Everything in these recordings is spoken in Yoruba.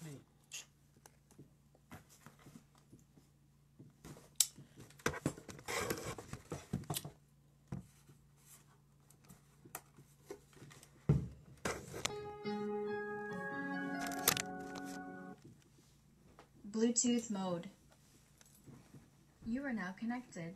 play. Bluetooth mode. You are now connected.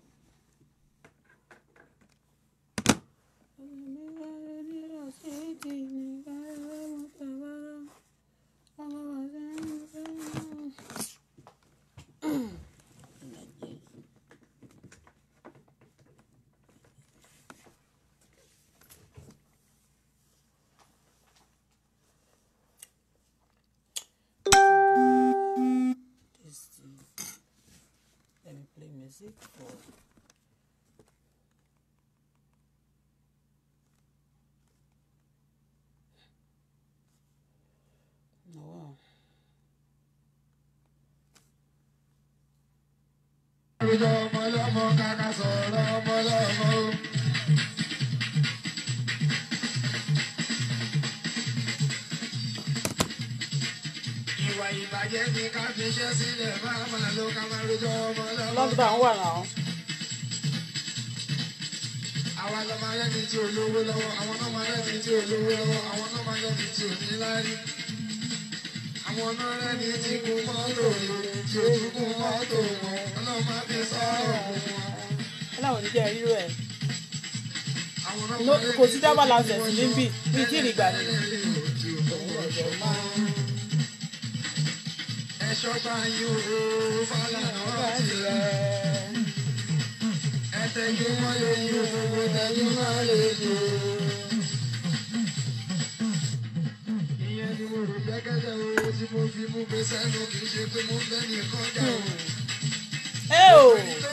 difficult. Oh, ìwà ìbàjẹ́ ni ká fi ṣe sílẹ̀ bá máa ló ká lọ́dún bá ń wà náà. àwa lọ máa rẹ́ni tí olówó lọ́wọ́ àwọn náà máa rẹ́ni tí olówó lọ́wọ́ àwọn náà máa rẹ́ni tí òní láárí. àwọn náà rẹ́ni tí kú mọ́tò tí ojú kú mọ́tò wọn náà máa fi sọ́ọ̀rọ̀ wọn. ọlọ́run ní jẹ́ rírọ̀ ẹ̀ kò sí dábàlà ṣẹ̀sì níbí bíi kí ìrìgbà ni. ṣọgbà yòrò fọlọ́run bá tilẹ̀. ẹtẹjú wọn lè yọ gbogbo tẹjú wọn lè yọ. ìyẹn ni mo mo fi mú gbé sẹ́nu kì í ṣe mo fẹ́ nìkan dà o. Oh! ẹ o. ẹni tó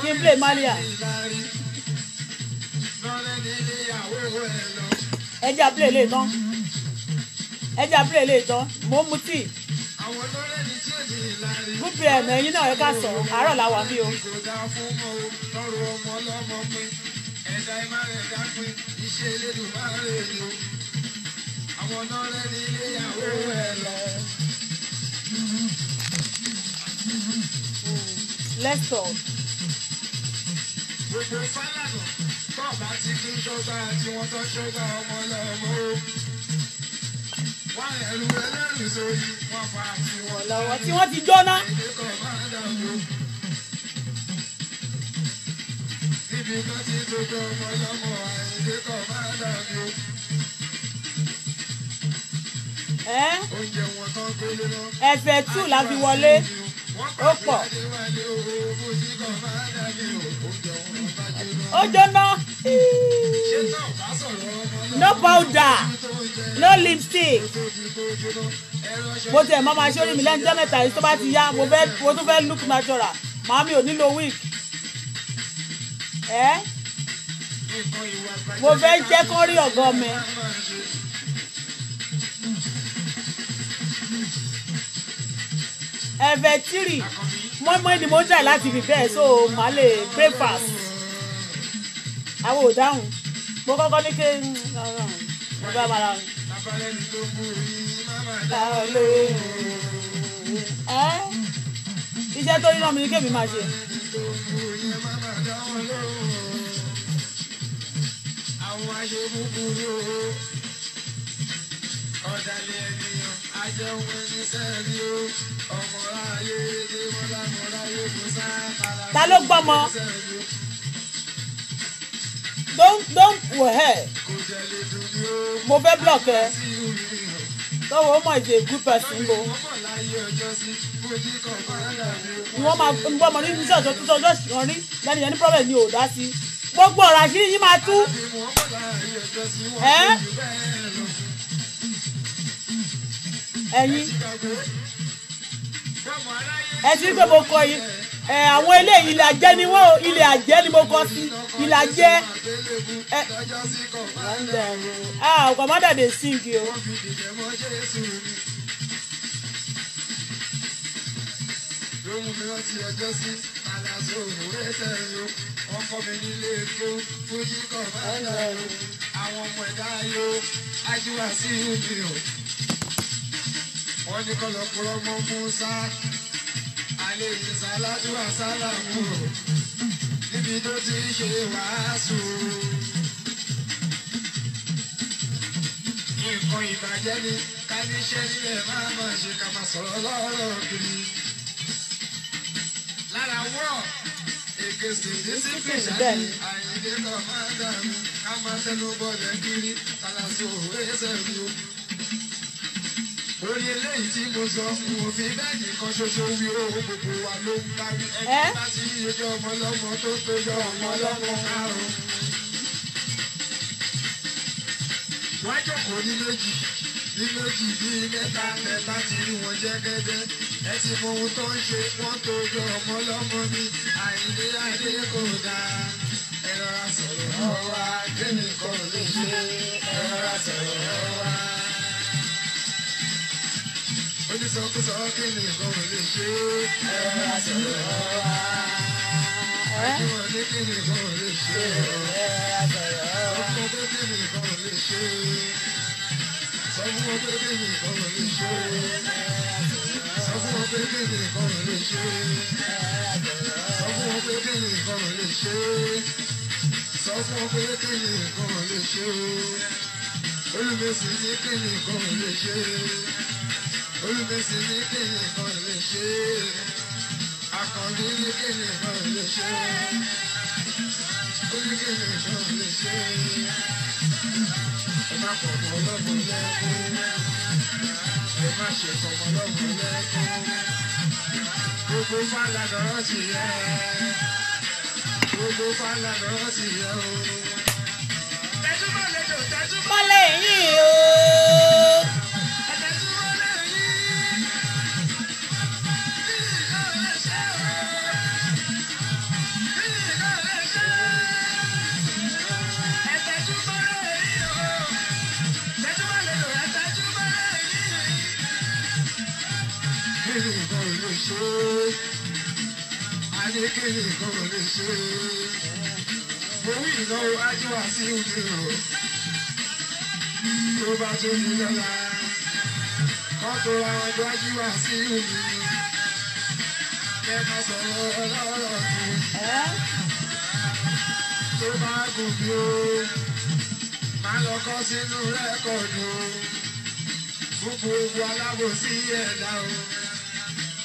kí n play malia. ẹja play lè tán ẹja play lè tán mò ń mutí gúpì ẹ̀nà ẹ̀yin náà ẹ ká sọ àárọ̀ la wà bí o. Let's go gbogbo sálànà tó bá ti tú ṣọ́gbà tí wọ́n tọ́ ṣọ́gbà ọmọ lọ́mọ o. wọ́n ẹ̀rù ẹlẹ́rìí sórí wọ́n fa àti wọn lọ́wọ́ tí wọ́n ti jóná. níbi kan ti dodo ọmọ lọ́mọ àìdè kan máa ń dàgbò. oúnjẹ wọn tù la fi wọlé ó pọ̀ ó jóná no powder no lipstick mo tiẹ̀ mọ́ máa ṣe orí mi lẹ́nu jẹ́ mẹ́ta yìí tó bá ti yá mo tún fẹ́ look natural màá mi ò nílò wig ẹ́ mo fẹ́ jẹ́ kán rí ọ̀gọ́ mi. ẹ̀fẹ̀ tírì mọ́mọ́ ni mo ń jà láti fi bẹ́ẹ̀ so màá lè fast àwọn ò dáhùn mo kọ́kọ́ ní kí n mo bá bàrà wọn. abalẹ́ni ló mú rí mama dá olóòrùn. ẹ iṣẹ́ tó yíná mi ni kébì máa ṣe. àwọn aṣọ búburú ọ̀dàlẹ̀ ènìyàn ajẹun ẹni sẹ́ẹ̀rí o ọmọ ayé ni mọ́lámọ́lá yóò kó sáà. ta ló gbọ́ mọ́ don't don't wò ẹ mo fẹ́ block ẹ tọwọ ọmọ ìṣe good person o ni wọn máa ń bọ́ ọmọ ní iṣẹ́ ọ̀tọ̀ tuntun ọjọ́ ìṣìkan rí lẹ́nu yẹn ní problem ni ò dá sí gbogbo ọ̀rọ̀ àṣírí yín máa tú ẹ ẹyin ẹ ti rí pé mo kọ yín ẹ àwọn eléyìí ilé àjẹ́ ni wọ́n ilé àjẹ́ ni mo kọ sí ilé àjẹ́ ẹ ah kọ̀mọ́dà dey sing o. àwọn ọmọ ẹ̀dá ayò ajíwá sí ìlú mi o. wọ́n ní kọ́lọ́kùrọ́ mọ́ fún sáà àlè ìsàlájú àsálàmù níbi tó ti ṣe wàásù. nǹkan ìbàjẹ́ ni ká ní nílẹ̀ máa ma ṣe ká máa sọ̀rọ̀ lọ́rọ̀ kiri. lára wọ́ọ̀ èkejì discipline ṣáàyè àyíndé lọ́ọ́ máa dànù ká máa tẹnu bọ̀lẹ̀ kiri kálá òwe ṣẹ́yìn orí eléyìí tí mo sọ fún òfin bẹ́ẹ̀ni kan ṣoṣo wí o gbogbo wa ló ń kárí ẹni bá sí ìjọ ọmọlọ́mọ tó péjọ ọmọlọ́mọ márùn. wọ́n jókòó ní méjì ní méjì bíi mẹ́ta mẹ́ta tí wọ́n jẹ́ gẹ́gẹ́ ẹ ti mọ ohun tó ń ṣe wọ́n tó jọ ọmọlọ́mọ mi àìní adé kò dáa ẹ rọra sọ̀rọ̀ ọ̀wá kémi kò lè ṣe ẹ rọra sọ̀rọ̀ ọ̀wá onísọkúsọ kí ni nǹkan ò lè ṣe ẹ máa sọ̀rọ̀ wá. ẹjú wọn ní kí ni nǹkan ò lè ṣe ẹ máa sọ̀rọ̀ wá. ọkọ pé kí ni nǹkan ò lè ṣe sọ fún wọn pé kí ni nǹkan ò lè ṣe sọ fún wọn pé kí ni olùfẹsẹ̀ ní kí ni kan lè ṣe àkànlé ní kí ni kan lè ṣe olùkí ni kan lè ṣe ẹ má pọ̀ mọ́ lọ́gbọ̀n lẹ́kún ẹ má ṣe pọ̀ mọ́ lọ́gbọ̀n lẹ́kún gbogbo fàlà lọ́rọ́ ti yẹ gbogbo fàlà lọ́rọ́ ti yẹ o. tẹ̀sùmọ̀lẹ̀ yìí o. ayé kí nìkan lè ṣe. mo wí ìnáwó ajé wá sí òde o. tó bá tó ní lọ́la kọ́tò àwọn ọjọ́ ajé wá sí òde. kẹ́ka sọ̀rọ̀ ọlọ́rọ̀ fún. tó bá gùn bí o máa lọ kọ́ sínú rẹ́kọ̀dù. gbogbo ogun alábòsí ẹ̀dá o.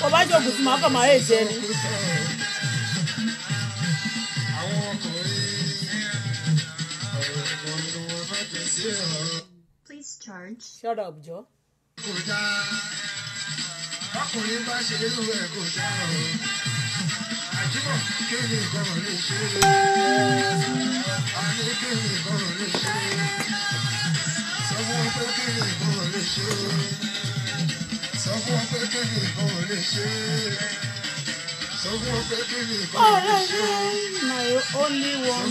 bó bá jòkó tí màá kàn máa yé jẹ ni. Shut up, Joe. ọkùnrin bá ṣe irú ẹ kò dáa o àjùmọ̀ kí ni ìgbọràn lè ṣe àní kí sọ fún wọn pé kí ni ìgbọràn lè sọ fún wọn my only one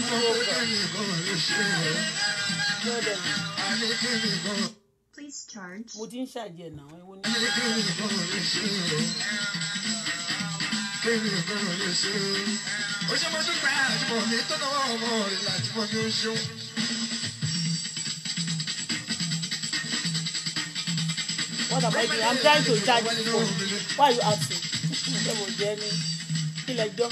please charge. mo ti ń ṣàjẹ́ náà ewo ni. àní kí ni lè ṣe kí ni nǹkan ò lè ṣe. àjùmọ̀ mi tó náwó ọmọ rẹ̀ láti mọ bí ó ṣeun. What am I doing? I'm trying to charge this phone. Why are you asking? Ṣé mo jẹ́ ní kílẹ̀ jọ́?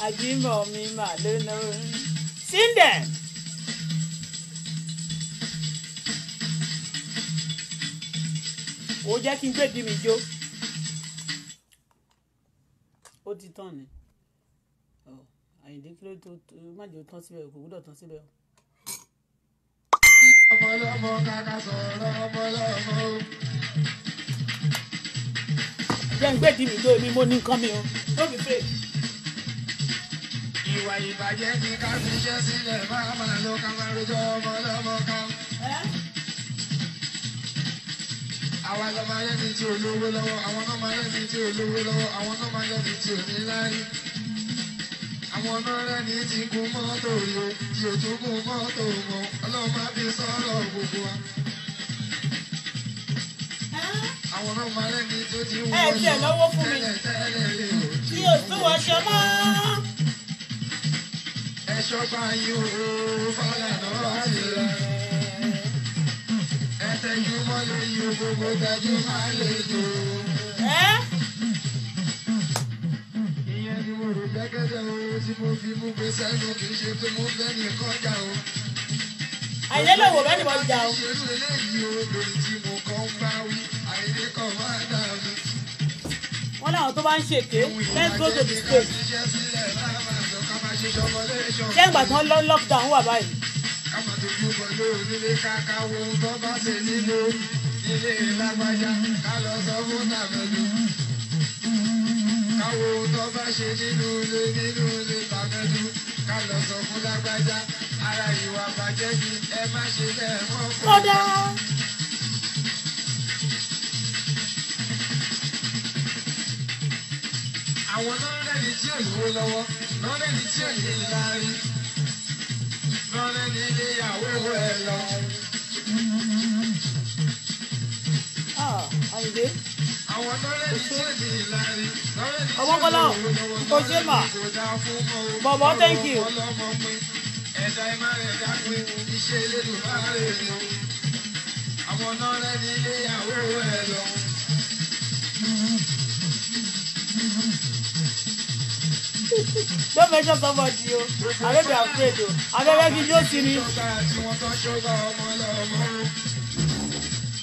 Àjímọ̀ mi mà lónà. Sing them. Ó jẹ́ kí n gbé di mi jó. Ó ti tán ni. Àyìndé kí ló tó má jẹ́ ó tán síbẹ̀ kò gbúdọ̀ tán síbẹ̀ o ọmọlọ́mọ kàkà sọ̀rọ̀ ọmọlọ́mọ. jẹ́ ń gbé di mi tó mi mo ní nǹkan mi o tó fi fè. ìwà ìbàjẹ́ ni ká fi iṣẹ́ sílẹ̀ máa máa lo ká máa rojọ́ ọmọlọ́mọ ká. àwa lọ́mọ ayé mi tí olówó lọ́wọ́ àwọn ọmọ ayé mi tí olówó lọ́wọ́ àwọn ọmọ ayé mi tí ò láyé àwọn ọlọ́rẹ́ ní ti gun mọ́tò yo tí o tún mọ́tò mọ́ ọlọ́run má fi sọ̀rọ̀ gbogbo wa. àwọn ọlọ́run máa lẹ́ni tó ti wọ́n lọ tẹ́lẹ̀ tẹ́lẹ̀ lè o tí o mọ́. ẹ ṣọ́gbà yín o Fálànà àti lọ tẹjú mọ́lẹ̀ yìí gbogbo tẹjú máa lè jò dákẹ́jà oró tí mo fi mú gbé sẹ́nu kì í ṣe pé mo fẹ́ nìkan dà o. àìlè lè wò bẹ́ẹ̀ ni mo jà o. wọ́n láwọn tó bá ń ṣèké let's go to the stage. ṣé ìgbà tí wọ́n lọ lockdown wà báyìí. káwọn tó gbúbọ̀ lórí ilé káká wo tó bá ṣe nílé ilé ìlágbájá ká lọ sọ fún tàbí káwo tó bá ṣe nínú ilé nínú ilé tàkẹ́dù ká lọ sọ fún lágbájá ara ìwà bàjẹ́ ni ẹ má ṣe bẹ́ẹ̀ mọ́ kó. àwọn nọ́ọ̀rẹ́ni tí ò lọ́wọ́ nọ́ọ̀rẹ́ni tí ò ní láárí nọ́ọ̀rẹ́ni iléyàwó ẹ lọ. good. Ah, ọmọkọlá kòsíèmà bọ̀bọ̀ thank you. ẹ̀dá ìmọ̀ rẹ̀ Don't mention somebody o. Oh. I no be afraid o. Abẹ́rẹ́ fi jó sí ni.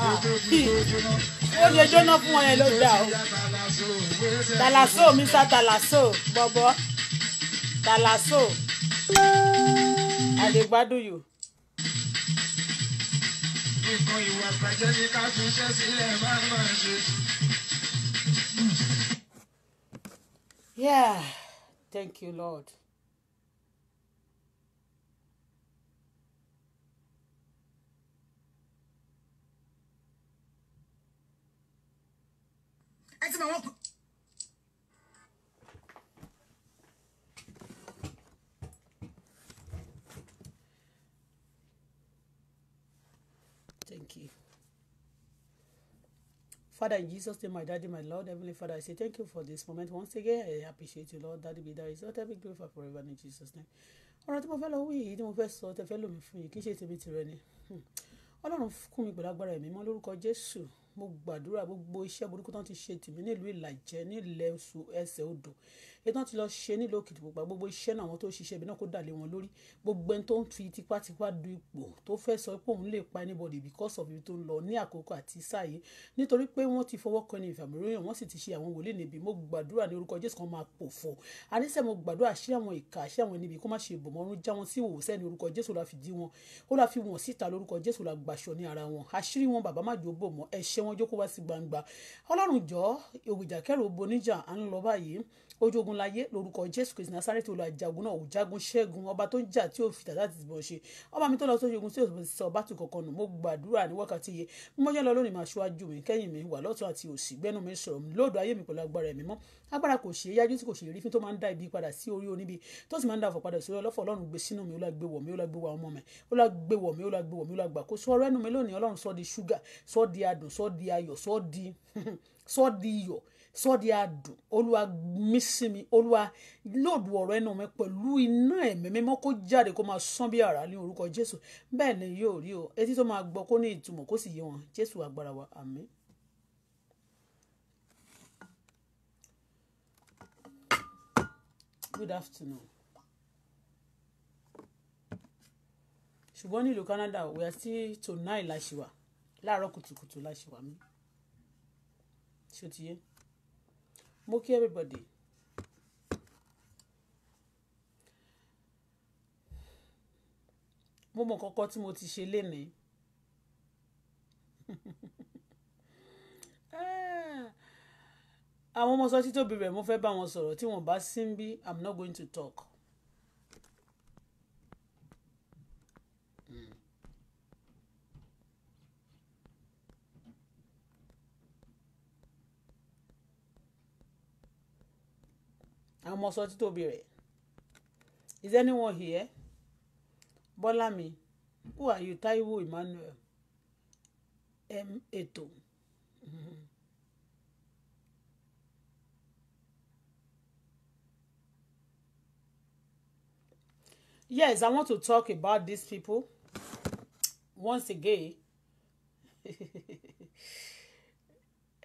Ah, hmm. ó lè jóná fún wọn yẹn ló dà o tàlàsó mr tàlàsó bọ̀bọ̀ tàlàsó àdègbádùn yìí nǹkan ìwà bàjẹ́ ni ká fi sílẹ̀ máa máa ṣe. Yeah, thank you, Lord. ẹ ti Thank you. Father, in Jesus' name, my daddy, my Lord, Heavenly Father, I say thank you for this moment. Once again, I appreciate you, Lord. Daddy, be there It's not every grief for forever in Jesus' name. ọ̀rọ̀ tí mo fẹ́ lọ wí yìí tí mo fẹ́ sọ tẹ fẹ́ lómi fún yìí kì í ṣe tèmi tìrẹ ni hmm. Ọlọ́run kún mi pẹ̀lú agbára ẹ̀mí mọ́ lórúkọ Jésù mo gbàdúrà gbogbo iṣẹ́ burúkú tán ti ṣe tìmí nílùú ìlàjẹ nílẹ̀ oṣù ẹsẹ̀ odò èyí tán ti lọ ṣe nílùú òkìtì pupa gbogbo iṣẹ́ náà àwọn tó ṣiṣẹ́ ibi náà kó dà wọn lórí gbogbo ẹni tó ń fi tipátipá du ipò tó fẹ́ sọ pé òun lè pa anybody because of ibi tó ń lọ ní àkókò àti sáàyè nítorí pé wọ́n ti fọwọ́ kan ní ìfàmìlóyàn wọ́n sì ti ṣe àwọn wòlíì níbi mo gbàdúrà ní orúkọ Jésù kan máa pòfo àníṣe mo gbàdúrà ṣé àwọn ìka ṣé àwọn níbi kó má ṣe bò mọ́rún já wọn sí ìwòsàn ní orúkọ Jésù la fi dí wọn ó la fi wọ̀n síta lórúkọ Jésù la gbàṣọ ní ara wọn àṣírí wọn bàbá má jò bò mọ́ ẹ̀ṣẹ̀ wọ́n jókòó wá sí gbangba ọlọ́run jọ òwìjà kẹrù obo à ń lọ báyìí ojogun láyé lórúkọ jésù kristu násárẹ́tì olú àjàgùn náà òjagun ṣẹ́gun ọba tó ń jà tí ò fìtà láti bọ̀ ṣe ọba mi tó lọ sójú ogun tí ò sọ bá tù kankan nù mo gbàdúrà ní wákàtí yẹ mo mọ́jọ́ lọ lónìí máa ṣíwájú mi kẹ́yìn mi wà lọ́tún àti òsì gbẹ́nu mi sọ̀rọ̀ lóòdù ayé mi pẹ̀lú agbára ẹ̀mí mọ́ agbára kò ṣe é yájú tí kò ṣe rí fín tó máa ń dá ibi padà sí orí oníbi tó sì máa sọ́ọ́dì adùn olúwa mí sí mi olúwa lòdù ọ̀rọ̀ ẹnu mi pẹ̀lú iná ẹ̀mí mímọ́ kó jáde kó máa sán bí àrá ní orúkọ jésù bẹ́ẹ̀ ni yóò rí o etí tó máa gbọ́ kó ní ìtumọ̀ kó sì yé wọn jésù agbára wa àmín. good afternoon. ṣùgbọ́n nílùú Canada we are still tonight láṣìwà láàárọ̀ kùtùkùtù láṣìwà mi ṣó ti yé. Mo everybody. Mo mọ nǹkan tí mo ti ṣe lénìí. Ah. Àwọn ọmọ sọ́jí tóbi rẹ̀ mo fẹ́ bá wọn sọ̀rọ̀ tí wọ́n bá sí I'm not going to talk. àwọn ọmọ sọ títóbi rẹ̀ is anyone here bọ́lá mi who are you taiwo emmanuel m eto yes i want to talk about these people once again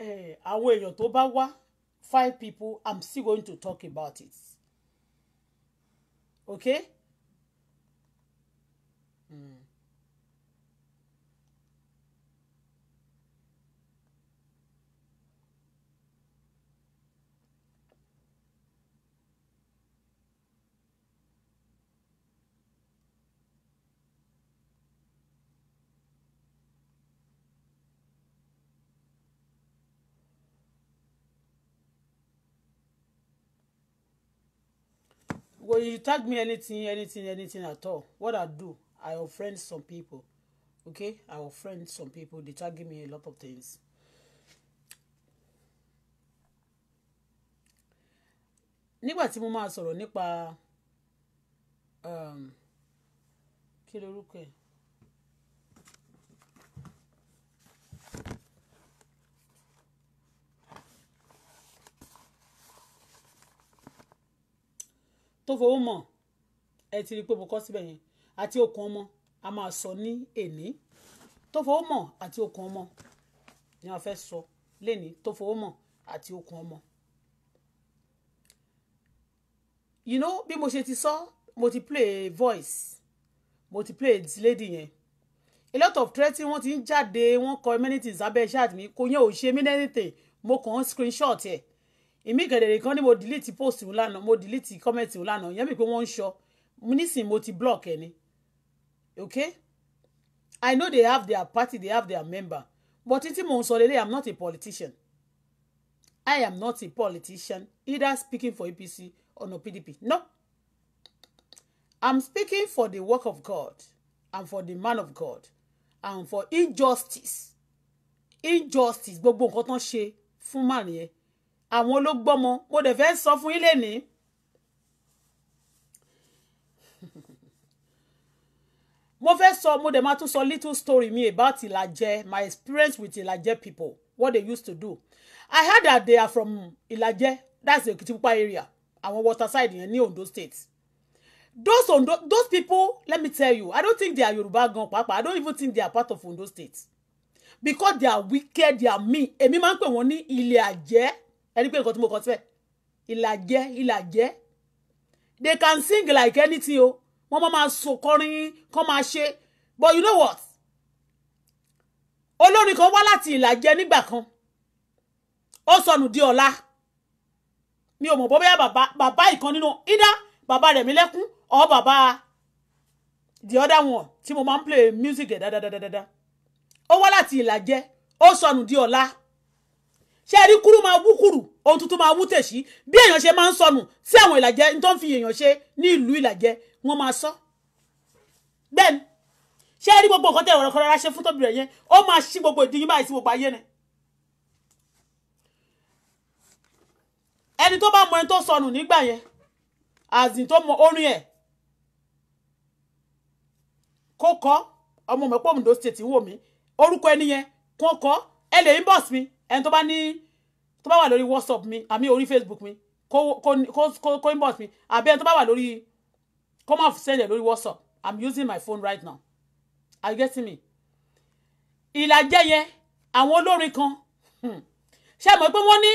eh, àwọn èèyàn tó bá wá five people i'm still going to talk about it okay. Mm. go you tag me anything anything anything at all what i do i offend some people okay i offend some people they tag me a lot of things nígbà tí mo máa sọ̀rọ̀ nípa um, kí lorúkọ ẹ̀ tó fowó mọ̀ ẹ ti rí i pé mo kọ́ síbẹ̀ yẹn àti okùn ọmọ a máa sọ ní èní tó fowó mọ̀ àti okùn ọmọ ni wọ́n fẹ́ sọ lẹ́ni tó fowó mọ̀ àti okùn ọmọ. you know bí mo ṣe ti sọ mo ti play voice mo ti play lady yẹn a lot of threats wọ́n ti ń jáde wọ́n kọ amenities abẹ́ ṣáàtì mi kò yẹn ò ṣe mí anything mo kàn ń screenshot yẹn èmi gẹ̀dẹ̀rẹ̀ kan ní mo delete post òun lánàá mo delete comment òun lánàá ìyẹn mi pé wọ́n ń sọ nísìnyí mo ti block ẹ̀ ni okay I know they have their party they have their member but títí mò ń sọ lélẹ̀ I'm not a politician I am not a politician either speaking for APC or no PDP no I I'm speaking for the work of God and for the man of God and for injustice injustice gbogbo nǹkan tán ṣe fún màrìyẹn àwọn ológbọ́mọ mo dẹ̀ fẹ́ sọ fún yín lẹ́nìí mo fẹ́ sọ mo dẹ̀ máa tún sọ little story mi about ìlàjẹ my experience with ìlàjẹ people what they used to do I heard that they are from Ilaje. that's the Òkìtìpupa area àwọn water side yẹn ní Ondo state those Ondo those people let me tell you I don't think they are Yoruba gan pàápàá I don't even think they are part of Ondo state because they are wicked they are mean èmi máa ń pè wọ́n ní ilé àjẹ́ ẹni pé nǹkan tí mo kọ síbẹ̀ ìlàjẹ ìlàjẹ they can sing like anything o wọ́n máa so kọrin kọ́ máa ṣe but you know what olórin kan wá láti ìlàjẹ nígbà kan ó sọnù di ọ̀la mi ò mọ̀ bọ́ bẹ́ẹ̀ bàbá bàbá ìkan nínú ida bàbá rẹ̀ mi lẹ́kún ọ̀ bàbá the other one tí mo máa ń play music ẹ̀ dáadáa ó wá láti ìlàjẹ ó sọnù di ọ̀la ṣé ẹ rí kúrú máa wú kúrú ohun tuntun máa wú tèṣí bí èèyàn ṣe máa ń sọnù tí àwọn ìlàjẹ tó ń fi èèyàn ṣe ní ìlú ìlàjẹ wọn máa sọ bẹ́ẹ̀ni ṣé ẹ rí gbogbo nǹkan tẹ ọ̀rọ̀ kan rárá ṣe fún tóbi rẹ yẹn ó máa ṣí gbogbo ìdíyín báyìí sí gbogbo ayé ni ẹni tó bá mọ ẹni tó sọnù nígbà yẹn àzìn tó mọ orin ẹ kó kọ ọmọ mẹ́pọ̀ Ondo state ń wò mí orúkọ ẹni yẹn kó kọ ẹ lè inbox mi ẹni tó bá ní tó bá wà lórí whatsapp mi àmì orí facebook mi kó kó kó kó inbox mi àbí ẹni tó bá wà lórí kó má send ẹ lórí whatsapp i'm using my phone right now are you getting me. ìlàjẹ yẹn àwọn olórin kan hmm, ṣe mọ̀ pé wọ́n ní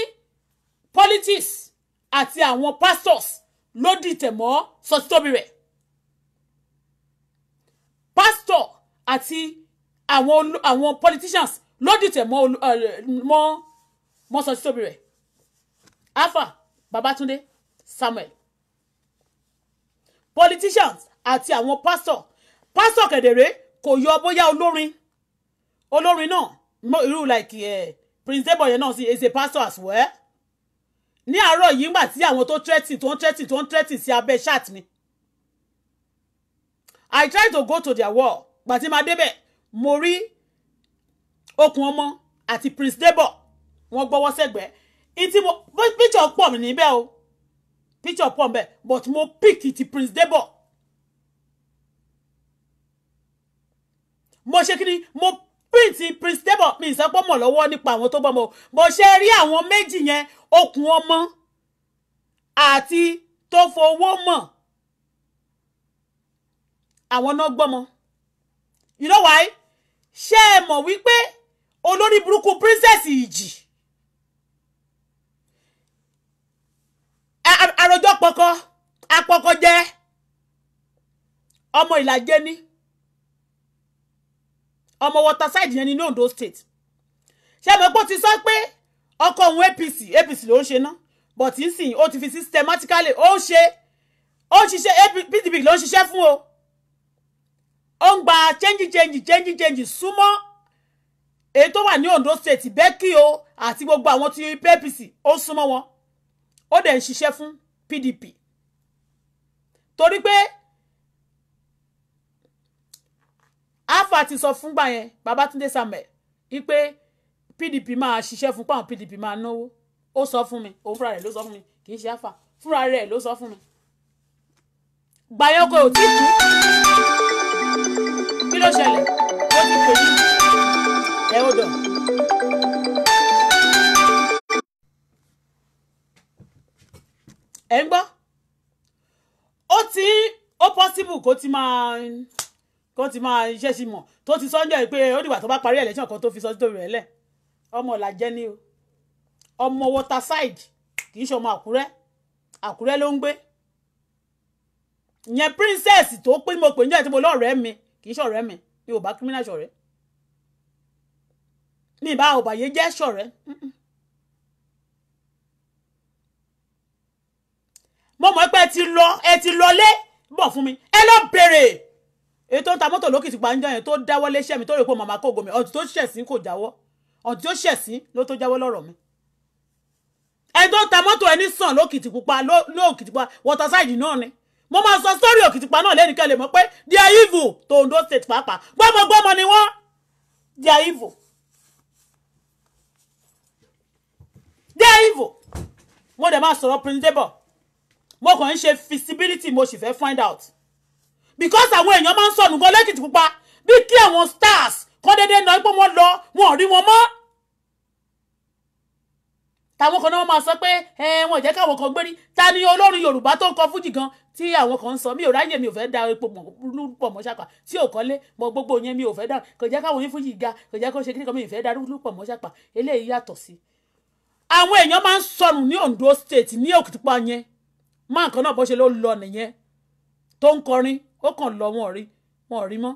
politics àti àwọn pastors ló dìtẹ̀ mọ́ sọtítóbi rẹ̀ pastor àti àwọn àwọn politicians ló dìtẹ̀ mọ́ mọ́ mọ́ sọ títóbi rẹ̀ alpha babatunde samuel politicians àti àwọn pastor pastor kẹ̀dẹ̀rẹ́ kò yọ bóyá olórin olórin náà irú like eh, prince debo náà sì is a pastor as well ní àárọ̀ yìí ngbà tí àwọn tó threatening tó ń threatening tó ń threatening sí abẹ́ chat mi i try to go to their wall gbà tí máa débẹ̀ mo rí okùn ọmọ àti prince debo wọ́n gbọ́wọ́ sẹ́gbẹ̀ẹ́ ìtí mo picture pọ̀ mi níbẹ̀ o picture pọ̀ mbẹ̀ but mo pick ti prince debo mo ṣe kí mo print prince debo mi ìsọpọ̀ mọ̀ lọ́wọ́ nípa to tó gbọ́mọ bó ṣe rí àwọn méjì yẹn okùn ọmọ àti tó fowó mọ̀ àwọn náà gbọ́mọ you know why ṣé ẹ mọ̀ wípé olórí burúkú princess ìjì àròjọ pọkọ apọkọ jẹ ọmọ ìlàjẹ ní ọmọ waterside yẹn ni ní Ondo state ṣé mo gbọ́ ti sọ pé ọkọ òun APC APC ló ń ṣe ná but nsìn ó ti fi systematically ó ń ṣe ó ń ṣiṣẹ́ PDP ló ń ṣiṣẹ́ fún o ó ń gba change change change change súnmọ́ èyí tó wà ní Ondo state Bẹ́kì o àti gbogbo àwọn ti APC ó súnmọ́ wọn ó dẹ̀ ń ṣiṣẹ́ fún PDP torí pé alpha ti sọ fúngbà yẹn Babátúndé Samuel wípé PDP máa ṣiṣẹ́ fún páwọn PDP máa náwó ó sọ fún mi òun fúnra rẹ̀ ló sọ fún mi kì í ṣe alpha fúnra rẹ̀ ló sọ fún mi gbàyànkò ò tí kú kí ló ṣẹlẹ̀ ó ti pè mí. Elda. ẹ ń gbọ́ ó ti ó possible kó ti máa kó ti máa iṣẹ́ sí mọ̀ tó ti sọ́njọ́ pé ó dìgbà tó bá parí election kan tó fi sọ sí torí rẹ̀ lẹ̀ ọmọ làjẹ́ ni o ọmọ water side kì í ṣe ọmọ àkúrẹ́ àkúrẹ́ ló ń gbé ìyẹn princess tó pín mo pè ń jẹ́ tí mo mi kì í ṣọ̀rẹ́ mi mi ò bá criminal mi bá ọ̀bàyé jẹ́ ṣọ̀rẹ́ mo mọ̀ pé ẹ ti lọ ẹ ti lọlé bọ̀ fún mi ẹ lọ bèrè ètò ta mọ́tò lókìtì gbàǹjọ yẹn tó dáwọ́ léṣẹ́ mi tó rè pé màmá kò gòmìn ọ̀dùn tó ṣẹ̀ sí kò jáwọ́ ọ̀dùn tó ṣẹ̀ sí ló tó jáwọ́ lọ́rọ̀ mi ẹni tó ta mọ́tò ẹni sàn lókìtì pupa lókìtì pupa water side náà ni mo máa sọ sórí òkìtì pupa náà lẹ́nu kẹ́lẹ́ mọ́ pé they evil to Ondo state pàápàá gbọ́mọgbọ́mọ ni wọ́n they evil. they evil mo dẹ̀ máa sọ̀rọ̀ prince debo mo kàn ń ṣe feasibility mo sì fẹ́ find out because àwọn èèyàn máa ń sọnù gan lẹ́kìtì pupa bí kí àwọn stars kan déédéé náà pé wọ́n lọ wọn ò rí wọn mọ́ tàwọn kan náà máa sọ pé ẹ wọn jẹ́ káwọn kan gbérí ta ni olórin yorùbá tó ń kọ fújì gan tí àwọn kan ń sọ mi ò ráyè mi ò fẹ́ da epo lúpọ̀ mọ́ ṣàpà tí ò kọ́lé mọ gbogbo yẹn mi ò fẹ́ da kò jẹ́ káwọn onífújì ga kò jẹ́ kó ṣe kíkọ́ mi ò fẹ́ da lúpọ̀ mọ́ ṣàpà eléyìí yàtọ̀ sí i àwọn èèyàn máa ń sọnù ní Ondo state ní Òkìtìpá yẹn máa nǹkan náà bó ṣe ló lọ nìyẹn tó ń kọrin ó kàn lọ wọn rí wọn rí mọ́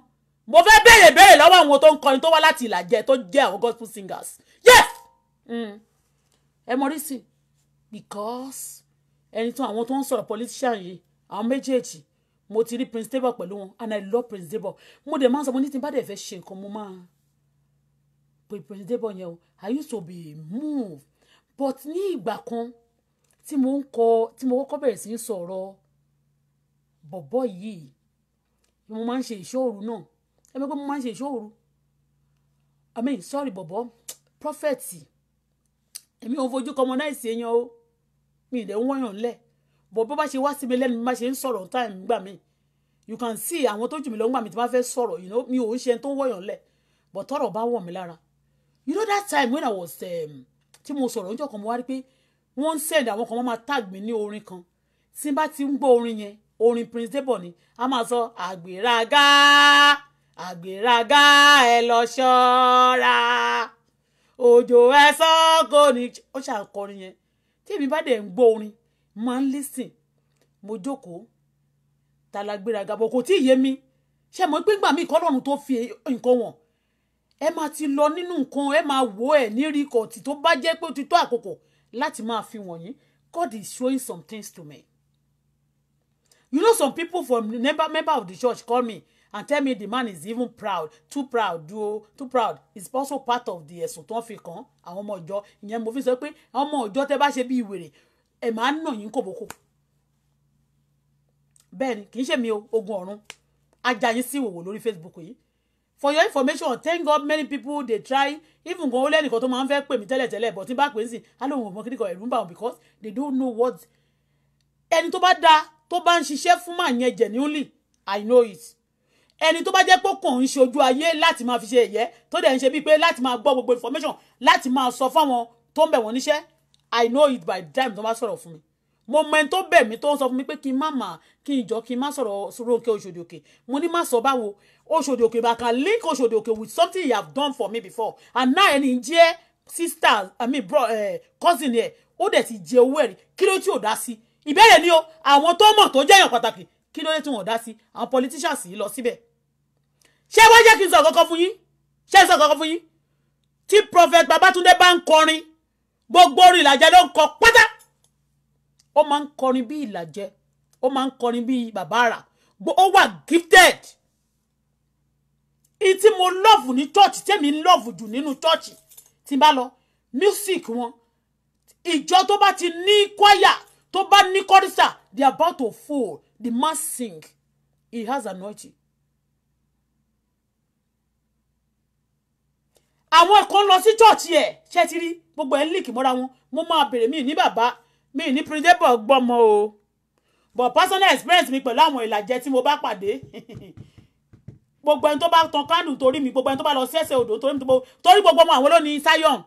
mo fẹ́ béèrè béèrè lọ́wọ́ àwọn tó ń kọrin tó wá láti ìlàjẹ tó jẹ́ àwọn gospel singers yes mm. ẹ mọ rí sí because ẹni tó àwọn tó ń sọ̀rọ̀ politician yìí àwọn méjèèjì mo ti rí prince debo pẹ̀lú wọn and i love prince debo mo dẹ̀ máa ń sọ mo ní tí n bá dẹ̀ fẹ́ ṣe nǹkan mo máa pe prince debo yẹn o i used to be moved but ní ìgbà kan tí mo ń kọ tí mo kọ́kọ́ bẹ̀rẹ̀ sí ń sọ̀rọ̀ bọ̀bọ̀ yìí mo máa ń ṣe ìṣòro náà ẹ mọ̀ pé mo máa ń ṣe ìṣòro i mean sorry bọ̀bọ̀ prophet èmi ò fojú commonize èèyàn o mi ì dẹ̀ ń wọ́yàn lẹ̀ bọ̀bọ̀ bá ṣe wá sí mi lẹ́nu bí má ṣe ń sọ̀rọ̀ time gbà mí you can see àwọn tó jù mí lọ ń gbà tí wọ́n fẹ́ sọ̀rọ̀ you know mi ò ń ṣe tó wọ́yàn lẹ̀ but tọ́rọ̀ bá wọ̀ mí lára you know that time when i was um, tí mo sọ̀rọ̀ níjọ́ kan mo wá rí pé wọ́n ń send àwọn kan wọ́n máa tag mi ní orin kan tí n bá ti ń gbọ́ orin yẹn orin Prince Debo ni a máa sọ àgbèrágá àgbèrágá ẹ lọ ṣọ́ra òjò ẹ sọ kò ní ó ṣàkọrin yẹn tí èmi bá dẹ̀ ń gbọ́ orin máa ń listen mo jókòó ta la kò tí ì yé mi ṣe mọ̀ pé mí kọ́ lọ́run tó fi nǹkan wọ̀n ẹ máa ti lọ nínú nǹkan ẹ máa wò ẹ ní rí kọ̀ọ̀tì tó bá jẹ́ pé ó ti tó àkókò láti máa fi wọ̀nyí God is showing some things to me. You know some people from member member of the church call me and tell me the man is even proud too proud do too proud it's also part of the ẹ̀sùn tó ń fi kàn àwọn ọmọ ìjọ ìyẹn mo fi sọ pé àwọn ọmọ ìjọ tẹ́ bá ṣe bí ìwèrè ẹ̀ máa ń nà yín kòbókò bẹ́ẹ̀ ni kì í ṣe mi o ogun ọ̀run ajá yín sí ìwòwò lórí Facebook yìí for your information thank God many people dey try even go olè nìkan tó máa ń fẹ́ pè mí tẹ́lẹ̀tẹ́lẹ̀ but tí bá pè é sìn á lóun ò mọ kí nìkan ẹ̀rù ń bà wọn because they don't know what ẹni tó bá da tó bá ń ṣiṣẹ́ fún màá yẹn genuinely I know it ẹni tó bá jẹ́ pé kàn ń ṣojú ayé láti máa fi ṣe ẹ̀yẹ́ tó dẹ̀ ń ṣe bíi pé láti máa gbọ́ gbogbo information láti máa sọ fáwọn tó ń bẹ̀ wọ́n níṣẹ́ I know it by the time tó bá sọ̀rọ̀ fún mi mo mọ ẹni tó bẹ̀ mí tó ń sọ fún mi pé kí n má mà kí n jọ kí n má sọ̀rọ̀ Rónkẹ́ Òṣòdìòkè mo ní má sọ báwo Òṣòdìòkè but I can link Òṣòdìòkè with something you have done for me before and now ẹni jẹ́ sister I mean bro eh, cousin ẹ̀ ó dẹ̀ ti jẹ owó ẹ̀rí kí ló tí ò dá sí ìbéèrè ni o àwọn tó mọ̀ tó jẹ́ èèyàn pàtàkì kí ló dé tí wọ́n dá sí àwọn politicians yìí lọ síbẹ̀ ṣé wọ́n jẹ́ kí n sọ kankan fún yín ṣé n sọ kankan fún yín tí prophet Babátúndé bá ń kọrin gbogbo orin Ìlàjẹ ló ń kọ pátá ó máa ń kọrin bí ìlàjẹ ó máa ń kọrin bí bàbá àrà ó wà gifted ìyí tí mo lọ́ọ̀fù ní chọ́ọ̀chì tèmi lọ́ọ̀fù jù nínú chọ́ọ̀chì tí n bá lọ music wọn ìjọ tó bá ti ní kwaya tó bá ní kọ́rísà they are about to fall the man sing he has anointing. àwọn kan lọ sí chọ́ọ̀chì ẹ̀ ṣe ti rí gbogbo ẹ̀ ń líkì mọ́ra wọn mo máa bèrè mí ní bàbá mi ní pírídébọ̀ gbọ́mọ o but personal experience mi pẹ̀lú àwọn ìlàjẹ tí mo bá pàdé gbogbo ẹni tó bá tan kánù torí mi gbogbo ẹni tó bá lọ sí ẹsẹ̀ odò torí mi torí gbogbo ọmọ àwọn lónìí sáyọ̀n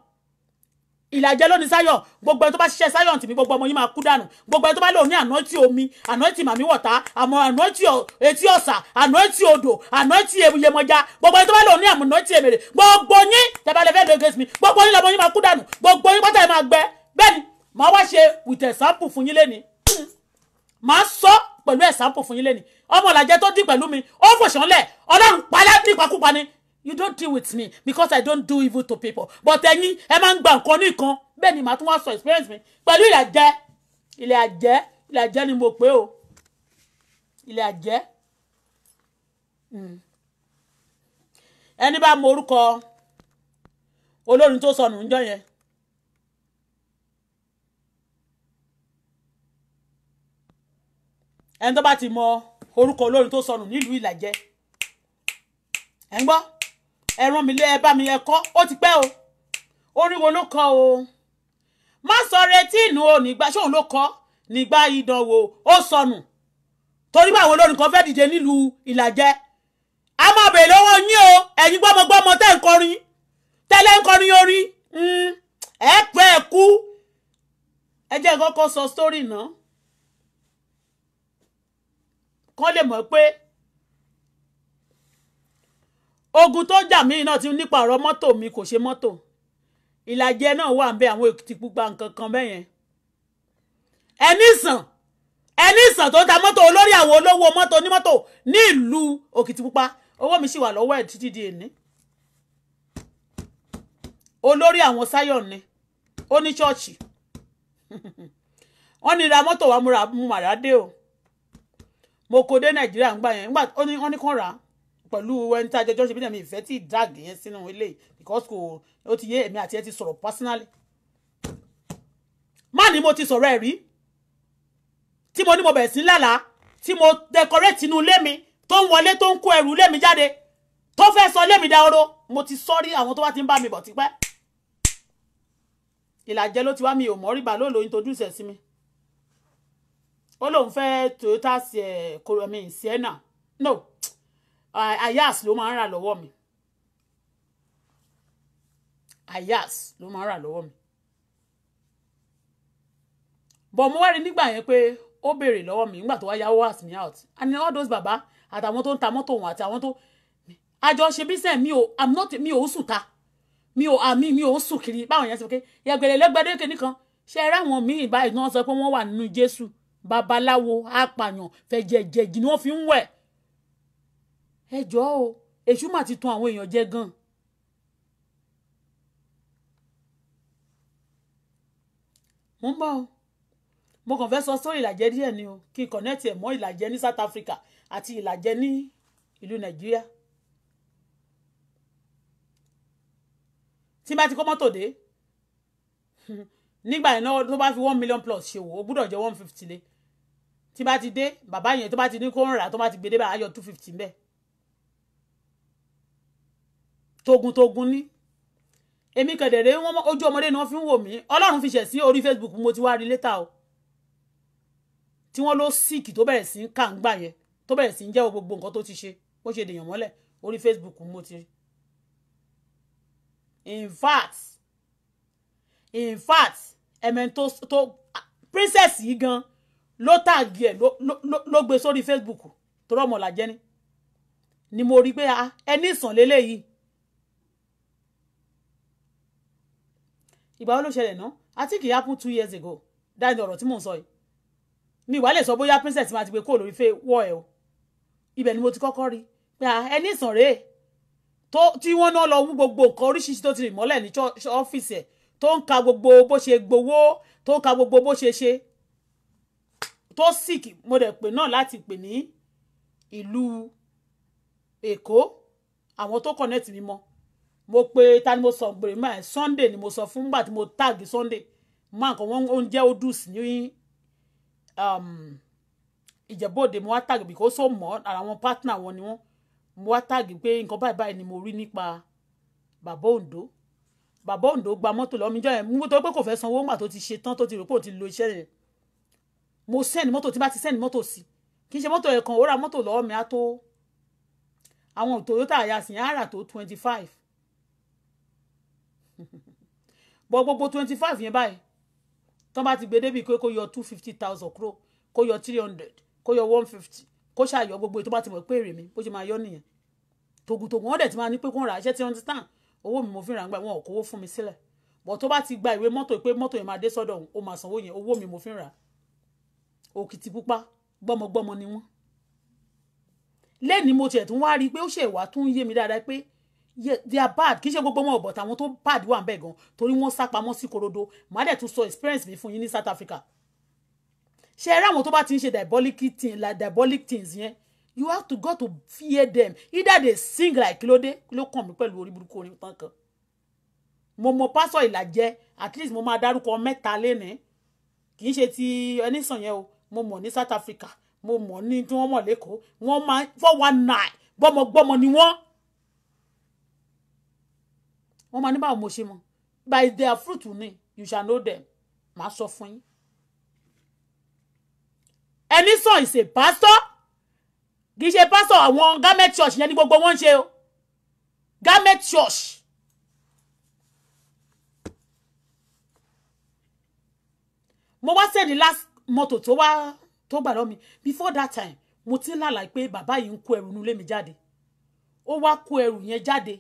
ìlàjẹ lónìí sáyọ̀ gbogbo ẹni tó bá ṣiṣẹ́ sáyọ̀n tì mí gbogbo ọmọ yìí máa kú dànù gbogbo ẹni tó bá lò ní ànátì omi ànátì màmí wọ̀tá àmọ́ ànátì etí ọ̀sà ànátì odò ànátì Yemọja gbogbo ẹni tó bá lò ní ànátì èmèrè gbogbo yín tẹ́bàlẹ́fẹ́ lóge sí mi gbogbo yín lọ́mọ yín máa kú dànù gbogbo yín pátá ẹ̀ máa gbẹ bẹ́ẹ̀ ni màá wá ṣe with example fún yín lẹ́ni màá sọ pẹ̀lú example fún yín lẹ́ni ọmọ làjẹ́ tó dín pẹ̀lú mi ó fòṣánlẹ̀ ọlọ́run palẹ́ nípakúpa ni you don't deal with me because I don't do evil to people but ẹ̀yin ẹ máa ń gba nǹkan ní nǹkan bẹ́ẹ̀ ni màá tún wá sọ experience mi pẹ̀lú ilẹ̀ àjẹ́ ilẹ̀ àjẹ́ ilẹ̀ àjẹ́ ni mo pè o ilẹ̀ àjẹ́ hmm. ẹni bá mọ orúkọ olórin tó sọnù ń jọ yẹn ẹni tó bá ti mọ orúkọ olórin tó sọnù nílùú ìlàjẹ ẹ ń gbọ́ ẹ rán mi lé ẹ mi ẹ ó ti pẹ́ o orin wo ló kọ o má sọ retí inú o nígbà ṣóun ló kọ nígbà ìdánwò ó sọnù torí báwọn olórin kan fẹ́ dìde nílùú ìlàjẹ a máa bèèrè lọ́wọ́ yín o ẹ̀yin gbọ́mọgbọ́mọ tẹ́ ń kọrin tẹ́lẹ̀ ń kọrin orí hmm. ẹ pẹ́ ẹ kú ẹ jẹ́ kọ́kọ́ sọ sítórì náà kán lè mọ̀ pé ogun tó jà mí náà ti nípa ọ̀rọ̀ mọ́tò mi kò ṣe mọ́tò ìlàjẹ náà wà ń bẹ àwọn èkìtì pupa nǹkan kan bẹ́ẹ̀ yẹn ẹni sàn ẹni sàn tó ta mọ́tò olórí àwọn olówó mọ́tò onímọ́tò ní ìlú òkìtì pupa owó mi sì wà lọ́wọ́ ẹ̀ títí di èní olórí àwọn sáyọ̀ ni ó ní ṣọ́ọ̀ṣì wọ́n ní ra mọ́tò wa mú màrá dé o mo kó dé nàìjíríà ń gbà yẹn nígbà ó ní wọ́n ní kàn rà pẹ̀lú ẹni tá a jẹjọ́ ṣe bí dẹ̀mí ìfẹ́ tí ìdáàgì yẹn sínú ilé because kò ó ti yé èmi àti ẹ ti sọ̀rọ̀ personally má ní mo ti sọ̀rọ̀ ẹ̀ rí tí mo ní mo bẹ̀rẹ̀ sí lálàá tí mo decorate inú ilé mi tó ń wọlé tó ń kó ẹrù ilé mi jáde tó fẹ́ sọ ilé mi dahoro mo ti sọ rí àwọn tó bá ti ń bá mi bọ̀ tipẹ́ ìlàjẹ ló ti wá mi ò mọ́ rí bá lóòlò introduce mi ó lóun fẹ́ Toyota koromi eh, Sienna no Ayas ló máa ń rà lọ́wọ́ mi Ayas ló máa ń rà lọ́wọ́ mi bọ̀ mo wá rí nígbà yẹn pé ó béèrè lọ́wọ́ mi nígbà tó wá yáwó ask me out and all those baba àtàwọn tó ń ta mọ́tò wọn àti àwọn tó àjọ ṣe business mi ò i'm not mi ò sùn ta mi ò àmì mi ò sùn kiri báwọn yẹn sọ pé yẹgbẹ̀rẹ̀ lẹ́gbẹ̀dẹ́ kìíní ṣe é ráwọn míì báyìí tí wọ́n sọ pé wọ́n wà nínú Jésù babaláwo apààyàn fẹ̀jẹ̀jẹ̀jì ni wọ́n fi ń wẹ̀ ẹ jọ̀ọ́ o èṣù mà ti tàn àwọn èèyàn jẹ gan. mo ń bọ̀ o mo kàn fẹ́ sọ sórí ìlàjẹ díẹ̀ ni o kí n kọ̀nẹ́tì ẹ̀ mọ́ ìlàjẹ ní South Africa àti ìlàjẹ ní ìlú Nàìjíríà. tí n bá ti kọ́ mọ́tò dé nígbà yẹn náà tó bá fi one million plus ṣe wò ó gbúdọ̀ jẹ́ one fifty lé tí bá ti dé bàbá yẹn tó bá ti ní kó ń rà tó bá ti gbé dé bá ayọ two fifty ń bẹ togun togun ní èmi kẹ̀dẹ̀rẹ́ wọn ojú ọmọdé ni wọ́n fi ń wò mí ọlọ́run fi ṣẹ̀ sí orí Facebook mo ti wá rí létà o tí wọ́n ló síìkì tó bẹ̀rẹ̀ sí ń kà ń gbà yẹn tó bẹ̀rẹ̀ sí ń jẹ́wọ́ gbogbo nǹkan tó ti ṣe ó ṣe dèèyàn mọ́lẹ̀ orí Facebook mo ti rí in fact in fact ẹ̀mẹ́ tó princess yìí gan-an ló tààgì ẹ̀ ló gbé sórí Facebook tó rọ̀mọ̀ làjẹ́ ni ni mo rí pé ah, ẹni ìsàn lélẹ́yìí ìgbà wo ló ṣẹlẹ̀ náà I think it happened two years ago dáìní ọ̀rọ̀ tí mò ń sọ yìí mi ìwà lè sọ bóyá princess máa ti gbé kúrò lórí fẹ́ wọ́ o ibẹ̀ ni mo ti kọ́kọ́ rí pé ah, ẹni ìsàn rèé tí wọ́n náà lọ wú gbogbo nǹkan oríṣiríṣi tó ti rìn mọ́lẹ̀ ní ọ́fíìsì ẹ̀ tó ń ka gbogbo bó ṣe gbowó tó ń ka gbogbo bó ṣe ṣe tó sick mo dẹ̀ pè náà láti pè ní ìlú èkó àwọn tó connect mi mọ́ mo pe ta ni mo sọ gbèrè máa sunday ni mo sọ fún nígbà tí mo tag sunday máa nǹkan wọn ó ń jẹ́ odus ní um, ìjẹ́bọ̀dé mo wá tag because ó mọ̀ ara wọn partner wọn ni wọ́n mo wá tag pé nǹkan báyìí báyìí ni mo rí nípa bàbá òǹdó bàbá òǹdó gba mọ́tò lọ́míjọ́ yẹn mo tó pé kò fẹ́ sanwó ńgbà tó ti ṣe tán tó ti rò pé òun ti lo iṣẹ́ yẹn mo send mọ́tò tí bá ti send mọ́tò si kì í ṣe mọ́tò ẹ̀kan ó ra mọ́tò lọ́wọ́ mi á tó àwọn Toyota àyàsìn á rà tó twenty five bọ́ gbogbo twenty five yẹn báyìí tán bá ti gbé débi pé kó yọ two fifty thousand kúrò kó yọ three hundred ko yọ one fifty kó ṣàyọ gbogbo ètò bá ti mo pé èrè mi bó ṣe máa yọ nìyẹn tògùntògùn wọn dẹ̀ ti máa ní pé kó ń ra iṣẹ́ ti tàn owó mi mo fi ràn gbà wọn ò kówó fún mi sílẹ̀ bọ̀ tó bá ti gba ìwé mọ́tò pé mọ́tò yẹn máa dé sọ́dọ̀ òun ó máa sanwó yẹn mi mo fi ràn Òkìtìpupa gbọ́mọgbọ́mọ ni wọ́n lẹ́ni mo tiẹ̀ tún wá rí i pé ó ṣe ìwà tún yé mi dáadáa pé they are bad kì í ṣe gbogbo wọn ọ̀bọ̀ tàwọn tó bad wà ń bẹ̀ gan torí wọ́n sá pamọ́ sí korodo màá dẹ̀ tún sọ experience mi fún yín ní South Africa ṣe eré àwọn tó bá ti ń ṣe diabolic things like diabolic things yẹn you have to go to fear them either they sing like kílódé ló kàn mí pẹ̀lú orí burúkú orin tán kan mo mọ pásọ ìlàjẹ at least mo máa dárúkọ mẹ́ta lénìí kì í ṣe ti ẹnìsàn yẹn o mo mọ̀ ní South Africa mo mọ̀ ní tí wọ́n mọ̀ lẹ́kọ̀ọ́ wọ́n máa four one nine gbọ́mọgbọ́mọ ni wọ́n. wọ́n máa ní báwo mo ṣe mọ̀ by their fruit ni you shall know them màá sọ fún yín. ẹni sọ ìṣe pásítọ̀ kì í ṣe pásítọ̀ àwọn garment church yẹn ni gbogbo wọn ń ṣe o garment church. mo wá sẹ́ni last mọ́tò tó wá tó gbà lọ́mi before that time mo ti ń lálàá pé bàbá yìí ń kó ẹrù nulé mi jáde ó wá kó ẹrù yẹn jáde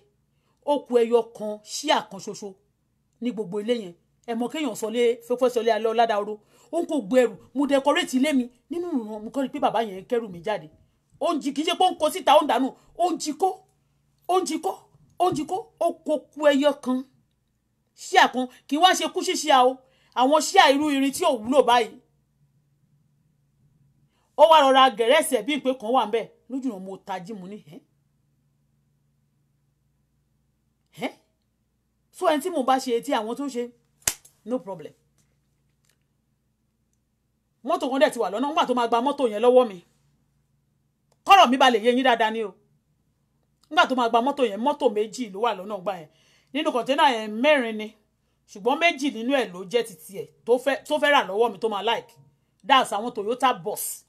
ó kó ẹyọ kan ṣíà kan ṣoṣo ní gbogbo ilé yẹn ẹ̀mọ́ kéèyàn sọlé fẹ́fẹ́ sọlé alẹ́ ọ̀làdàoro ó ń kó gbé ẹrù mo dẹkọrétì ilé mi nínú ìran mo kọ́ ni pé bàbá yẹn kẹ́rù mi jáde ó ń jí kí n ṣe pé ó ń kó síta ó ń dànù ó ń jí kó ó ń jí kó ó ń jí kó ó kó kú ẹyọ kan ṣíà kan kì í ṣe kú ṣíṣíà o àwọn ṣíà irú irin tí ò wúlò báyìí ó wá rọra gẹ̀rẹ́sẹ̀ bí ìpè kan wà ń bẹ̀ lójú ìran mo tají mo ní ẹ́ ẹ́ so ẹni tí mo bá ṣe etí àwọn tó ṣe no problem mọ́tò kan dẹ̀ ti wà lọ́nà nígbà tó máa gba mọ́tò yẹn lọ́wọ́ mi kọ́rọ̀ mi balẹ̀ yé yín dáadáa ni o nígbà tó máa gba mọ́tò yẹn mọ́tò méjì ló wà lọ́nà gbà yẹn nínú kọ̀ńténà yẹn mẹ́rin ni ṣùgbọ́n méjì nínú ẹ̀ ló jẹ́ ti tiẹ̀ tó fẹ́ rà lọ́wọ́ mi tó máa like that's àwọn Toyota bus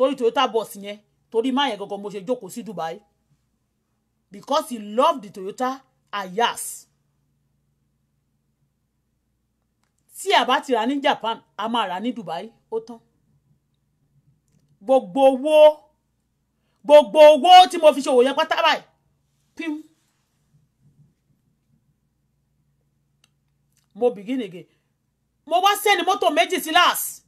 torí toyota bus yẹn torí máa yẹn gangan mo ṣe jókòó sí dubai because he loved the toyota ayas tí a bá ti rà ní japan a máa rà ní dubai ó tán gbogbo owó gbogbo owó tí mo fi ṣòwò yẹn pátá báyìí pim mo begin again mo wá sẹ́ni mọ́tò méjì sí láàsì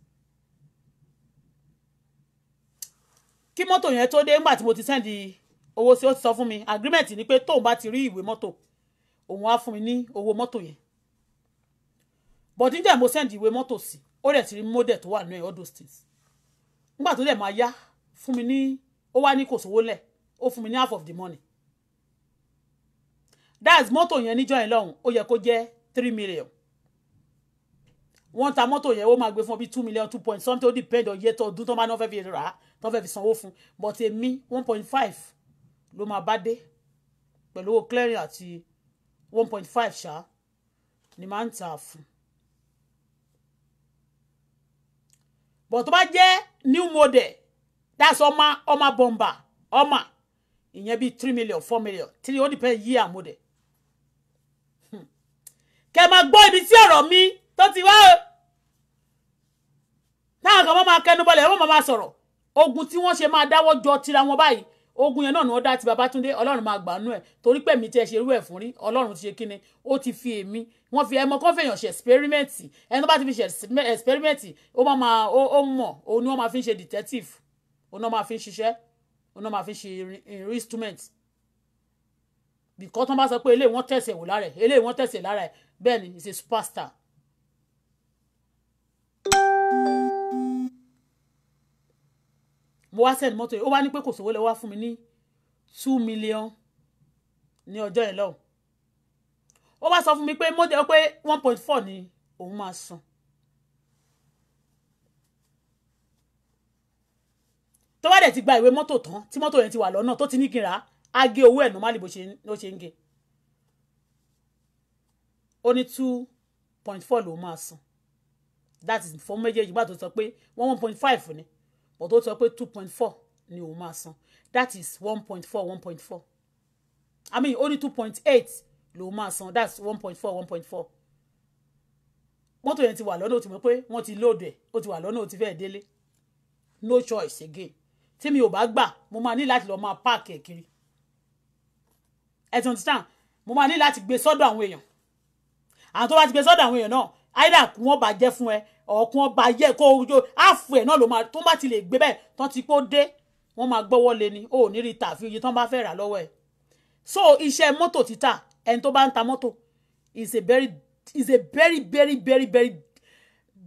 kí mọ́tò yẹn tó dé ńgbà tí mo ti sẹ́ndì owó sí ó ti sọ fún mi agreement ni pé tóun bá ti rí ìwé mọ́tò òun á fún mi ní owó mọ́tò yẹn bọ̀dí dẹ̀ mo sẹ́ndì ìwé mọ́tò sí ó dẹ̀ ti rí model tó wà ní all those things ńgbà tó dẹ̀ máa yá fún mi ní ó wá ní kò sówó lẹ̀ ó fún mi ní half of the money that's mọ́tò yẹn níjọ́ yẹn lọ́hùn ó yẹ kó jẹ́ three million wọ́n ta mọ́tò yẹn ó máa gbé fún ọ bí two million two point something ó depend on yẹtọ̀ ọdún tó máa náà fẹ́ fi rà á tó fẹ́ fi sanwó fún but èmi one point five ló máa bá dé pẹ̀lú owó clearing àti one point five ṣá ni máa ń tà fún. bọ̀ tó bá jẹ́ new model that's ọmọ ọmọ bọ̀m̀bà ọmọ ìyẹn bíi three million four million three ó depend year model. Hmm. kẹ́ ẹ máa gbọ́ ibi tí ọ̀rọ̀ mi tó ti wá o táwọn kan máa kẹnu bọlẹ̀ wọ́n máa sọ̀rọ̀ ogun tí wọ́n ṣe máa dáwọ́ jọ tira wọn báyìí ogun yẹn náà ni wọ́n dá ti Babátúndé ọlọ́run máa gbà nú ẹ̀ torí pé mi tiẹ̀ ṣe irú ẹ̀ fún rí ọlọ́run ti ṣe kíni ó ti fi èmi wọ́n fi ẹmọ kan fèèyàn ṣe ẹ̀sipẹ́rímẹ́ǹtì ẹni tó bá ti fi ṣe ẹ̀sipẹ́rímẹ́ǹtì ó máa ó mọ̀ òun ni wọ́n máa fi ṣe detective òun náà máa fi ń ṣiṣẹ́ òun náà máa fi ń ṣe instrument bìkọ́ tó bá sọ pé eléyìí wọ́n tẹ̀sẹ̀ wò lára ẹ̀ eléyìí wọ́n tẹ̀sẹ̀ lára ẹ̀ bẹ́ẹ̀ ni it's a superstar mo wá send mọ́tò yìí ó wá ní pé kò sówó lọ́wọ́ wá fún mi ní two million ní ọjọ́ yẹn lọ́wọ́ ó wá sọ fún mi pé mọ́tò pé one point four ni òun máa san tó bá dẹ̀ ti gba ìwé mọ́tò tán tí mọ́tò yẹn ti wà lọ́nà tó ti ní kíra á gé owó ẹ̀ normally bó ṣe ń gé ó ní two point four lòún máa san that is fún méjèèjì gbà tó sọ pé one one point five ni but ó sọ pé two point four ni òun máa san that is one point four one point four i mean only two point eight lòun máa san that's one point four one point four mọ́tò yẹn ti wà lọ́nà ó ti mọ̀ pé wọ́n ti lóòdù ẹ̀ ó ti wà lọ́nà ó ti fẹ́ẹ̀ délé no choice again tí mi ò bá gbà mo máa ní láti lọ máa páàkì ẹ̀ kiri ẹ̀ tí wọ́n ti tàn mo máa ní láti gbé sọ́dọ̀ àwọn èèyàn àwọn tó bá ti gbé sọ́dọ̀ àwọn èèyàn náà either kí wọ́n bàjẹ́ fún ẹ or kí wọ́n bàjẹ́ kó ojú àfọ ẹ̀ náà ló máa tó bá ti lè gbé bẹ́ẹ̀ tán ti kó dé wọ́n máa gbọ́wọ́ lé ni ó ní rí tàfi iye tán bá fẹ́ rà lọ́wọ́ ẹ̀ so iṣẹ́ mọ́tò títà ẹni tó bá ń ta mọ́tò is a very is a very very very very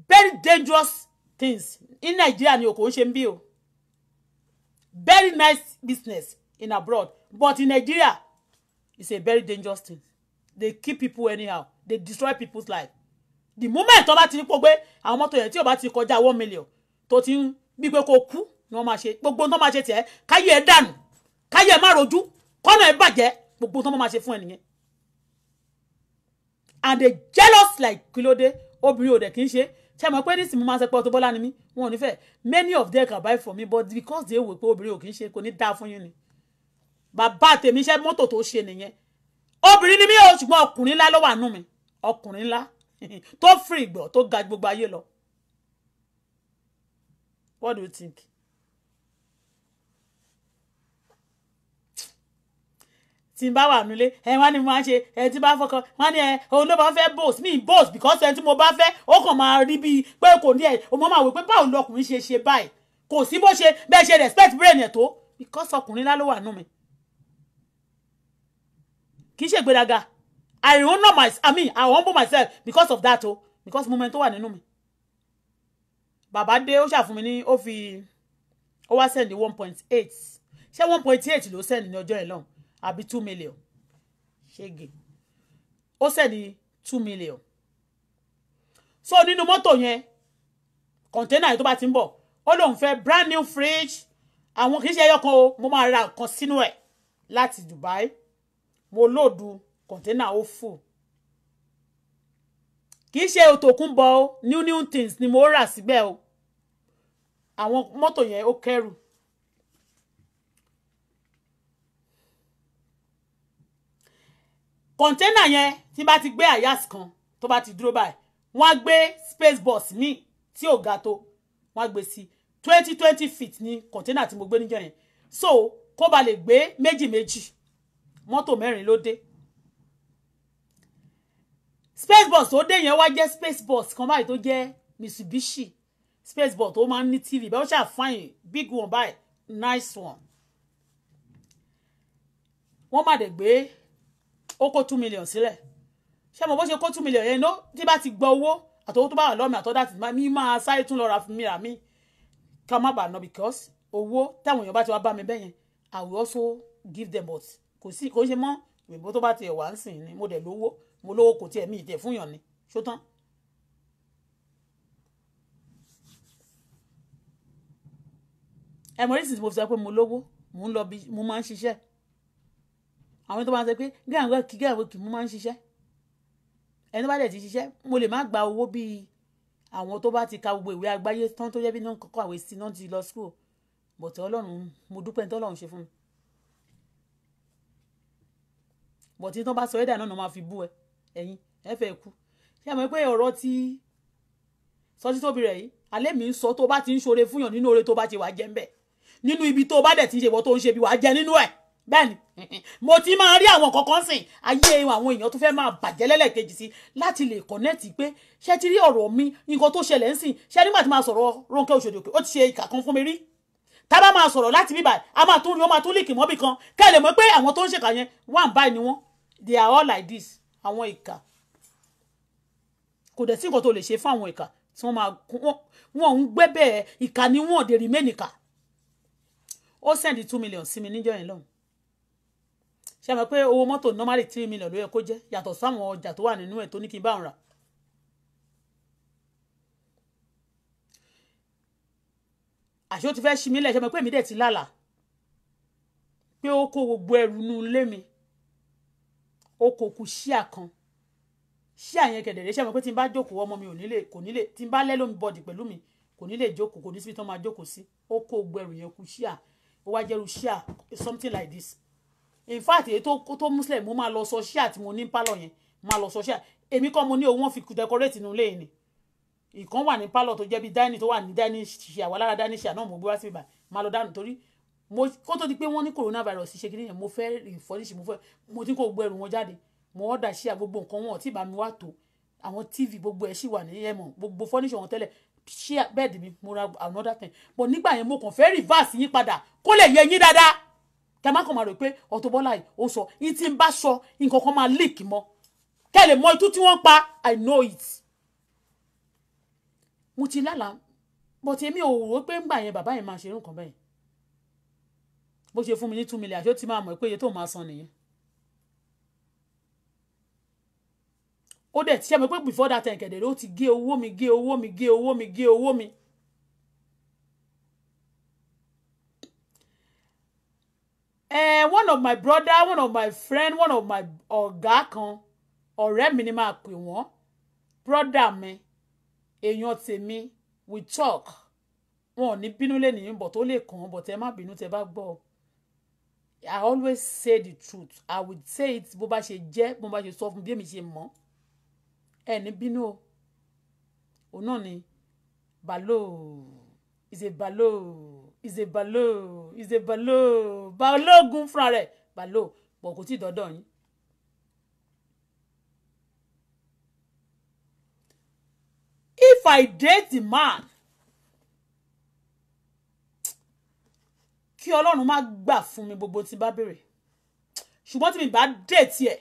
very dangerous things in Nigeria. ni òkò ń ṣe ń bí o very nice business in abroad but in nigeria it's a very dangerous thing they kill people anyhow they destroy people's life the moment tó bá ti ní pé àwọn mọ́tò yẹn tí ò bá ti kọjá one million tó ti ń bí pé kó kú ni wọ́n máa ṣe gbogbo tó máa ṣe tiẹ̀ káyé ẹ dànù káyé ẹ má rojú kọ́nà ẹ bàjẹ́ gbogbo tó máa ṣe fún ẹ nìyẹn. and they jealous like kílódé obìnrin ò dẹ̀ kí n ṣe ṣe mọ̀ pé nísìnyí mo máa ń sọ pé Auto Bola ni mí wọn ò ní fẹ́ many of them can buy for me but because they wò pé obìnrin ò kí n ṣe kò ní dáa fún yín ni bàbá tèmi iṣẹ́ mọ́tò tó ṣe nìyẹn obìnrin ni mí o ṣùgbọ́n ọkùnrin ńlá ló wà nù mí ọkùnrin ńlá tó fìrì ìgbọ̀ tó ga gbogbo ayé lọ what do you think. tí n bá wà nílé ẹ wá ní mo máa ń ṣe ẹ tí bá fọkàn wá ní ẹ òun ló bá fẹ́ bòs mí bòs because ẹ tí mo bá fẹ́ ó kàn máa rí bíi pé kò ní ẹ o mọ́ máa wò pé báwo lọkùnrin ṣe ṣe báyìí kò sí bó ṣe bẹ́ẹ̀ ṣe respect brain ẹ̀ tó because ọkùnrin lá ló wà nú mi kì í ṣègbéraga I honor my I mean I humble myself because of that o because moment tó wà nínú mi bàbá dé ó ṣàfún mi ní ó fi ó wá send one point eight ṣé one point eight ló send ní ọjọ́ yẹn lọ́hùn àbí two million ṣége ó send two million so nínú mọ́tò yẹn kọ̀ńténà yìí tó bá ti ń bọ̀ ó lóun fẹ́ brand new fridge àwọn kì í ṣe ẹyọ kan o mo máa ra nǹkan sínú ẹ̀ láti Dubai mo lóòdù kọ̀ńténà ó full kì í ṣe òtòkúnbọ new new things ni mo rà síbẹ̀ o àwọn mọ́tò yẹn ó kẹ́rù. kọ̀ńténà yẹn tí bá ti gbé àyàs kan tó bá ti dúró báyìí wọ́n á gbé space bus mi tí ò ga tó wọ́n á gbé sí twenty twenty feet ni kọ̀ńténà tí mo gbé níjọ́ yẹn so kó ba lè gbé méjì méjì mọ́tò mẹ́rin ló dé space bus tó dé yẹn wá jẹ́ space bus kan báyìí tó jẹ́ Mitsubishi space bus tó máa ń ní TV bẹ́ẹ̀ ó ṣáà fine big one báyìí nice one wọ́n má dẹ̀ gbé ó kó two million sílẹ̀ ṣé mo bó ṣe kó two million yẹn ló tí bá ti gbọ́ owó àtọwọ́ tó bá wà lọ́mì àtọ́dá ti mi máa sáré tún lọ́ra fún mi rà mí ká má bàa nà because owó táwọn èèyàn bá ti wá bá mi bẹ́yẹn I will also give them but kò sí kò ń ṣe mọ́ ìbò tó bá ti ẹ̀ wá ń sìn ni mo dẹ̀ lówó mo lówó kò tiẹ̀ mi ìtẹ̀ fúnyàn ni ṣó tán. ẹ mọ̀ nísìsiyìí mo fi sọ pé mo lówó mo ń lọ bí mo máa ń ṣiṣẹ́ àwọn tó máa ń sọ pé gíàwé kí gíàwé kì mo máa ń ṣiṣẹ́ ẹni tó bá dẹ̀ ti ṣiṣẹ́ mo lè má gba owó bíi àwọn tó bá ti ka gbogbo ìwé àgbáyé tán tó yẹ bí náà kọ́kọ́ àwẹ̀ sí náà ti lọ school bọ̀tẹ́ ọlọ́run mo dúpẹ́ ní tọ́lọ́run ṣe fún mi bọ̀tí tó bá sọ ẹ́dà náà máa fi bú ẹ ẹ̀yin ẹ fẹ́ kú ṣé àmọ́ pé ọ̀rọ̀ ti sọtí tóbi rẹ̀ yìí alẹ́ mi ń sọ tó bá ti ń ṣoore fúnyàn nínú oore tó bá ti wà jẹ́ ń nínú ibi tó bá dẹ̀ ti ń ṣe ìwọ tó ń ṣe bí wà á jẹ nínú ẹ̀ bẹ́ẹ̀ mo ti máa rí àwọn kankan sìn ayé àwọn èèyàn tó fẹ́ máa bàjẹ́ lẹ́lẹ́kejì sí láti lè kọ̀nẹ́ẹ̀tì pé ṣé ti rí ọ̀rọ̀ mi nǹkan tó ṣẹlẹ̀ ń sìn ṣé nígbà tí máa sọ̀rọ̀ Rónkẹ́ Òṣòdì Òkè ó ti ṣe ìkà kan fún mi rí tá máa sọ̀rọ̀ láti bíbà a máa tún rí ó tún líkì mọ́bì kan kẹ́ ẹ pé àwọn tó ń ṣèkà yẹn wà ń báyìí ni wọ́n they are all like this àwọn ìkà kò dẹ̀ sí nǹkan tó lè ṣe fún àwọn ìkà tí wọ́n máa wọ́n ń gbé bẹ́ẹ̀ ìkà ni wọ́n dè remain ìkà ó send two million sí mi níjọ́ yẹn lọ́hùn ṣe àmọ́ pé owó mọ́tò normally three million ló yẹ kó jẹ́ yàtọ̀ sáwọn ọjà tó wà nínú ẹ̀ tó ní kí n bá òun rà àṣé ó ti fẹ́ ṣí mi lẹ̀ ṣe àmọ́ pé èmi dẹ̀ ti lálàá pé ó kó gbogbo ẹrù nú ilé mi okòkù ṣíà kan ṣíà yẹn kẹ̀dẹ̀ léṣẹ́ mi pé tí n bá jókòó ọmọ mi ò nílé kò nílé tí n bá lẹ́ lómi bọ́ọ̀dì pẹ̀lú mi kò nílé jókòó kò ní síbi tí wọ́n máa jókòó sí ó gbẹrù yẹn kú ṣíà ó wá jẹ́rù ṣíà something like this in fact èyí tó tó muslim mo máa lọ sọ ṣíà tí mo ní pálọ̀ yẹn máa lọ sọ ṣíà èmi kan mo ní owó wọn fi decorate inú ilé ni ìkan wà ní pálọ̀ tó jẹ́ bí dining tó wà ní dining ṣíà wà lára dining ṣíà náà mo gbé wá sí mo kó tó di pé wọ́n ní coronavirus ṣe kí nìyẹn mo fẹ́ ìfọ́níṣì mo fẹ́ mo ti kó gbogbo ẹrù wọn jáde mo ọ̀dà ṣíà gbogbo nǹkan wọn tí ìbá mi wà tó àwọn tv gbogbo ẹ̀ ṣì wà ní ẹ̀mọ̀ gbogbo fọ́níṣì wọn tẹ́lẹ̀ ṣíà bẹ́ẹ̀dì mi mo ra another thing but nígbà yẹn mo kàn fẹ́ reverse yín padà kó lè yẹ yín dáadáa kẹ má kàn máa rò pé Auto Bola yìí ó sọ yín tí ń bá sọ nǹkan kan máa leak mọ́ kẹ́ lè mọ itú tí wọ́n pa i know it mo ti lálàá but èmi ò rò pé ńgbà yẹn bàbá yẹn máa ṣerú nǹkan bẹ́ẹ̀ bó ṣe fún mi ní two million àṣé ó ti máa mọ̀ pé iye tó máa san nìyẹn. ó dẹ̀ ti ṣe mi pé before that time kẹ̀dẹ̀ ló ti gé owó mi gé owó mi gé owó mi gé owó mi. Eh, one of my brother one of my friend one of my ọ̀gá kan ọ̀rẹ́ mi ni máa pè wọ́n brother mi èèyàn tèmi we talk wọn ò ní bínú lè nìyí bọ̀ tó lè kàn án bọ̀ tẹ́ má bínú tẹ́ bá gbọ́ ọ I always say the truth I would say it bó bá ṣe jẹ́ bó bá ṣe sọ fún bí èmi ṣe mọ̀ ẹni bínú o òun náà ni balo is a balo is a balo is a balo balógun fúnra rẹ̀ balo pọ̀ kò tí ì yín. If I date the man kí ọlọ́run má gbà fún mi gbogbo tí bá béèrè ṣùgbọ́n tí mi bá dé tiẹ̀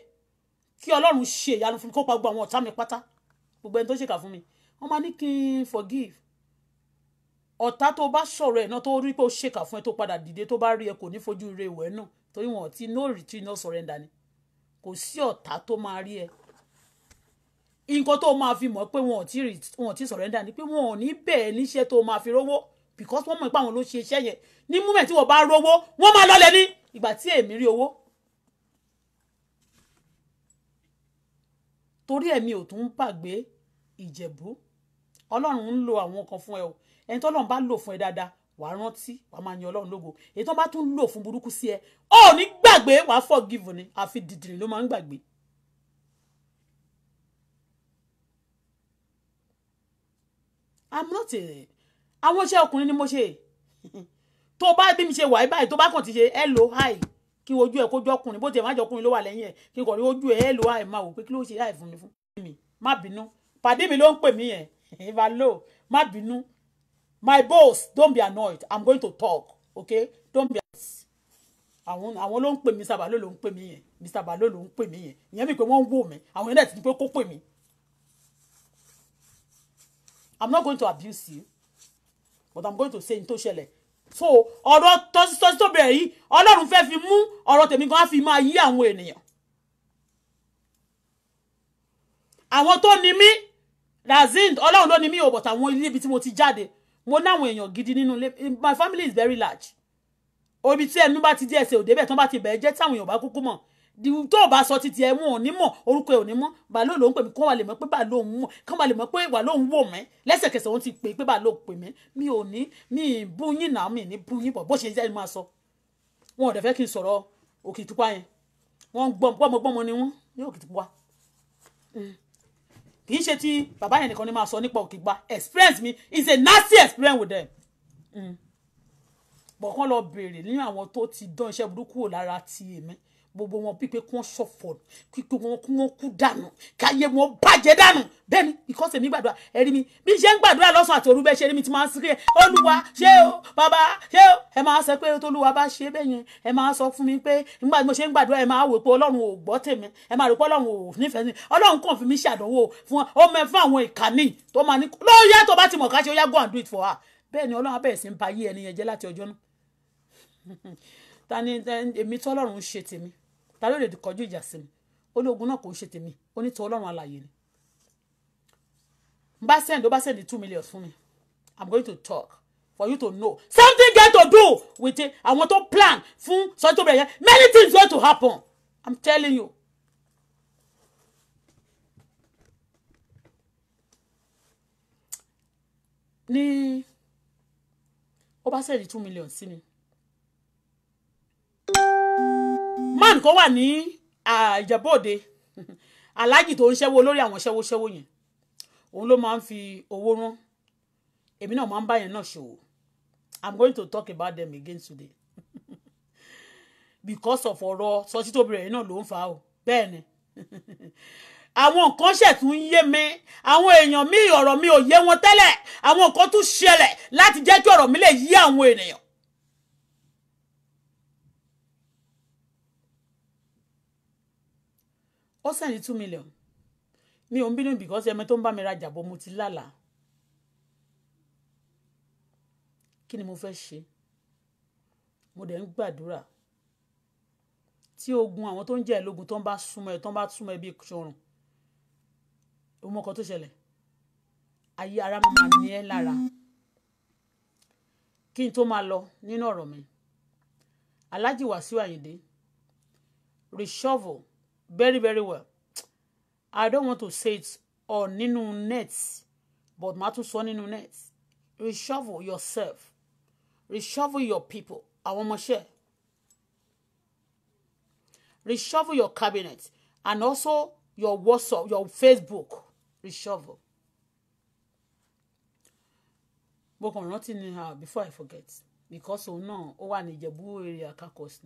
kí ọlọ́run ṣe ìyanu fún mi kó pa gbogbo àwọn ọ̀tá mi pátá gbogbo ẹni tó ṣèkà fún mi wọ́n máa ní kí n forgive ọ̀tá tó bá sọ̀rọ̀ ẹ̀ náà tó rí pé ó ṣèkà fún ẹ tó padà dìde tó bá rí ẹ kò ní fojú ire ìwẹ̀ náà torí wọn ti no retreat no surrender ni kò sí ọ̀tá tó máa rí ẹ nǹkan tó máa fi mọ̀ pé wọn ò tí surrender ni pé wọn ò ní bẹ́ẹ̀ níṣẹ́ tó máa fi rówó because wọ́n mọ̀ pé àwọn ló ṣe iṣẹ́ yẹn ní moment tí wọ́n bá rówó wọ́n máa lọlẹ̀ ní ìgbà tí èmi rí owó. torí èmi ò tún pàgbé ìjẹ̀bú ọlọ́run ń lo àwọn kan fún ẹ o ẹni tó lọ́run bá lò fún ẹ dáadáa wàá rántí wàá máa yan ọlọ́run lógo èyí tó bá tún lò fún burúkú sí ẹ ó ní gbàgbé wàá forgive ni àfi dìdìrín ló máa ń gbàgbé. I'm not a àwọn iṣẹ́ ọkùnrin ni mo ṣe tó bá bí mi ṣe wà báyìí tó bá kàn ti ṣe hello hi kí n ojú ẹ kó jọkùnrin bó tiẹ̀ má jọkùnrin ló wà lẹ́yìn ẹ̀ kí n kàn rí ojú ẹ hello hi máa wò pé kí ló ṣe hi fún mi fún mi má bínú pàdé mi ló ń pè mí yẹn ìbálò má bínú my boss don't be annoyed i'm going to talk okay don't be annoyed àwọn àwọn ló ń pè mí sábà ló ń pè mí yẹn mr balo ló ń pè mí yẹn ìyẹn mi pé wọ́n ń wò mí àwọn yẹn náà ti pé kó pè mí i'm not going to abuse you but i'm going to say n tó ṣẹlẹ̀ so ọ̀rọ̀ tọ́sítọ́sí tó bẹ̀rẹ̀ yìí ọlọ́run fẹ́ fi mú ọ̀rọ̀ tèmi gan á fi máa yí àwọn ènìyàn àwọn tó ní mí razind ọlọ́run ló ní mí o but àwọn ilé ibi tí mo ti jáde mo láwọn èèyàn gidi nínú ilé my family is very large obi tí ẹnu bá ti díẹ̀ ṣe òde bẹ́ẹ̀ tán bá ti bẹ̀ẹ́ jẹ́ táwọn èèyàn bá kúkú mọ̀ tó o bá sọ títí ẹ wọn ò ní mọ orúkọ ẹ ò ní mọ bàálò ló ń pè mí kó wà lè mọ pé bàálò ń mọ kó wà lè mọ pé wà ló ń wò mí lẹ́sẹ̀kẹsẹ̀ wọ́n ti pè pé bàálò pè mí mi ò ní mi ì bú yín náà mi ì ní bú yín bọ̀ bó ṣe jẹ́ máa sọ wọn ò dẹ̀ fẹ́ kí n sọ̀rọ̀ òkè ìtúpa yẹn wọ́n gbọ́mọgbọ́mọ ni wọ́n ní òkè hmm. kì í ṣe ti bàbá yẹn nìkan ni máa sọ nípa òkè experience mi is a nasty experience with them. Mm bọ̀ lọ béèrè ní àwọn tó ti dán iṣẹ́ burúkú lára ti èmi gbogbo wọn pípé kí wọ́n ṣọ̀fọ̀ pípé wọn kí wọ́n kú dànù káyé wọn bàjẹ́ dànù bẹ́ẹ̀ because èmi gbàdúrà ẹ̀rí mi bí ṣe ń gbàdúrà lọ́sàn àti òru ṣe rí mi ti máa ń sírí olúwa ṣé o bàbá ṣé o ẹ máa sọ pé tolúwa bá ṣe bẹ́ẹ̀ yẹn ẹ máa sọ fún mi pé nígbà tí mo ṣe ń gbàdúrà ẹ máa wò pé ọlọ́run ò gbọ́ tèmi ẹ máa rò pé ọlọ́run ò nífẹ̀ẹ́ mi ọlọ́run kàn fi mí ṣàdánwò fún ọ mẹ́fà àwọn ìkànnì tó máa ní lóyá tó bá ti mọ̀ ká ṣe ó yá go and do it for her bẹ́ẹ̀ ta ló lè kọjú ìjà sí mi ó ní ogun náà kò ń ṣe tèmi ó ní ti ọlọ́run alàyè ni n bá send ó bá send two million fún mi i'm going to talk for you to know something get to do with it àwọn tó plan fún sọ́jọ́ bẹ̀rẹ̀ yẹn many things go to happen i'm telling you. ní ó bá send two million sí mi. man kó wà ní Ìjẹ̀bú Òde aláàjì tó ń ṣẹ́wó lórí àwọn ṣẹ́wó ṣẹ́wó yẹn òun ló máa ń fi owó rán èmi náà máa ń bá yẹn náà ṣòwò i'm going to talk about them again today because of ọ̀rọ̀ sọtí tó bẹ̀rẹ̀ yẹn náà ló ń fa o bẹ́ẹ̀ ni àwọn nǹkan ṣẹ̀tún yé mi àwọn èèyàn mi ọ̀rọ̀ mi ò yé wọn tẹ́lẹ̀ àwọn nǹkan tún ṣẹlẹ̀ láti jẹ́ kí ọ̀rọ̀ mi lè yé àwọn ènìyàn ó sẹ́ni two million mi ò ń bínú because ẹ̀mí tó ń bá mi rajà bó mo ti lálàá kí ni mo fẹ́ ṣe mo dẹ̀ ń gbàdúrà tí ogun àwọn tó ń jẹ́ ìlógun tó ń bá súnmọ́ ẹ tó ń bá súnmọ́ ẹ bí sọrùn ọmọ kan tó ṣẹlẹ̀ ayé ara mi máa ní ẹ lára kí n tó máa lọ nínú ọ̀rọ̀ mi Alhaji Wasiu Ayinde reshovel very very well i don't want to say it on nínú net but Matu tún sọ net reshuffle yourself reshuffle your people àwọn share. reshuffle your cabinet and also your WhatsApp your Facebook reshuffle. mo kàn rántí ni ah, before i forget because òun náà ó wà ní Ìjẹ̀bú area kakos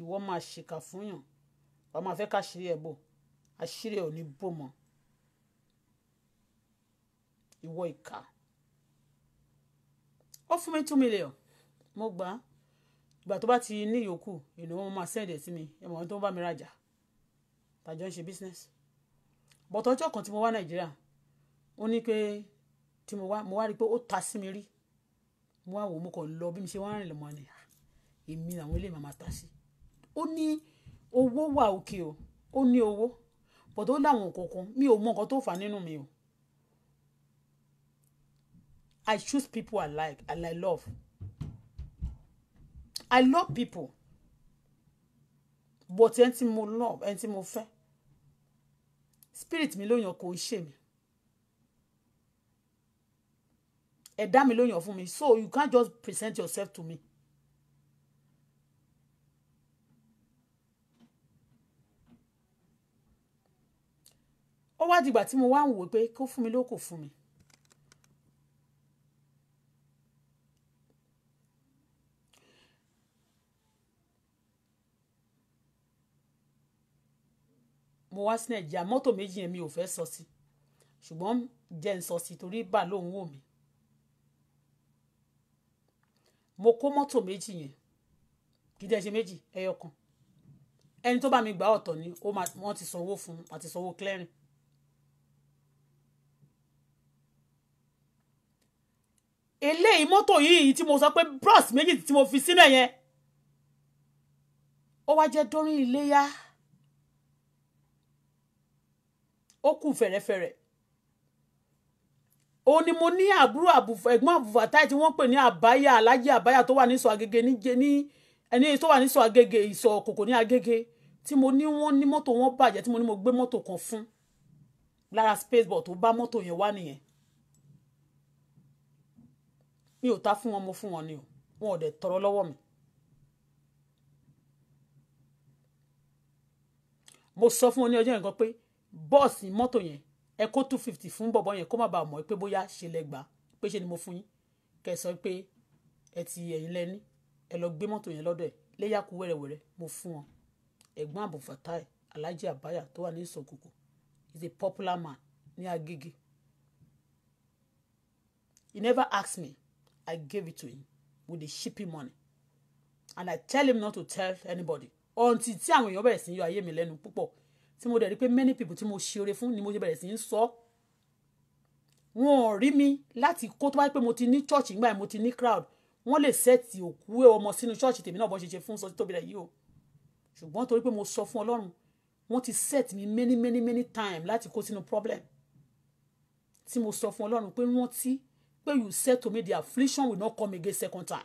ìwọ máa ṣèkà fún yàn wàá máa fẹ́ káṣírí ẹ̀ bò àṣírí ẹ̀ ò ní bò mọ́ ìwọ ìkà ó fún mi two million mo gbà á ìgbà tó bá ti ní ìyókù ìnáwó wọn máa sẹ́ẹ̀dẹ̀ sí mi ẹ mọ̀ ohun tó ń bá mi rajà tàjọ ń ṣe business bọ̀tọ̀ ọjọ́ kan tí mo wá nàìjíríà ó ní pé tí mo wá mo wá rí i pé ó ta sí mi rí mo wá wò ó mo kàn lọ bí mo ṣe wá rìn lọ́mọ ni ah, èmi làwọn eléyìí máa ta sí ó ní owó wà òkè o ó ní owó bọ̀dọ̀ láwọn kankan mi ò mọ nǹkan tó fà nínú mi o I choose people I like and I love I love people but ẹni tí mo love ẹni tí mo fẹ́ spirit mi ló yàn kò ń ṣe mi ẹ̀dá mi ló yàn fún mi so you can't just present yourself to me wá dìgbà tí mo wá ń wò pé kó fún mi ló kò fún mi. mo wá sí nàìjíríà mọ́tò méjì yẹn mi ò fẹ́ sọ sí ṣùgbọ́n jẹ́ ń sọ sí torí bà lóun wò mí mo kó mọ́tò méjì yẹn kì í dẹ́ ṣe méjì ẹyọ kan ẹni tó bá mi gbà ọ̀tọ̀ ni wọ́n ti sanwó fún àti sanwó clearing eléyìí mọ́tò yìí tí mo sọ pé bros méjì tí mo fi sínú ẹ̀ yẹn ó wá jẹ́ dọ́rin iléyà ó kù fẹ̀rẹ̀fẹ̀rẹ̀ òun ni mo ní àbúrò ẹ̀gbọ́n àbùfàtà tí wọ́n pè ní àbáyà alájẹ àbáyà tó wà ní sọ agége ní ẹni tó wà ní sọ agége ìsọ kòkò ní agége tí mo ní wọ́n ní mọ́tò wọn bàjẹ́ tí mo ní mo gbé mọ́tò kan fún lára spaceball tó bá mọ́tò yẹn wá nìyẹn mi ò ta fún wọn mo fún wọn ni o wọn ò dẹ̀ tọrọ lọ́wọ́ mi. mo sọ fún wọn ní ọjọ́ yẹn gan pé bọ́ọ̀sì mọ́tò yẹn ẹ kó two fifty fún bọ̀bọ̀ yẹn kó má bàa mọ̀ pé bóyá ṣe lẹ gbà pé ṣe ni mo fún yín kẹ sọ pé ẹ ti ẹ̀yin lẹ́ni ẹ lọ gbé mọ́tò yẹn lọ́dọ̀ ẹ̀ léyà wẹ́rẹ́wẹ́rẹ́ mo fún wọn ẹ̀gbọ́n àbùfàtàì alájí àbáyà tó wà ní ìsọ̀kòkò is a popular man ní Agége he never asked me I gave it to him with the shipping money and I tell him not to tell anybody until tí àwọn èèyàn bẹ̀rẹ̀ sí yọ ayé mi lẹ́nu púpọ̀ tí mo dẹ̀ rí pé many people tí mo ṣe oore fún ni mo ṣe bẹ̀rẹ̀ sí ń sọ wọn ò rí mi láti kó tó bá pé mo ti ní church nígbà yẹn mo ti ní crowd wọ́n lè sẹ́ẹ̀tì òkú ọmọ sínú church tèmi náà bọ́n ṣe ṣe fún sọ títóbi rẹ̀ yìí o ṣùgbọ́n torí pé mo sọ fún Ọlọ́run wọ́n ti set mi many many many time láti kó sínú problem tí mo sọ fún Ọlọ́run pé rántí When you said to me, the affliction will not come again second time.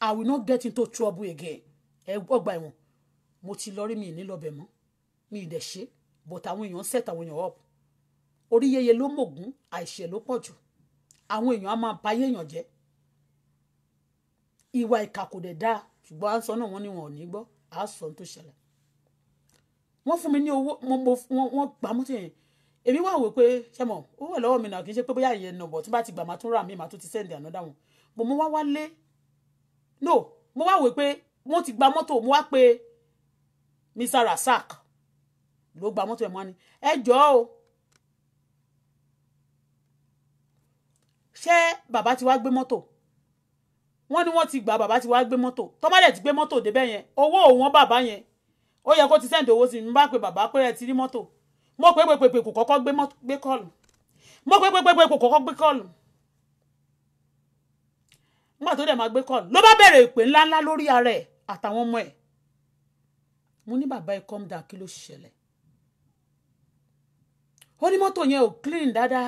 I will not get into trouble again. Ẹ gbọ́ gba ẹ̀wọ̀n. Mo ti lọ rí mi ní lọ́bẹ̀ mọ́. Mi ì dẹ̀ ṣe. But àwọn èèyàn set àwọn èèyàn up. Orí yeye ló mògún, àìṣẹ̀ ló pọ̀ jù. Àwọn èèyàn á máa bayé èèyàn jẹ́. Ìwà ìkà kò dẹ̀ dáa. Ṣùgbọ́n aṣọ náà wọ́n ní wọn ò ní gbọ́. Aṣọ tó ṣẹlẹ̀. Wọ́n fún mi ní owó, wọ́n gbà mọ́tò yẹn èmi wà wò pé ṣe mọ̀ ó wà lọ́wọ́ mi náà kì í ṣe pé bóyá ìyẹn nàbọ̀ tí bá ti gbà máa tún rà mí máa tún ti sẹ́ǹdì ànádà wọn mo mú wá wálé no mo wá wò pé mo ti gba mọ́tò mo wá pé Mr. Rasak ló gba mọ́tò ẹ̀ mọ́ ni ẹ jọ̀ọ́ o ṣé bàbá ti wá gbé mọ́tò wọ́n ní wọ́n ti gbà bàbá ti wá gbé mọ́tò tọ́ba dẹ̀ ti gbé mọ́tò débẹ̀ yẹn owó òun bàbá yẹn ó yẹ kó ti sẹ́ǹdì owó sí mi bá pe bàbá pé ẹ ti rí mọ́tò mo pé pé pé kò kọ́kọ́ gbé kọ́ọ̀lù mo pé pé pé kò kọ́kọ́ gbé kọ́ọ̀lù nígbà tó dẹ̀ máa gbé kọ́ọ̀lù ló bá bẹ̀rẹ̀ ìpè ńláńlá lórí ara ẹ̀ àtàwọn ọmọ ẹ̀ mo ní bàbá ẹ̀ calm down kí ló ṣẹlẹ̀ ó ní mọ́tò yẹn ò clean dada.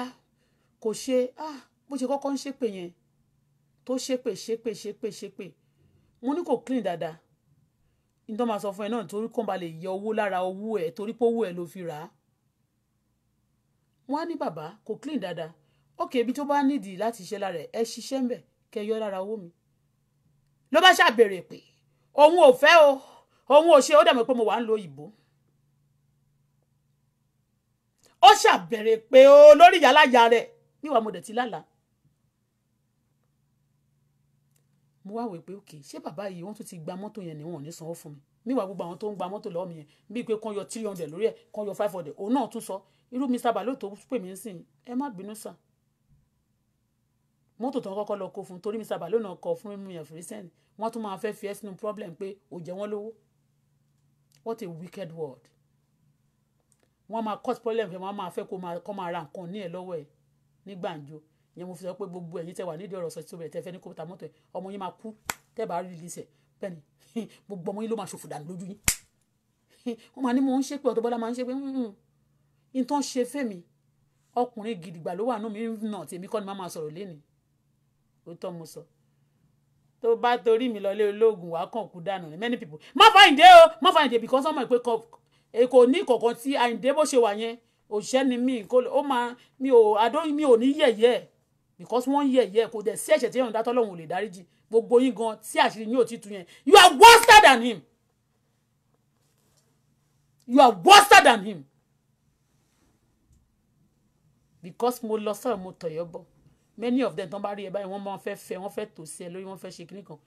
kò ṣe ah bó ṣe kọ́kọ́ ń ṣépè yẹn tó ṣépè ṣépè ṣépè ṣépè mo ní kò clean dáadáa nítorí máa sọ fún ẹ náà torí kàn bá lè yọ owó lára owó ẹ torí pé owó ẹ ló fi rà á wọ́n á ní bàbá kò clean dáadáa ókè ibi tó bá nídìí láti ṣe lára ẹ̀ ẹ ṣiṣẹ́ ń bẹ̀ kẹ́ yọ lára owó mi ló bá ṣàbèrè pé òun ò fẹ́ o òun ò ṣe ó dàmọ́ pé mo wà ń lo ìbò ó ṣàbèrè pé o lórí ìyálàyà rẹ̀ níwà mo dẹ̀ ti lálàá mo wá wò pé òkè ṣé bàbá yìí wọ́n tún ti gba mọ́tò yẹn ni wọn ò ní sanwó fún mi níwà gbogbo àwọn tó ń gba mọ́tò lọ́wọ́ mi yẹn bíi pé kán yọ three hundred lórí ẹ̀ kán yọ five hundred òun náà tún sọ irú mr balo tó pè mí sìn ẹ má bínú sà mọ́tò tó kọ́kọ́ lọ kó fún torí mr balo náà kọ fún mímu yẹn fìrísẹ́ǹd wọ́n tún máa fẹ́ fi ẹ́ sínú problem pé ò jẹ́ wọ́n lówó what a wicked word wọ́n máa cut problem fẹ́ wọ́n máa fẹ́ kó máa kọ́ máa ra nǹkan ní ẹ̀ lọ́wọ́ ẹ̀ ní gbàǹjo ìyẹn mo fi sọ pé gbogbo ẹ̀yin tẹ́ wà nídìí ọ̀rọ̀ sọtítọ bẹẹ tẹ́ fẹ́ ní kó ta mọ́tò ẹ ọmọ yín máa kú tẹ́ bá rí lisẹ bẹ́ẹ̀ni gbogbo ọmọ yín ló máa ṣòfò dànù lójú yín wọ́n máa ní mo ń ṣépè Auto Bola máa ń ṣépè hmm, hmm, hmm in tó ń ṣe fẹ́mi ọkùnrin gidigba ló wà nù mí nà tèmi kọ́ ni má máa sọ̀rọ̀ lẹ́ni òótọ́ mo sọ tó bá torí mi lọlé olóògùn wàá kàn kú dànù ní many people má fàyìndé o má fàyìndé because ọmọ ìpè e kò ní kọ̀ọ̀kan tí àyìndé bó ṣe wà yẹn òṣìṣẹ́ ni mí kó o máa mi ò adó mi ò ní yẹ̀yẹ́ because wọ́n yẹ̀yẹ́ kò dẹ̀ sí ẹ̀ṣẹ̀ tí èèyàn dátọ́ lọ́hùn ò lè dáríjì gbogbo yín gan tí àṣírí yín ò ti tu yẹn you are worse than him you are worse than him because mo lọ sọ̀rọ̀ mo tọ̀yọ́ bọ̀ many of them tán bá rí ẹ báyìí wọ́n máa fẹ́ fẹ́ wọ́n fẹ́ tò sí ẹ lórí wọ́n fẹ́ ṣe kíní kan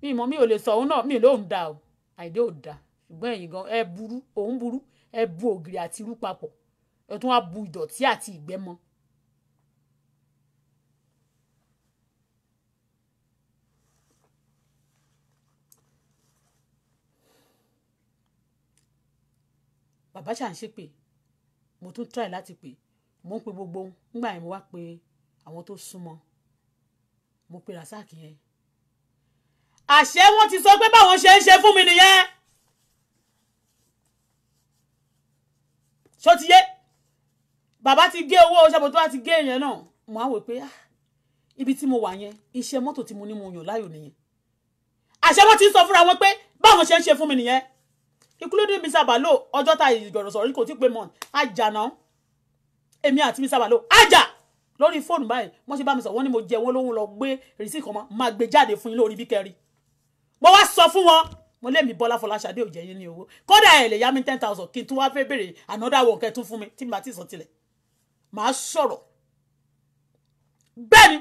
mi mọ̀ mi ò lè sọ òun náà mi lóun da o àìdé ò da ṣùgbọ́n ẹ̀yin gan ẹ burú òun burú ẹ bu ògiri àti irú papọ̀ ẹ tún wá bu ìdọ̀tí àti ìgbẹ́ mọ́ bàbá ṣà ń ṣe pé mo tún try láti pè mo ń pe gbogbo nígbà yẹn mo wá pe àwọn tó súnmọ́ mo pe Rasaki yẹn àṣé wọ́n ti sọ pé báwọn ṣe ń ṣe fún mi nìyẹn ṣó ti yé bàbá ti gé owó ṣàbò tó bá ti gé yẹn náà mo á wò pé ah, ibi tí mo wà yẹn iṣẹ́ mọ́tò tí mo ní mo yàn láàyò nìyẹn àṣé wọ́n ti sọ fúnra wọn pé báwọn ṣe ń ṣe fún mi nìyẹn including Mr. Balo ọjọ́ ta ìgbọ̀rọ̀sọ̀rọ̀ kò tí ì pé mọ́ àjànà èmi àti mi sábà lò ájà lórí fóònù báyìí wọ́n ṣe bá mi sọ wọ́n ní mo jẹ owó lóhun lọ gbé rìsí kan mọ́ máa gbé jáde fún yín lórí bí kẹrin mo wá sọ fún wọn mo lé mi bọ́lá fọláṣadé ò jẹ́ yín ní owó kódà ẹ̀ lè yá mi ten thousand kí n tún wá fẹ́ bèrè another one kẹ́ tún fún mi tí mi bá ti sọ tilẹ̀ màá sọ̀rọ̀ bẹ́ẹ̀ ni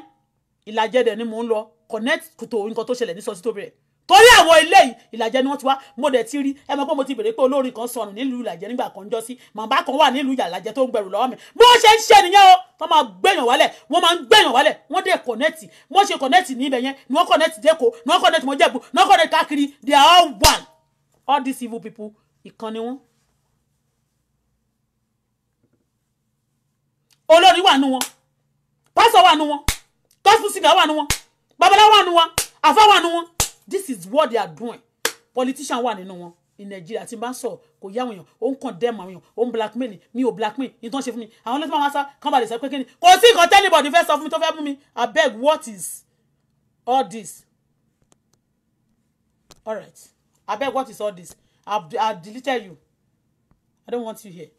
ìlàjẹ̀dẹ̀ ni mò ń lọ connect kòtò nǹkan tó ṣẹlẹ̀ ní sọ́sítò bẹ̀rẹ̀ torí àwọn ilé yìí ìlàjẹ ni wọ́n ti wá mo dẹ̀ ti rí ẹ mọ̀ pé mo ti bèrè pé olórin kan sọnù nílùú ìlàjẹ nígbà kan jọ sí màmá kan wà nílùú ìyàlàjẹ tó ń gbẹrù lọ́wọ́ mi bó ṣe ń ṣe nìyẹn o wọ́n máa gbẹ̀yàn wálẹ̀ wọ́n máa ń gbẹ̀yàn wálẹ̀ wọ́n dẹ̀ kọ̀nẹ́tì wọ́n ṣe kọ̀nẹ́tì ní ibẹ̀ yẹn ni wọ́n kọ̀nẹ́tì dẹ́kọ̀ ni wọ́n kọ̀nẹ́tì mọ́jẹ̀bù ni wọ́n kọ̀nẹ́tì káàkiri they are all one all these evil people ìkan ni wọ́n. olórí wà nù wọn pásọ wà nù wọn gospel singer wà nù wọn babaláwo wà nù wọn àfáà wà nù wọn this is what they are doing politician wà nínú wọn ní nàìjíríà tí n bá ń sọ kò yá àwọn èèyàn condemn àwọn èèyàn ó ń blackmail mi ò blackmail ní tó ń ṣe fún mi àwọn ọlọ́sìn máa ń sá kán balẹ̀ sọ pé kí ni kò sí nǹkan tẹ́lifọ̀dì fẹ́ sọ of me. tó fẹ́ mú mi abeg what is all this all right I beg. what is all this i i deleted you i don't want you here.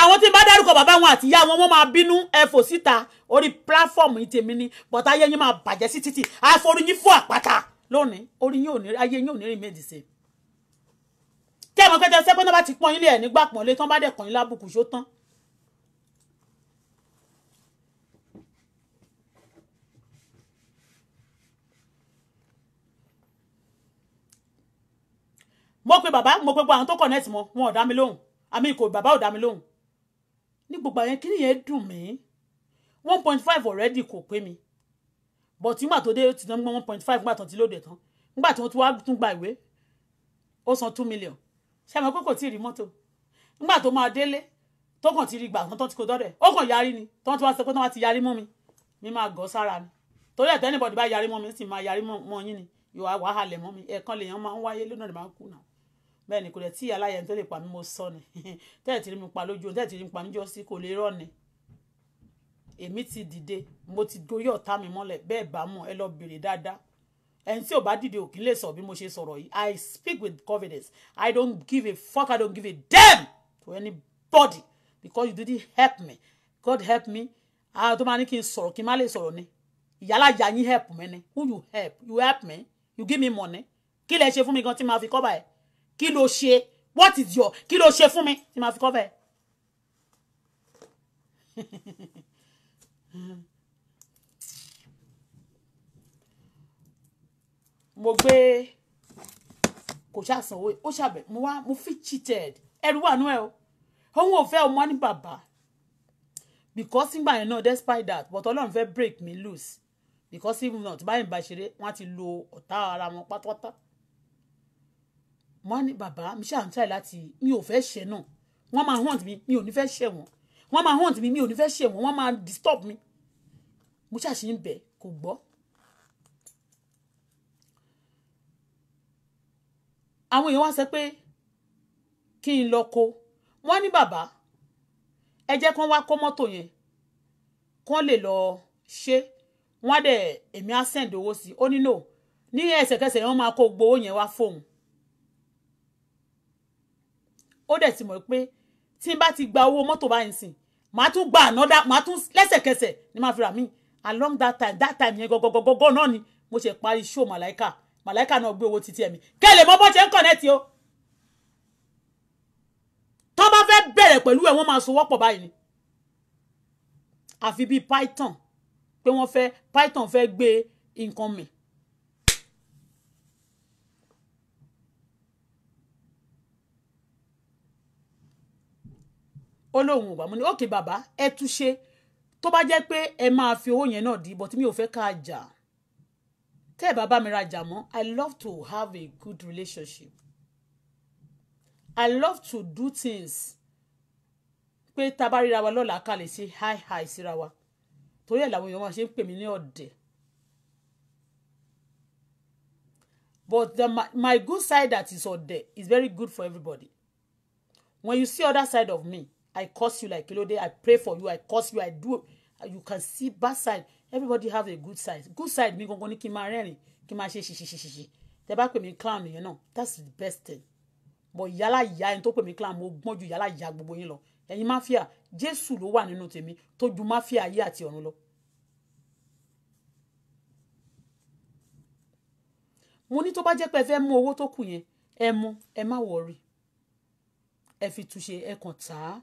àwọn tí n bá dárúkọ bàbá wọn àti ìyá wọn wọn máa bínú ẹfò síta orí pílàfọ́ọ̀mù ìtèmi ni bọ̀tá ayé yín máa bàjẹ́ sí títì àforí yín fún àpáta lónìí orí yín ò ní ayé yín ò ní rìn méjì sí i tí àwọn kẹtẹ sẹpẹ náà bá ti pọ́n ilé ẹ nígbà pọ́nlé tán bá dẹkùn ilé àbùkù ṣó tán. mo pe bàbá mo pe gbogbo àwọn tó kọ̀ nẹ́ẹ̀tì mọ́ wọn ò dá mi lóhùn àmì ìkò bàbá ò dá mi lóhùn ní gbogbo àyẹn kí nìyẹn dùn mí one point five already kò pé mi but nígbà tó dé ó ti tán gbọ́n one point five nígbà tó ti lóde tán nígbà tí wọ́n ti wá tún gba ìwé ó san two million ṣé àmọ́ pé kò tí ì rí mọ́tò nígbà tó máa délé tó kàn ti rí gbà tán tó ti kó dọ́dẹ̀ ó kàn yarí ni tó wọ́n ti wá sọ pé tó wá ti yarí mọ́ mi mi máa gọ́ sára mi torí ẹ̀ tẹ́nibọ̀dì bá yarí mọ́ mi sì máa yarí mọ́ yín ni ìwà wàhálẹ̀ mọ́ mi ẹ̀ẹ̀kan lèèyàn máa ń wáyé lónà ìbá kú náà bẹ́ẹ̀ ni kò lè tí aláyẹ tó lè pa mí mo sọ ni tẹ́ẹ̀ tí mo pa lójú tẹ́ẹ̀ tí mo pa mí jọ sí kò lè rọ̀ ni èmi ti dìde mo ti gorí ọ̀tá mi mọ́lẹ̀ bẹ́ẹ̀ bá mọ̀ ẹ lọ bèrè dáadáa ẹni tí ò bá dìde òkín lè sọ bí mo ṣe sọ̀rọ̀ yìí I speak with confidence I don't give a fuck I don't give a damn to anybody because you didn't help me God help me ah tó máa ní kí n sọ̀rọ̀ kí n má lè sọ̀rọ̀ ni ìyálàjà yín help me ni who you help you help me you give me money kí lẹ ṣe fún mi gan tí màá fi cover ẹ̀ kí ló ṣe what is your kí ló ṣe fún mi tí màá fi kọ́ bẹ́ẹ̀. mo gbé kò ṣàṣànwó ó ṣàbẹ̀ mo wá mo fi cheated ẹrú wà nú ẹ o òun ò fẹ́ ọmọ ní bàbá because nígbà yẹn náà despite that but ọlọ́run fẹ́ break me loose because even not báyìí bá ṣeré wọ́n á ti lo ọ̀tá ara wọn pátápátá wọ́n á ní bàbá mi ṣáà ń tàyè láti mi ò fẹ́ ṣẹ̀ náà wọ́n máa hunt mi mi ò ní fẹ́ ṣẹ̀ wọ́n wọ́n máa hunt mi mi ò ní fẹ́ ṣẹ̀ wọ́n wọ́n máa disturb mi mo ṣàṣì ń bẹ̀ kò gbọ́. àwọn èèyàn wá sọ pé kí n lọ ko wọ́n ní bàbá ẹ jẹ́ kán wá kó mọ́tò yẹn kán lè lọ ṣe wọ́n á dẹ̀ èmi á send owó sí i ó ní no ní ẹsẹ̀kẹsẹ̀ wọ́n máa kó gbowó yẹn wá fóun ó dẹ̀ ti mọ̀ pé tí n bá ti gba owó mọ́tò báyìí sìn màá tún gba ànádá màá tún lẹ́sẹ̀kẹsẹ̀ ni màá fi rà mí along that time that time yẹn gọgọgọgọ náà ni mo ṣe parí ṣó màláìka màláìka náà gbé owó títí ẹ̀mí kẹ́lẹ̀ mọ́ bọ́ ṣe ń kọ̀nẹ́tì o tó bá fẹ́ bẹ̀rẹ̀ pẹ̀lú ẹ̀ wọ́n máa so wọ́pọ̀ báyìí ni àfi bíi python pé wọ́n fẹ́ python fẹ́ gbé nǹkan mì ó lóun ò gbà mo ní òkè bàbá ẹ túṣe tó bá jẹ́ pé ẹ máa fi owó yẹn náà dì but mi ò fẹ́ ká jà tẹ́ ẹ bá bá mi rajà mọ́ I love to have a good relationship I love to do things pé tá a bá ríra wa lọ́la ká lè ṣe hi hi síra wa torí ẹ̀ làwọn èèyàn máa ṣe ń pè mí ní ọ̀dẹ̀ but the, my, my good side that is ọ̀dẹ̀ is very good for everybody when you see other side of me I curse you like Kilode. I pray for you. I curse you. I do. You can see bad side. Everybody have a good side. Good side mi gangan ni kí n máa rẹ́rìn kí n máa ṣe ṣiṣiṣiṣi. Tẹ bá pè mí clown yẹn That's the best thing. But yálà ìyá ẹni tó pè mí clown mo gbọ́n ju yálà ìyá gbogbo yín lọ. Ẹ̀yin máfíà Jésù ló wà nínú tèmi tó ju máfíà ayé àti ọ̀run lọ. mo ní tó bá jẹ́ pé ẹ fẹ́ mú owó tó kù yẹn ẹ mú ẹ má wọrí fi túnṣe ẹ kàn tà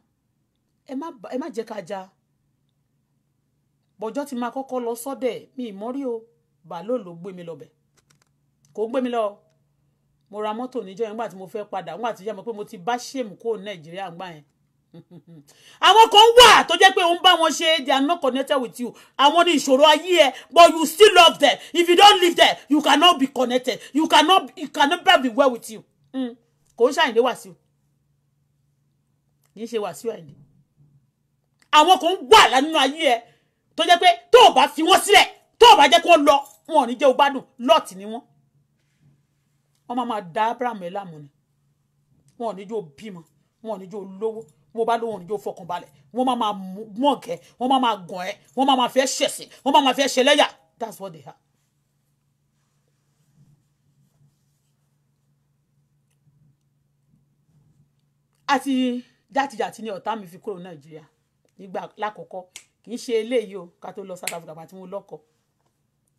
ẹ má ẹ má jẹ́ ká ja bọ́jọ́ ti máa kọ́kọ́ lọ sọ́dẹ̀ mi ìmọ́rí o bàálò ló gbé mi lọ́bẹ̀ kò gbé mi lọ mo ra mọ́tò níjọ́ yẹn nígbà tí mo fẹ́ padà nígbà tí yá mi pé mo ti bá ṣèmù kó nàìjíríà gbà yẹn àwọn kan wà tó jẹ́ pé òun bá wọn ṣe they are not connected with you àwọn ní ìṣòro ayé ẹ but you still love them if you don't live there you cannot be connected you cannot you cannot be well with you hmm. kò ń ṣàyìnlé wàsíù kì í ṣe wàsíù àyìnlé àwọn kan wà lánàá ayé ẹ tó jẹ́ pé tó o bá fi wọ́n sílẹ̀ tó o bá jẹ́ kí wọ́n lọ wọn ò ní jẹ́ o bá dùn lọ́ọ̀tì ni wọ́n wọ́n máa máa da abraham ẹ̀ láàmú ni wọn ò ní jẹ́ o bímọ wọn ò ní jẹ́ o lówó wọn bá lóhùn níjó fọkànbalẹ̀ wọn máa máa mú ọ̀kẹ́ wọn máa máa gàn ẹ́ wọn máa máa fẹ́ ṣẹ̀sìn wọn máa máa fẹ́ ṣẹlẹ́yà that's what they are. àti jàtijàti ni ọ̀tá mi fi kúrò nàìjíríà nígbà lákòókò kì í ṣe eléyìí o ká tó lọ South Africa àti mo lọ́kọ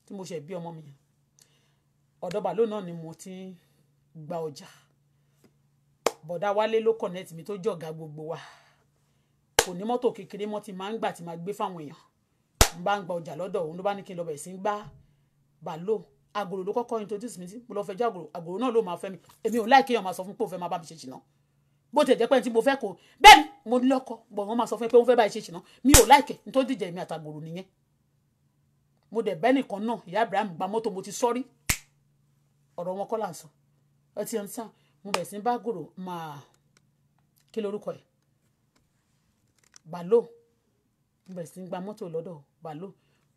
tí mo ṣe bí ọmọ mi yẹn ọ̀dọ̀ ni mo ti ń gba ọjà bọ̀dá wálé ló connect mi tó jọ̀gá gbogbo wa kò ní mọ́tò kékeré mọ́ ti máa ń gbà tí máa gbé fáwọn èèyàn n bá ń gba ọjà lọ́dọ̀ òun ló bá ní kí n lọ bẹ̀rẹ̀ sí ń gbá bàálù àgòrò ló kọ́kọ́ introduce mi sí mo lọ fẹjọ́ àgòrò àgòrò náà ló máa fẹ́ mi èmi ò láì kéèyàn máa sọ fún pé òun máa bá mi ṣe jìnnà bó ti jẹ́ pé tí mo fẹ́ kó bẹ́ẹ̀ ni mo ní lọ́kọ bọ̀ wọ́n máa sọ fún mi pé wọ́n fẹ́ báyìí ṣe ṣìnà mi ò láìkẹ̀ ní tó dìjẹ́ mi àtàgbòrò nìyẹn mo dẹ̀ bẹ́ẹ̀ nìkan náà ìyá Abraham gba mọ́tò mo ti sọ́rí ọ̀rọ̀ wọn kọ́ là ń sọ ẹ ti ẹ̀ sàn mo bẹ̀ sí bá gòrò máa kí lorúkọ ẹ̀ balo mo bẹ̀ sí gba mọ́tò lọ́dọ̀ balo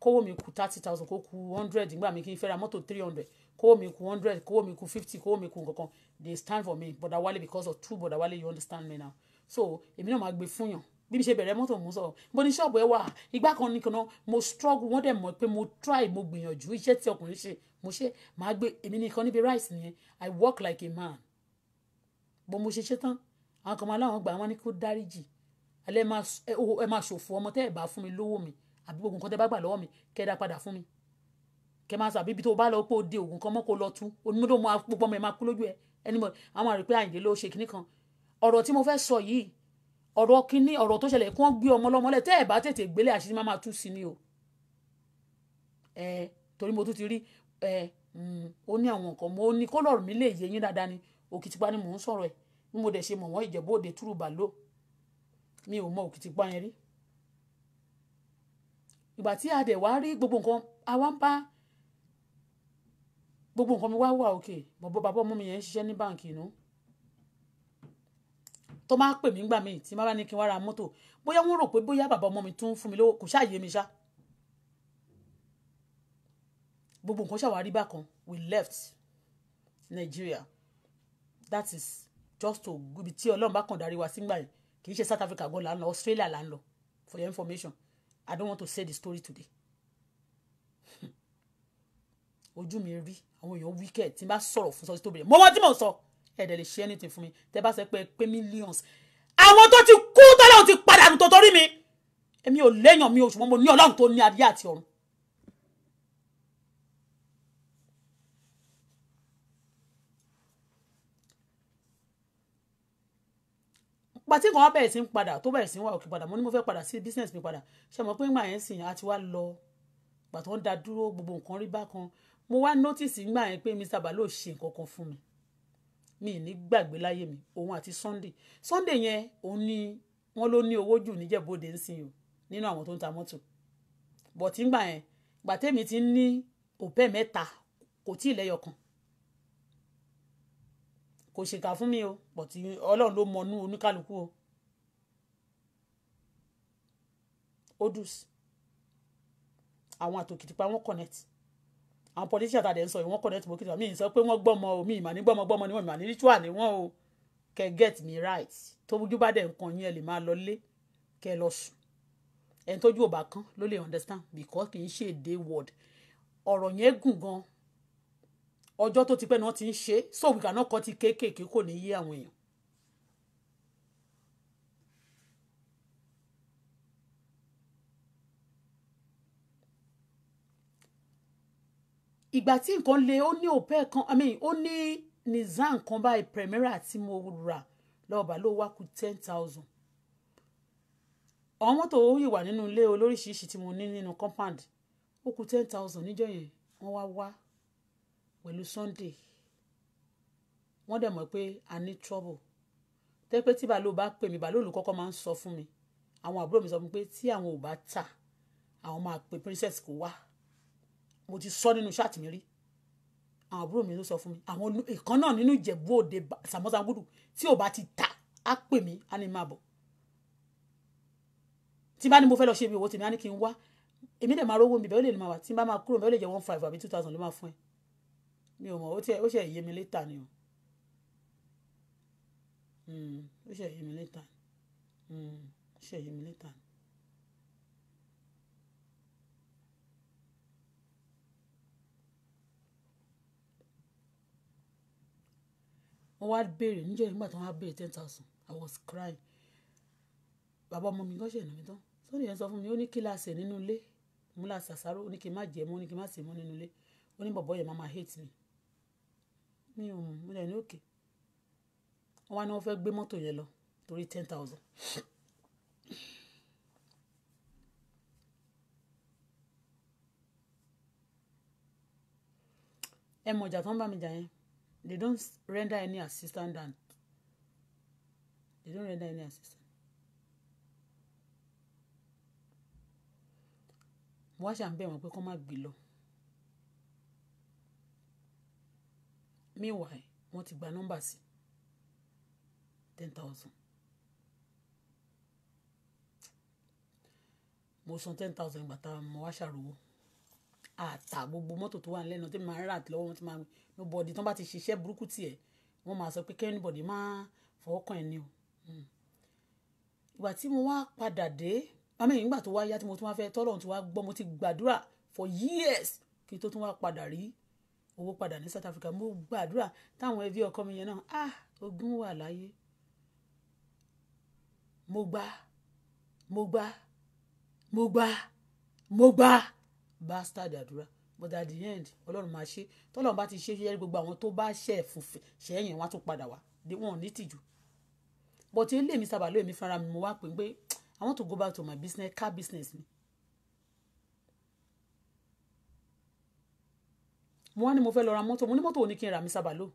kówó mi kù thirty thousand kó kù hundred nígbà mi kí n fẹ́ ra mọ́tò three hundred kówó mi kù hundred kówó mi kù fifty kówó mi kù nǹkankan they stand for me bọ̀dà wálé because of true bọ̀dà wálé you understand me now so èmi náà máa gbé fún yàn bí mi ṣe bẹ̀rẹ̀ mọ́tò mú sọ̀rọ̀ bó ní ṣọ́ọ̀bù ẹ wà ìgbà kan ní kanáà mo struggle wọ́n dẹ̀ mọ̀ pé mo try mo gbìyànjú iṣẹ́ tí ọkùnrin ṣe mo ṣe máa gbé èmi nìkan níbi rice nìyẹn i work like a man bó mo ṣe ṣe tán àwọn kan máa láwọn gbà wọn ní kó dáríjì alẹ́ ẹ máa ṣòfò ọmọ tẹ́ ẹ bá fún mi lówó mi àbí gbogbo nǹkan tẹ́ bá gbà lọ́wọ́ mi kẹ́ ẹ dá padà fún mi kẹ máa sọ àbí ibi tó bá lọ pé ó de oògùn kan mọ́ kó lọ tú onímọ̀tò mọ́ gbogbo ọmọ ẹ̀ máa kú lójú ẹ̀ ẹni mọ̀ àwọn àrùn pé àyìnlé ló ṣe kinní kan ọ̀rọ̀ tí mo fẹ́ sọ yìí ọ̀rọ̀ kinní ọ̀rọ̀ tó ṣẹlẹ̀ kí wọ́n gbé ọmọ lọ́mọlẹ̀ tẹ́ ẹ̀ bá tètè gbélé àṣírí máa máa tú sí ni o ẹ torí mo tún ti rí ẹ mm, ó ní àwọn nǹkan mo ní kó lọ́rọ̀ mi lè yé yín dáadáa ni òkìtìpá ni mò ń sọ̀rọ̀ ẹ̀ bí mo dẹ̀ ṣe mọ̀ wọ́n ìjẹ̀bú òde túrùbà ló mi ò mọ òkìtìpá yẹn rí ìgbà tí a dẹ̀ wá rí gbogbo nǹkan àwa ń bá gbogbo nǹkan mi wá wà òkè bọ̀bọ̀ bàbá ọmọ mi yẹn ń ṣiṣẹ́ ní báǹkì inú tó máa pè mí gbà mí tí má bá ní kí n wá ra mọ́tò bóyá wọ́n rò pé bóyá bàbá ọmọ mi tún fún mi lówó kò ṣàyè mi ṣá gbogbo nǹkan ṣàwárí bákan we left Nigeria that is just to ibi tí ọlọ́run bá kàn darí wa sígbà yẹn kì í ṣe South Africa gan la ń lọ Australia la ń lọ for your information I don't want to say the story today ojú mi rí àwọn èèyàn wicked tí n bá sọ̀rọ̀ fún sọ́sí tó bẹ̀rẹ̀ mọ́wọ́ tí mò ń sọ ẹ̀dẹ̀ lè ṣe anything fún mi tẹ́ bá sọ pé pé millions àwọn tó ti kú tọ́lọ́run ti padà nù tó torí mi èmi ò léèyàn mi oṣù mọ́ mo ní ọlọ́run tó ní adé àti ọ̀run. pàtí kan wá bẹ̀rẹ̀ sí ń padà tó bẹ̀rẹ̀ sí ń wá òkè padà mo ní mo fẹ́ padà sí business mi padà ṣe mọ̀ pé ń gbà yẹn sìn àti wá lọ gbà tó ń da dúró gbogbo nǹkan rí bákan mo wá notice ńgbà yẹn pé Mr. Balo ṣe nǹkan kan fún mi mi ní gbàgbé láyé mi òun àti Sunday Sunday yẹn òun ni wọ́n ló ní owó jù níjẹ̀bọ́dé ńsìn o nínú àwọn tó ń ta mọ́tò but ńgbà yẹn gbàtẹ́mi ti ń ní òpẹ́ mẹ́ta kò tí ì lẹ́yọ̀kan kò ṣèkà fún mi o but ọlọ́run ló mọnú oníkálukú o odus àwọn àtòkìtìpá wọn connect àwọn politician tàdé ń sọ yìí wọ́n connect mọ́ kìtìwá mi ì sọ pé wọ́n gbọ́mọ o mi ì mà ní gbọ́mọ gbọ́mọ ni wọ́n mi mà ní ritual ni wọ́n o kẹ get me right tójú bá dẹ̀ nǹkan yín ẹ lè máa lọ lé kẹ lọ sùn ẹni tójú ò bá kán ló lè understand because kì í ṣe èdè word ọ̀rọ̀ yẹn gùn gan ọjọ́ tó ti pẹ́ ni wọ́n ti ń ṣe so we cannot cut it kéékèèké kò ní yé àwọn èèyàn ìgbà tí nǹkan le ó ní òpẹ́ kan i mean ó ní nizan kan báyìí primera tí mo rà lọ́ọ̀bà ló wá kù ten thousand àwọn mọ́tò ó yìí wà nínú ilé olóríṣiríṣi tí mo ní nínú compound ó kù ten thousand níjọ́ yẹn wọ́n wá wá pẹ̀lú sunday wọ́n dẹ̀ mọ̀ pé i need trouble tẹ́pẹ́ tí bàálù bá pè mí bàálù olùkọ́kọ́ máa ń sọ fún mi àwọn àbúrò mi sọ fún mi pé tí àwọn ò bá tà àwọn máa pe princess kó wá mo ti sọ nínú ṣáàtì mi rí àwọn àbúrò mi ló sọ fún mi àwọn ìkan náà nínú ìjẹ̀bú òde sàmọ́sàgùdù tí ò bá ti ta á pè mí á ní máa bọ̀ tí bá ní mo fẹ́ lọ ṣe ibi òwò tèmi á ní kí n wá èmi dẹ̀ máa rówó mi bẹ́ẹ̀ ó lè ní máa wà tí n bá máa kúrò bẹ́ẹ̀ ó lè jẹ́ one five àbí two thousand ló máa fún ẹ mi ò mọ̀ ó ó ṣe yé mi létà ni o hmm, ó ṣe yé mi létà hmm, ó ṣe yé mi létà ni. Wọ́n wá béèrè níjọ́ nígbà tí wọ́n wá béèrè ten thousand. I was crying. Bàbá ọmọ mi gan ṣe nà mí tán. Sunday yẹn sọ fún mi, ó ní kí la ṣe nínú ilé. Mo la ṣàṣàrò, ó ní kí n má jẹ mọ́, ó ní kí n má ṣe mọ́ nínú ilé. Ó ní bọ̀bọ́ yẹn máa ma hate mi. Mi ò mọ̀, mo dẹ̀ ní okay. Wọ́n wá ní wọ́n fẹ́ gbé mọ́tò yẹn lọ torí ten thousand. Ẹ mọ ìjà tó ń bá mi jà yẹn they don't render any assistance than they don't render any assistance. wọ́n ṣà ń bẹ̀ wọ́n pé kó meanwhile what ti by nọ́mbà sí ten thousand. mo san ten thousand ìgbà tá mo wá ṣàròwọ́ àtà gbogbo mọ́tò tó wà nílẹ̀ náà tí màá rà lọ́wọ́ wọn ti máa nobody tí wọ́n bá ti ṣiṣẹ́ burúkú tiẹ̀ wọ́n máa sọ pé kí anybody má fọwọ́ kàn ẹ́ ni o. Hmm. ìgbà tí mo wá padà dé àmì ìgbà tó wá yá tí mo tún wá fẹ́ tọ́lọ̀ tí wá gbọ́ mo ti gbàdúrà for years kí n tó tún wá padà rí owó padà ní South Africa mo gbàdúrà táwọn ẹbí ọkọ mi yẹn náà ah ogún wà láyé mo gbà mo gbà mo gbà mo gbà bastard àdúrà but at the end ọlọ́run máa ṣe tọ́lọ́run bá ti ṣe ṣe gbogbo àwọn tó bá ṣe ẹ̀fùnfẹ̀ ṣẹ́yìn wọn á tún padà wá wọn ò ní tìjú but ilé mi sábà lóye mi fara mi mo wá pé pé I want to go back to my business car business mi. mo wá ní mo fẹ́ lọ ra mọ́tò mo ní mọ́tò òní kí n ra mi sábà lò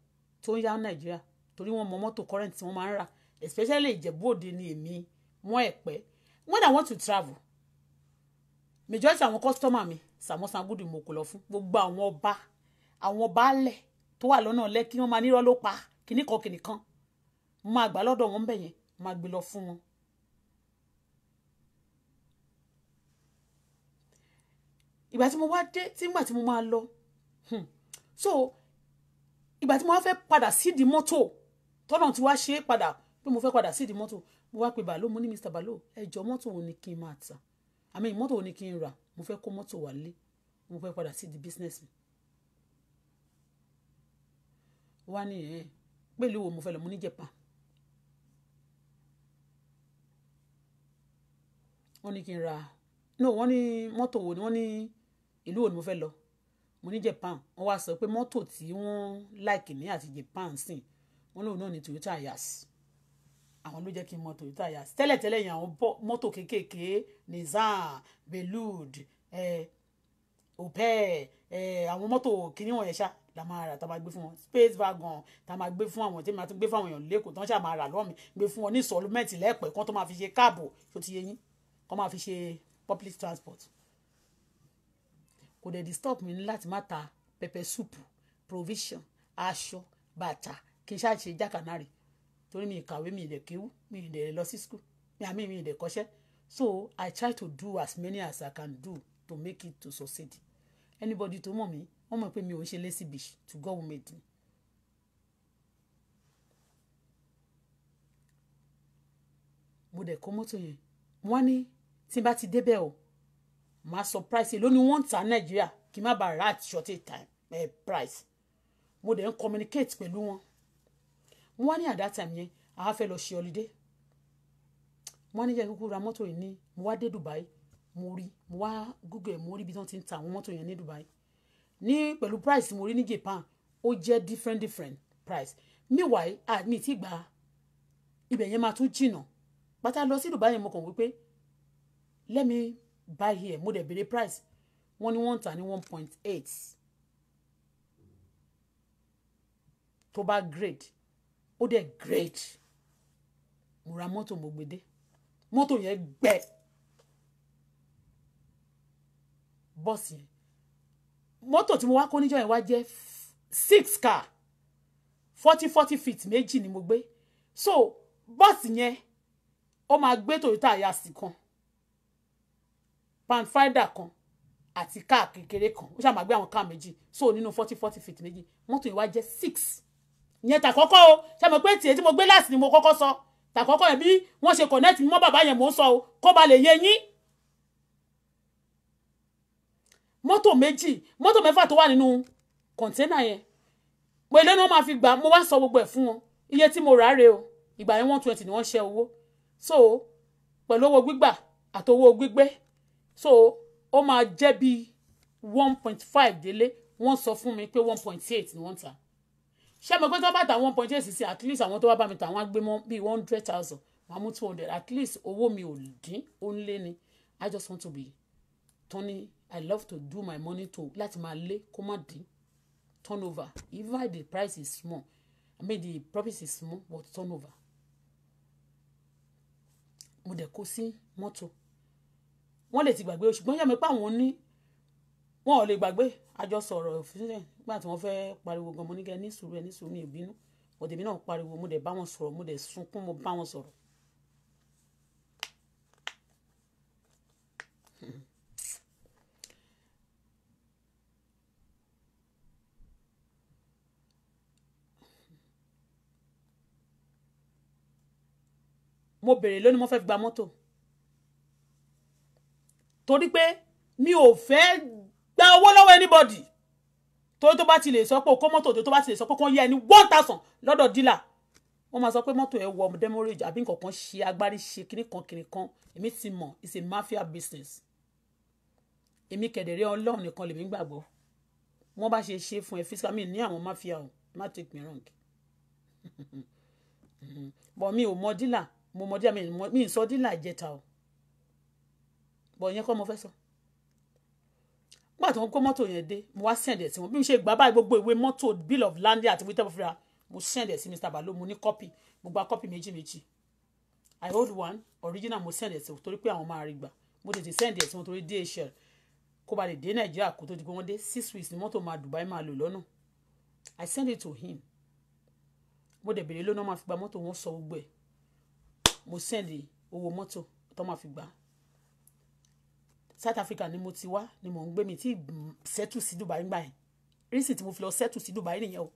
tó ń yá nàìjíríà torí wọn mọ mọ́tò current tí wọ́n máa ń rà especially ìjẹ̀bú òde ni èmi wọ́n ẹ̀pẹ́ when I want to travel majority àwọn customer mi Sàmọ́ Sango-Igbo mo kò lọ fún gbogbo àwọn ọba àwọn baálẹ̀ tó wà lọ́nà lẹ́kí wọ́n máa nírọ́ ló pa kìnnì kan kìnnì kan máa gbà lọ́dọ̀ wọn bẹ̀ yẹn máa gbé lọ fún wọn. ìgbà tí mo wá dé tí ngbà tí mo máa lọ hmm, so ìgbà tí mo wá fẹ́ padà sídìí mọ́tò tọ́nà tí wá ṣe é padà pé mo fẹ́ padà sídìí mọ́tò mo wá pe bàálò mo ní Mr. bàálò ẹ jọ mọ́tò wo ni kí n máa tà àmì mọ́tò wo ni kí n rà mo fẹ́ kó mọ́tò wá lé mo fẹ́ padà sí di business mi wá nìyẹn pẹ̀lú wo mo fẹ́ lọ mo ní Japan wọ́n ní kí n ra no wọ́n ní mọ́tò wo ni wọ́n ní ìlú wo ni mo fẹ́ lọ mo ní Japan wọ́n wá sọ pé mọ́tò tí wọ́n láìkì ní àti Japan sìn wọ́n lòun náà ní Toyota Yaris àwọn ló jẹ́ kí n mọ Toyota yà tẹ́lẹ̀tẹ́lẹ̀ yẹn àwọn mọ́tò kéékèèké Nissan Belud eh, Opel àwọn mọ́tò kìíní wọ̀nyẹn ṣá la máa rà tá a máa gbé fún wọn space wagon tá a máa gbé fún àwọn tí màá tún gbé fún àwọn èèyàn lẹ́kọ̀ọ́ tán ṣá máa rà lọ́ọ̀mì gbé fún wọn ní sọlúmẹ́ǹtì lẹ́pẹ́ kán tó máa fi ṣe káàbò tó ti yé yín kán máa fi ṣe public transport. kò dẹ̀ disturb mi ní láti má ta pepper soup provision aṣọ bàtà kì í ṣáà ṣe jákànnárì torí mi kàwé mi ìdẹ̀ kéwú mi ìdẹ̀ lọ sí school mi àmì mi ìdẹ̀ kọ́ṣẹ́ so I try to do as many as I can do to make it to succeed anybody tó mọ̀ mí wọ́n mọ̀ pé mi ò ń ṣe lazy to go who made me. mo dẹ̀ kó mọ́tò yẹn wọ́n ní tí n bá ti débẹ̀ o máa surprise ló ní wọ́n ń ta Nàìjíríà kí n má bàa rat shortage time eh, price mo dẹ̀ ń communicate pẹ̀lú wọn wọ́n ní at that time yẹn àá fẹ́ lọ ṣe holiday wọ́n ní jẹ́ kúkú ra mọ́tò yìí ní mo wá dé Dubai mo rí mo wá Google mo rí ibi tí wọ́n ti ń ta àwọn mọ́tò yẹn ní Dubai ní pẹ̀lú price mo rí ní Japan ó jẹ́ different different price meanwhile àmì ti gbà ibẹ̀ yẹn máa tún jìnnà pátá lọ sí Dubai yẹn mo kàn wípé let me buy here mo dẹ̀ béèrè price wọ́n ní wọ́n ń tà ní one point eight tó bá grade ó dẹ̀ great mo ra mọ́tò mo gbé dé mọ́tò yẹn gbẹ bọ́ọ̀sì yẹn mọ́tò tí mo wá kó níjọ́ yẹn wá jẹ́ six car forty forty feet méjì ni mo gbé so bọ́ọ̀sì yẹn ó máa gbé Toyota Yaris kan panfrider kan àti káà kékeré kan ó ṣáà àwọn káà méjì so nínú forty forty feet méjì mọ́tò yẹn wá jẹ́ six ìyẹn tàkọ́kọ́ o ṣe mọ̀ pé tiẹ̀ tí mo gbé láti ni mo kọ́kọ́ sọ tàkọ́kọ́ yẹn bí wọ́n ṣe connect mi mọ́ bàbá yẹn mò ń sọ o kó ba lè yé yín. mọ́tò méjì mọ́tò mẹ́fà tó wà nínú kọ̀ńténà yẹn pèlè ni wọ́n máa fi gbà mo wá sọ gbogbo ẹ̀ fún wọn iye tí mo rà á o ìgbà yẹn one twenty ni wọ́n ṣe owó so pẹ̀lú owó gbígbà àti owó gbígbé so ó máa jẹ́ bíi one point five délé wọ́n sọ fún mi pé one point eight ni wọ́n ta ṣé mo pé tó bá ta one point eight sí at least àwọn tó wá bá mi ta wọ́n á gbé mọ́ bíi one hundred thousand wọ́n á mú two hundred at least owó mi ò dín ó ń lé ni i just want to be Tony, i love to do my money to láti máa lé kó má dín turnover even if the price is small i mean the profit is small but turnover mo dẹ̀ kó sí mọ́tò wọ́n lè ti gbàgbé o ṣùgbọ́n yàmi pé àwọn ní wọn ò lè gbàgbé àjọ sọ̀rọ̀ fúnlẹ̀ nígbà tí wọ́n fẹ́ pariwo gan mo ní kẹ́ ní sùúrù ẹ ní sùúrù mi ò bínú ọ̀dẹ̀mí náà pariwo mo dẹ̀ bá wọn sọ̀rọ̀ mo dẹ̀ sunkún mo bá wọn sọ̀rọ̀. mo béèrè lónìí mo fẹ́ fi gba mọ́tò torí pé mi ò fẹ́ gba owó lọ́wọ́ anybody tó tó bá ti lè sọ pé kó mọ́tò tó tó bá ti lè sọ pé kó yá ẹni one thousand lọ́dọ̀ dílà wọ́n máa sọ pé mọ́tò ẹ̀ wọ demorage àbí nǹkan kan ṣe agbárí ṣe kíní kan kíní kan èmi ti mọ̀ it's a mafia business èmi kẹ̀dẹ̀rẹ́ ọlọ́run nìkan lèmi gbàgbọ́ wọ́n bá ṣe ṣe fún ẹ physical mi ní àwọn mafia o má take me wrong bọ̀ mi ò mọ dílà mo mọ dílà mi ì sọ dílà ìjẹta o But yẹn kọ́ mo fẹ́ sọ. So nígbà tí wọ́n kó mọ́tò yẹn dé mo wá sẹ̀ǹdẹ̀ sí wọn bí mo ṣe gbà báyìí gbogbo ìwé mọ́tò bill of landing àti wíńtẹ́ fúnra mo sẹ̀ǹdẹ̀ sí Mr. Balo mo ní kọ́pì mo gba kọ́pì méjì méjì I hold one original mo sẹ̀ǹdẹ̀ sí torí pé àwọn máa rí gbà mo tètè sẹ̀ǹdẹ̀ sí wọn torí DHL kó ba lè dé Nàìjíríà kó tó di pé wọ́n dé six weeks ni mọ́tò máa Dubai máa lò lọ́nà I send it to him mo dẹ̀ bèrè lónà máa fi gba mọ́tò wọn sọ gbogbo ẹ̀ mo sẹ̀ǹdẹ̀ owó mọ́tò tó máa fi gbà á South Africa ni mo ti wá ni mò ń gbé mi tí sẹ́tù sí Dubai ńgbà yẹn rísì tí mo fi lọ sẹ́tù sí Dubai nìyẹn o.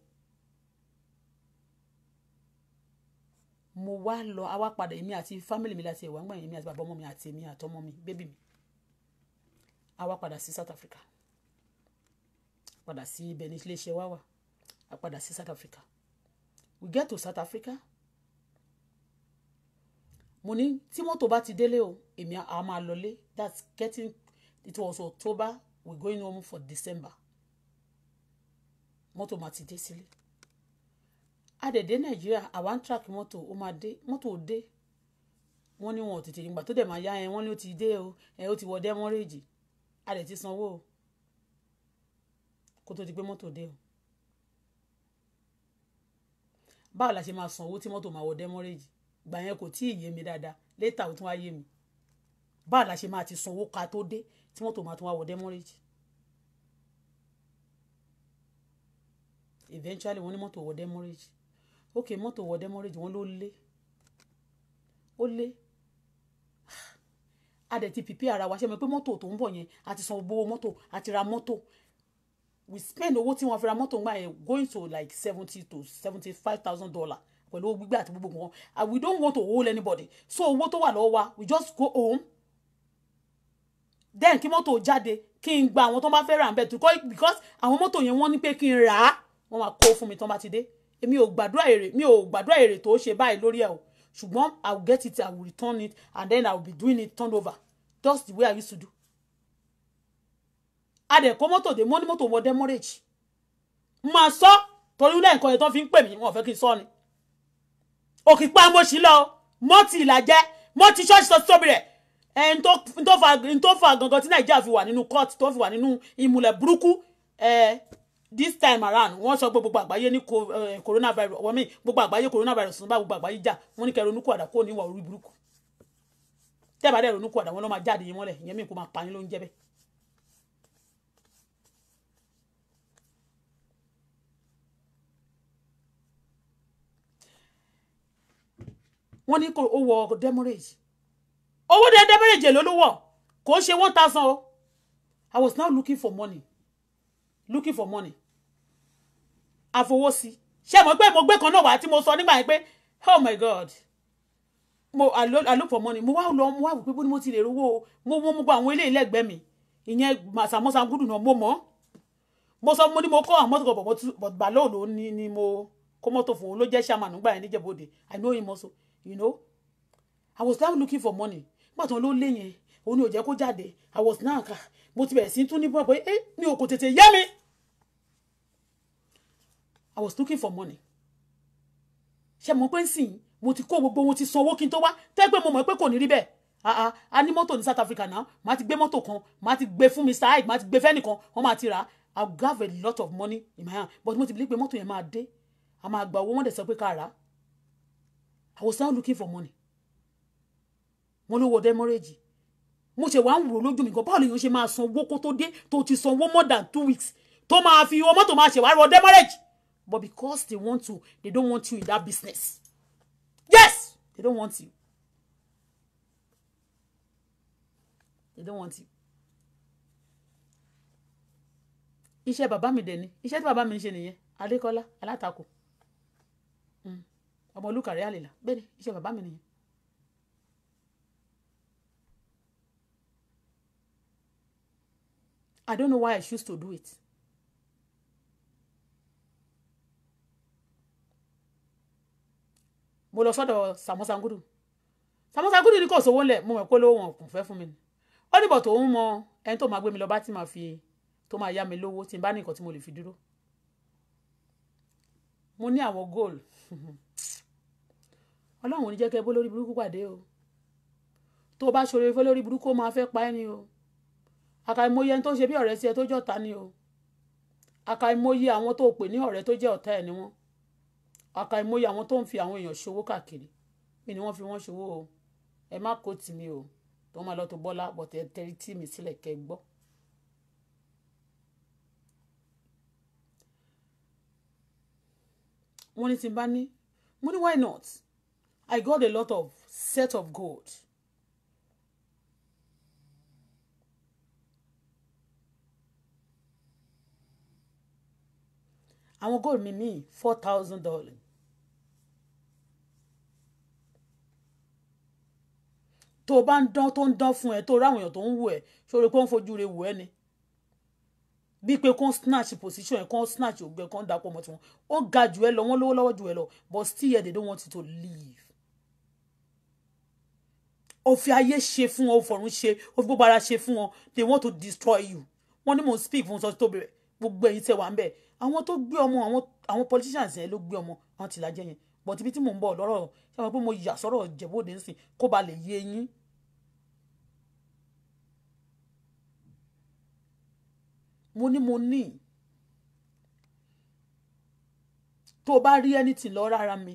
mo wá lọ àwa padà èmi àti fámìlì mi láti ẹ̀wà ńgbà yẹn èmi àti bàbá ọmọ mi àti èmi àtọmọ mi bébì mi àwa sí South Africa padà sí ibẹ̀ ní iléeṣẹ́ wa wà a sí South Africa we get to South Africa mo ní tí mọ́tò bá ti délé o èmi àá máa lọlé that's getting it was October we going home for December mọ́tò máa ti dé sílé adèdè Nàìjíríà àwa ń track mọ́tò ó máa dé mọ́tò ó dé wọ́n ní wọn ò tètè nígbà tó dẹ̀ máa yá ẹ wọ́n ní ó ti dé o ẹ ó ti wọ dẹ́mọ́rẹ́jì adè ti sanwó o kó tó di pé mọ́tò dé o báwo la ṣe máa san owó tí mọ́tò máa wọ dẹ́mọ́rẹ́jì ìgbà yẹn kò tí ì yé mi dáadáa létà ó tún wá yé mi báà la ṣe máa ti sanwó ka tó dé tí mọ́tò máa tún wá wọ demurrage eventually wọ́n ní mọ́tò wọ demurrage ok mọ́tò wọ demurrage wọ́n ló lé ó lé ah, a dẹ̀ ti pìpì ara wa ṣe mọ̀ pé mọ́tò tó ń bọ̀ yẹn a ti san owó mọ́tò a ti ra mọ́tò we spend owó tí wọ́n fi ra mọ́tò ń gbà yẹn going to like seventy to seventy five thousand dollar pẹ̀lú owó àti gbogbo wọn and we don't want to hold anybody so owó tó wà lọ́wọ́ wa we just go home then kí mọ́tò jáde kí n gba àwọn tó bá fẹ́ rà ń tó kọ́ because àwọn mọ́tò yẹn wọ́n ní pé kí n rà á wọ́n máa kó fún mi tán bá ti dé èmi ò gbàdúrà èrè mi ò gbàdúrà èrè tó ṣe báyìí lórí ẹ̀ o ṣùgbọ́n i will get it i will return it and then i will be doing it turn over just the way i used to do. a dẹ̀ kó mọ́tò dé mọ́ ní mọ́tò wọ demorage máa sọ torí lẹ́ẹ̀kan yẹn tó fi ń pè mí wọn ò fẹ́ kí n sọ ni òkìpá mo sì lọ mo ti ìlàjẹ mo ti ṣọ́ọ̀ṣì sọ tóbi rẹ̀ ẹni tó fa gangan tí nàìjíríà fi wà nínú court tó fi wà nínú ìmùlẹ̀ burúkú this time around wọ́n sọ pé gbogbo àgbáyé ní coronavirus wọ́n mi gbogbo àgbáyé coronavirus ń bá gbogbo àgbáyé jà wọ́n ní kẹ́ ronú kúwàdà kó ní ìwà orí burúkú tẹ́ẹ̀bà dẹ̀ ronú kúwàdà wọ́n lọ́ máa jáde yín mọ́lẹ̀ ìyẹn mi kò máa pa yín ló ń jẹ́ bẹ́ẹ̀. wọ́n ní ó wọ demurrage owó de demurrage ló ló wọ̀ kò ṣe one thousand o I was now looking for money looking for money àfọwọ́sí ṣé mo gbé mo gbé kan náà wá tí mo sọ nígbà yẹn pé oh my god mo I look, I look for money mo wá lọ mo wá wò pé mo ti lè rówó mo mo mo gba àwọn eléyìí lẹ́gbẹ̀ẹ́ mi ìyẹn màsàmọ́sà gúdù náà mo mọ̀ mo sọ mo ní mo kọ́ àwọn mọ́tò kan bọ̀ bọ̀ bàlóòlù ni ni mo kó mọ́tò fún un ló jẹ́ sàmánù gbà yẹn níjẹ̀bọ̀dẹ̀ I know him also you know i was now looking for money nígbà tí wọn ló lé yẹn òun ni ò kó jáde i was now ka mo ti bẹ̀rẹ̀ sí tún ní bọ́ọ̀ pé ẹ eh, mi ò kò tètè yé mi i was looking for money ṣe mọ̀ pé ń sìn mo ti kó gbogbo wọn ti sanwó kí n tó wá tẹ́ pé mo mọ̀ pé kò ní rí bẹ́ẹ̀ a ah, ah, a ní mọ́tò ní South Africa náà màá ti gbé mọ́tò kan màá ti gbé fún Mr. Hyde màá ti gbé fẹ́nìkan wọ́n máa ti rà á i will have a lot of money in my hand but mo ti believe pé mọ́tò yẹn máa dé a máa gba owó wọ́n dẹ̀ sọ pé ká rà á I was now looking for money wọ́n ló wọ dẹ́mọ́rẹ́jì mo ṣe wàá ń wò lójú mi gan báwo lèèyàn ṣe máa san owó kó tó dé tó ti san owó more than two weeks tó máa fi ọmọ to máa ṣe wàá rọ dẹ́mọ́rẹ́jì but because they want to they don't want you in that business yes they don't want you they don't want you. iṣẹ́ bàbá mi dẹ̀ ni iṣẹ́ tí bàbá mi ń ṣe nìyẹn Adékọ́lá alátakò ọmọ olúkàrẹ́ àlèlà bẹ́ẹ̀ ni iṣẹ́ bàbá mi nìyẹn. I don't know why I choose to do it. mo lọ sọ́dọ̀ samosangudu samosangudu ni kò sówó ńlẹ̀ mo mọ̀ pé lówó wọn kò fẹ́ fún mi ni ó níbọ̀ tó ń mọ ẹni tó máa gbé mi lọ bá tí máa fi tó máa yá mi lówó tí n bá ní nǹkan tí mo lè fi dúró mo ní àwọn góòlù ọlọ́run ò ní jẹ́ kẹ́ bó lórí burúkú pàdé o tó o bá ṣòro ìfẹ́ lórí burúkú ó máa fẹ́ pa ẹ́ ni o àkàìmọye ẹni tó ṣe bí ọ̀rẹ́ sí ẹ tó jẹ́ ọ̀tá ni o àkàìmọye àwọn tó o pè ní ọ̀rẹ́ tó jẹ́ ọ̀tá ẹ̀ ni wọ́n àkàìmọye àwọn tó ń fi àwọn èèyàn ṣòwò káàkiri mi ni wọ́n fi wọ́n ṣòwò o ẹ má kó tì mí o tó máa lọ tó bọ́lá bọ̀tẹ́ tẹ́rí tì mí sílẹ̀ kẹ́ gbọ́. wọ́n ní ti bá ní mo ní why not I got a lot of set of gold. àwọn gold mi míì four thousand dollars. tó o bá ń dán tó ń dán fún ẹ tó o ráwọn èèyàn tó ń wù ẹ ṣòro pé ó ni bíi pé kó snatch position ẹ kó ń snatch ògbẹ kó ń dapò ọmọ tiwọn ó ga jù ẹ lọ wọn lówó lọ́wọ́ jù ẹ but still yet they don't want you to leave o fi ayé ṣe fún wọn o fọ̀run ṣe o fi gbogbo ara ṣe fún wọn they want to destroy you wọ́n ní mò ń speak fún sọ́tò bẹ̀rẹ̀ gbogbo ẹ̀yin tẹ̀ wá ń bẹ̀ àwọn tó gbé ọmọ àwọn àwọn politicians yẹn ló gbé ọmọ àwọn tìlà jẹ yẹn but ibi tí mò ń bọ̀ lọ́rọ̀ ṣé wọn pé mo yà sọ́rọ̀ jẹ̀bóde ń sìn kó ba lè yé yín. mo ní mo ní tó o bá rí anything lọ rárá mi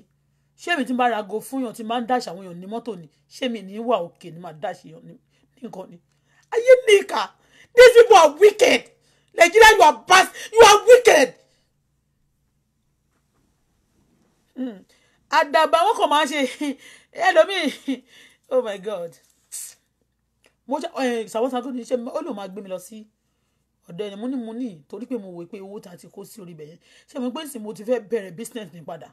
ṣé èmi ti máa rago fún yàn ti máa ń dáṣà àwọn èèyàn ní mọ́tò ni ṣé èmi ní wà òkè ni máa dáṣà èèyàn ní nǹkan ni. ayé ní these people are wicked Nigeria you are bas you are wicked. Hmm. àdàbà wọn kò máa ń ṣe ẹlòmíì oh my god mo ṣe eh, ṣàwọn ṣàtúntò ní ṣe ó lò máa gbé mi lọ sí ọ̀dọ̀ ẹni mo ní mo ní torí pé mo wò pé owó ta ti kó sí orí ibẹ̀ yẹn mo pé nsìn mo ti fẹ́ bẹ̀rẹ̀ business mi padà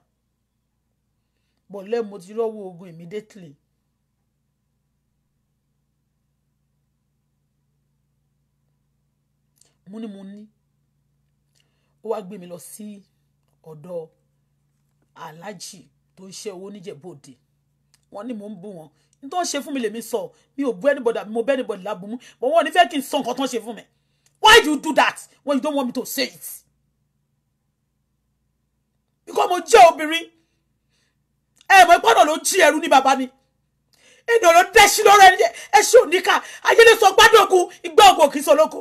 but let mo ti rọ́wọ́ ogun immediately. mo ní mo ní ó wá gbé mi lọ sí ọ̀dọ̀ aláàjì tó ń ṣe owó níjẹ̀bọ̀dẹ̀ wọ́n ní mò ń bú wọn n tó ń ṣe fún mi lèmi sọ mi ò bú anybody mo bú anybody lábùmú but wọn ò ní fẹ́ kí n sọ nǹkan tó ń ṣe fún mi why do you do that when you don't want me to say it because mo jẹ́ obìnrin ẹ mọ̀ gbọ́dọ̀ ló ń tí ẹrú ní bàbá ni ènìyàn ló dẹ́sí lọ́rọ̀ ẹni ẹ ṣe òníkà ayédè sọ gbádùnkù ìgbà ògbò kì í sọ lóko.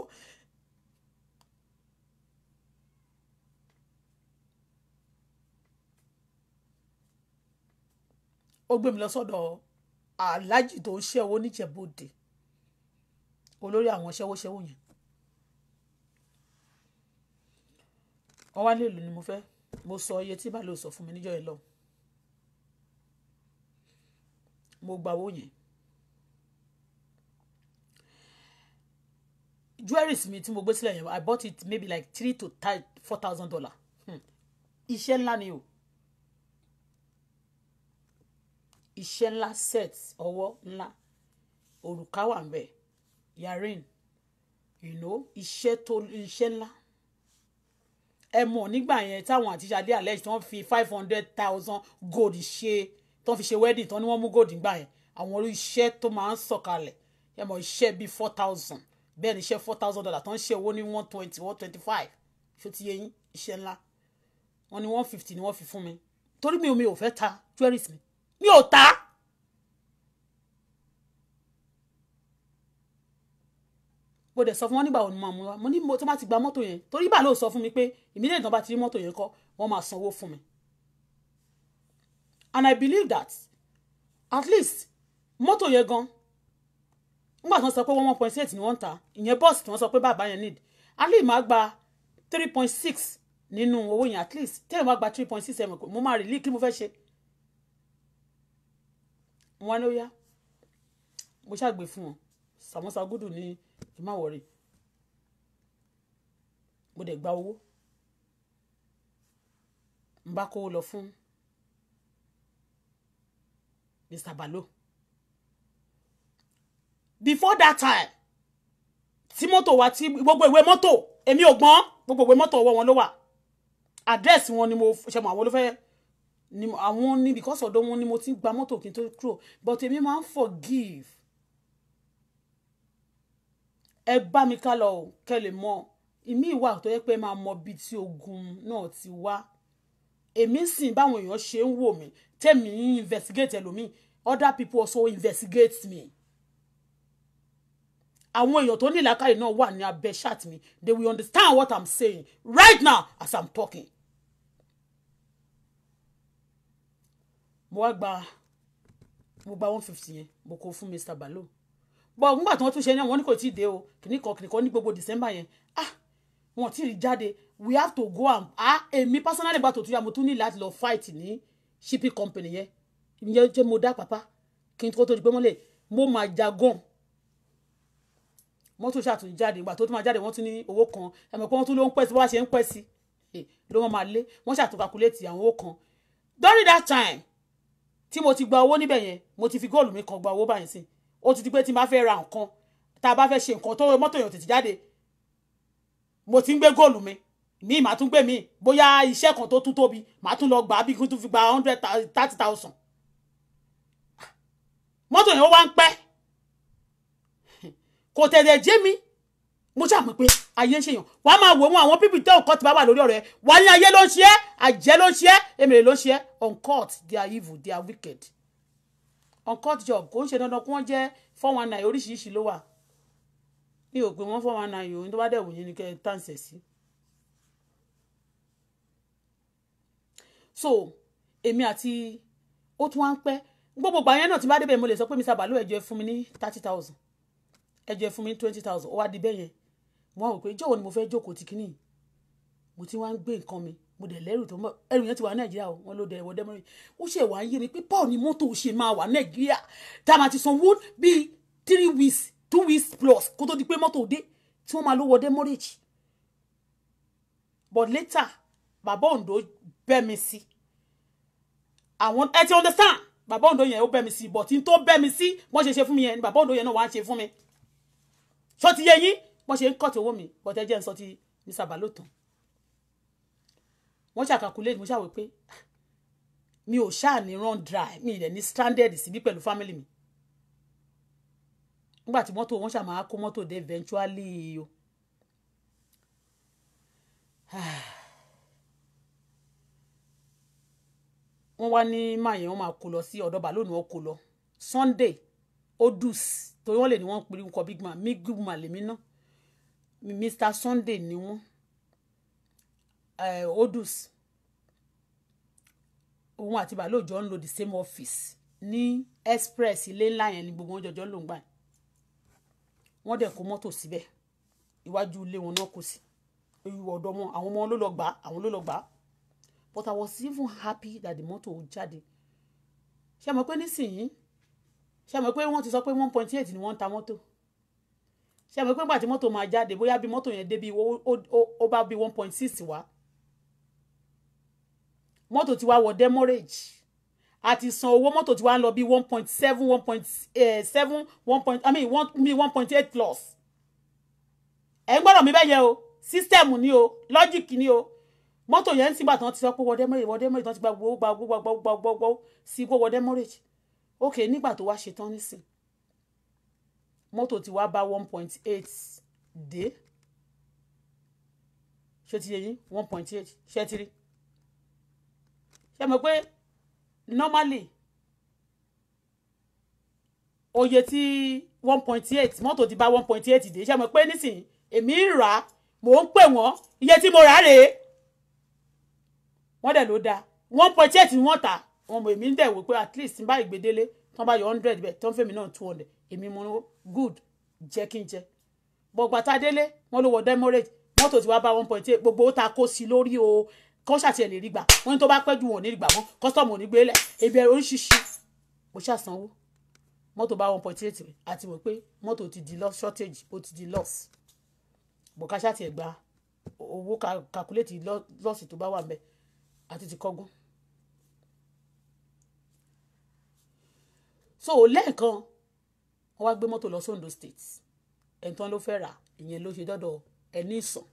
ó gbé mi lọ sọ́dọ̀ aláàjì tó ń ṣẹ́wó níjẹ̀bọ́dé olórí àwọn ṣẹ́wóṣẹ́wó yẹn wọ́n wá lè lò mo fẹ́ mo sọ iye tí bàálù sọ fún mi níjọ́ yẹn lọ́wọ́ mo gba owó yẹn jewelries mi tí mo gbé sílẹ̀ yẹn I bought it maybe like three to four thousand dollar hmm. iṣẹ́ ńlá ni o iṣẹ́ ńlá set ọwọ́ ńlá òrùka wà ń bẹ̀ yarin you know iṣẹ́ tó iṣẹ́ ńlá ẹ mọ̀ nígbà yẹn táwọn àti ṣadé alẹ́ tí wọ́n fi five hundred thousand gold ṣe tó fi ṣe wedding tán ni wọ́n mú gold gbà yẹn àwọn orí iṣẹ́ tó máa ń sọ̀kalẹ̀ ẹ mọ̀ iṣẹ́ bíi four thousand bẹ́ẹ̀ ni iṣẹ́ four thousand dollar tó ń ṣe owó ní one twenty one twenty five ṣó ti yẹ yín iṣẹ́ ńlá wọ́n ní one fifty ni wọ́n fi fún mi torí mi ò mi ò fẹ́ ta jewelries mi mi ò ta. mo dẹ̀ sọ fún wọn nígbà wo ni màá mú wa mo ní tó bá ti gba mọ́tò yẹn torí bá ló sọ fún mi pé ìmílẹ̀ ìtàn bá ti rí mọ́tò yẹn kọ́ wọ́n máa sanwó fún mi and i believe that at least mọ́tò yẹn gan nígbà tí wọ́n sọ pé one point eight ni wọ́n ń ta ìyẹn bọ́ọ̀sì tí wọ́n sọ pé bàbá yẹn need alẹ́ ìmọ̀ àgbà three point six nínú owó yẹn at least tẹ́lẹ̀ wọ́n àgbà three point six ẹ̀ mo máa rìlí kí mo fẹ́ ṣe wọn ló yá mo ṣàgbé fún wọn samosa gudu ní ìmáwọrí mo dẹ̀ gba owó n bá kówó lọ fún Mr. Balo before that time tí wa tí gbogbo ìwé mọ́tò èmi ò gbọ́n gbogbo ìwé mọ́tò ọwọ́ wọn ló wà address wọn ni mo ṣe mọ àwọn ló fẹ́ ni àwọn ni because ọ̀dọ̀ wọn ni mo ti gba mọ́tò kí n tó but èmi máa forgive ẹ bá mi ká lọ kẹ́ lè mọ̀ ìmí ìwà tó yẹ pé máa mọ bíi tí ogun náà ti wá. No, èmi ń sìn báwọn èèyàn ṣe ń wò mí tèmi ń investigate ẹlòmíì other people also investigate me àwọn èèyàn tó ní ìlàkàyè náà wà ní abẹ́ chat mi they will understand what i'm saying right now as i'm talking. mo wá gba mo gba one fifty yẹn mo kó fún mr balo bọ nígbà tí wọ́n tún ṣe ní àwọn oníkò tí ì dé o kìnnìkan kìnnìkan ní gbogbo december yẹn ah wọ́n ti rí jáde we have to go and ah èmi personally gba tòtúyà mo tún ní láti lọ fight ní shipping company yẹn ìyẹn jẹ́ mo dá pàpà kí n tó tó di pé mọ́lẹ̀ mo máa jagun mọ́tò ṣàtún jáde ìgbà tó tún máa jáde wọ́n tún ní owó kan ẹ̀mọ̀ pé wọ́n tún ló ń pẹ́ sí wọ́n á ṣe ń pẹ́ sí eh, ló wọ́n máa lé wọ́n ṣàtún calculate àwọn owó kan during that time tí mo ti gba owó níbẹ̀ yẹn mo ti fi góòlù mi kan gba owó báyìí sí ó ti di pé tí n bá fẹ́ ra nǹkan tá a bá fẹ́ ṣe nǹkan tó mọ́tò yẹn tètè jáde mo ti ń gbé góòlù mi mi màá tún gbé mi bóyá iṣẹ́ kan tó tún tóbi màá tún lọ gbà bí kí n tún fi gba hundred thirty thousand mọ́tò yẹn ó wá ń pẹ́ kò tẹ̀lé jẹ́ mi mo ṣàmọ̀ pé ayé ń ṣèyàn wà á máa wò wọn àwọn pípì tẹ́ ọ̀kọ́ ti bá wà lórí ọ̀rẹ́ wà ní ayé ló ń ṣe é àjẹ́ ló ń ṣe é èmèrè ló ń ṣe é on court they are evil they are wicked Uncut job kò ń ṣe dandan kí wọ́n jẹ́ four one nine oríṣiríṣi ló wà mi ò pé four one nine yòó ní tó bá dẹ̀ wò yín ni kẹ́ ẹ tàǹsẹ̀ sí. so èmi àti ó tún wá ń pẹ́ gbogbo yẹn náà tí bá débẹ̀ mo lè sọ pé Mr. Balu ẹjọ́ ẹ fún mi ní thirty thousand ẹjọ́ ẹ fún mi ní twenty thousand ó wá di bẹ́yẹn mo wá wò pé jọ̀wọ́ ni mo fẹ́ jókòó ti kíní mo ti wá ń gbé nǹkan mi mo dẹ̀ lẹ́rù tó mọ̀ ẹrù yẹn ti wà ní nàìjíríà o wọn ló dẹ̀ ẹ̀wọ̀ dẹ́mọ́rin ó ṣe wà ń yé mi pé báwo ni mọ́tò ṣe máa wà nàìjíríà tá a máa ti sanwó bíi three weeks two weeks plus kó tó di pé mọ́tò dé tí wọ́n máa ló wọ dẹ́mọ́rẹ́jì but later bàbá òǹdó bẹ́ mi sí àwọn ẹ ti understand bàbá òǹdó yẹn ó bẹ́ mi sí bọ̀ tí n tó bẹ́ mi sí wọ́n ṣe ṣe fún mi yẹn ni bàbá òǹdó yẹn náà wàá ṣe fún mi sọ ti yẹ yín wọ́n ṣe ń kọ́ọ̀tì owó mi bọ́tẹ́ jẹ́ ń sọ ti Mr. Balotan wọ́n ṣàkàkulé mo ṣàwò pé mi ò ṣáà ní run dry mi ì dẹ̀ ní stranded síbí pẹ̀lú family mi nígbà tí mọ́tò wọ́n ṣàmà kó mọ́tò dé eventually o. Ah. wọ́n wá ní mayen wọ́n máa kó lọ sí ọ̀dọ̀ bàálù wọ́n kó lọ Sunday odus torí wọ́n lè ní wọ́n pè ń kọ big man mi big man lèmi ná Mr Sunday ni wọ́n uh, odus òun àti bàálù jọ ń lo the same office ní express ilé ńlá yẹn ni gbogbo wọn jọjọ ló ń gbà wọ́n dẹ̀ kó mọ́tò síbẹ̀ iwájú ilé wọn náà kò sí ìwọ ọ̀dọ̀ wọn àwọn ọmọ wọn ló lọ gbà àwọn ló lọ gbà but I was even happy that the motor would jáde ṣe mọ̀ pé nísìnyí ṣe mọ̀ pé wọ́n ti sọ pé one point eight ni wọ́n ń ta mọ́tò ṣe mọ̀ pé nígbà tí mọ́tò máa jáde bóyá bí mọ́tò yẹn dé bí ó bá bí one point six wá motor? ti wá wọ demurrage a ti san owó mọ́tò ti wá lọ bí one point seven one point eh, seven one point i mean one mi one point eight plus ẹ̀ ń gbọ́dọ̀ mi bẹ́ẹ̀ yẹn o system ni o logic ni o mọ́tò yẹn ti gbà tán ti sọ pé wọ́n dẹ́mọ́rẹ́ wọ́n dẹ́mọ́rẹ́ tán ti gba gbogbo gba gbogbo gba gbogbo gbogbo sí gbogbo wọ́n dẹ́mọ́rẹ́ ok nígbà tó wá ṣe tán nísìn mọ́tò ti wá bá one point eight dé ṣé ti yẹ yín one point eight ṣé ti rí ṣé mọ̀ pé normally oye tí one point eight mọ́tò ti bá one point eight dé ṣé mọ̀ pé nísìn èmi ń rà mò ń pè wọ́n iye tí mo rà rèé wọ́n dẹ̀ ló da? one point eight ni wọ́n tà wọ́n mọ̀ èmi ń dẹ̀ wò pé at least bá ìgbédélé tán bá yọ hundred bẹ́ẹ̀ tán fèmí náà two hundred èmi mo good jẹ́ kí n jẹ́ bọ̀gbà tá a délé wọ́n ló wọ demurrage mọ́tò ti wá bá one point eight gbogbo ó ta kó sí lórí o kán ṣàtìyẹ̀ lè rí gbà wọ́n ní tó bá pẹ́ ju wọn ò ní rí gbà mọ́ kọ́sítọ́ọ̀mù ò ní gbé lẹ̀ ebi ẹ̀rọ oríṣiríṣi mo ṣàsanwó mọ́tò bá one point eight rẹ̀ àti wọ́n pé mọ́tò ti di loss shortage ó ti di loss bọ̀ká ṣàtìyẹ̀ gba owó calculate loss tó bá wà mẹ́ẹ̀ àti ti kọ́gbọ́n. so lẹ́ẹ̀kan wọ́n wá gbé mọ́tò lọ sí Ondo state ẹni tán ló fẹ́ rà ìyẹn ló ṣe dọ́dọ̀ ẹni ìsàn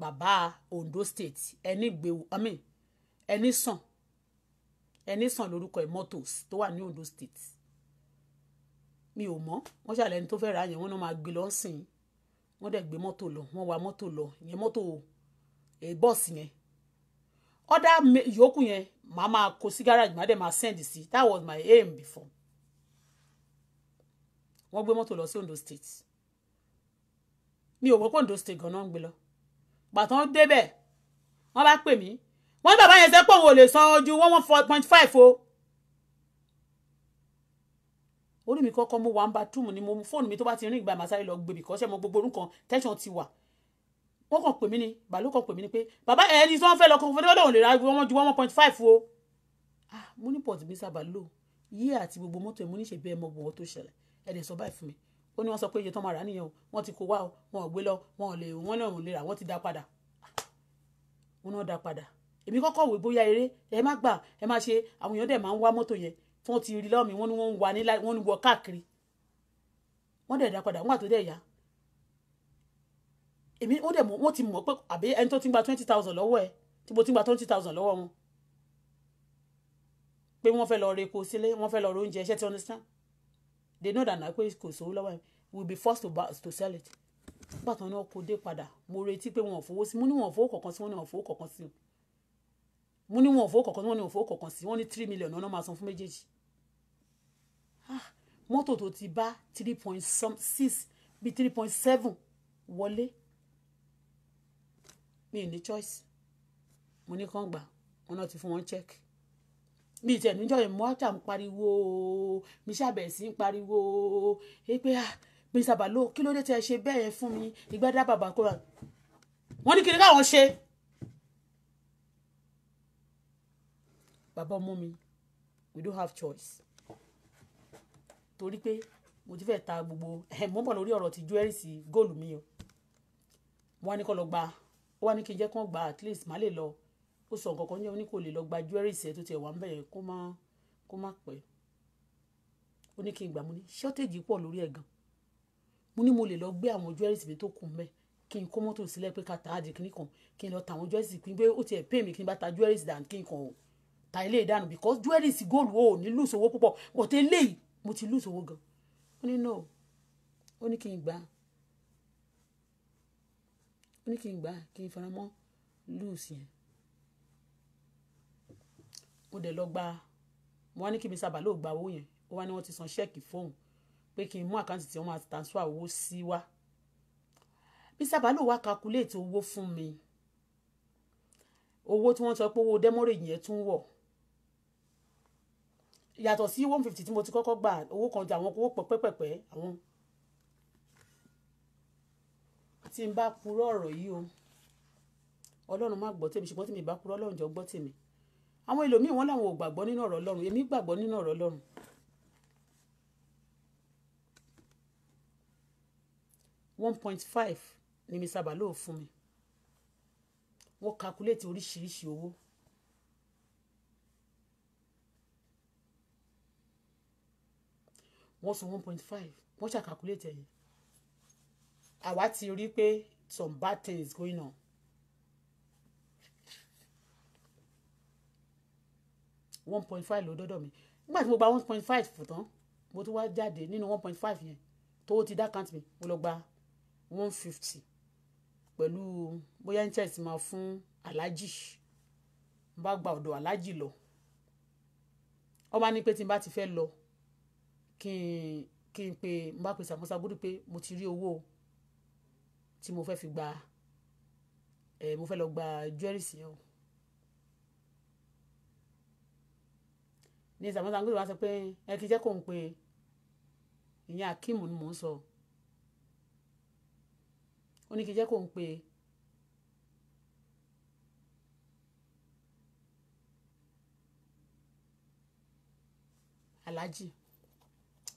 bàbá Ondo state ẹni gbèwò I mean ẹni sàn ẹni sàn lórúkọ ẹ̀ motos tó wà ní Ondo state mi ò mọ̀ wọ́n ṣàlẹ̀ ẹni tó fẹ́ rà yẹn wọ́n náà máa gbé lọ sìn wọ́n dẹ̀ gbé mọ́tò lọ wọ́n wa mọ́tò lọ ìyẹn mọ́tò eh, bọ́ọ̀sì yẹn other yòókù yẹn màá máa kó sí garage màá dẹ̀ máa send sí that was my aim before wọ́n gbé mọ́tò lọ sí Ondo State mi ò wọ́pọ̀ Ondo State gan-an ń gbé lọ gbàtàn débẹ̀ wọ́n bá pè mí wọ́n ní bàbá yẹn sẹ́ pé òun ò lè san ojú one one point five o orí mi kọ́kọ́ mo wà ń ba túmù ni mo fóònù mi tó bá ti rìn ìgbà màá sáré lọ gbé bìkọ́ ṣe mo gbogbo orúkọ tẹ́sán ti wà wọ́n kàn pè mí ni bàálù kàn pè mí ni pé bàbá ẹni tí wọ́n fẹ́ lọ kó fún ọdún òun lè ra wọ́n ju one point five o ah mo ní port mi sábà lò yí àti gbogbo mọ́tò ẹ̀ mo ní ṣe bẹ́ẹ̀ mọ gbogbo tó ṣẹlẹ̀ ẹ̀ dẹ̀ sọ báyìí fún mi ó ní wọ́n sọ pé iye tó máa rà nìyẹn o wọ́n ti kó wá o wọn ò gbé lọ wọn ò lè wọ́n náà ò lè rà wọ́n ti dá padà wọn náà dá padà èmi kọ́kọ́ wò bóyá eré ẹ má gbà ẹ má ṣe àwọn èèyàn dẹ̀ máa ń wá mọ́tò yẹn fún ti rí lọ́ọ̀mì wọ́n ní wọ́n ń wà ní wọ́n ń wọ káàkiri wọ́n dẹ̀ dá padà wọ́n àtúndẹ̀ yá èmi ó dẹ̀ mọ̀ wọ́n ti mọ̀ pé àbí ẹni tó ti gba twenty thousand lọ́wọ́ ẹ̀ tí mo ti gba twenty thousand lọ́wọ́ wọn pé wọ́n fẹ́ lọ re epo sílé wọ́n fẹ́ lọ ra oúnjẹ ẹṣẹ́ tí understand they know that na pé kò sówó lọ́wọ́ ẹ̀ we be forced to, buy, to sell it nígbà tí wọ́n kó dé padà mo retí pé wọn ò fowó sí mo ní wọn ò fowó kọ̀ọ̀kan sí wọn ní wọn ò fowó kọ̀ọ̀kan sí mo ní wọn ò fowó kọ̀ọ̀kan sí wọn ní wọn ò fowó kọ̀ọ̀kan sí wọn ní three million ọ̀nà máa san fún méjèèjì ah, mọ́tò tó ti bá three point six bíi three point seven wọlé mi ì ní choice mo ní kàn gbà wọn náà ti fún wọn check mi ìtẹ̀ níjọ́ yẹn mo ṣáà ń pariwo mi ṣàbẹ̀ sí ń pariwo ẹ pé ah mi ṣàbàlò kí ló dé tẹ ṣe bẹ́ẹ̀ fún mi ìgbádá bàbá kó ra wọ́n ní kí ni káwọn ṣe. bàbá ọmọ mi we don't have choice torí pé mo ti fẹ́ ta gbogbo ẹ̀ mọ́ bọ̀ lórí ọ̀rọ̀ ti jewelry sí góòlù mi o wọ́n á ní kó lọ gba ó wá ní kí n jẹ́ kán gbà at least má lè lọ ó sọ nǹkan kan ní oní kò lè lọ gba jewelries ẹ̀ tó tiẹ̀ wà ń bẹ̀yẹn kó má kó má pẹ́ ó ní kí n gbà mo ní shortage pọ̀ lórí ẹ̀ gan mo ní mo lè lọ gbé àwọn jewelries mi tó kù mẹ́ kí n kó mọ́tò sílẹ̀ pé ká tàá di kíní kan kí n lọ tàwọn jewelries pín pé ó tiẹ̀ pè mí kí n bá ta jewelries dànù kí n kàn ó ta ilé ìdànù because jewelry góòlù ò ní lùsòwò púpọ̀ but eléyìí mo ti lùsòwò gan ó ní no ó ní kí n gbà á ó ní kí n gbà kí n faramọ́ lose yẹn mo dẹ̀ lọ gba mo wá ní kí mi sábà lóò gba owó yẹn ó wá ní wọ́n ti san ṣẹ́ẹ̀kì fóun pé kí n mú àkáǹtì tí wọ́n máa transfer owó sí wá mi sábà lóò wá calculate owó fún mi owó tí wọ́n sọ pé owó demorage yẹn tún wọ̀ yàtọ̀ sí one fifty tí mo ti kọ́kọ́ gbà owó kan jà àwọn owó pẹ́pẹ́pẹ́ àwọn tí n bá purọ́ ọ̀rọ̀ yìí o ọlọ́run má gbọ́ tèmi ṣùgbọ́n tí mi bá purọ́ ọlọ́run jọ gbọ́ tèmi àwọn ẹlòmíì wọn làwọn ò gbàgbọ́ nínú ọ̀rọ̀ ọlọ́run èmi gbàgbọ́ nínú ọ̀rọ̀ ọlọ́run one point five ni mi sábà lóò fún mi wọ́n kakuléètì oríṣiríṣi owó wọ́n sọ one point five wọ́n ṣàkakuléètì ẹ̀yìn àwa ti rí pé some bad things going on. one point five ló dọ́dọ̀ mi nígbà tí mo gba one point five fò tán mo tún wá jáde nínú one point five yẹn tó ti dá count mi mo lọ gba one fifty pẹ̀lú bóyá interest máa fún aláàjì n bá gba ọ̀dọ̀ aláàjì lọ ọba ní pé tí n bá ti fẹ́ lọ kí n kí n pe n bá pe Samusa Guru pé mo ti rí owó o tí mo fẹ́ fi gba ẹ mo fẹ́ lọ gba jẹ́rìsì yẹn o. ní ìsàmọ́ sango wa sọ pé ẹ kì í jẹ́ kó ń pe ìyẹn akíìmù ni mò ń sọ ó ní kì í jẹ́ kó ń pe aláàjì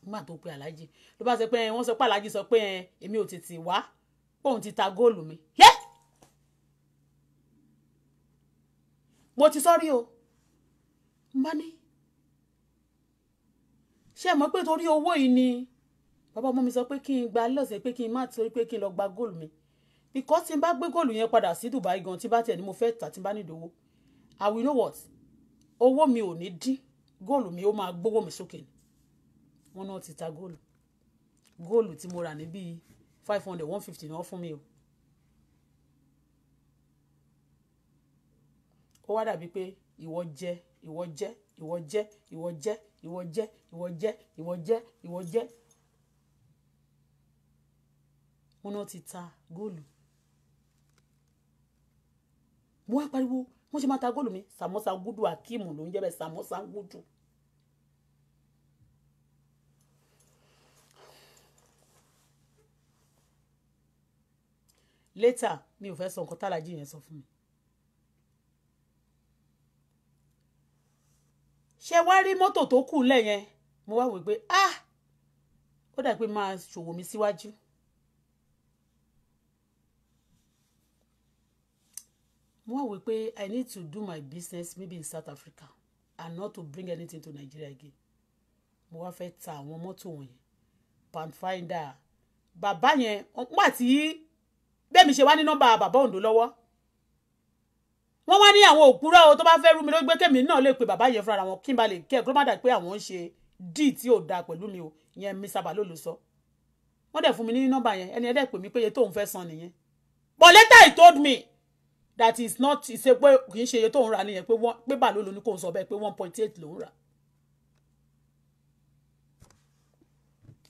nígbà tó pe aláàjì ló bá sọ pé wọ́n sọ pé aláàjì sọ pé èmi ò tètè wá òun ti ta góòlù mi yé mo ti sọ́rí o má ní ṣé ẹ mọ̀ pé torí owó yìí ni bàbá ọmọ mi sọ pé kí n gba lọ́sẹ̀ pé kí n má torí pé kí n lọ gba góòlù mi bíkọ́ tí n bá gbé góòlù yẹn padà sí Dubai gan tí bá tiẹ̀ ni mo fẹ́ tà tí n bá nídòwó I will know what owó mi ò ní dín góòlù mi ó máa gbówó mi sókè ni wọ́n náà ti ta góòlù góòlù tí mo rà ní bíi five hundred one fifty ni wọ́n fún mi o. ó wá dàbí pé ìwọ jẹ ìwọ jẹ ìwọ jẹ ìwọ jẹ ìwọ jẹ ìwọ jẹ ìwọ jẹ ìwọ jẹ wọn náà ti ta góòlù mo wá pariwo wọn ṣe máa ta góòlù mi samosa gudu akeem ló ń jẹ́ bẹ́ẹ̀ samosa gudu later mi ò fẹ́ sọ nǹkan tálàjì yẹn sọ fún mi. ṣé wá rí mọ́tò tó kù ńlẹ̀ yẹn mo wá wò pé ah ó dà pé máa ṣòwò mi síwájú. mo wá wò pé i need to do my business maybe in South Africa and not to bring anything to Nigeria again mo wá fẹ́ ta àwọn mọ́tò wọ̀nyẹn Pathfinder bàbá yẹn wọ́n pàtí bẹ́ẹ̀ mi ṣe wá ní nọ́mbà bàbá Ondo lọ́wọ́ wọ́n wá ní àwọn òpùrọ́ o tó bá fẹ́ rú mi ló gbé kémi náà lè pe bàbá yẹn fúnra wọn kí n ba lè kí ẹ̀ kó má dà pé àwọn ń ṣe díì tí ò da pẹ̀lú mi o ìyẹn mi sábà ló lò sọ wọ́n dẹ̀ fún mi ní nọ́mbà yẹn ẹni ẹ̀dẹ̀ pè mí pé iye tóun fẹ́ san nìyẹn but later he told me that is not ṣe pé kì í ṣe iye tóun rà nìyẹn pé bà ló lò ní kóun sọ bẹ́ẹ̀ pé one point eight lòun rà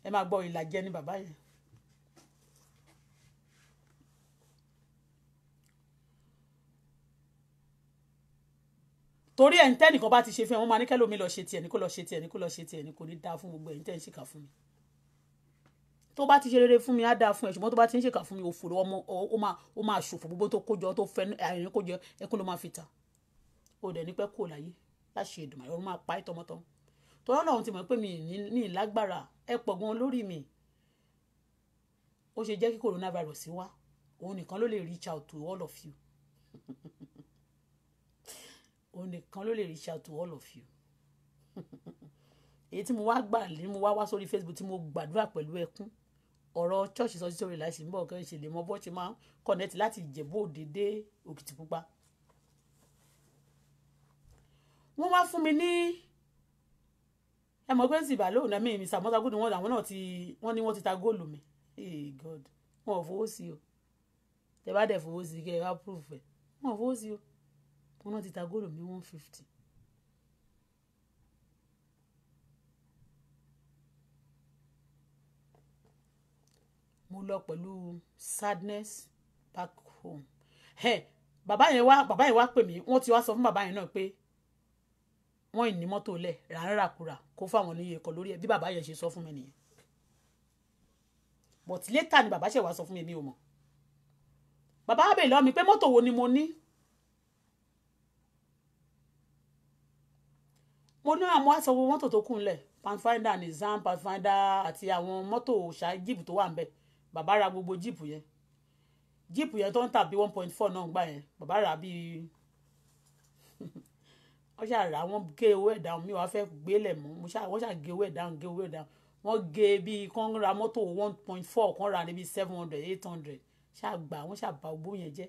ẹ máa gbọ́ ìlàjẹ ní bàbá yẹn torí ẹ̀ ń tẹ́nìkan bá ti ṣe fún ẹ wọ́n máa ní kẹ́lómi lọ ṣe tiẹ̀ ní kó lọ ṣe tiẹ̀ ní kó lọ ṣe tiẹ̀ ní kò ní dáa fún gbogbo ẹ̀ ń tẹ́ ń ṣèkà fún mi tó bá ti ṣe rere fún mi á dáa fún ẹ ṣùgbọ́n tó bá ti ń ṣèkà fún mi òfò lọ́wọ́ ọmọ ó máa ó máa ṣòfò gbogbo tó kójọ tó fẹ́ àìrìn kójọ ẹkún ló máa fi tà ó dẹ̀ ní pẹ́ kó láyé láṣẹ Èdùmàrè ọ̀run máa pa é tọmọtọmọ tọ́lá lọ́run ti mọ̀ pé mi ní ìlágbára ẹ pọ̀ gan lórí mi ó ṣe jẹ́ kí coronavirus wá òun nìkan ló lè reach out to all of you òun nìkan ló lè reach out to all of you èyí tí mo wá gbà lé mo wá wá sórí Facebook tí mo gbàdúrà pẹ̀lú ẹkún ọ̀rọ̀ chọ́ọ̀ṣì sọ sísọ ìlà ìṣìnbọ̀ kan ìṣẹ̀lẹ̀ mọ bọ́ ṣe máa ń kọ̀nẹ́tì láti ìjẹ̀bú òde dé òkìtìpupa. wọ́n wá fún mi ní ẹmọ pé sìbà lóhùn náà mímí sàmọ́sá gúdùn wọn àwọn náà ti wọ́n ní wọ́n ti ta góòlù mi ee eh, god wọn ò fowó sí o tẹ bá dẹ̀ fowó sí kẹ́ ẹ wá proof ẹ̀ wọn ò fowó sí o wọ́n náà ti ta góòlù mi one fifty. mo lọ pẹ̀lú sadness back home hey, bàbá yẹn wá bàbá yẹn wá pè mí wọ́n ti wá sọ fún bàbá yẹn náà pé wọ́n ì ní mọ́tò lẹ̀ ràǹràkúrà kó fáwọn níye kan lórí ẹ̀ bí bàbá yẹn ṣe sọ fún mi nìyẹn but later ni bàbá ṣe wá sọ fún mi mi ò mọ̀ bàbá bèèrè lọ́wọ́ mi pé mọ́tò wo ni mo ní mo ní àwọn aṣọ gbogbo mọ́tò tó kù ńlẹ̀ pathfinder nizam pathfinder àti àwọn mọ́tò ṣá jíìpù tó wà ń bẹ̀ bàbá ra gbogbo jíìpù yẹn jíìpù yẹn tó ń tà bí one point four náà gbà yẹn bàbá rà bí wọ́n ṣáà rà wọ́n gé owó ẹ̀ dáhùn mi wàá fẹ́ gbélẹ̀ mọ́ wọ́n ṣáà gé owó ẹ̀ gé owó ẹ̀ wọ́n gé e bíi kán ra mọ́tò one point four kán ra níbi seven hundred eight hundred ṣáà gbà wọ́n ṣáà bà owó yẹn jẹ́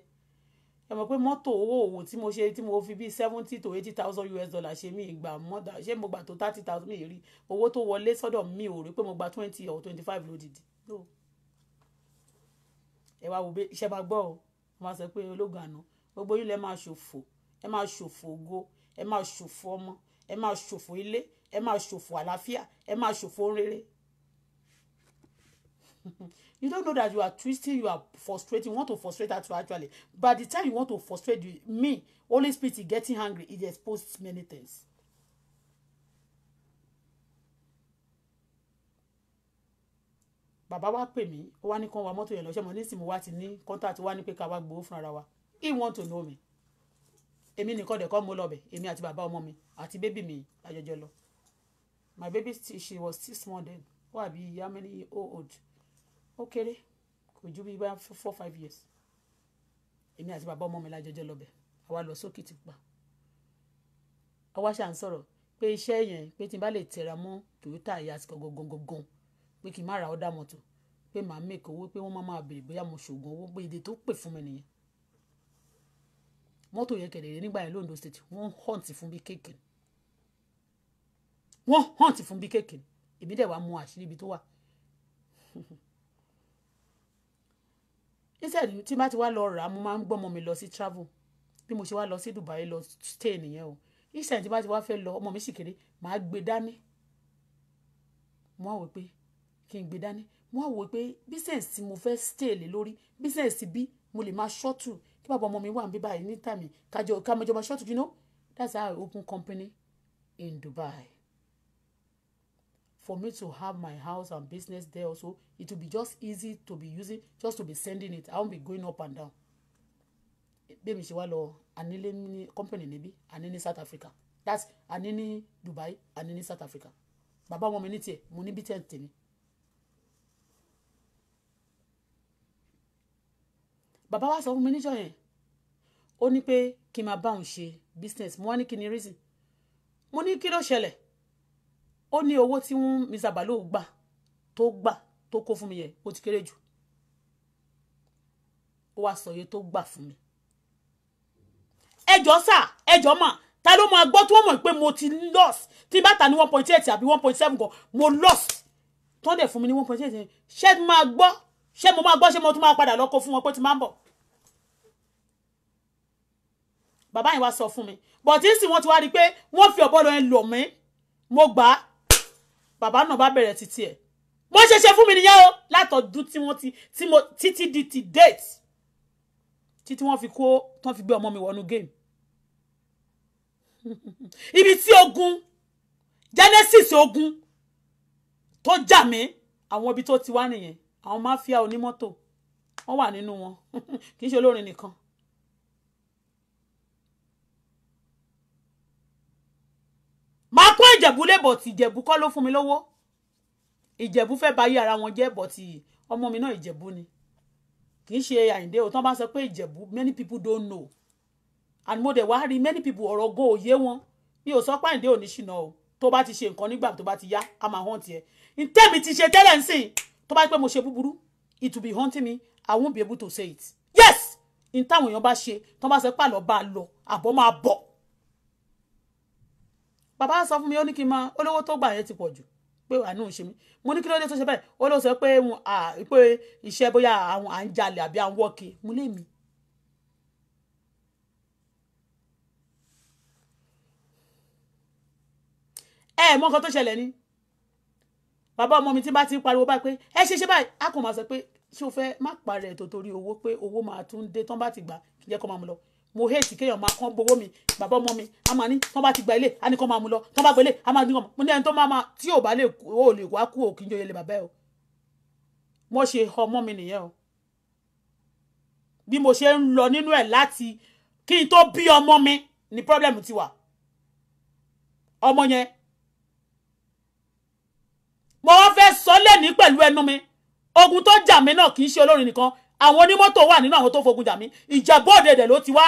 ẹ mọ̀ pé mọ́tò owó òwò tí mo ṣe tí mo fi bíi seventy to eighty thousand us dollar ṣe mí ìgbà mọ́tà ṣé mo gbà tó thirty thousand mi rí owó tó wọlé sọ́dọ̀ mi ò rí pé mo gba twenty or twenty five lódìdí no ẹ wá wo bí iṣẹ́ bá gbọ́ ọ wọ́n sọ pé ológun àná gbogbo yín lẹ máa ṣòfò ẹ máa ṣòfò ògo ẹ máa ṣòfò ọmọ ẹ máa ṣòfò ilé ẹ máa ṣòfò àlàáfíà ẹ máa ṣòfò rere you don't know that you are twisting you are frustrating you want to frustrate her too actually but the time you want to frustrate you, me Holy Spirit is getting angry it exposes many things. bàbá wa pè mí ó wá ní kán wa mọ́tò yẹn lọ ṣe mo nísìnyí mo wá ti ní contact wá ní pé ká wá gbowó fúnra wa he want to know me èmi nìkan dẹ̀ kọ́ mo lọ́bẹ̀ èmi àti bàbá ọmọ mi àti bébì mi àjọjọ lọ my baby she was six months then ó àbí how many years old ó kéré kò ju bí bá four five years èmi àti bàbá ọmọ mi lájọjọ lọbẹ àwa lọ sókè ti pa àwa ṣà ń sọ̀rọ̀ pé iṣẹ́ yẹn pé tí n bá lè tẹra mọ́ Toyota yasiko gangan pé kí n má ra ọdá mọ́tò pé màá mèkó owó pé wọ́n má máa béèrè bóyá mo ṣògùn owó pé èdè tó pè fún mi nìyẹn mọ́tò yẹn kẹ̀lẹ́rẹ́ nígbà yẹn londo state wọ́n hunt fún bí kéèké wọ́n hunt fún bí kéèké èmi dẹ̀ wá mú àṣírí ibi tó wà instead tí n bá ti wá lọ rà á mo máa ń gbọ́mọ mi lọ sí travel bí mo ṣe wá lọ sí Dubai lọ stay nìyẹn o instead tí n bá ti wá fẹ́ lọ ọmọ mi sì kéré màá gbé dání mo á wò pé kí n gbé dání mo á wò pé business mo fẹ́ stay lé lórí business bí mo lè máa ṣọ́tù kí bàbá ọmọ mi wà níbí báyìí ní tàmí kájọ kámẹjọ máa ṣọ́tù you know that's how I open company in Dubai for me to have my house and business there also it will be just easy to be using just to be sending it i won't be going up and down bẹ́ẹ̀ mi ṣe wá lọ anílé ní company níbí àní south africa that's àní dubai àní south africa Baba ọmọ mi ní tiẹ̀ mo ni. bíi tẹ̀ǹtì mi. bàbá wa sọ fún mi níjọ́ yẹn ó ní pé kí n máa bá òun ṣe business mo wá ní kí ni reason mo ní kí ló ṣẹlẹ̀ ó ní owó tí Mr. Balo gbà tó gbà tó kó fún mi yẹn ó ti kéré jù ó wá sọ iye tó gbà fún mi ẹjọ́ sà ẹjọ́ mà ta ló máa gbọ́ tí wọ́n mọ̀ pé mo ti loss tí bàtà ní one point eight àbí one point seven gan mo loss tó ń dẹ̀ fún mi ní one point eight ṣé mo máa gbọ́ ṣé mo máa gbọ́ ṣé mo tún máa padà lọ́kọ fún wọn pé ti máa ń bọ̀ bàbá yẹn wá sọ fún mi bọ̀tí sì wọ́n ti wá rí i pé wọ́n fi ọ̀bọ lọ yẹn lọ̀ mo gbà á bàbá náà bá bẹ̀rẹ̀ títí ẹ̀ bó ṣe ṣe fún mi nìyẹn o látọ̀dún tí wọ́n ti tí mo títí di ti date títí wọ́n fi kó tán fi gbé ọmọ mi wọnú game ibi tí ogun genesis ogun tó jà mí àwọn ibi tó ti wá nìyẹn àwọn máfíà onímọ́tò wọ́n wà nínú wọn kì í ṣe olórin nìkan ìjẹ̀bú lè tí ìjẹ̀bú kọ́ ló fún mi lówó ìjẹ̀bú fẹ́ ba ara wọn jẹ́ bọ̀ tí ọmọ mi náà ìjẹ̀bú ni kì í ṣe àyíǹde o bá sọ pé ìjẹ̀bú many people don't know and mo dẹ̀ wá rí many people ọ̀rọ̀ go òye wọn mi ò sọ pé àyíǹde ò ní ṣìnà o tó bá ti ṣe nǹkan nígbà tó bá ti yá a máa hàn tiẹ̀ ntẹ́mi ti ṣe tẹ́lẹ̀ ń sìn tó bá pẹ́ mo ṣe búburú it will be haunting me I won't be able to say it yes n táwọn èèyàn bá ṣe tán bá sọ pé àlọ́ bá a lọ àbọ̀ máa bọ̀ bàbá sọ fún mi ó ní kí n máa olówó tó gbà yẹn ti pọ̀ jù pé àánú ṣe mí mo ní kí ló dé tó ṣe bẹ́ẹ̀ ó sọ pé pé iṣẹ́ bóyá àwọn à ń jalè àbí à ń wọ́ọ̀kì mo lé mi. ẹ ẹ mọ nǹkan tó ṣẹlẹ̀ ni bàbá ọmọ mi tí bá ti ń pariwo báyìí pé ẹ ṣe ṣe báyìí a kò máa sọ pé ṣé o fẹ́ má parẹ́ tó torí owó pé owó máa tún dé tán bá ti gbà kí jẹ́ kó máa mú lọ mo hate kéèyàn máa kán gbowó mi bàbá ọmọ mi a máa ní tán bá ti gba ilé a ní kán máa mú lọ tán bá gbélé a máa ní kán mo ní ẹni tó máa tí ò bá lè ò lè wá kú òkè ìjòyè lè bàbá ẹ o mo ṣe ọmọ mi nìyẹn o bí mo ṣe ń lọ nínú ẹ láti kí n tó bí ọmọ mi ni problem ti wà ọmọ yẹn mo wá fẹ́ sọ lẹ́ni pẹ̀lú ẹnu mi ogun tó jà mí náà kì í ṣe olórin nìkan àwọn onímọ́tò wà nínú àwọn tó fogun jà mí ìjà bọ́ọ̀dẹ̀ dẹ̀ ló ti wá.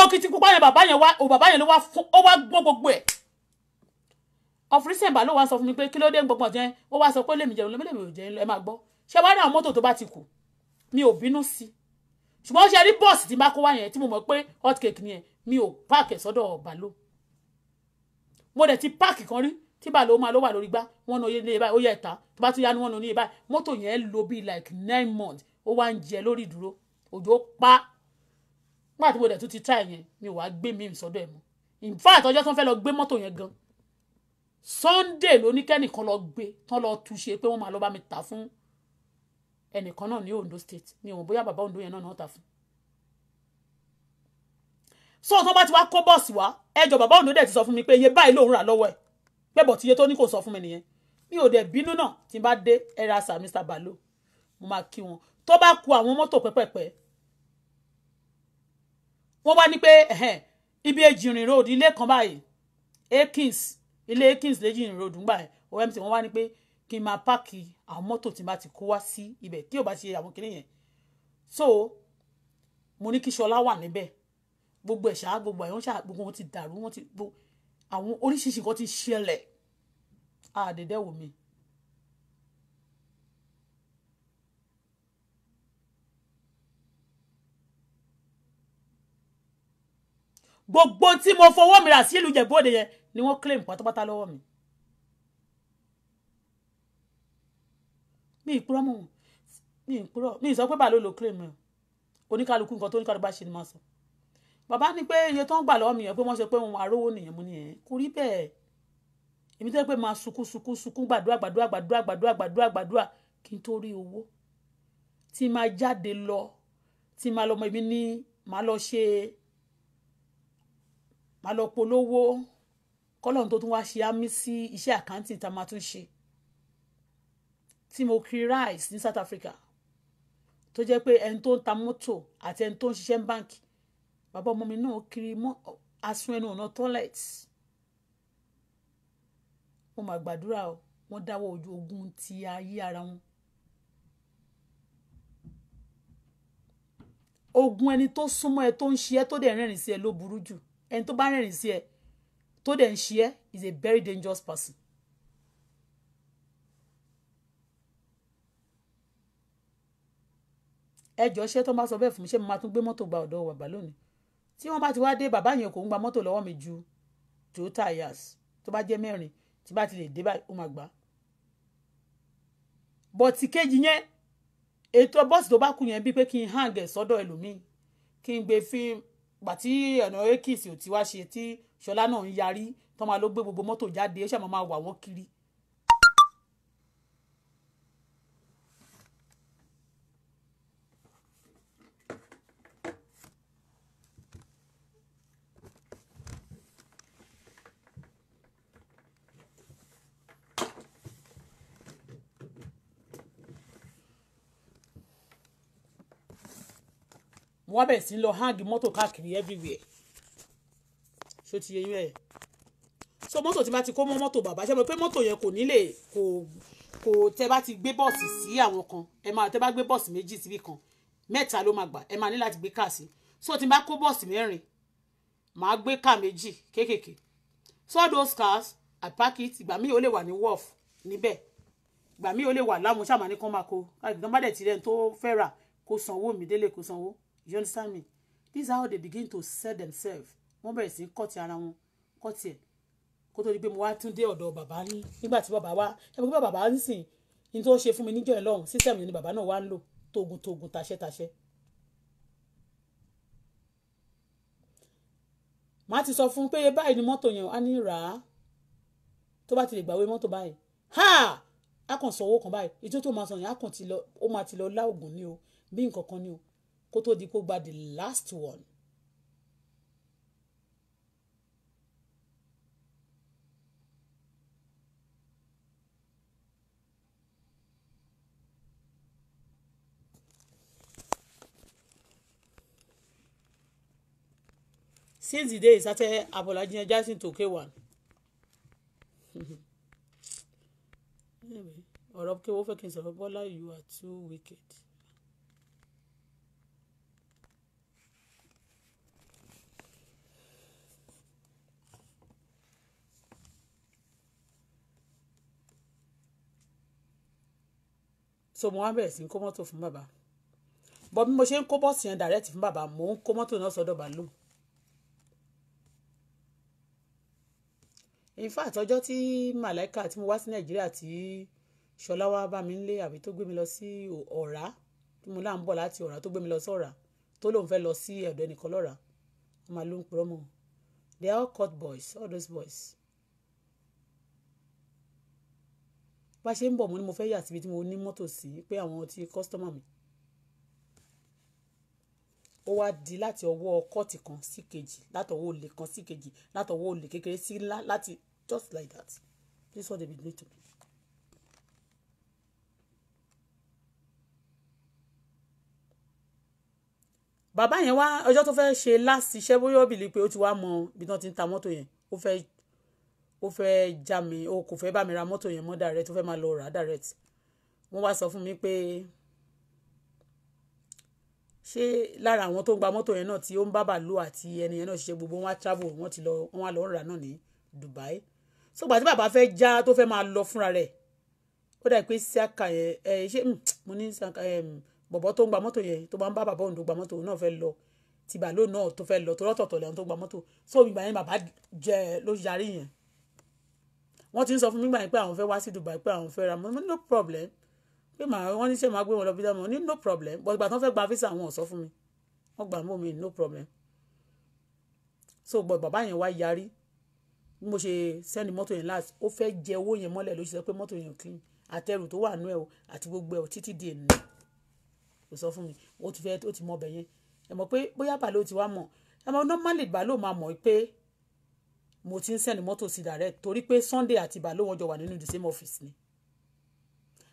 òkìtìpupa yẹn bàbá yẹn wá ò bàbá yẹn ló wá fún ó wá gbọ́n gbogbo ẹ̀. ọ̀fíìsì ẹ̀bà ló wá sọ fún mi pé kí ló dé gbogbo ọ̀jẹ́ ó wá sọ pé lèmi jẹun lèmi ò jẹun ẹ máa gbọ́ ṣé wàá rí àwọn mọ́tò tó bá ti kù mi ò bínú sí i ṣùgbọ́n ṣe rí bọ́ọ̀sì tí bá kó wá yẹn tí mo mọ̀ pé hot cake ni ẹ̀ mi ò páàkì sọ́dọ̀ bàlóò mo dẹ̀ ti páàkì kan rí tí bàálù ó máa ló wà lórí gbá wọ́n náà ní ebá ó yẹ ẹ̀ta tó bá tún yá ni wọ́n náà ní mọ́tò yẹn lò bíi like nine months ó wá ń jẹ lórí ìdúró òjò pa nígbà tí mo dẹ̀ tún ti try yẹn mi ò wá gbé mi sọ́dọ̀ ẹ̀ mọ́ in fact ọjọ́ tó ń fẹ́ lọ gbé mọ́tò yẹn gan Sunday ló ní kẹ́nìkan lọ gbé tán lọ túṣe pé wọ́n máa lọ bá mi tà fún ẹnìkan náà ní Ondo state ni òun bóyá bàbá Ondo yẹn náà náà tà fún so tó bá ti wá kó bọ́ọ̀sì wá ẹjọ́ bàbá Ondo dẹ̀ ti sọ fún mi pé iye báyìí lòun rà lọ́wọ́ ẹ̀ pé bọ̀ tíye tó ní kò sọ fún mi nìyẹn mi ò dẹ̀ bínú náà tí n bá dé ẹ̀rà sà Mr Balo mo máa kí wọn tó bá ku àwọn mọ́tò pẹ́pẹ́pẹ́ wọ́n wá ní pé ibi ejìnrìn road ilé kan báyìí Akins ilé Akins lẹ́jìnrìn road ńgbà ẹ̀ omt wọ́n wá ní pé kí n máa páàkì àwọn mọ́tò tí n bá ti kó wá sí ibẹ̀ tí ò bá ṣe àwọn kìnìyẹn so mo ní kí Ṣọlá wà níbẹ̀ gbogbo ẹ̀ ṣáá gbogbo ẹ̀ wọ́n ṣáá gbogbo wọn ti dàrú wọ́n ti gbogbo àwọn oríṣiríṣi kan ti ṣẹlẹ̀ àdédé wò mí. gbogbo tí mo fọwọ́ mi rà sí ìlú Ìjẹ̀bú-Òde yẹn ni wọ́n claim pátápátá lọ́wọ́ mi. mi ìpúrọ́ mọ̀ mi ìpúrọ́ mi ìsọ pé bàálù ló claim ẹ̀ oníkálukú nǹkan tó oníkálukú bá ṣe ni máa sọ. So bàbá ní pé iye tó gbà lọ́wọ́ mi yẹn pé wọ́n ṣe pé òun àrówó nìyẹn mú nìyẹn kò rí bẹ́ẹ̀ èmi tẹ́ pé máa sunkún sunkún sunkún gbàdúrà gbàdúrà gbàdúrà gbàdúrà gbàdúrà gbàdúrà kí n tó rí owó tí máa jáde lọ tí máa lọ mọ èmi ní máa lọ ṣe máa lọ polówó kọ́lọ́n tó tún wá ṣe á mí sí iṣẹ́ àkáǹtì tá a máa tún ṣe tí mo kiri rice ní South Africa tó jẹ́ pé ẹni tó ń ta mọ́tò àti ẹni tó ń ṣiṣẹ́ báǹkì bàbá ọmọ mi náà kiri mọ́ asun ẹnu ọ̀nà toilet wọ́n máa gbàdúrà o wọ́n dáwọ́ ojú ogun ti ayé ara wọn. ogun ẹni tó súnmọ́ ẹ tó ń ṣe ẹ tó dẹ̀ rẹ́rìn sí ẹ ló burú jù ẹni tó bá rẹ́rìn sí ẹ tó dẹ̀ ń ṣe ẹ is a very dangerous person. ẹ jọ ṣé tó ń bá sọ bẹ́ẹ̀ fún mi ṣé máa tún gbé mọ́tò gba ọ̀dọ̀ wàgbà lónìí tí wọ́n bá ti wá dé bàbá yẹn kò ń gba mọ́tò lọ́wọ́ mi ju toyota yas tó bá jẹ́ mẹ́rin tí bá ti lè dé báyìí ó máa gbà. bọ̀tì kejì yẹn ètò bọ́ọ̀sì tó bá kù yẹn bíi pé kí n hang ẹ̀ sọ́dọ̀ ẹlòmíì kí n gbé fi gbà ọ̀nà ekis ò ti wá ṣe tí ṣọlá náà ń yarí tó máa ló gbé gbogbo mọ́tò jáde ó ṣàmọ́ máa wà wọ́n kiri wá bẹ̀ sí lọ hang mọ́tò káàkiri everywhere ṣó ti yẹ yín ẹ̀ so mọ́tò tí bá ti kó mọ́ mọ́tò bàbá ṣe mọ̀ pé mọ́tò yẹn kò nílè kò kò tẹ bá ti gbé bọ́ọ̀sì sí àwọn kan ẹ máa tẹ bá gbé bọ́ọ̀sì méjì síbi kan mẹ́ta ló máa gbà ẹ máa ní láti gbé káà sí so tí bá kó bọ́ọ̀sì mẹ́rin màá gbé káà méjì kéékèèké so those cars I park it ìgbà míì ó lè wà ní wharf níbẹ̀ ìgbà míì ó lè wà láwọn sábà ní máa kó àgbẹ̀gbọ́n bá dẹ̀ ti rẹ̀ tó fẹ́ rà kó sanwó mi délé kó sanwó you understand me this is how they begin to sell themselves wọ́n bẹ̀rẹ̀ sí kọ́ọ̀tì ara wọn kọ́ọ̀tì ẹ̀ kó tó di pé mo wá tún dé ọ̀dọ̀ bàbá ní nígbà tí bàbá wá ẹ mọ̀ pé bàbá ń sìn ní tó ṣe fún mi níjọ́ ìlọ́run sísẹ̀mù ni bàbá náà wá ń lò togun togun taṣẹ́ taṣẹ́. màá ti sọ fún un pé báyìí ni mọ́tò yẹn á ní rà á tó bá ti lè gbàwé mọ́tò báyìí ha á kàn san owó kan báyìí ìjọ tó máa san yẹn á kàn ti lọ ó máa ti lọ lá ògùn o bí nǹkan kan ni o kó tó di kó gba the last one. since the day he started Abolaji Johnson to K1. anyway, ọ̀rọ̀ K1 fẹ́ kí n sọ̀rọ̀ you are too wicked. so mo wá bẹ̀rẹ̀ sí kó mọ́tò fún bàbá bọ́ bí mo ṣe ń kó bọ́ọ̀sì yẹn direct fún bàbá mò ń kó mọ́tò náà sọ́dọ̀ bàálù in fact ọjọ́ tí màláìka tí mo wá sí nàìjíríà tí ṣọlá wá bá mi ń lé àbí tó gbé mi lọ sí ọ̀rá tí mo láà ń bọ̀ láti ọ̀rá tó gbé mi lọ sọ̀rá tó lóun fẹ́ lọ sí ọ̀dọ̀ ẹnìkan lọ́ra ọmọ àlóhùn púrọ́mù they are all cut boys all those boys bá ṣe ń bọ̀ mo ní mo fẹ́ yà síbi tí mo ní mọ́tò sí pé àwọn ti kọ́sítọ́mà mi ó wá di láti ọwọ́ kọ́ọ̀tì kan sí kejì látọwọ́ olè kan sí kejì látọwọ́ olè kékeré sí ńlá láti just like that this one dey be great to me. bàbá yẹn wá ọjọ́ tó fẹ́ ṣe láti iṣẹ́ bóyá ó bìlí pé ó ti wá mọ ibi tí wọ́n ti ń ta mọ́tò yẹn ó fẹ́ ó fẹ́ já mi ó kò fẹ́ bá mi ra mọ́tò yẹn mọ́ direct ó fẹ́ máa lọ rà direct wọ́n wá sọ fún mi pé ṣé lára àwọn tó ń gba mọ́tò yẹn náà tí ó ń bá bàálù àti ẹni yẹn náà ṣiṣẹ́ gbogbo wọn á travel wọn ti lọ wọn á lọ rà náà ní Dubai so gbàtí bàbá fẹ́ já tó fẹ́ máa lọ fúnra rẹ̀ ó dà pé Isiaka yẹn ẹ ṣé hmm, mo ní Isiaka bọ̀bọ̀ tó ń gba mọ́tò yẹn tó bá ń bá bàbá òǹdó gba mọ́tò náà fẹ́ lọ ti náà tó fẹ́ lọ tó rọ́tọ̀tọ̀ lẹ́yìn tó gba mọ́tò so ìgbà yẹn bàbá jẹ ló yarí yẹn wọ́n ti ń sọ fún mi gbà yín pé àwọn fẹ́ wá sí Dubai pé àwọn fẹ́ ra mo ní no problem pé màá wọ́n ní ṣe máa gbé wọn lọ bí dáhùn mo ní no problem but ìgbà tó ń fẹ́ gba visa àwọn ò sọ fún mi wọ́n gbà mọ́ mi no problem so but bàbá yẹn wá yarí bí mo ṣe sẹ́ni mọ́tò yẹn last. ó fẹ́ jẹ owó yẹn mọ́lẹ̀ ló ṣe sọ pé mọ́tò yẹn clean àtẹrù tó wà nú ẹ o àti gbogbo ẹ o títí di ènìyàn kò sọ fún mi ó ti fẹ́ ó ti mọ ọbẹ̀ yẹn ẹ mọ̀ pé bóyá bàlóò ti wá mọ̀ ẹ mọ̀ normally bàlóò máa mọ̀ pé mo ti ń sẹ́ni mọ́tò sí direct torí pé Sunday àti bàbá lóun jọ wà nínú the same office ni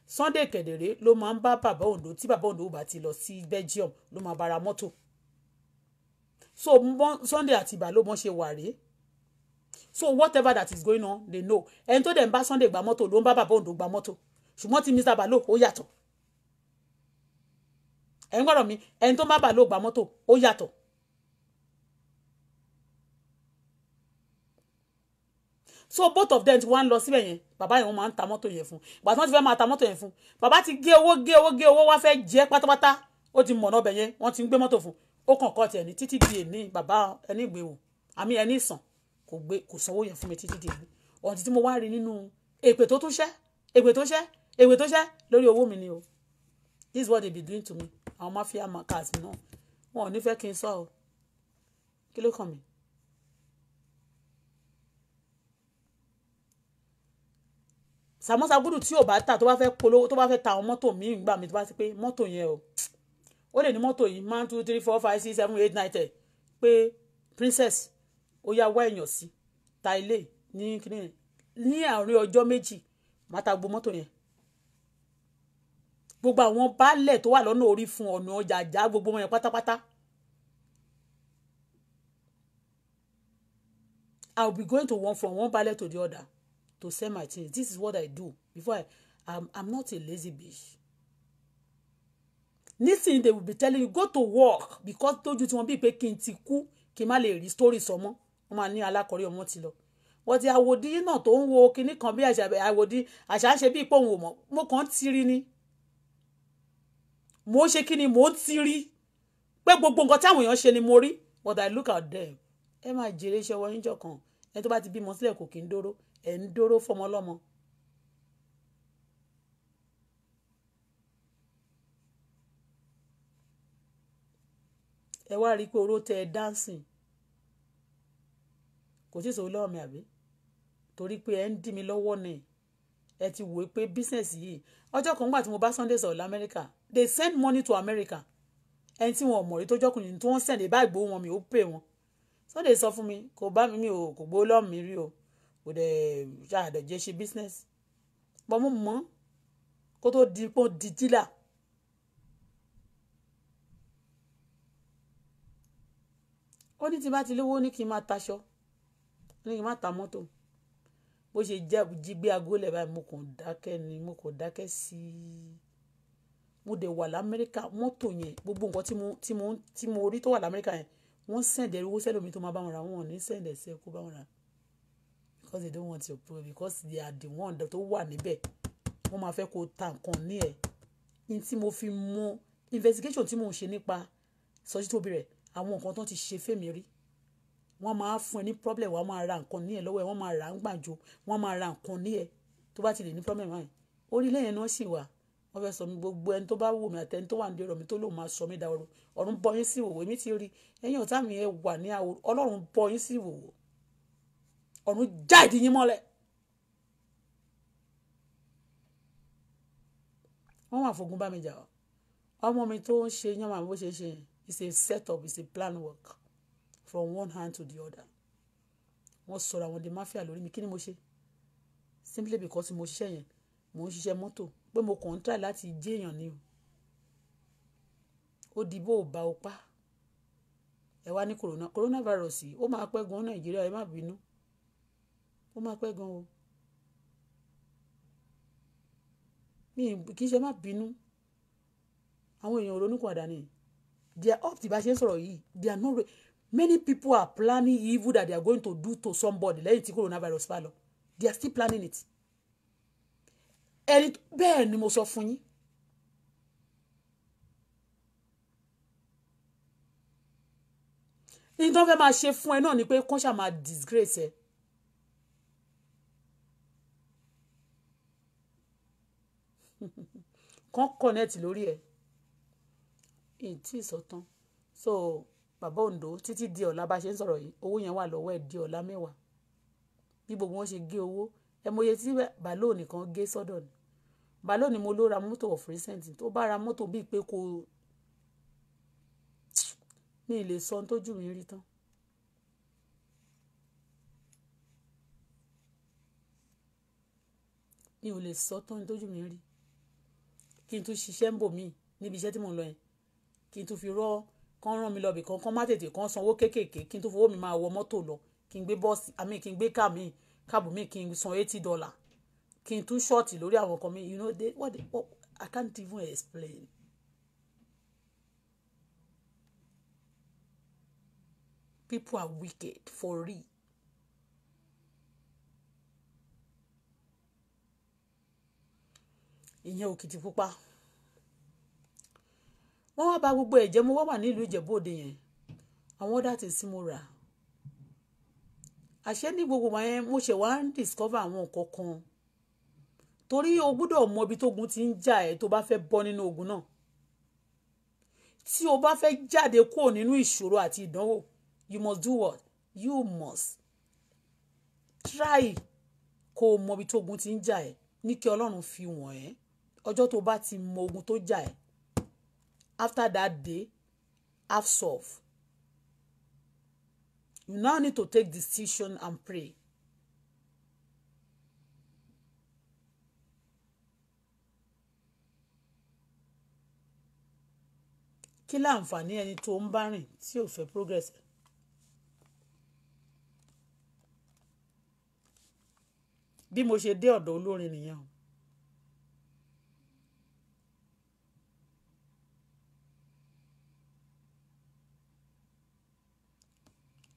Sunday kẹ̀dẹ̀rẹ́ ló máa ń bá bàbá Ondo tí bàbá Ondo bá ti lọ sí Belgium ló máa bára mọ́tò so Sunday àti bàbá ló mọ̀ ṣe wà rèé so whatever that is going on they know ẹni tó dẹ̀ ń bá Sunday gba mọ́tò ló ń bá bàbá Ondo gba mọ́tò ṣùgbọ́n ti Mr. Balo ó yàtọ̀ ẹ̀ ń gbọ́dọ̀ mi ẹni tó ń bá Balo gba mọ́tò ó yàtọ̀ so both of them ti wá ń lọ síbẹ̀ yẹn bàbá yẹn wọ́n máa ń ta mọ́tò yẹn fún ìgbà tí wọ́n ti fẹ́ máa ta mọ́tò yẹn fún bàbá ti gé owó gé owó gé owó wá fẹ́ jẹ́ pátápátá ó ti mọ̀nà ọbẹ̀ yẹn wọ́n ti ń gbé mọ́tò fún ó kàn kọ́ tiẹ̀ ní títí di èní bàbá ẹni ìgbéwò àmì ẹni ìsàn kò gbé kò sanwó yẹn fún mi títí di èní ọ̀n títí mo wá rí nínú èpè tó tún ṣẹ́ èpè tó ṣẹ́ èpè tó ṣẹ́ lórí owó mi ni o this is what they be doing to me àwọn mafia makers náà wọn ò ní fẹ́ kí n sọ o samosa tí ò bá tà tó bá fẹ́ polówó tó bá fẹ́ ta mọ́tò míì gbà mí tó bá ti pé mọ́tò yẹn o ó lè ní mọ́tò yìí one two three four five six seven eight nine ten pé princess ó yá wá èèyàn sí ta ilé ní kíní ní àárín ọjọ́ méjì má ta mọ́tò yẹn gbogbo àwọn baálẹ̀ tó wà lọ́nà orí fún ọ̀nà ọjà àjá gbogbo wọn yẹn pátápátá I will be going to one from one baálẹ̀ to the other to sell my things this is what I do before I I'm, I'm not a lazy bitch nísìnyí they will be telling you go to work because tójú you wọ́n be pé tiku. n ti kú story sọ mọ́ wọ́n máa ní alákọ̀ọ́rí ọmọ ti lọ wọ́n ti àwòdí náà tó ń wo kinní kan bí àwòdí àṣà ń ṣe bí ipò òun ò mọ̀ mo kàn tiri ni mo ṣe kí ni mo ń tiri pé gbogbo nǹkan táwọn èèyàn ṣe ni mo rí but I look at them ẹ máa jèrè iṣẹ́ wọ́n yín jọ kan ẹni tó bá ti bímọ sílẹ̀ kò kí ń dóró ẹ̀ ń dóró fọmọlọ́mọ. ẹ wá rí i pé oró tẹ ẹ dáǹsìn kò tí ì sọ lọ́wọ́ mi àbí torí pé ẹ ń dì mí lọ́wọ́ ni ẹ ti wòó pé bísíǹsì yìí ọjọ́ kan gbà tí mo bá Sunday sọ̀rọ̀ lamẹ́ríkà they send money to America ẹni tí wọn ò mọ̀ rí tó jọ́kùnrin tí wọ́n sẹ̀dẹ̀ bá ìgbó wọn mi ò pè wọn Sunday sọ fún mi kò bá mi mi ò kò gbó lọ́ọ̀ mi rí o kò dẹ̀ ṣàdẹ̀jẹ́ jeshi business bọ́ mo mọ̀ kó tó di pọ́n di dílà. ó ní tí bá ti lówó ní kí n máa taṣọ ní kí n máa ta mọ́tò bó ṣe jẹ́ jí gbé aago lẹ̀ báyìí mo kàn dákẹ́ ni mo kàn dákẹ́ sí i mo dẹ̀ wà lamẹ́ríkà mọ́tò yẹn gbogbo nǹkan tí mo tí mo tí mo rí tó wà lamẹ́ríkà yẹn wọ́n sẹ̀ǹdẹ̀ owó sẹ́lómi tó máa bá wọn rà wọ́n ò ní sẹ̀ǹdẹ̀ sí ẹ̀kú bá wọn rà because they don't want your prayer because they are the one tó wà níbẹ̀ wọ́n máa fẹ́ kó ta nǹkan ní ẹ̀ ní tí mo fi mú investigation tí mo ń ṣe nípa Sọjí rẹ̀ àwọn nǹkan tó ti ṣe fèmí rí wọ́n máa fún ẹ ní problem wọ́n máa ra nǹkan ní ẹ̀ lọ́wọ́ ẹ̀ wọ́n máa ra ń gbàjọ wọ́n máa ra nǹkan ní ẹ̀ tó bá ti lè ní problem báyìí orílẹ̀ yẹn náà sì wà wọ́n fẹ́ sọ mi gbogbo ẹni tó bá wù mí àtẹni tó wà ní ọ̀rọ̀ mi tó lòun máa sọ mí da ọ̀run ọ̀run sí ìwòwò èmi ti rí ẹ̀yin ọ̀tá mi ẹ wà ní àwòrán ọlọ́run bọyín sí ìwòwò ọ̀run já ìdí yín mọ́lẹ̀. wọ́n wà fògùn bá mi jà ọ́ ọmọ mi tó ń ṣe yánmà bó ṣe ṣe it's a set up it's a plan work from one hand to the other wọ́n sọ̀rọ̀ àwọn di mafia lórí mi kí ni mo ṣe simply because mo ṣiṣẹ́ yẹn mo ń ṣiṣẹ́ mọ́tò pé mo kàn ń tà láti jẹ́ èèyàn ni o ó di bó o bá o pa ẹ wá ní corona coronavirus yìí ó máa pẹ́ gan Nàìjíríà ẹ má bínú ó máa pẹ́ gan o. Mi kì í ṣe má bínú. Àwọn èèyàn ronúpìwàdà ni. They are up tí bá ṣe ń sọ̀rọ̀ yìí. They are not Many people are planning evil that they are going to do to somebody lẹ́yìn tí coronavirus bá lọ. They are still planning it. Ẹni bẹ́ẹ̀ ni mo sọ fún yín. Ní tí wọ́n fẹ́ máa ṣe fún ẹ náà ni pé kọ́ńṣà máa disgrace ẹ. kán connect lórí ẹ̀ ìyìn tí ì sọ̀tàn so bàbá Ondo títí di ọ̀la bá ṣe ń sọ̀rọ̀ yìí owó yẹn wà lọ́wọ́ ẹ̀ di ọ̀la mẹ́wàá bí gbogbo wọn ṣe gé owó ẹ mọ iye tí bàálò nìkan gé sọ́dọ̀ ni bàálò ni mo ló ra mọ́tò of recent tó bá ra mọ́tò bíi pé kò ní ilé sọ ohun tójú mi rí tán. mi ò lè sọ tán tójú mi rí kí n tún ṣiṣẹ́ ń bò mí níbi iṣẹ́ tí mò ń lọ yẹn kí n tún fi rọ́ kán rán mi lọ bìkan kán má tètè kán sanwó kéékèèké kí n tún fowó mi máa wọ mọ́tò lọ kí n gbé bọ́ọ̀sì àmì kí n gbé káà káàbù mi kí n san eighty dollar kí n tún ṣọ́ọ̀tì lórí àwọn kan mi you know they, what, they, what I can't even explain. People are wicked for real. ìyẹn Òkìtìpupa wọ́n wá ba gbogbo ẹ̀jẹ̀ mo wá wà nílùú Ìjẹ̀bú-Òde yẹn àwọn ọ̀dà tí sí mo rà àṣẹ ní gbogbo wọn mo ṣẹ̀ wá ń discover àwọn nǹkan kan torí o gbúdọ̀ mọ ibi tógun ti ń jà ẹ́ tó bá fẹ́ bọ́ nínú ogun náà tí o bá fẹ́ jáde kúrò nínú ìṣòro àti ìdánwò you must do what you must try kó o mọ ibi tógun ti ń jà ẹ́ ní kí Ọlọ́run fi wọ̀n ẹ́ ọjọ́ tó bá ti mọ ogun tó jà ẹ́ after that day have solve you now need to take decision and pray. kí láǹfààní ẹni tó ń bá rìn tí ò fẹ́ progress bí mo ṣe dé ọ̀dọ̀ olórin nìyẹn o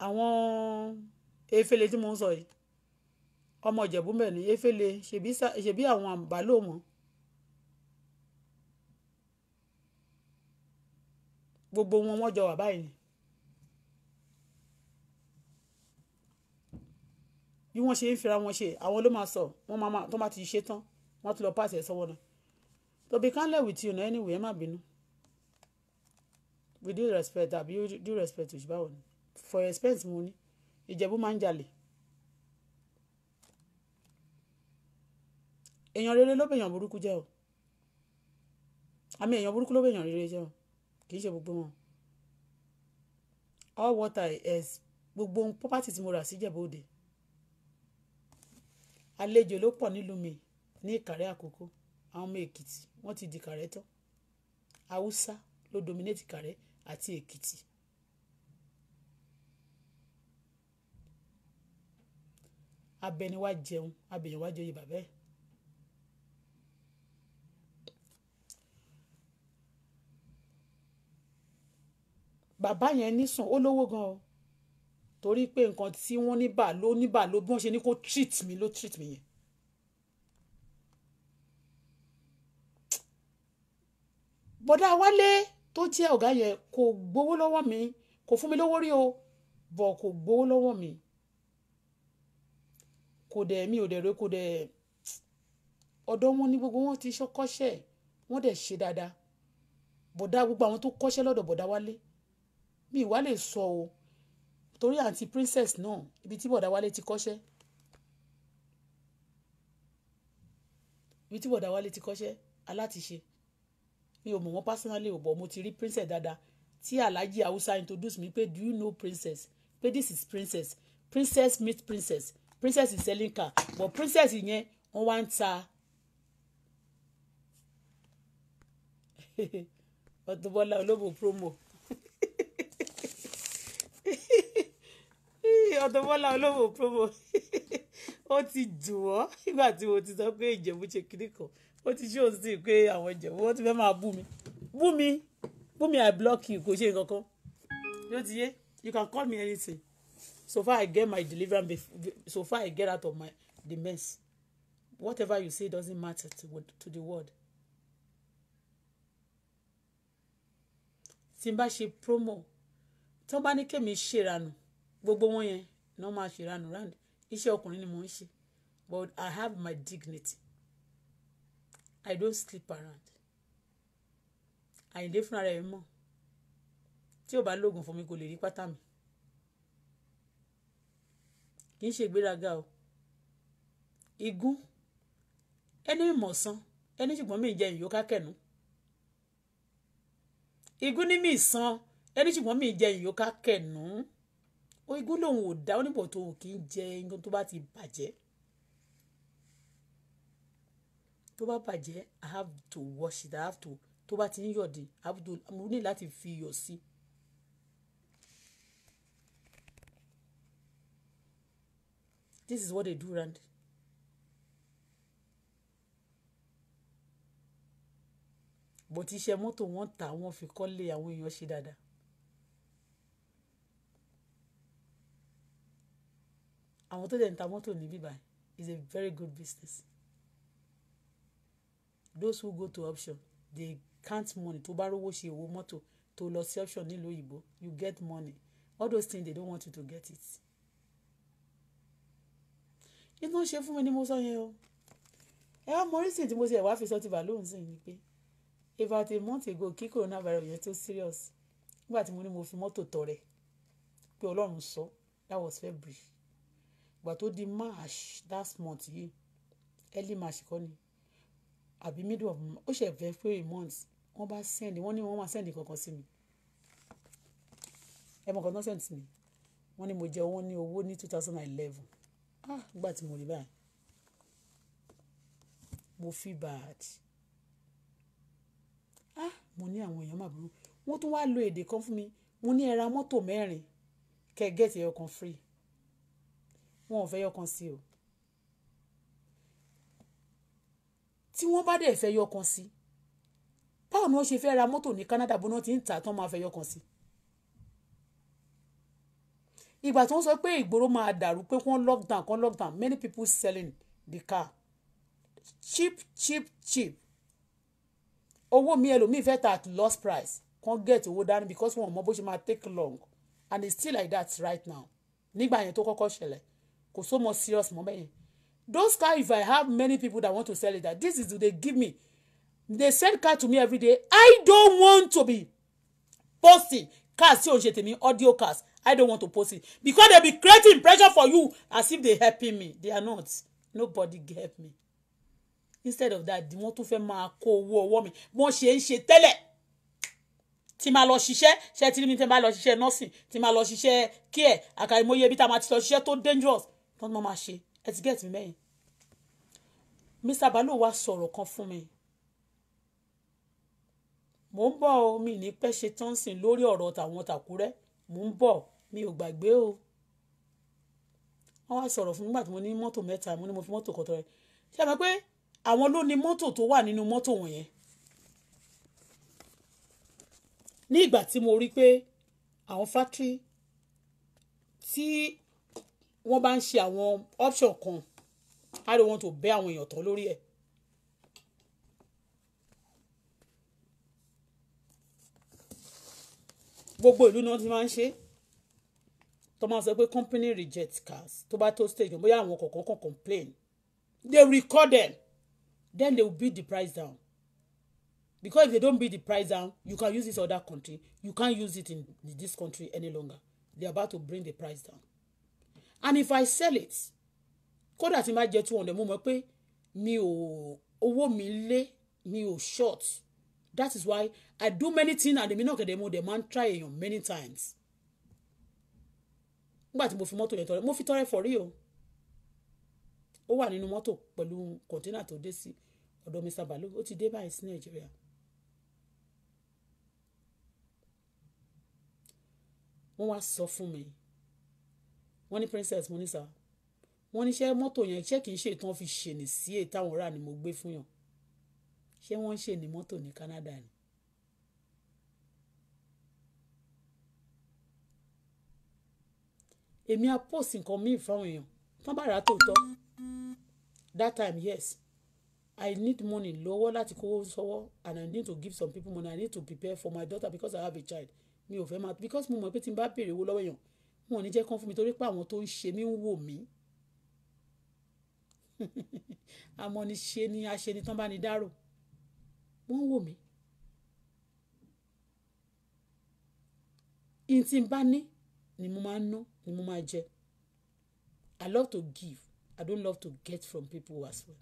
àwọn efele tí mo ń sọ yìí ọmọ ìjẹ̀bú mẹ́rin ní efele ṣèbí àwọn àbálò wọn gbogbo wọn wọ́n jọ wà báyìí bí wọ́n ṣe ń fira wọn ṣe àwọn ló máa sọ wọ́n máa tó bá ti ṣe tán wọ́n ti lọ pàṣẹ sọ́wọ́ náà to be candid with you na anyway ẹ má bínú with due respect àbí due respect òṣìbáwò ni for respect mo ní ìjẹ̀bú máa ń jalè èèyàn rere ló bèèyàn burúkú jẹ́ o àmì èèyàn burúkú ló bèèyàn rere jẹ́ o kì í ṣe gbogbo wọn all water is gbogbo property tí mo rà sí Ìjẹ̀bú Òde àlejò ló pọ̀ nílùú mi ní Ìkàrẹ́ Àkókó àwọn ọmọ Èkìtì wọ́n ti di Ìkàrẹ́ tán Haúsá ló dominate Ìkàrẹ́ àti Èkìtì abẹni wa jẹun abẹyàn wa jẹun bàbá ẹ̀. bàbá yẹn nísàn ó lówó gan o torí pé nǹkan tí wọ́n ní bà ló ní bà ló bí wọ́n ṣe ní kó treat mi ló treat mi yẹn. bọ̀dá wálé tó jẹ́ ọ̀gá yẹn kò gbowó lọ́wọ́ mi kò fún mi lówó rí o bọ̀ kò gbowó lọ́wọ́ mi kò dẹ̀ mi ò dẹ̀ rẹ kò dẹ̀ ọ̀dọ̀ wọn ni gbogbo wọn ti kọ́ṣẹ́ wọ́n dẹ̀ ṣe dáadáa bọ̀dá gbogbo àwọn tó kọ́ṣẹ́ lọ́dọ̀ bọ̀dá wálé mi ìwá lè sọ o torí àǹtí princess náà ibi tí bọ̀dá wálé ti kọ́ṣẹ́ ibi tí bọ̀dá wálé ti kọ́ṣẹ́ alátiṣe mi ò mọ̀ wọ́n personally ò bọ̀ mo ti rí princess dáadáa tí alhaji hausa introduce mi pé do you know princess pé this is princess princess meet princess princess is selling car but princess yẹn wọ́n wá ń ta Auto Bola olóbò promo Auto Bola olóbò promo ó ti dùn ọ́ nígbà tí mo ti sọ pé ìjẹ̀bú ṣe kiri kan ó ti ṣe òsì pé àwọn ìjẹ̀bú wọ́n ti fẹ́ máa bú mi bú mi bú mi i block you kò ṣe nǹkan kan yóò ti yé you can call me anything so far I get my deliverance so far I get out of my the mess whatever you say doesn't matter to, to the world tí n bá ṣe promo tí wọ́n bá ní kémi ṣèrànù gbogbo wọn yẹn ni máa ṣèrànù round iṣẹ́ ọkùnrin ni mò ń ṣe but I have my dignity I don't sleep around àyìndé fúnra rẹ̀ mọ̀ tí ò bá lóògùn fún mi kò lè rí pátá mi kì í ṣe ìgbéraga o igún ẹni mọ̀sán ẹni ṣùgbọ́n mi jẹ ìyóká kẹ̀nu igún ní mi san ẹni ṣùgbọ́n mi jẹ ìyóká kẹ̀nu ó igún lòun ò dá onípò tó o kì í jẹ igún tó bá ti bàjẹ́ tó bá bàjẹ́ I have to wash it I have to tó bá ti ń yọ̀dí I have to mo ní láti fi iyọ̀ sí i This is what they do around. But iṣẹ́ mọ́tò wọ́n tà wọ́n fi kọ́lé àwọn èèyàn ṣe dáadáa. Àwọn tó dẹ̀ ń ta mọ́tò ní bíbá is a very good business. Those who go to option they count money tó bá rówó ṣe owó mọ́tò tó lọ sí option nílùú òyìnbó you get money all those things they don't want you to get it ní tó ń ṣe fún mi ni mo sọ yẹn o ẹ wá mọ orísìí tí mo ṣe ẹ̀wá fi sọ ti balóhùn sí ni pé about a month ago kí coronavirus yẹn tó serious nígbà tí mo ní mo fi mọ́tò tọrẹ pé ọlọ́run sọ that was February ìgbà tó di March that month yìí early March kọ́ ni àbí middle of ó ṣe fẹ́ pé a month wọ́n bá send wọ́n ní wọ́n máa send kankan sí mi ẹ mọ̀ kan náà send sí mi wọ́n ní mo jẹ wọ́n ní owó ní two thousand and eleven Ah! Nígbà tí mo rí báyìí, mo feel bad. Ah! Mo ní àwọn èèyàn mà burú. Wọ́n tún wá lo èdè kan fún mi. Mo ní ẹ mọ́tò mẹ́rin kẹ get ẹyọ free. Wọn ò fẹ́ ẹyọ sí o. Tí wọ́n bá dẹ̀ fẹ́ ẹyọ kan sí, báwo ni wọ́n ṣe fẹ́ ra mọ́tò ní Canada bó náà tí ń tà tán máa fẹ́ ẹyọ kan sí? ìgbà tí wọ́n sọ pé ìgboro máa dàrú pé wọ́n lockdown kan lockdown many people selling the car cheap cheap cheap owó mi ẹlòmíì fẹ́ ta at lost price kan get owó dání because wọn mọ bó ṣe máa take long and it's still like that right now nígbà yẹn tó kọ́kọ́ ṣẹlẹ̀ kò so much serious mọ́ bẹ́yẹn those car if I have many people that want to sell it that this is what they give me they send car to me every day I don't want to be posting cars tí o ṣe tèmi audio cars I don't want to post it because they'll be creating pressure for you as if they're helping me they are not nobody help me instead of that wọ́n tún fẹ́ máa kó owó ọwọ́ mi wọ́n she ń ṣe tẹ́lẹ̀ tí máa lọ ṣiṣẹ́ ṣe tí mi tí máa lọ ṣiṣẹ́ nursing tí máa care àkàìmọye ibi tá a mati lo lọ ṣiṣẹ́ dangerous Don't ń máa It gets me. get Mr. Balo wá sorrow, kan fún mi mò ń bọ̀ omi ní pẹ́ ṣe tọ́ǹsìn lórí ọ̀rọ̀ tàwọn tàkúrẹ́ mò ń bọ̀ mi ò gbàgbé o wọ́n wá sọ̀rọ̀ fún mi nígbà tí mo ní mọ́tò mẹ́ta mo ní mo fi mọ́tò kan tọrẹ ṣé àmọ́ pé àwọn ló ní mọ́tò tó wà nínú mọ́tò wọ̀nyẹn ní ìgbà tí mo rí pé àwọn fátírì tí wọ́n bá ń ṣe àwọn option kan I don't want to bẹ́ àwọn èèyàn tán lórí ẹ̀ gbogbo ìlú ni wọ́n ti máa ń ṣe é tó máa sọ pé company reject cars tó bá tó stage wọn bóyá àwọn kọ̀ọ̀kan kan complain they record them then they will beat the price down because if they don't beat the price down you can use it other country you can't use it in this country any longer they are about to bring the price down and if I sell it kódà tí n bá jẹ two hundred mo mọ̀ pé mi ò owó mi lé mi ò short that is why I do many things and èmi náà kẹ̀dẹ̀ mo dẹ̀ máa try èèyàn many times nígbà tí mo fi mọ́tò yẹn tọrẹ mo fi tọrẹ fọ̀rí o ó wà nínú mọ́tò pẹ̀lú kọ̀ńténà tó dé sí ọ̀dọ̀ Mr. Balu ó ti dé báyìí sí Nàìjíríà. wọ́n wá sọ fún mi wọ́n ní princess mo ní sá wọ́n ní ṣé mọ́tò yẹn ṣé kìí ṣe tán fi ṣèlè sí èyí táwọn rà ni mo gbé fún yàn ṣé wọ́n ń ṣe ní mọ́tò ní Canada ni èmi á post nǹkan míì fáwọn èèyàn tán bá rà á tòótọ́ that time yes I need money lọ́wọ́ láti kówó sọ́wọ́ and I need to give some people money I need to prepare for my daughter because I have a child mi ò fẹ́ máa because mo mọ̀ pé tí n bá béèrè owó lọ́wọ́ èèyàn wọn ò ní jẹ́ kán fún mi torí pé àwọn tó ń ṣe mí ń wò mí amọ̀niṣe ni aṣeni tán bá ní dárò wọ́n ń wò mí n tí n bá ní ni mo máa ń ná ni mo máa jẹ. I love to give. I don't love to get from people as well.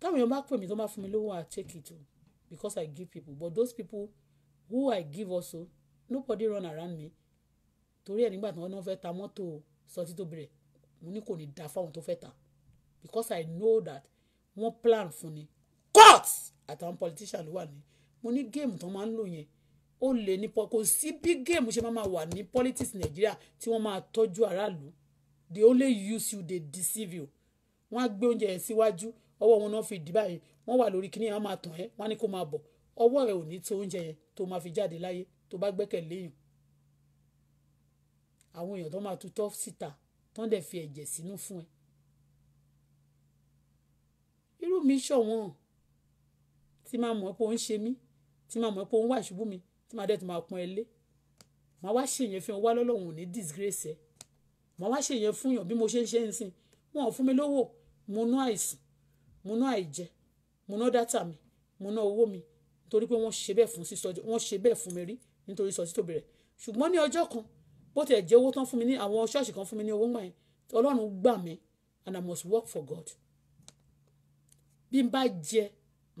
Táwọn èèyàn bá pè mí tí wọ́n bá fún mi lówó, I take it o because I give people. But those people who I give also, nobody run around me. Torí ẹ nígbà tí wọ́n fẹ́ ta mọ́tò Sotitobire, mo ní kò ní da fún àwọn tó fẹ́ ta because I know that wọ́n plan fún ni. Cut! Àtàwọn politician ló wà ní. Mo ní game tí wọ́n máa ń lò yẹn ó lè ní kò sí bí géèmù ṣe máa wà ní politics nàìjíríà tí wọ́n máa tọ́jú aráàlú they only use you they deceive you wọ́n á gbé oúnjẹ yẹn síwájú ọwọ́ wọn náà fi dì báyìí wọ́n wà lórí kíní yẹn á máa tàn ẹ́ wọ́n á ní kó máa bọ̀ ọwọ́ rẹ̀ ò ní tó oúnjẹ yẹn tó máa fi jáde láyé tó bá gbẹ́kẹ̀lé èèyàn àwọn èèyàn tó máa tutọ́ síta tó ń dẹ̀ fi ẹ̀jẹ̀ sínú fún ẹ irú mi ṣọ̀wọ́n tí máa mọ̀ pé ó ń ṣe mí tí máa mọ̀ pé ó ń wà ṣubú mi tí màá dẹ̀ tún máa pọ́n ẹ lé màá wá ṣèyẹn fún ọ wá lọ́lọ́run ò ní disgrace ẹ màá wá ṣèyẹn fún yàn bí mo ṣe ń ṣe ń sìn wọn ò fún mi lówó mo ná àìsàn mo ná àìjẹ mo ná dátà mi mo ná owó mi nítorí pé wọ́n ṣe bẹ́ẹ̀ fún sísọ wọ́n ṣe bẹ́ẹ̀ fún mi rí nítorí sọ títò bẹ̀rẹ̀ ṣùgbọ́n ní ọjọ́ kan bó tiẹ̀ jẹ́ owó tán fún mi ní àwọn ṣọ́ọ̀ṣì kan fún mi ní owó gbà yẹn ọlọ́run gbà mí and I must work for God bí n bá jẹ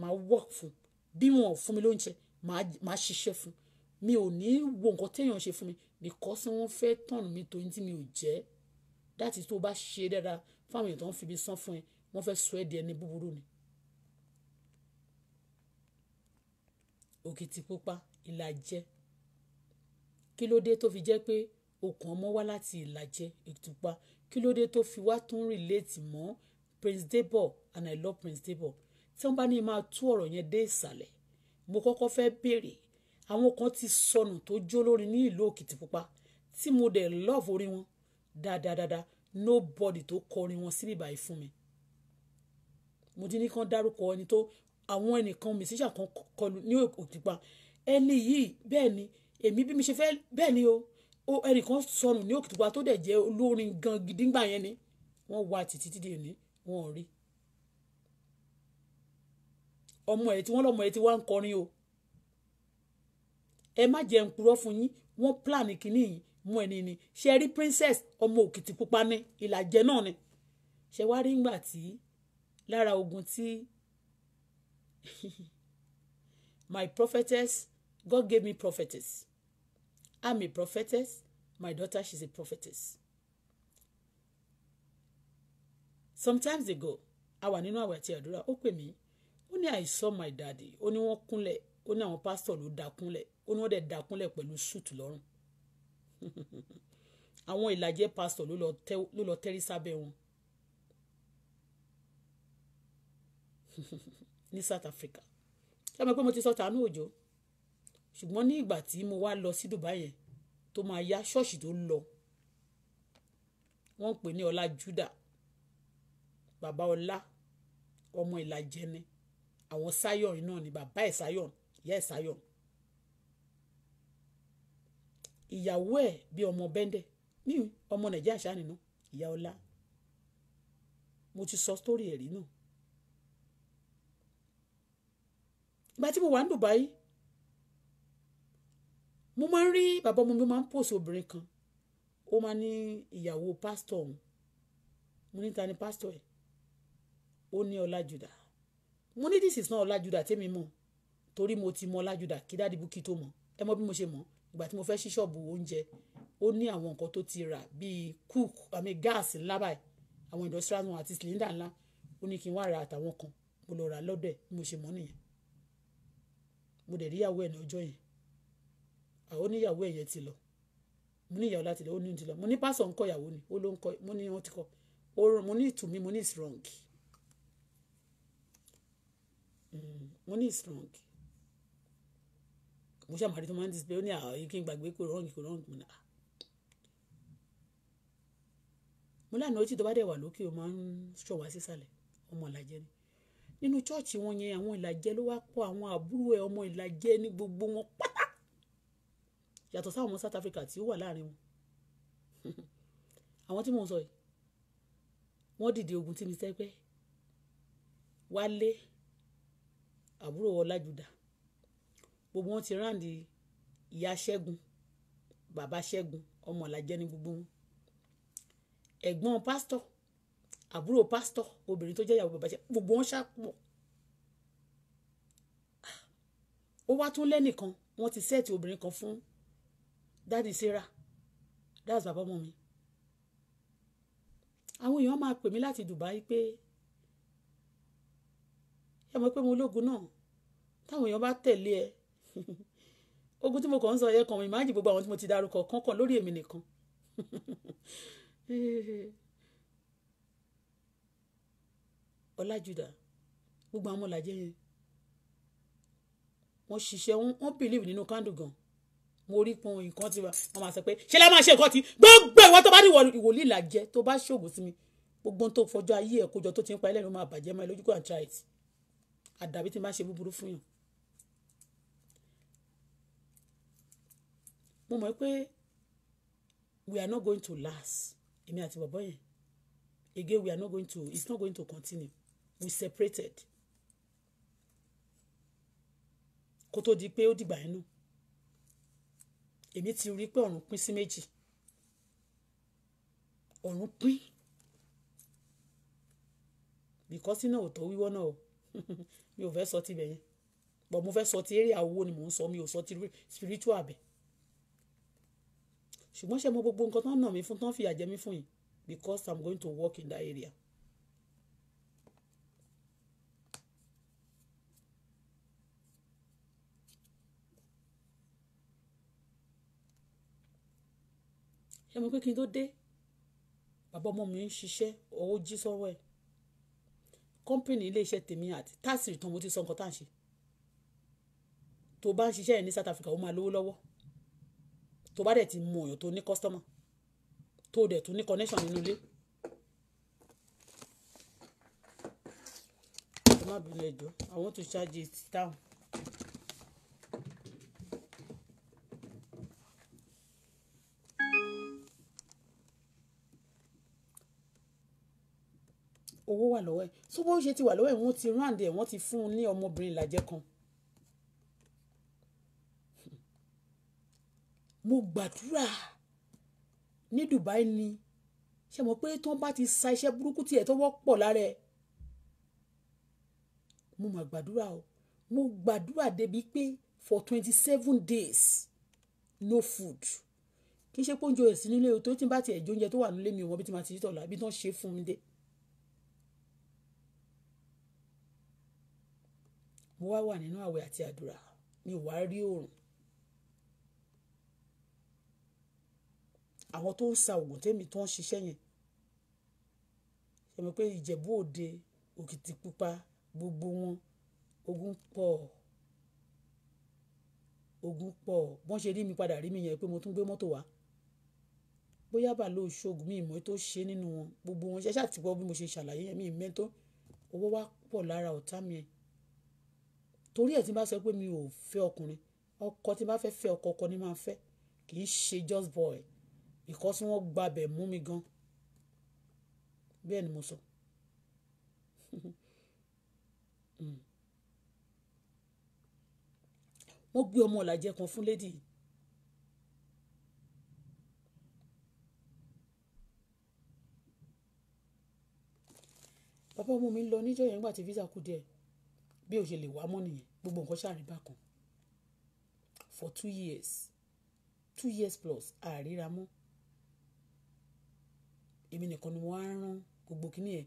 màá work fún bí wọn ò fún mi lóúnjẹ màá, màá ṣiṣẹ́ fún. Mi ò ní wo nǹkan tí èèyàn ṣe fún mi because wọ́n fẹ́ turn mi tó tí mi ò jẹ́. That is tó bá ṣe dáadáa fún àwọn èèyàn tó ń fi ibi san fún ẹ, wọ́n fẹ́ sọ ẹ di ẹni búburú ni. Òkìtì pupa, ìlàjẹ. Kí ló dé tó fi jẹ́ pé okùn ọmọ wá láti ìlàjẹ òkìtì pupa? Kí ló dé tó fi wá tún relate mọ́ Prince Debo and I love Prince Debo? Tí wọ́n bá ní máa tú ọ̀rọ̀ yẹn dé ìsàlẹ̀, mo kọ́kọ́ fẹ́ béèrè àwọn kan ti sọnù tó jó lórin ní ìlú òkìtìpupa tí mo dẹ̀ love orin wọn dáadáadáa nobody tó kọrin wọn síbí báyìí fún mi mo ti ní kán dárúkọ ẹni tó àwọn ẹnìkan musician kan kọlu ní òkìtìpupa ẹni yìí bẹ́ẹ̀ ni èmi bí mi ṣe fẹ́ bẹ́ẹ̀ ni o ẹnìkan sọnù ní òkìtìpupa tó dẹ̀ jẹ́ olórin gan gidigba yẹn ni wọ́n wá títí dídì ní wọ́n rí ọmọ ẹ̀ tí wọ́n lọ́mọ ẹ̀ tí wá ń kọrin o ẹ má jẹ́ ń fún yín wọ́n plan kínní yìí mú ẹni ni ṣe rí princess ọmọ òkìtì pupa ní ìlàjẹ náà ni ṣe wá rí ngbà tí lára ogun tí my prophetess God gave me prophetess I'm a prophetess my daughter she's a prophetess sometimes ago a wà nínú àwẹ̀ àti àdúrà ó pè mí ó ní I saw my daddy ó ní wọ́n kúnlẹ̀ ó ní àwọn pásítọ̀ ló dákúnlẹ̀ ó ní wọ́n dẹ̀ dákúnlẹ̀ pẹ̀lú ṣùtù lọ́rùn àwọn ìlàjẹ pásítọ̀ ló lọ tẹrí sábẹ́ wọn ní South Africa ṣé ọmọ pé mo ti sọ Tàánú Òjó ṣùgbọ́n ní ìgbà tí mo wá lọ sí Dubai yẹn tó máa yá ṣọ́ọ̀ṣì tó lọ wọ́n pè ní Ọlá Judah bàbá Ọlá ọmọ ìlàjẹ ni àwọn Zion náà ni bàbá ẹ̀ Zion ìyá ẹ̀ Zion ìyàwó ẹ̀ bí ọmọ bẹ́ndẹ̀ ní ọmọ nàìjíríà ṣáà nínú ìyá ọlá mo ti sọ sítórì ẹ̀ rí náà ìgbà tí mo wà ní Dubai mo máa ń rí bàbá ọmọ mi máa ń pòsè obìnrin kan ó máa ní ìyàwó pásítọ̀ òun mo ní ta ni pásítọ̀ ẹ̀ ó ní Ọlá Jùdà mo ní this is not Ọlájúdà tèmi mọ̀ torí mo ti mọ Ọlájúdà kí Daddy Bukky tó mọ̀ ẹ mọ̀ bí mo ṣe mọ̀ ìgbà tí mo fẹ́ ṣí ṣọ́ọ̀bù oúnjẹ ó ní àwọn nǹkan tó ti rà bíi cook àmì gáàsì ńlá báyìí àwọn industrial one àti cylinder ńlá ó ní kí n wá ra àtàwọn kan mo lọ rà lọ́dọ̀ ẹ̀ bí mo ṣe mọ̀ nìyẹn mo dẹ̀ ríyàwó ẹ̀ ní ọjọ́ yẹn àwọn oníyàwó ẹ̀ yẹn ti lọ mo ní ìyàwó láti lọ ó ní ti lọ mo ní pásọ̀ ńkọ́ ìyàwó ni ó ló ń kọ́ mo ní wọ́n ti kọ́ mo ní ìtùmí mo ní ìsìrọ̀ǹkì Mm, money is strong mo ṣàmàrí tó máa ń display ó ní àwọn yìí kí n gbàgbé kó rọ́ǹgì kó rọ́ǹgì mo ní à mo lánàá ojú tó bá dẹ̀ wà lókè o máa ń ṣọ̀wá sísàlẹ̀ ọmọ ìlàjẹ ni nínú chọ́ọ̀chì wọn yẹn àwọn ìlàjẹ ló wá pọ̀ àwọn àbúrò ẹ̀ ọmọ ìlàjẹ ní gbogbo wọn pátá yàtọ̀ sáwọn ọmọ South Africa tí ó wà láàrin wọn àwọn tí mò sọ yìí wọ́n dìde ogun tí mi sẹ́gbẹ́ wálé àbúrò ọlájúdà gbogbo wọn ti ráǹdì ìyá ṣẹ́gun bàbá ṣẹ́gun ọmọ làjẹ́ ní gbogbo wọn ẹ̀gbọ́n pásítọ̀ àbúrò pásítọ̀ obìnrin tó jẹ́ ìyàwó bàbá ṣẹ́gun gbogbo wọn ṣàpọ̀ ó wá tún lẹ́nìkan wọ́n ti sẹ́ẹ̀tì obìnrin kan fún dáàdì sarah that's bàbá ọmọ mi àwọn èèyàn máa pè mí láti Dubai pé ẹ mọ̀ pé mo lógun náà táwọn èèyàn bá tẹ̀lé ẹ ogun tí mo kàn ń sọ yẹ kàn mí májì gbogbo àwọn tí mo ti darúkọ kọ́kàn lórí èmi nìkan ọlájúdà gbogbo àwọn ọmọlàjẹ yẹn wọ́n ṣiṣẹ́ wọ́n believe nínú kándù gan mo rí pọn nǹkan tiwa wọ́n máa sọ pé ṣé la máa ṣe nǹkan ti gbogbo ìwọ tó bá ní ìwòlí ìlàjẹ tó bá ṣògùn sí mi gbogbo tó fọjọ́ ayé ẹ̀ kójọ tó ti ń pa ẹlẹ́nu máa bàjẹ́ máa lójú kó àǹtíráìtì àdàbí tí n bá ṣe búburú fún yàn mo mọ̀ pé we are not going to last èmi àti bọ̀bọ̀ yẹn again we are not going to it's not going to continue we separated kó tó di pé ó dìgbà yẹn nù èmi ti rí i pé ọ̀run pín sí méjì ọ̀run pín bìkọ́sí náà ò tó wíwọ́ náà o mi ò fẹ́ sọ ti bẹ̀ yẹn bọ̀ mo fẹ́ sọ ti eré àwọ̀ ni mò ń sọ mi ò sọ ti spiritual bẹ̀ ṣùgbọ́n ṣe mo gbogbo nǹkan tán nà mí fún tán fìyà jẹ mí fún yìí because i'm going to work in that area. ṣe mo pé kí n tó dé bàbá ọmọ mi ń ṣiṣẹ́ owó jí sọ́wọ́ ẹ̀ kọ́ńpìnì iléeṣẹ́ tèmi àti táàsì ìtàn mo ti sọ nǹkan tá à ń ṣe tó bá ń ṣiṣẹ́ ẹ̀ ní South Africa ó máa lówó lọ́wọ́ tó bá dẹ̀ ti mu òyò tó ní kọ́sítọ́mọ̀ tó dẹ̀ tún ní connection nínú ilé. ẹ má bínú ẹjọ́ I want to charge it down. owó wà lọ́wọ́ ẹ̀ tó bó ṣe ti wà lọ́wọ́ ẹ̀ wọ́n ti ráǹdì ẹ̀ wọ́n ti fún un ní ọmọbìnrin làjẹ́ kan mo gbàdúrà ní Dubai ni ṣe mọ̀ pé tí wọ́n bá ti sa iṣẹ́ burúkú tiẹ̀ tó wọ́pọ̀ lára ẹ̀ mo mà gbàdúrà o mo gbàdúrà débi pé for twenty seven days no food kì í ṣe pé oúnjẹ ò sí nílé o tó tí bá tiẹ̀ jẹ oúnjẹ tó wà nílé mi ò wọ́n bí tí n bá ti tọ̀la bí tí wọ́n ṣe fún mi dé. mo wá wà nínú àwẹ̀ àti àdúrà mi ò wá rí oòrùn àwọn tó ń sa ògùn tèmi tó ń ṣiṣẹ́ yẹn. Ṣé mo pé Ìjẹ̀bú Òde, Òkìtìpupa, gbogbo wọn ogun pọ̀, ogun pọ̀. Bọ́n ṣe rí mi padà rí mi yẹn pé mo tún gbé mọ́tò wá. Bóyá bàálù Òṣogbo mi mọ̀ tó ṣe nínú wọn, gbogbo wọn ṣẹ́ ṣá ti gbọ́ bí mo ṣe ṣàlàyé yẹn, mi ò mọ̀ tó. Owó wá pọ̀ lára ọ̀tá mi yẹn. Torí ẹ́ tí n bá sọ pé mi ò fẹ́ ọkùnrin, ọkọ tí n bá fẹ́ fẹ́ ọkọ, ọkọ ni màá fẹ́. Kì í ṣe just boy because wọ́n gbabẹ̀ mú mi gan bẹ́ẹ̀ ni mo sọ. wọ́n gbé ọmọ ọ̀làjẹ kan fún lady yìí bàbá ọmọ mi ń lọ níjọ́ yẹn nígbà tí visa kù díẹ̀ bí o ṣe lè wá mọ́ nìyẹn gbogbo nǹkan ṣàríbá kan for two years two years plus àríra mọ́ èmi nìkan ni mo wá ń rán gbogbo kíní yẹn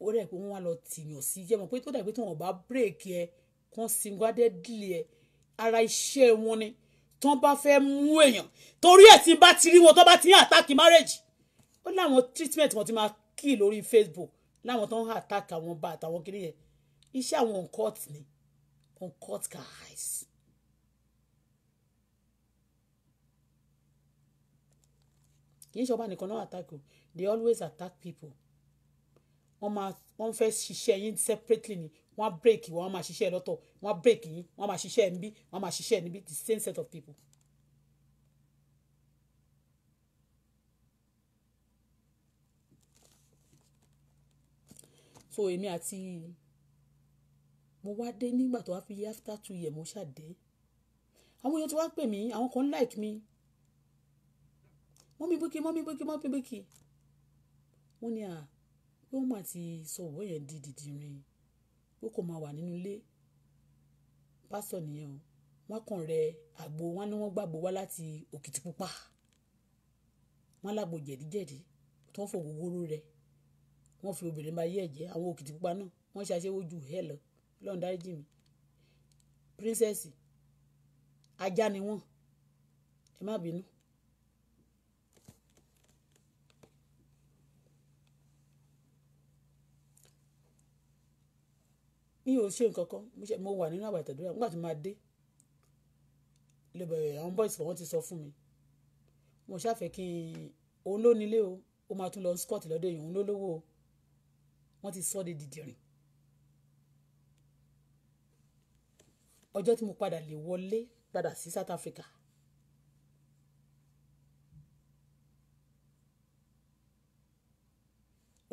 ó dẹ̀ pé wọ́n wá lọ tìyàn sí jẹ́ mọ̀ pé tó dẹ̀ pé tí wọ́n bá bírèkì ẹ kán singuadẹ́dìlì ẹ ara iṣẹ́ wọn ni tán bá fẹ́ mú èèyàn torí ẹ̀ tí bá ti rí wọn tán bá ti ní àtàkì márẹ́jì ó láwọn treatment wọn ti máa kí lórí Facebook láwọn tán ń àtàkì àwọn bá àtàwọn kíní yẹn iṣẹ́ àwọn uncut ni uncut guys. kì í ṣe ọba nìkan náà àtàkì o they always attack people wọ́n máa wọ́n fẹ́ ṣiṣẹ́ yín separately ni wọ́n á break wọ́n á máa ṣiṣẹ́ lọ́tọ̀ wọ́n á break yín wọ́n á máa ṣiṣẹ́ níbí wọ́n á máa ṣiṣẹ́ níbí the same set of people. so èmi àti mo wá dé nígbà tó wá fi after two years mo ṣàdé àwọn èèyàn tí wọ́n á pè mí àwọn kan like mi mọ́mí bíkí mọ́mí bíkí mọ́mí bíkí wọ́n ní à pé wọ́n máa ti sọ ọ̀wọ́ yẹn di dìdìrín pé kò máa wà nínú ilé pásítọ̀ nìyẹn o wọ́n kàn rẹ àgbo wọn ni wọ́n gbàgbó wá láti Òkìtìpupa wọ́n lágbo jẹ̀díjẹ̀dí tó ń fò gbogbooro rẹ̀ wọ́n fi obìnrin bá yé ẹ̀jẹ̀ àwọn Òkìtìpupa náà wọ́n ṣe aṣẹ́wó ju hẹ́ lọ lọ́n dáríjì mi prínsẹ́sì ajá ni wọ́n ẹ má bínú mi ò ṣe nǹkan kan mo wà nínú àwà ìtàdúrà nígbà tí mo máa dé lẹ́bẹ̀rẹ̀ àwọn boys kan wọ́n ti sọ fún mi mo ṣàfẹ́ kí n òun ló nílé o ó máa tún lọ scott lọ́dọ̀ yìí òun ló lówó o wọ́n ti sọ́ de dìdìrìn ọjọ́ tí mo padà lè wọlé padà sí South Africa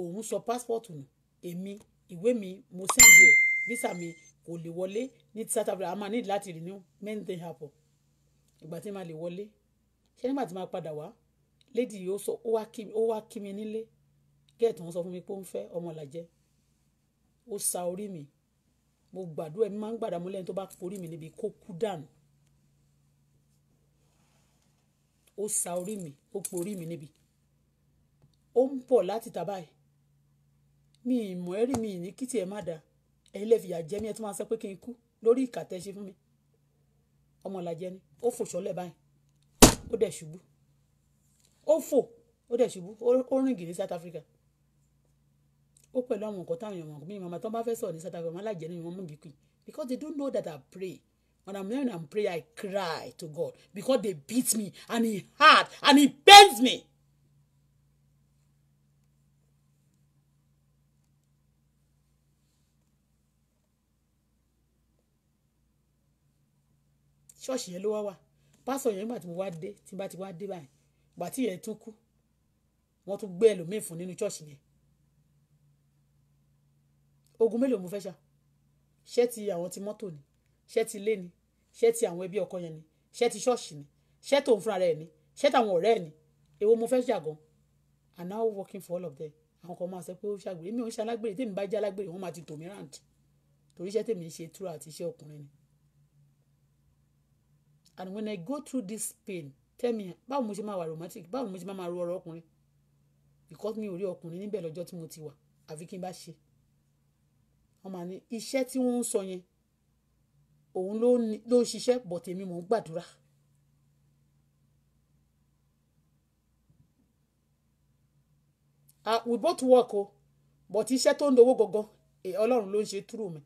òun sọ passport nù èmi ìwé mi mo sẹ́ǹdì ẹ̀. E visa mi kò lè wọlé ní South Africa a máa need láti renew many things happen ìgbà tí màá lè wọlé ṣé nígbà tí màá padà wá lady yìí ó sọ ó wá kí mi nílé gẹ́ẹ̀tì wọn sọ fún mi pé ó ń fẹ́ ọmọ làjẹ́ ó sa orí mi mo gbàdúrà mi máa ń gbàdá múlẹ̀ tó bá forí mi níbi kó dànù ó sa orí mi ó porí mi níbi ó ń bọ̀ láti tàbáyé mi ìmọ̀ ẹ́rì mi ìní kìtì ẹ̀ má dáa ẹ̀yin lè fìyà jẹ mí ẹ tún máa sọ pé kí n kú lórí ìkà tẹ́ ṣe fún mi ọmọ làjẹ ni ó fò sọ́lẹ̀ báyìí ó dẹ̀ ṣubú ó fò ó dẹ̀ ṣubú ó rìn gìrì South Africa ó pẹ̀lú àwọn nǹkan táwọn èèyàn mi màmá tó bá fẹ́ sọ̀rọ̀ ní South Africa wọn alájẹ ni wọn mú bí kùn because they don't know that I pray when I'm hearing and pray I cry to God because they beat me and he hard and he pains me. ṣọ́ọ̀ṣì yẹn ló wá wà pásọ̀ yẹn nígbà tí mo wá dé tí bá ti wá dé báyìí ìgbà tí yẹn tún kú wọ́n tún gbé ẹlòmíì fún nínú ṣọ́ọ̀ṣì yẹn ogun mélòó mo fẹ́ ṣá ṣé ti àwọn ti mọ́tò ni ṣé ti ilé ni ṣé ti àwọn ẹbí ọkọ yẹn ni ṣé ti ṣọ́ọ̀ṣì ni ṣé tòun fúnra rẹ̀ ni ṣé tàwọn ọ̀rẹ́ ni èwo mo fẹ́ ṣàgàn and now working for all of them àwọn kan máa sọ pé ó ṣàgbèrè mi ò ń ṣe alágbèrè tèmi bá jẹ́ alágbèrè wọ́n máa ti tòmíràn torí iṣẹ́ tèmi ń ṣe túrà àti iṣẹ́ ọkùnrin ni and when I go through this pain tell me báwo mo ṣe máa wà romantic báwo mo ṣe máa máa ro ọ̀rọ̀ ọkùnrin because mi ò rí ọkùnrin níbẹ̀ lọ́jọ́ tí mo ti wà àfi kí n bá ṣe wọ́n máa ní iṣẹ́ tí wọ́n ń sọ yẹn òun ló ló ṣiṣẹ́ bọ̀ tèmi mò ń gbàdúrà. Ah, we both work o but iṣẹ́ tó ń dowó gangan eh, Ọlọ́run ló ń ṣe túrò mi.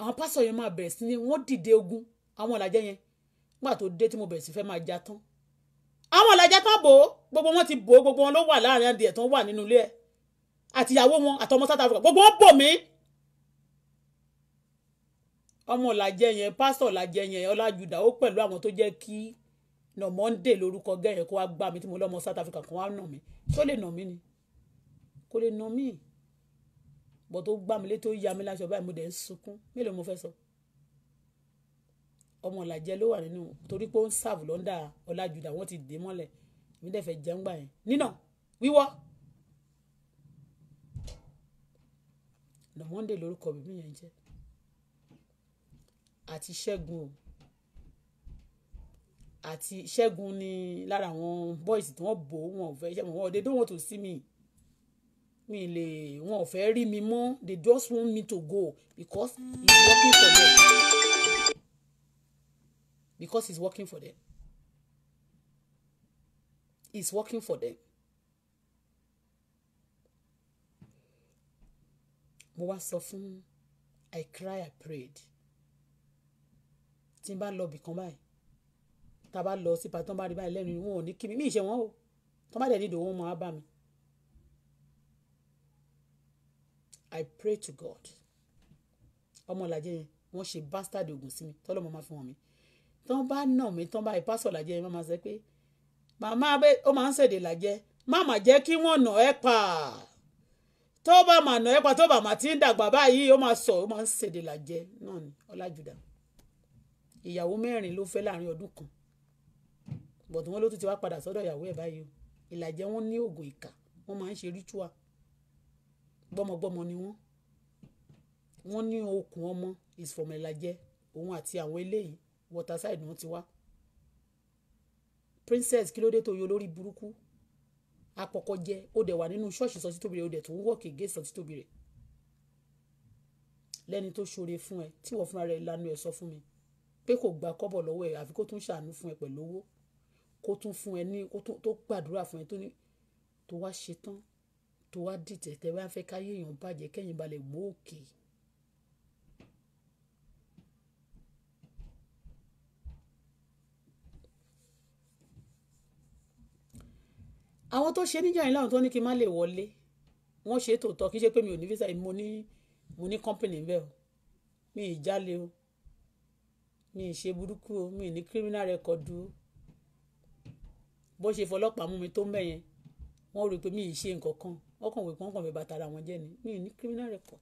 àwọn pásọ yẹn máa bẹ̀rẹ̀ sí ni wọ́n dìde ogun àwọn ọ̀làjẹ́ yẹn nígbà tó dé tí mo bẹ̀rẹ̀ sí fẹ́ máa já tán àwọn ọ̀làjẹ́ tán bò ó gbogbo wọn ti bò ó gbogbo wọn ló wà láàrin adìẹ tán wà nínú ilé ẹ àtìyàwó wọn àtọmọ South Africa gbogbo wọn bò mí ọmọ ọ̀làjẹ yẹn pásítọ̀ ọ̀làjẹ yẹn ọlájúdà ó pẹ̀lú àwọn tó jẹ́ kí nà mọ́ndé lórúkọ gẹ́yẹn kó wá gbà mí tí mo lọ́mọ South Africa kan wá nà mí tó lè nà mí ni kò lè nà mí bọ́ tó gbá mi lé tó ya mi láṣọ báyìí mo dẹ̀ ń sunkún mélòó mo fẹ́ sọ ọmọ làjẹ ló wà nínú torí pé ó ń sàbù lọ́ndà ọ̀làjúdà wọ́n ti dè mọ́lẹ̀ èmi dẹ̀ fẹ́ jẹun gbà yẹn nínà wíwọ́ lọ́mọ́ndé lórúkọ bíbí yẹn jẹ́ àti ṣẹ́gun àti ṣẹ́gun ni lára àwọn boys tí wọ́n bò wọ́n fẹ́ ṣẹ́gun wọn they don't want to see me mi le wọn ò fẹ́ rí mi mọ́ they just want me to go because he's working for them because he's working for them he's working for them. mo wá sọ fún I cry I prayed tí n bá lọ bìkan báyìí tá a bá lọ sípa tí wọn bá rí báyìí lẹ́nu wọn ò ní kí mi mí ìṣe wọn o tí wọn bá dẹ̀ nídòó wọn máa bá mi. I pray to God ọmọlàjẹ yẹn wọ́n ṣe bastard oògùn sí mi tọ́lọ́mọ máa fi wọ̀n mi tán bá nà mí tán bá ìpásọ̀ làjẹ yẹn máa sọ pé màmá abẹ́ ó máa ń ṣèdè làjẹ máàmá jẹ́ kí wọ́n nà ẹ́ pa tó bá máa nà ẹ́ pa tó bá máa ti ń dàgbà báyìí ó máa sọ ó máa ń ṣèdè làjẹ náà ni ọlájúdà ìyàwó mẹ́rin ló fẹ́ láàrin ọdún kan bọ̀dún wọn ló tún ti wá padà sọ́dọ̀ ìyàwó ẹ̀ báyìí ìlàjẹ wọn ní oògùn ìkà wọn máa ń ṣe ritual gbọ́mọgbọ́mọ ni wọ́n wọ́n ní okùn ọmọ ìfọ̀mọ̀làjẹ òun àti àwọn eléyìí waterside ni wọ́n ti wá princess kí ló dé tó yọ lórí burúkú àkọ́kọ́ jẹ́ ó dẹ̀ wà nínú ṣọ́ọ̀ṣì Sotitobire ó dẹ̀ tó ń wọ̀kì gé Sotitobire lẹ́ni tó ṣoore fún ẹ tí wọ́n fúnra rẹ̀ lanu ẹ̀ sọ fún mi pé kò gba kọ́bọ̀ lọ́wọ́ ẹ̀ àfi kó tún ṣàánú fún ẹ pẹ̀lú owó kó tún fún ẹ ní kó tó gbàdúrà fún ẹ tó ní tó wá ṣe tó wá dìtẹ̀ tẹ́ wá fẹ́ káyé èèyàn bàjẹ́ kẹ́yìn balẹ̀ wó òkè. àwọn tó ṣe níjà yìí láwọn tó ní kí n má lè wọlé wọ́n ṣe tòótọ́ kí n ṣe pé mi ò ní visa mo ní mo ní company bẹ́ẹ̀ o mi ì jalè o mi ì ṣe burúkú o mi ì ní criminal record o bó ṣe fọlọ́pàá mú mi tó mẹ́yẹn wọ́n rò pé mi ì ṣe nǹkan kan wọ́n kàn wé kí wọ́n kàn fẹ́ bá tara wọn jẹ́ ni mi ní criminal record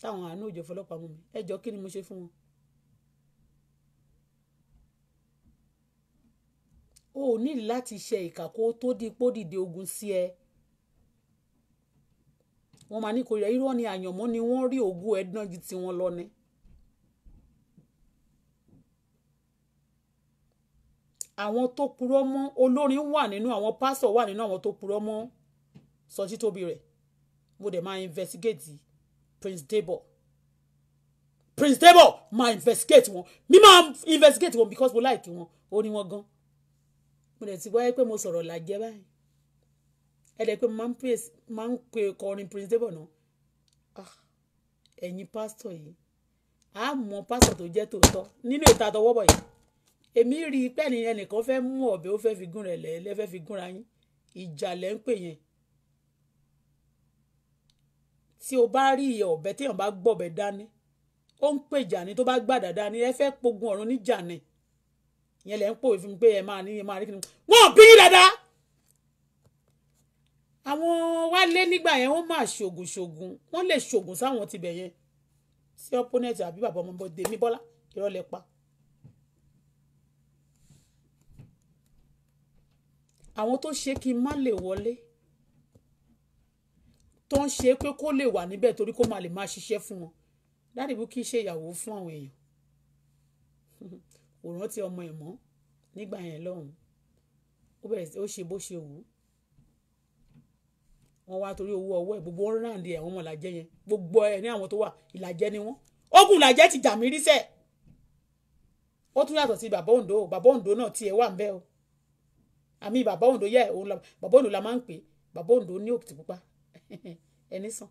táwọn àánú òjò fọlọ́pàá mú mi ẹ jọ kí ni mo ṣe fún wọn. o ò ní láti ṣe ìkàkó tó di pó dìde ogun sí ẹ wọ́n máa ní kórìíra irọ́ ni àyànmọ́ ni wọ́n rí ògùn ẹ̀dán ju tiwọn lọ ni. àwọn tó purọ́ mọ́ olórin wà nínú àwọn pásọ̀ wà nínú àwọn tó purọ́ mọ́ Sọjí Tóbìrẹ̀ mo dẹ̀ máa investigate Prince Debo Prince Debo máa investigate wọn mi máa investigate wọn because mo like wọn ó ní wọn gan mo dẹ̀ ti wáyé pé mo sọ̀rọ̀ làjẹ́ báyìí ẹ̀dẹ̀ pé mo máa ń pe kọrin Prince Debo náà ah, ẹ̀yin pásítọ̀ yìí àmọ́ pásítọ̀ tó jẹ́ tòótọ́ nínú ìta àtọwọ́bọ̀ yìí èmi rí i pé ẹnìkan fẹ́ mú ọ̀bẹ ó fẹ́ fi gún rẹ̀ lẹ́ẹ̀lẹ́ fẹ́ fi gúnra yín ìjà lẹ́ ń pè yẹn tí o bá rí ìyẹ ọ̀bẹ téèyàn bá gbọ̀bẹ dání ó ń pè jàní tó bá gbàdá dání ẹ fẹ́ pogun ọ̀run ní jàní ìyẹn lẹ́ ń pòwe fún mi pé ẹ máa ní ẹ máa rí kí ni wọ́n bí dáadáa àwọn wálé nígbà yẹn wọ́n máa ṣògùn ṣògùn wọ́n lè ṣògùn sáwọn tibẹ̀ yẹn sí opponent àbí bàbá ọmọ bọ́dé mi bọ́lá irọ́ pa àwọn tó ṣe kí n má lè wọlé tó ń ṣe pé kó lè wà níbẹ̀ torí kó má lè máa ṣiṣẹ́ fún wọn Daddy Bukky ṣe ìyàwó fún àwọn èèyàn kò rántí ọmọ ẹ̀ mọ́ nígbà yẹn lọ́hùn ó bẹ̀rẹ̀ ó ṣe bó ṣe wù ú wọ́n wá torí owó ọwọ́ ẹ̀ gbogbo ọ̀ràǹdì ẹ̀ wọ́n mọ̀ làjẹ́ yẹn gbogbo ẹ̀ ní àwọn tó wà ìlàjẹ́ ni wọ́n ogun làjẹ́ ti jà mí rí sẹ́ẹ̀ ó tún yàtọ̀ sí bàbá òǹdó bàbá òǹdó náà tiẹ̀ wà ń bẹ̀ o àmì bàbá òǹdó yẹ òun la bàbá òǹdó la máa ń pè bàbá òǹdó ní òkìtì pupa ẹni sàn.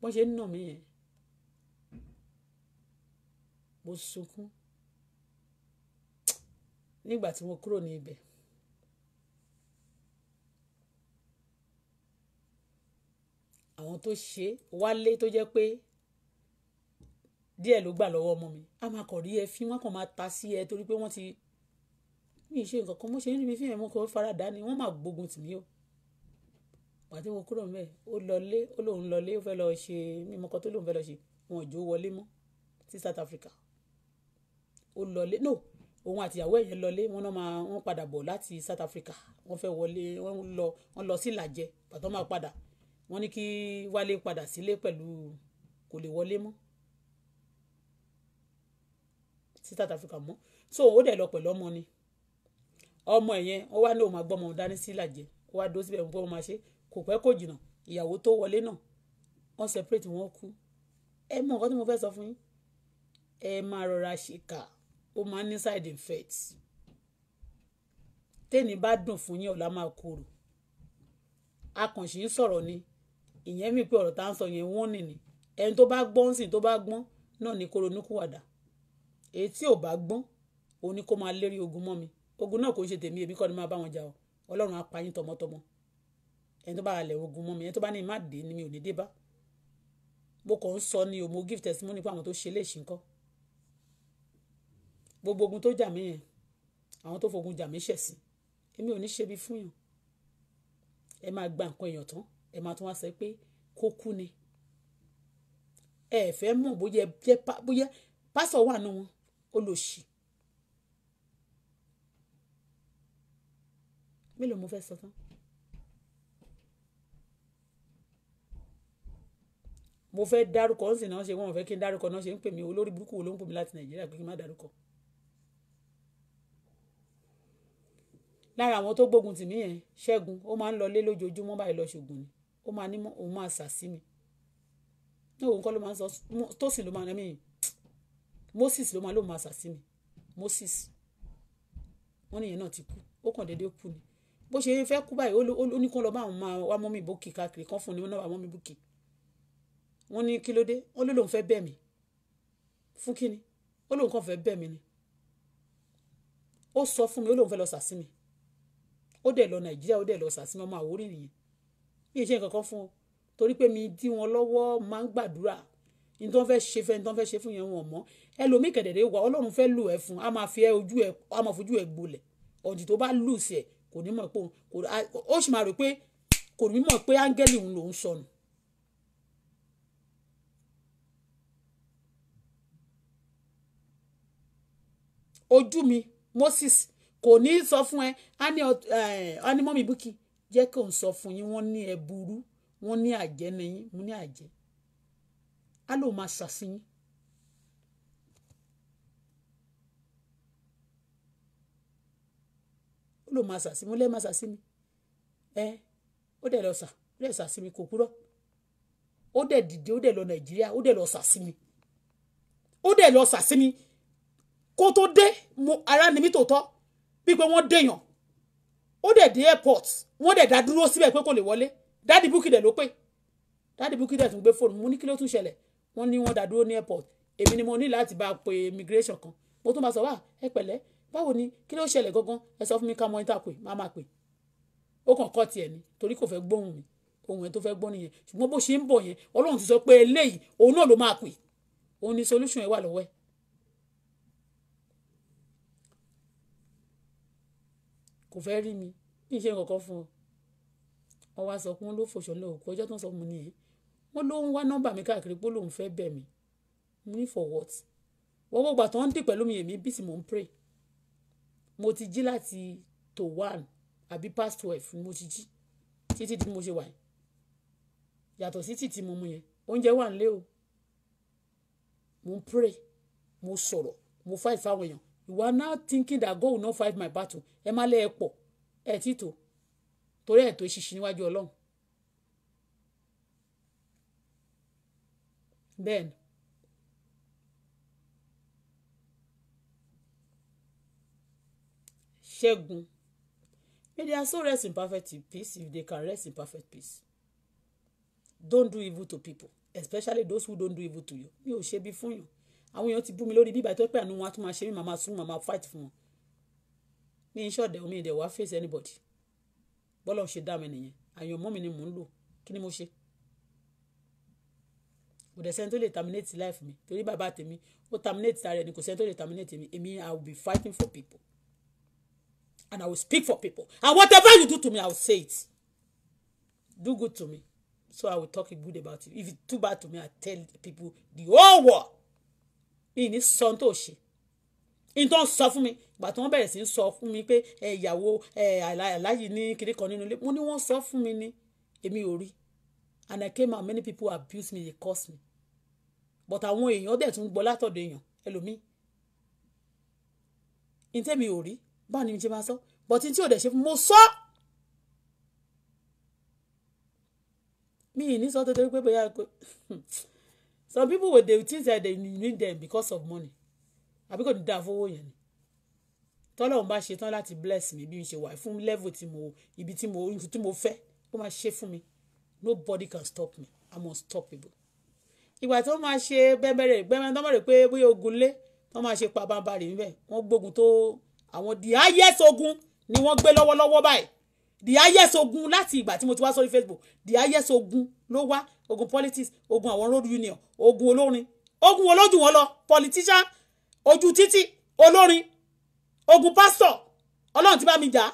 bọ́n ṣe ń nà mí yẹn mo sunkún nígbà tí mo kúrò ní ibẹ̀. àwọn tó ṣe wálé tó jẹ́ pé díẹ̀ ló gbà lọ́wọ́ ọmọ mi a máa kọ̀ rí ẹ fi wọ́n kàn máa ta sí ẹ torí pé wọ́n ti mi ì ṣe nǹkan kan mo ṣe ń rí mi fi hàn mo kàn fara dá ni wọ́n máa gbógun tì mí o pàtó mo kúrò mẹ́ ó lọlé ó lóun lọlé ó fẹ́ lọ ṣe mímọ kan tó lóun fẹ́ lọ ṣe wọn ò jó wọlé mọ́ sí South Africa ó lọlé no òun àtìyàwó ẹ̀yẹn lọlé wọn náà máa wọn padà bọ̀ láti South Africa wọn fẹ́ wọlé wọn lọ wọn lọ sí Ìlàjẹ pàtó máa padà wọn ní kí Wálé padà sílé pẹ̀lú kò lè wọlé mọ́ sí South Africa mọ́ so ó dẹ̀ lọ pẹ̀lú ọmọ ni ọmọ ẹ̀ yẹn ó wá ní òun àgbọ́mọ dání sí ìlàjẹ ó wá dó síbẹ̀ òun gbọ́mọ máa ṣe kò pẹ́ kò jìnnà ìyàwó tó wọlé náà wọ́n separate wọ́n kú ẹ mọ nǹkan tí mo fẹ́ sọ fún yín ẹ máa rọra ṣìkà ó máa ń ní side effect tẹ́ni bá dùn fún yín ọ̀la máa korò akànṣe ń sọ̀rọ̀ ni ìyẹn mi pé ọ̀rọ̀ tá à ń sọ yẹn wọ́n nì ni ẹni tó bá gbọ́n sìn tó bá gbọ́n náà ni koro níkùwàdà èyí tí ò bá gbọ́n òun ni kó máa lérí ogun mọ́ mi ogun náà kò ń ṣe tèmi èmi kọ́ ni máa bá wọn jà o ọlọ́run á pa yín tọmọtọmọ ẹni tó bá halẹ̀ ogun mọ́ mi ẹni tó bá ní má dé ni mi ò ní dé bá mo kàn ń sọ ni o mo give testimony fún àwọn tó ṣe léèṣì ńkọ́ gbogbo ogun tó jà mí yẹn àwọn tó fogun jà mí ṣẹ̀ sí èmi ò ní ṣe bí fún yàn ẹ máa gba nǹkan èèyàn tán ẹ máa tún wá sọ pé kó kú ni ẹ fẹ́ mọ̀ bóyá pásọ̀ wà nù wọn olòṣì. Mélòó mo fẹ́ sọ tán? Mo fẹ́ dárúkọ, ó sì náà ṣe wọ́n ò fẹ́ kí n dárúkọ náà ṣe ń pè mí olórí burúkú wo ló ń pè mí láti Nàìjíríà pé kí n má dárúkọ. Lára àwọn tó gbógun tì mí yẹn, Ṣẹ́gun, ó máa ń lọlé lójoojúmọ́ báyìí lọ ṣògùn ni. Ó máa ní òun máa sà mi. Ní òun kọ́ ló máa ń sọ, Tósìn ló máa ń rẹ́ mi yìí. Moses ló máa lóun máa sàsí mi Moses wọ́n nìyẹn náà ti kú ó kàn déédéé kú ni bó ṣe fẹ́ kú báyìí ó ní kó lọ bá àwọn máa wá mọ́mì bókì káàkiri kan fún ni wọ́n náà wá mọ́mì bókì wọ́n ní kí ló dé ó ló lòun fẹ́ bẹ̀ mí fún kí ni ó lóun kàn fẹ́ bẹ̀ mí ni ó sọ fún mi ó lóun fẹ́ lọ sàsí mi ó dẹ̀ lọ Nàìjíríà ó dẹ̀ lọ sàsí mi ọmọ Àwórì nìyẹn mi ì ṣe nǹkan kan fún o torí pé mi dí wọn lọ́wọ́ máa ń gbàdúrà ní tó ń fẹ́ ṣe fẹ́ ní tó ń fẹ́ ṣe fún yẹn wọn mọ́ ẹlòmíì kẹ̀dẹ̀dẹ̀ wà ọlọ́run fẹ́ lù ẹ fún a máa fi ojú ẹ a máa fojú ẹ gbolẹ̀ ọ̀dì tó bá lù sí ẹ kò ní mọ̀ pé ó sì máa rò pé kò ní mọ̀ pé áńgẹ́lì òun lòún sọnù. ojú mi Moses kò ní sọ fún ẹ á ní mọ́mí búkì jẹ́ kí òun sọ fún yín wọ́n ní ẹ burú wọ́n ní àjẹ́ nìyín mo ní àjẹ́ á lò máa ṣàṣìyìn. ó lò máa ṣàṣìyìn mo lẹ́ máa ṣàṣìyìn mi ẹ ó dẹ̀ lọ sà ó dẹ̀ ṣàṣìyìn mi kò kúrò ó dẹ̀ dìde ó dẹ̀ lọ nàìjíríà ó dẹ̀ lọ ṣàṣìyìn mi ó dẹ̀ lọ ṣàṣìyìn mi kó tó dé mo ara ni mi tó tọ́ bí pé wọ́n dèèyàn ó dẹ̀ dé airport wọ́n dẹ̀ dá dúró síbẹ̀ pé kò lè wọlé dáàdì búkì dẹ̀ ló pé dáàdì búkì dẹ̀ tún gbé fóònù mo ní kí ló tún ṣẹlẹ̀ wọ́n ní wọ́n dàdúró ní airport èmi ni mo ní láti bá a pe immigration kan mo tún bá sọ wá ah, ẹ pẹ̀lẹ́ báwo ni kí ló ṣẹlẹ̀ gangan ẹ sọ fún mi ká mọ níta pé má má pè ó kàn kọ́ tiẹ̀ ni torí kò fẹ́ gbóhùn mi ohun ẹ̀ tó fẹ́ gbọ́ nìyẹn ṣùgbọ́n bó ṣe ń bọ̀ yẹn ọlọ́run ti sọ pé eléyìí òun náà ló máa pè òun ni solution ẹ̀ wà lọ́wọ́ ẹ̀. kò fẹ́ rí mi kí n ṣe nǹkan kan fún ọ wọ́n wá sọ pé wọ́n ló fòṣọ́ lọ́wọ́ kó ọjọ́ tó ń sọ fún mi nìyẹn wọ́n ló ń wá nọ́mbà mi káàkiri pé lòun fẹ́ bẹ̀ mí ní for what wọ́n gbogbo àtọ́ ń dì pẹ̀lú mi èmi bí sì mò ń pray mo ti jí láti to one àbí past twelve mo ti jí títí tí mo ṣe wà yìí yàtọ̀ sí títí mo mu yẹn oúnjẹ wà nílé o mo ń pray mo sọ̀rọ̀ mo fight fáwọn èèyàn you are now thinking that God will not fight my battle ẹ má lẹ́ ẹ pọ̀ ẹ títò torí ẹ̀ tó ṣiṣi níwájú ọlọ́run Bẹ́ẹ̀ni. Ṣẹ́gun. May their soul rest in perfect peace if they can rest in perfect peace. Don't do evil to people, especially those who don't do evil to you. Mi ò ṣe bí fún yàn. Àwọn èèyàn ti bú mi lórí bíbá tó pẹ́ àánú wọn á tún máa ṣe mí màá máa sún màá máa fight fún wọn. Mi ń ṣọ̀dẹ̀ omi ìdẹ̀ face anybody. Bọ́lá ò ṣe dá mi nìyẹn. Àyànmọ́ mi ni mò ń lò. Kí ni mo ṣe? kò dẹ̀ sẹ́ni tó lè terminate life mi torí bàbá tèmi ó terminate ara ẹni kò sẹ́ni tó lè terminate mi èmi I will be fighting for people and I will speak for people and whatever you do to me I will say it do good to me so I will talk good about you if you too bad to me I tell people the whole world mi ní sọ tó ṣe n tó ń sọ fún mi ìgbà tí wọ́n bẹ̀rẹ̀ sí í sọ fún mi pé ìyàwó aláyìí ní kiri kan nínú ilé mo ní wọ́n sọ fún mi ni èmi ò rí i and I came out many people abused me they cursed me but àwọn èèyàn dẹ̀ tún gbọ́ látọ̀dọ̀ èèyàn ẹlòmíì ntẹ́mi ò rí báwo ni mi ṣe máa sọ but tí ò dẹ̀ ṣe fún mo sọ mi ní sọ tó torí pé bóyá some people wey dey think say they need them because of money àbí kò ní dáa fowó yẹn ni tọ́lọ́run bá ṣe tán láti bless mi bí mi ṣe wà fún level tí mo ibi tí mo tí mo fẹ́ ó máa ṣe fún mi nobody can stop me i'm unstoppable ìgbà tí wọ́n máa ṣe bẹ́ẹ̀bẹ́rẹ̀ gbẹ́mẹ́ tó mọ̀rẹ̀ pé bóyá ogun lé tó máa ṣe pabambarì níbẹ̀ wọ́n gbógun tó àwọn the highest ogun ni wọ́n gbé lọ́wọ́lọ́wọ́ báyìí the highest ogun láti ìgbà tí mo ti wá sórí facebook the highest ogun ló wá ogun politics ogun àwọn road union ogun olórin ogun olójú wọn lọ politician ojú títì olórin ogun pastor ọlọ́run ti bá mi jà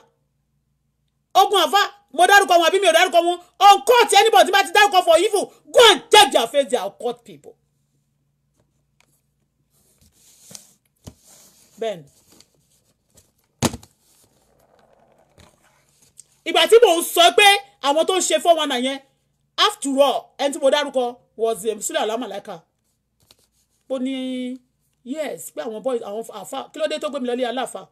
ogun àfáà mo dárúkọ wọn àbí mi ò dárúkọ wọn on court anybody tí bá ti dárúkọ for evil go and check their face they are court people. bẹ́ẹ̀ni ìgbà tí mò ń sọ pé àwọn tó ń ṣe four one yẹn after all ẹni tí mo dárúkọ was sílẹ̀ alámàlẹ́ka ó ní yes pé àwọn boys àwọn àfa kí ló dé tó gbé mi lọ lé aláfa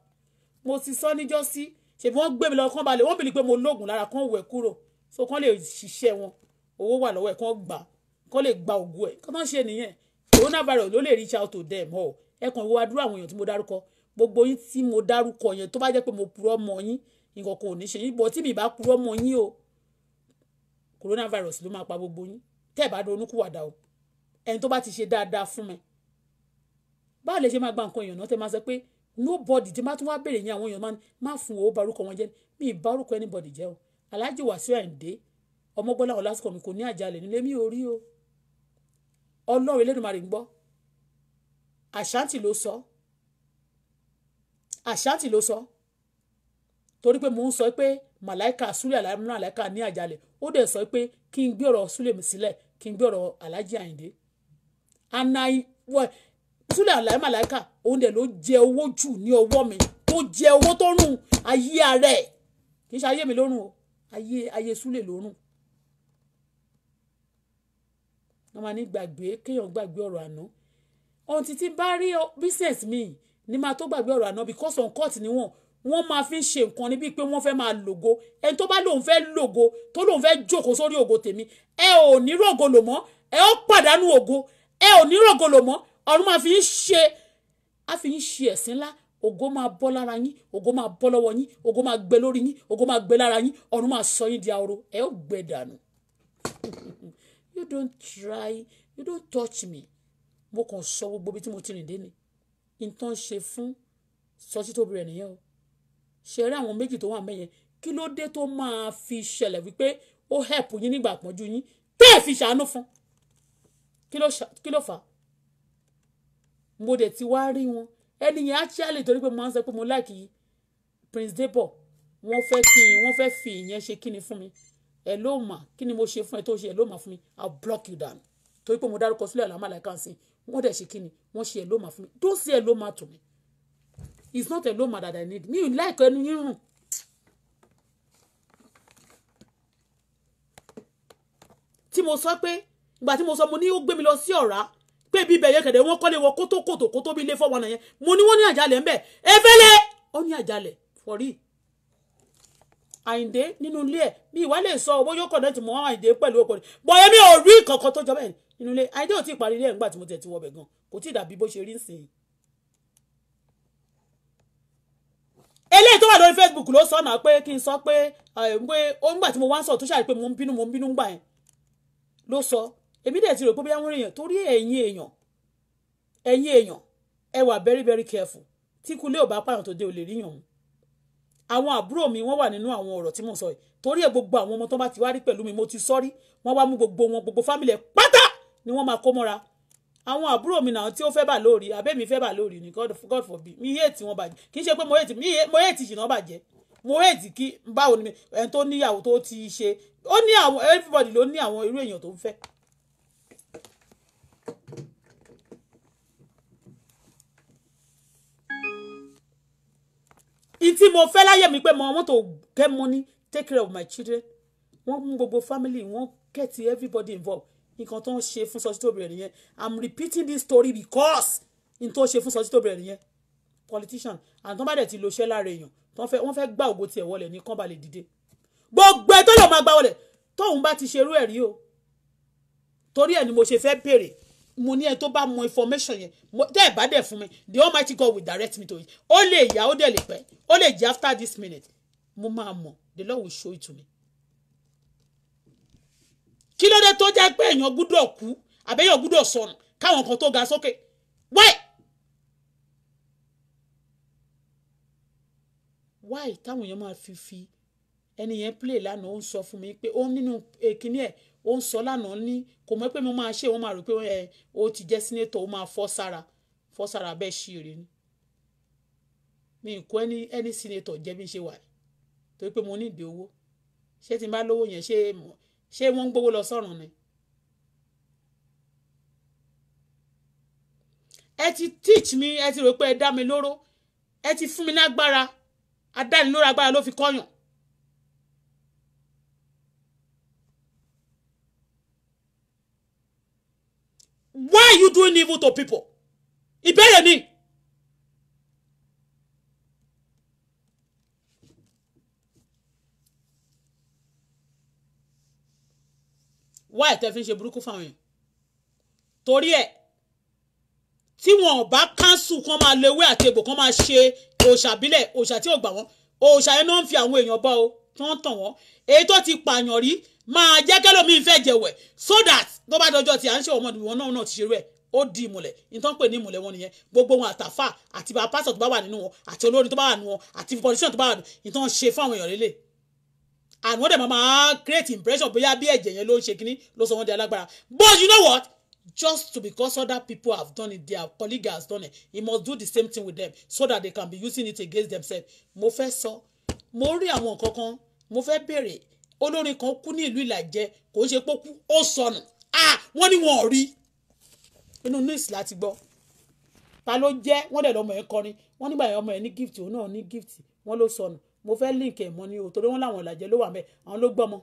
mo ti sọ níjọ́ sí. Si, ṣèbí wọ́n gbé mi lọ kán balẹ̀ wọ́n bìlí pé mo lóògùn lára kán wẹ̀ kúrò so kán lè ṣiṣẹ́ wọn owó wà lọ́wọ́ ẹ̀ kán gbà kán lè gba ògùn ẹ̀ kán tán ṣe nìyẹn coronavirus ló lè reach out to them all ẹ kàn wo àdúrà àwọn èèyàn tí mo dárúkọ gbogbo yín tí mo dárúkọ yẹn tó bá jẹ́ pé mo purọ́ mọ́ yín nǹkan kò ní ṣe yín bọ́ tí mi bá purọ́ mọ́ yín o coronavirus ló máa pa gbogbo yín tẹ́ ẹ̀ bá ronúkúwàdà o ẹni tó bá ti ṣe dáadáa fún mi báwo lè ṣe máa gba nǹkan èèyàn náà tẹ́ máa sọ pé nobody tí má tún wá béèrè yẹn àwọn èèyàn má má fún owó barúkọ wọn jẹ mi ì barúkọ anybody jẹ o Alhaji Wasiu Ayinde ọmọgbọ́lá wọn lásìkò mi kò ní àjálẹ̀ nílé mi ò rí o ọlọ́run Elédùmarè ń gbọ́ àṣántì ló sọ àṣántì ló sọ torí pé mò ń sọ pé màláìka súlẹ̀ aláìmúná àláìka ní àjálẹ̀ ó dẹ̀ sọ pé kí n gbé ọ̀rọ̀ súlẹ̀ mi sílẹ̀ kí n gbé ọ̀rọ̀ Alhaji Ayinde and I well súlẹ̀ àlàyé màláìka òun dẹ̀ ló jẹ owó jù ní ọwọ́ mi tó jẹ owó tó rùn ayé ààrẹ kì í ṣe ayé mi lórùn o ayé ayé súlẹ̀ lórùn. wọ́n máa ní gbàgbé kéèyàn gbàgbé ọ̀rọ̀ àná ohun títí bá rí business mi ni máa tó gbàgbé ọ̀rọ̀ àná because on court ni wọ́n wọ́n máa fi ń ṣe nǹkan níbi pé wọ́n fẹ́ máa lògo ẹni tó bá lòun fẹ́ lògo tó lòun fẹ́ jókòó sórí ògo tèmi ẹ ò ní rògo lò mọ́ ẹ ó pàdánù ògo ẹ ò ní rògo lò mọ́ ọ̀run máa fi yín ṣe á fi yín ṣe ẹ̀sìn ńlá ògo máa bọ́ lára yín ògo máa bọ́ lọ́wọ́ yín ògo máa gbé lórí yín ògo máa gbé lára yín ọ̀run máa sọ yín di ahoro ẹ ó gbẹ dànù you don't try you don't touch me mo kàn sọ gbogbo bí tí mo ti rìn dé ni nǹkan ṣe fún sọtí tóbi rẹ nìyẹn o ṣe rí àwọn méjì tó wà mẹ́yẹn kí ló dé tó máa fi ṣẹlẹ̀ wípé ó help yín nígbà pọ́njú yín tẹ́ẹ̀ fi ṣàánú fún kí ló fà á mo dẹ̀ ti wá rí wọn ẹni yẹn actually torí pé mo máa ń sọ pé mo like Prince Debo wọ́n fẹ́ kí n wọ́n fẹ́ fi ìyẹn ṣe kíni fún mi ẹ ló mà kí ni mo ṣe fún ẹ tó ṣe ẹ ló mà fún mi I'll block you down torí pé mo dárúkọ sílẹ̀ àlámà láìka sí wọ́n dẹ̀ ṣe kíni wọ́n ṣe ẹ ló mà fún mi don't say ẹ ló mà to me it's not ẹ ló mà that I need mi ò like ẹnu yín rùn. tí mo sọ pé ìgbà tí mo sọ mo ní ó gbé mi lọ sí ọ̀rá pé bíbẹ̀ yẹn kẹ̀dẹ̀ wọ́n kọ́lé koto koto kótó bi ilé fọ́wọ́n náà yẹn mo ní wọ́n ní àjálẹ̀ ńbẹ̀ efele ọ ní ajale fọ̀rí. àyìndé nínú ilé mi ìwà lè sọ owó yóò kọ̀dẹ́tì ayinde àyìndé pẹ̀lú òpò bọ̀yẹ mi ò rí kankan tó nínú ilé ti wọ gan kò tí ì dàbí bó ṣe rí nsìn. sọ náà pé kí n sọ pé ó ń gbà tí mo wá ń èmi dẹ̀ ti rò pé bí àwọn èèyàn torí ẹ̀yin èèyàn ẹ̀yin èèyàn ẹ wà very very careful tí kulé ò bá pààyàn tó dé ò lè ríyàn mu àwọn àbúrò mi wọ́n wà nínú àwọn ọ̀rọ̀ tí mò ń sọ yìí torí ẹ̀ gbogbo àwọn ọmọ tó bá ti wá rí pẹ̀lú mi mo ti sọ́rí wọ́n wá mú gbogbo wọn gbogbo fámìlì ẹ̀ pátá ni wọ́n máa kó mọ́ra àwọn àbúrò mi náà tí ó fẹ́ bà lórí abẹ́mi fẹ́ bà lórí ni god god forbid mi hate wọn bàjẹ́ kì í ṣe pé mo hate mo hate ìṣìnà bàjẹ́ mo hate kí báwo ni ẹni tó níyàwó tó ti ṣe ó ní àwọn everybody ló ní àwọn irú èèyàn tó ń fẹ́ ìtí mo fẹ́ láyé mi pé mo want to get money take care of my children wọ́n mú gbogbo family wọ́n get everybody involved nǹkan tó ń ṣe fún sọtítò nìyẹn i'm repeating this story because n tó ṣe fún sọtítò nìyẹn politician àtọ́ bá dẹ̀ ti lo iṣẹ́ lára èèyàn wọ́n fẹ́ gbá ògo tiẹ̀ wọlé ní kán ba lè dìde gbogbo ẹ tó lọ́ọ́ máa gbá wọlé tóun bá ti ṣerú ẹ̀ rí o torí ẹ̀ ni mo ṣe fẹ́ bèrè mo ní ẹ tó bá mọ information yẹn tẹ́ ẹ̀ bá dẹ̀ fún mi the almighty God will direct me to it ó lè yá ó dẹ̀ lè pẹ́ ó lè jẹ́ after this minute mo máa mọ̀ the Lord will show it to me. kí ló dé tó jẹ́ pé èèyàn gbúdọ̀ kú àbẹ́yàn gbúdọ̀ sọnù káwọn kan tó ga sókè why why táwọn èèyàn máa fi fi ẹni yẹn play lánàá ó ń sọ fún mi pé ó nínú èkínní eh, ẹ̀ ó ń sọ lánàá ní kò mọ̀ pé mo máa ṣe wọ́n máa rò pé ẹ ó ti jẹ́ sínétọ̀ ó máa fọ́ sára fọ́ sára bẹ́ẹ̀ ṣì rè ni mi kò ẹni ẹni sínétọ̀ jẹ́ bí n ṣe wà torí pé mo ní ìdè owó ṣé tí n bá lówó yẹn ṣé ṣé wọ́n ń gbowó lọ sọ́run ni. ẹ ti teach mi ẹ ti rò pé ẹ dá mi lóró ẹ ti fún mi lágbára adánilóró agbára ló fi kọ́yàn why are you doing evil to people ìbéèrè ni. why tẹ fi ń ṣe burúkú fáwọn yẹn torí ẹ tí wọn ò bá kánṣu kan máa lewé àti egbò kan máa ṣe òòṣà bílẹ̀ òòṣà tí ò gbà wọ́n òòṣà yẹn náà ń fi àwọn èèyàn bá o tí tàn wọ́n èyí tó ti pààyàn rí máa jẹ́ kẹ́lòmíín fẹ́ jẹ̀wẹ̀ so that tó bá dọjọ́ tí à ń ṣe ọmọdé wọn náà náà ti ṣe rẹ̀ ó di ìmùlẹ̀ nítorí pé ní ìmùlẹ̀ wọn nìyẹn gbogbo wọn àtàfà àti bá pásítọ̀ tó bá wà nínú wọn àti olórin tó bá wà nínú wọn àti politician tó bá wà nínú nítorí ṣe fún àwọn èèyàn lélẹ̀ and wọ́n dẹ̀ máa máa create impression bóyá bí ẹ̀jẹ̀ yẹn ló ń ṣe kínní ló sọ wọ́n di alágbára but you know what just to because other people have done it their colleague has done it he must do the same thing with them so that they can be using it against themselves mo fẹ́ sọ mo rí àwọn nǹkan kan mo fẹ́ béèrè olórin kan kú ní ìlú ìlàjẹ kò ṣe pé ó kú ó sọnù wọ́n ní wọn ò rí inú news láti gbọ́ ta ló jẹ́ wọ́n dẹ̀ lọ́mọ ẹ̀ kọrin wọ́n nígbà yẹn ọmọ ẹ̀ ní gift òun náà ní gift wọ́n ló sọnù mo fẹ́ link ẹ̀ mọ́ ni o torí wọ́n láwọn ìlàjẹ ló wà mẹ́ àwọn ló gbọ́mọ.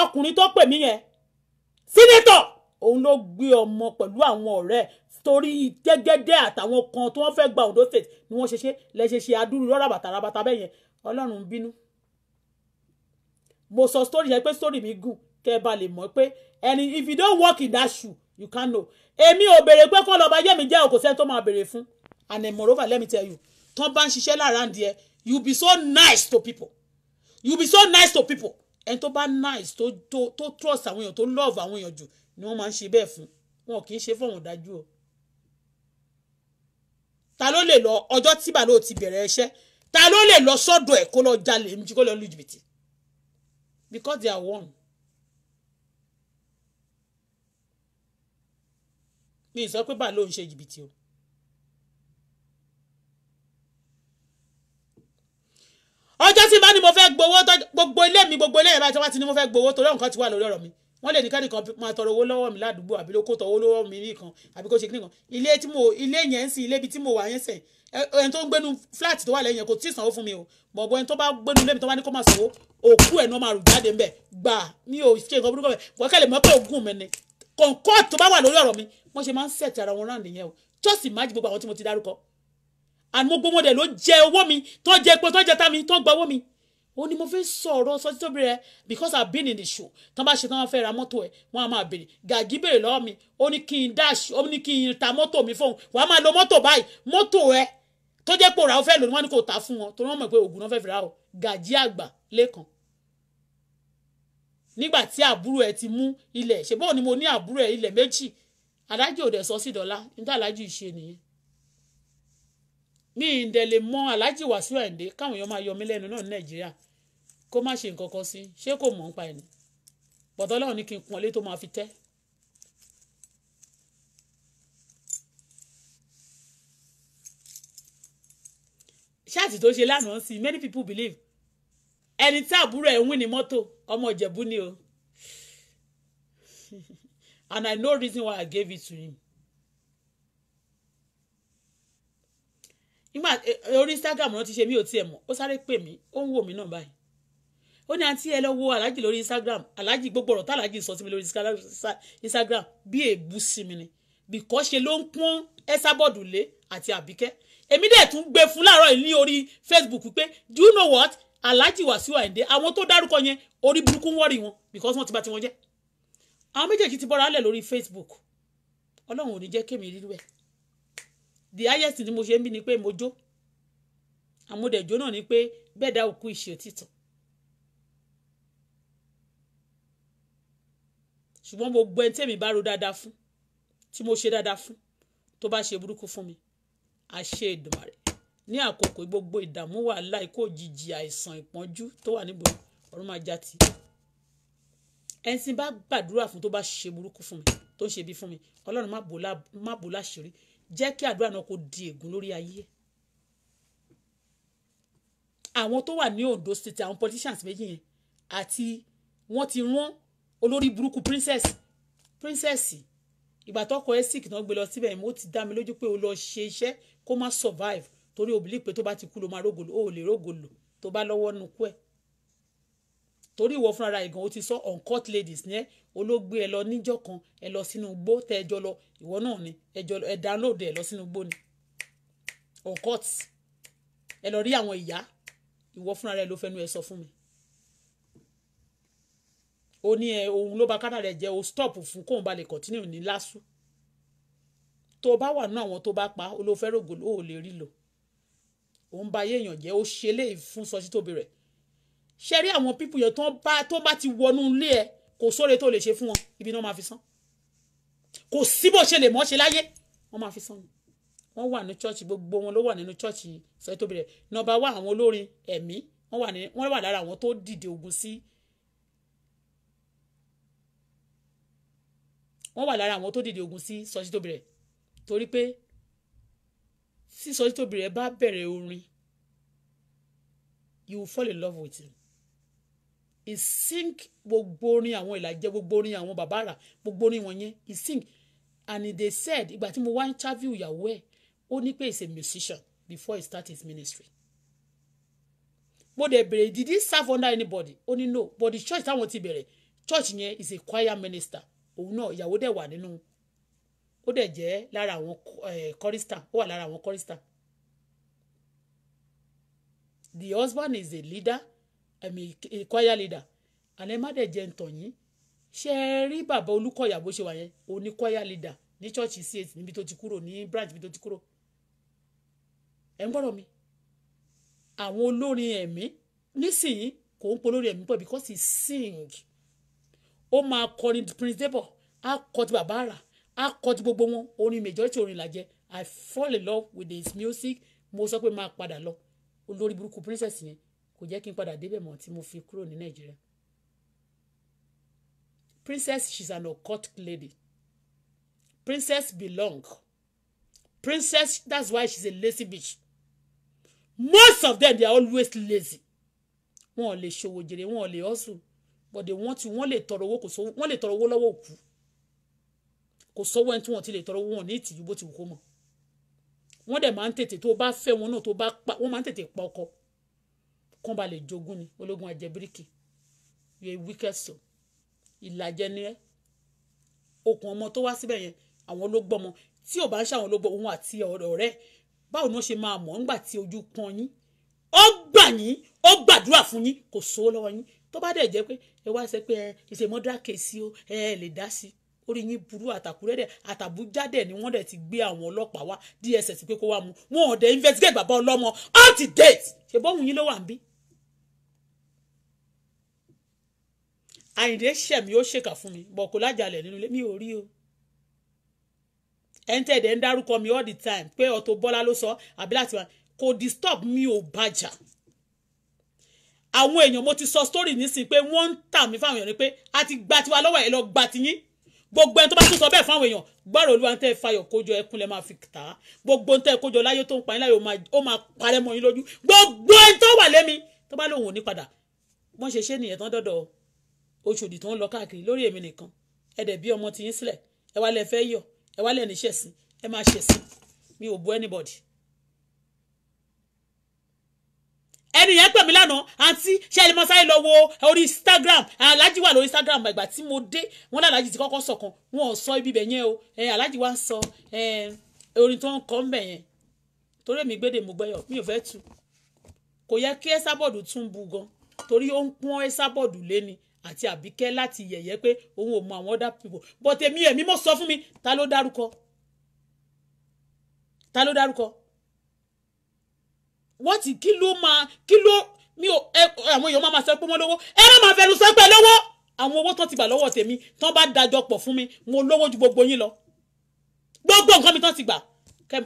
ọkùnrin tó pè mí yẹn sínétọ̀ òun ló gbé ọmọ pẹ̀lú àwọn ọ̀rẹ́ torí jẹ́gẹ́dẹ́ àtàwọn kan tí wọ́n fẹ́ gba Ondo State ni wọ́n ṣe ṣe lẹ́ṣẹ̀ṣẹ̀ adúrú rọ́ràbàtà rabata bẹ́yẹn Ọlọ́run bínú mo sọ story yẹn pé story mi gùn kẹ́ ẹ bá lè mọ̀ pé ẹni if you don't walk in that shoe you can't know èmi ò béèrè pé kọ́ lọ́ba yẹ́mi jẹ́ òkò sẹ́ni tó máa béèrè fún and then moreover let me tell you tán bá ń ṣiṣẹ́ lára ń you be so nice to people you be so nice to people ẹni tó bá nice tó tó tó trust àwọn èèyàn tó love àwọn èèyàn jù ni wọ́n máa ń ṣe bẹ́ẹ̀ fún wọn kì í ṣe fọ̀wọ̀n dájú o ta ló lè lọ ọjọ́ tí bàlóò ti bẹ̀rẹ̀ iṣẹ́ ta ló lè lọ sọ́dọ̀ ẹ̀ kó lọ jalè ní kó lọ lu jìbìtì because they are one. mi sọ pé báà ló ń ṣe jìbìtì o. ọjọ́ tí bá ní mo fẹ́ gbowó gbogbo ilé mi gbogbo ilé yẹn bá ti wá ti ní mo fẹ́ gbowó torí nǹkan ti wà lórí ọ̀rọ̀ mi wọ́n lè ní kẹ́nìkan máa tọrọ owó lọ́wọ́ mi ládùúgbò àbí ló kó tọwọ́ lọ́wọ́ mi nìkan àbí kó ṣe kí nìkan ilé yẹn ń sin ilé ibi tí mo wà yẹn sẹ̀ ẹni tó ń gbénu flat tó wà lẹ́yìn kò tí ì sanwó fún mi o bọ̀bọ̀ ẹni tó bá gbénu lẹ́mi tó bá ní kó máa sanwó òkú ẹ̀ ní wọ́n máa rù jáde ńbẹ̀ gbà mí ò ṣe nǹkan burúkú bẹ̀ wọ́kẹ́lẹ̀ mọ́ pé ògùn mi ni kọ̀ǹkọ́ tó bá wà lórí ọ̀rọ̀ mi wọ́n ṣe máa ń sẹ̀tì ara wọn ráǹdì yẹn o just imagine gbogbo àwọn tí mo ti dárúkọ and mo gbowó ló jẹ owó mi tó jẹ epo tó jẹ tá mi tó gba owó mi ó ní mo fi sọ̀rọ̀ sọtí tó bẹ̀rẹ̀ because I been in the show tán bá ṣe tán wọ́n fẹ́ ra mọ́tò ẹ̀ wọ́n á máa bèrè gàgí bèrè lọ́wọ́ mi ó ní kí n dash ó ní kí n ta mọ́tò mi fóun wàá máa lo mọ́tò báyìí mọ́tò ẹ̀ tó jẹ́ pé òrà ó fẹ́ lò ní wọ́n ní kò ta fún wọn torí wọ́n mọ̀ pé oògùn náà fẹ́ fi ra ọ gàjí àgbà lẹ́kan nígbà tí àbúrò ẹ ti mú ilẹ̀ ṣe bọ́ọ̀ ni mo ní àbúrò ẹ ilẹ̀ méjì adájì ò dẹ̀ sọ sí dọ́là níta alájì ṣe nìyẹn mi ì dẹ̀ alájì Wàsíù Àyìndé káwọn èèyàn máa yọ lẹ́nu náà ní Nàìjíríà kó má ṣe nǹkan kan sí ṣé kò mọ̀ ń ẹ̀ ní bọ̀dọ́lọ́run ní kí n kun ọlé tó máa fi tẹ́ ṣáàtì tó ṣe lánàá sí many people believe ẹni tí àbúrò ẹ̀ ń wí ní mọ́tò ọmọ ìjẹ̀bú ni o and I know reason why I gave it to him. nígbà eh, orí Instagram náà ti ṣe mí ò tiẹ̀ mọ̀ ó sáré pè mí ó ń wò mí náà báyìí ó ní àǹtí ẹ lọ wo aláàjì lórí Instagram aláàjì gbogbo ọ̀rọ̀ táláàjì sọ sí mi lórí Instagram bí èébú sí mi ni bìkọ́ ṣe ló ń pọ́n ẹ́sàbọ̀dù lé àti àbíkẹ́ èmi dẹ̀ tún gbé fún láàárọ̀ yìí ní orí Facebook pé do you know what Alhaji Wasiu Ayinde àwọn tó dárúkọ yẹn orí burúkú ń wọ́rì wọn because wọ́n ti bà tiwọn jẹ́ àwọn méjèèjì ti bọ́ra alẹ̀ lórí Facebook ọlọ́run ò ní jẹ́ kémi rírú ẹ̀ the highest ni mo ṣe ń bí ni pé mo jó àmúdẹ̀jọ́ náà ni pé bẹ́ẹ̀ dá òkú ìṣe òtítọ́ ṣùgbọ́n mo gbọ́ ẹni tẹ́mi bá ro dáadáa fún tí mo ṣe dáadáa fún tó bá ṣe burúkú fún mi àṣẹ Èdùmàrè ní àkókò gbogbo ìdààmú wàhálà ikú òjijì àìsàn ìpọ́njú tó wà níbo ọ̀run máa já tì í ẹni tí bá gbàdúrà fún tó bá ṣe burúkú fún mi tó ń ṣe bí fún mi ọlọ́run má bò láṣìírí jẹ́ kí àdúrà náà kó di ègún lórí ayé àwọn tó wà ní Ondo state àwọn politicians méjì yẹn àti wọ́n ti rán olórí burúkú princess princess ìgbà tó kọ ẹ́ sick náà gbé lọ síbẹ̀ mo ti dá mi lójú pé o lọ ṣe iṣẹ́ kó má survive torí o believe pé tó bá ti kú ló máa rógòlò o ò lè rógòlò tó bá lọ́wọ́ nu kú ẹ̀ torí ìwọ fúnra rẹ̀ gan o ti sọ uncut ladies ní ẹ olóògbé ẹ lọ níjọ́ kan ẹ lọ sínú igbó tẹ ẹjọ lọ ìwọ náà ni ẹjọ ẹ download ẹ lọ sínú igbó ni uncut ẹ lọ rí àwọn ìyá ìwọ fúnra rẹ̀ ló fẹnu ẹ sọ fún mi o ní ẹ òun ló bá kádà rẹ̀ jẹ́ o stop fún kóun ba lè continue ní lásù tó o bá wà nínú àwọn tó bá pa olófẹ́ rògò ó lè rí lò òun ba ayé èèyàn jẹ́ ó ṣe léyìí fún sọsí tóbi rẹ̀ ṣe rí àwọn pípù yẹn tó bá ti wọnú ilé ẹ kò sóore tó lè ṣe fún wọn ibi náà máa fi san kò sí bó ṣe lè mọ́ ṣe láyé wọ́n máa fi san ni wọ́n wà ní chọ́ọ̀chì gbogbo wọn ló wà nínú chọ́ọ̀chì sọsí tóbi rẹ̀ nọmba wá àwọn olórin ẹ̀mí wọ́n wà lára àwọn tó dìde ogun sí wọ́n wà lára àwọn tó dìde ogun sí sọsí tóbi rẹ̀ torí pé sísọ títóbi rẹ̀ bá bẹ̀rẹ̀ orin you will fall in love with him he sing gbogbo orin àwọn ìlàjẹ gbogbo orin àwọn bàbá rà gbogbo orin wọn yẹn he sing and they said ìgbà tí mo wá ń interview ìyàwó ẹ̀ ó ní pé he is a musician before he start his ministry mo dẹ̀ bèrè did he serve under anybody ó ní no but the church táwọn ti bẹ̀rẹ̀ church yẹn is a choir minister òun náà ìyàwó dẹ̀ wà nínú ó dẹ̀ jẹ́ lára àwọn kọ́rísítà eh, ó wà lára àwọn kọ́rísítà the husband is a leader I mean a choir leader àlẹ́ má dẹ̀ jẹ́ ntàn yín ṣe é rí bàbá olúkọ̀yà bó ṣe wà yẹn òní choir leader ní church CAC níbi tó ti kúrò ní branch níbi tó ti kúrò ẹ̀ ń gbọ́dọ̀ mi àwọn olórin ẹ̀mí nísìnyí kò ń polórí ẹ̀mí pọ̀ because he sing ó máa kọrin Prince Debo á kọ ti bàbá àrà á kọ ti gbogbo wọn orin majority orin làjẹ I fall in love with his music mo sọ pé máa padà lọ olórí burúkú princess yẹn kò jẹ́ kí n padà débẹ̀ mọ́ tí mo fi kúrò ní Nàìjíríà princess she's an occult lady princess belong princess that's why she's a lazy bitch most of them they are always lazy wọn ò lè ṣòwò jèrè wọn ò lè hustle but they want to wọn lè tọrọ owó kò so wọn lè tọrọ owó lọ́wọ́ òkú kò sọ́wọ́ ẹni tí wọ́n ti lè tọrọ wọn ní ìtìjú bó ti wù kó mọ̀ wọ́n dẹ̀ máa ń tètè tó bá fẹ́ wọn náà tó bá pa wọ́n máa ń tètè pa ọkọ kán ba lè jogún ni ológun ajẹbíríkì yẹ wicked so ìlàjẹ ni ẹ okùn ọmọ tó wá síbẹ̀ yẹn àwọn ló gbọ́mọ tí ò bá ń ṣàwọn ló gbọ́ òun àti ọ̀rọ̀ rẹ̀ báwo ni wọ́n ṣe máa mọ̀ ńgbà tí ojú kan yín ó gbà yín ó gbàdúrà fún yín kò sówó lọ́wọ́ yín tó bá dẹ̀ jẹ́ pé ẹ wá ṣe pé ẹ ìṣèmọ́dá kèsì o ẹ lè dá sí i orí yín burú àtàkùrẹ́dẹ̀ àtàbújádẹ̀ ni wọ́n dẹ̀ ti gbé àwọn ọlọ́pàá wá DSS pé kó wá mu wọn ò dẹ̀ investigate bàbá ọlọ́mọ out to date ṣe bọ́ọ̀hún yín ló wà ń bí. àyìndé ṣẹ̀mí ó ṣèkà fún mi bọ̀ kó lájàlẹ̀ nínú ilé mi ò rí o ẹ̀ńtẹ̀ dẹ̀ ń dárúkọ mi all the time pé Auto Bọ́lá ló sọ àbí láti wá kò disturb mi ò bàjà àwọn èèyàn mo ti sọ story nísìnyí pé wọ́n ń tà mí fáwọn èèyàn ni pé a ti gba tiwa lọ́wọ́ ẹ̀ lọ gba tiyín gbogbo ẹni tó bá tún sọ bẹ́ẹ̀ fáwọn èèyàn gbọ́rọ̀ olúwa tẹ́ ẹ fayọ̀ kójọ ẹkún lẹ́ máa fi tà á gbogbo tẹ́ ẹ kójọ láyé tó ń pa yín láyé ó máa parẹ́ mọ́ yín lójú gbogbo ẹni tó wà lémi tó bá lóun ò ní padà wọ́n ṣe ṣé nìyẹn tán dọ́dọ̀ Ọ̀ṣọ́dì tó ń lọ káàkiri lórí èmi nìkan ẹ dẹ̀ bí ọmọ tiyín sílẹ̀ ẹ wá lẹ fẹ́ yọ̀ ẹ wá lẹ níṣẹ̀sìn ẹ máa ṣẹ̀sìn mi ò bu anybody ẹni yẹn pè mí lánàá àǹtí ṣẹlẹ mọ sáré lọ wo orí instagram aláàjì wà lórí instagram ìgbà tí mo dé wọn lálàjì ti kọ́kọ́ sọ̀kan wọn ò sọ ibi bẹ̀ yẹn o aláàjì wa ń sọ orin tó ń kọ́ ń bẹ̀ yẹn torí èmi gbédè mo gbẹ́yọ̀ mi ò fẹ́ tu kò yẹ kí ẹsábọ̀dù tún bu gan torí ó ń pọ́n ẹsábọ̀dù léni àti àbíkẹ́ láti yẹ̀yẹ́ pé òun ò mọ àwọn other people but èmi ẹ̀mí mọ̀ sọ fún mi ta ló dárúkọ ta ló dárúkọ what kí ló máa kí ló mi ò ẹ àwọn èèyàn máa ma sọ pé wọ́n lówó ẹ má máa fẹnu sọ pé lówó àwọn owó tán ti gbà lọ́wọ́ tèmi tán bá dájọ́ pọ̀ fún mi mo lówó ju gbogbo yín lọ gbogbo nǹkan mi tán ti gbà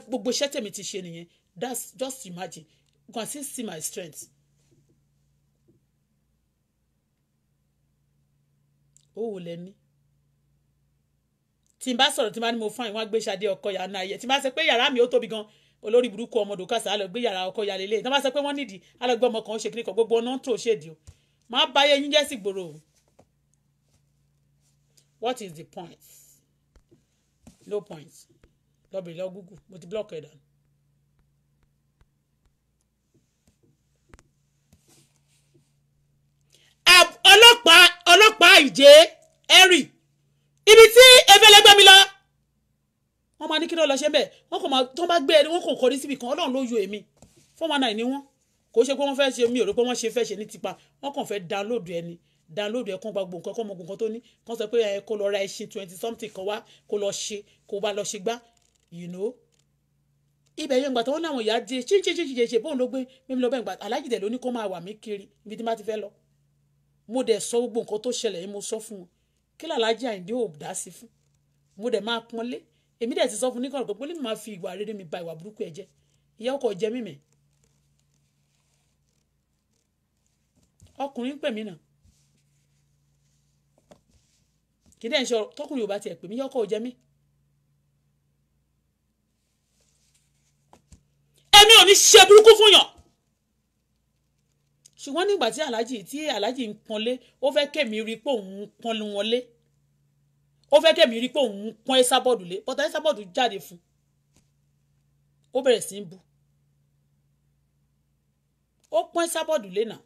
gbogbo iṣẹ́ tèmi ti ṣe nìyẹn that's just imagine you can still see my strength. ó wò lẹ́ni tí n bá sọ̀rọ̀ tí n bá ní mo fún àyìnwá gbé ṣadé ọkọ yàrá náà yẹ tí n bá ṣe pé yàrá mi ó tóbi gan-an olórí burúkú ọmọ dòkásá á yàrá ọkọ yàrá ilé tí wọ́n bá sọ pé wọ́n nídìí á ọmọ kan ṣe kíníkan gbogbo ọ̀nà tó ṣèdí o má báyé yín jẹ́ sí gbòòrò o what is the point no point lọ́bìnrin lọ Google mo ti block ẹ̀ dànù. ọlọ́pàá ọlọ́pàá ìjẹ́ ẹ̀rì ibi tí ebelẹgbẹ́ mi lọ wọ́n máa ní kí ló lọ ṣe bẹ́ẹ̀ wọ́n kò máa tó bá gbé ẹni wọ́n kò kọrí síbi kan ọlọ́run ló yọ èmi four one nine ni wọ́n kò ṣe pé wọ́n fẹ́ ṣe mi ò rò pé wọ́n ṣe fẹ́ ṣe ní tipa wọ́n kàn fẹ́ download ẹni download ẹ̀ kán gba gbòǹkan kán mọ gbòǹkan tó ní kán sọ pé kó lọ ra ẹṣin twenty something kan wá kó lọ ṣe kó bá lọ ṣe gbá you know ibẹ̀ yẹn gbà tí wọ́n láwọn ìyá di ṣíṣíṣíṣíṣe bóun ló gbé mímu lọ bẹ́ẹ̀ gbà aláàjì dẹ̀ ló ní kó máa wà mí kiri ibi tí má ti fẹ́ lọ mo dẹ̀ sọ gbogbo nǹkan tó ṣẹlẹ̀ yìí mo sọ fún wọn kí làlájì àyíndé ò dá sí fún mo dẹ̀ máa pọ́nlé èmi dẹ̀ ti sọ fún níkànnì pé mi máa fi ìwà rere mi ba ìwà burúkú ẹ jẹ́ ìyá ọkọ jẹ mímẹ ọkùnrin pè mí náà kí dẹ́n sọ tọkùnrin ò bá tiẹ̀ pè mí ìyá ọkọ jẹ mí. èmi ò ní ṣe burúkú fún yàn ṣùgbọ́n nígbà tí aláàjì tí aláàjì ń pọ́nlé ó fẹ́ kẹ́mi rí i pé òun ń pọ́nlé wọn lé ó fẹ́ kẹ́mi rí pé òun pọ́n Ẹ́sàbọ́ọ̀dù lé bọ́tà Ẹ́sàbọ́ọ̀dù jáde fún ó bẹ̀rẹ̀ sí í bu ó pọ́n Ẹ́sàbọ́ọ̀dù lé náà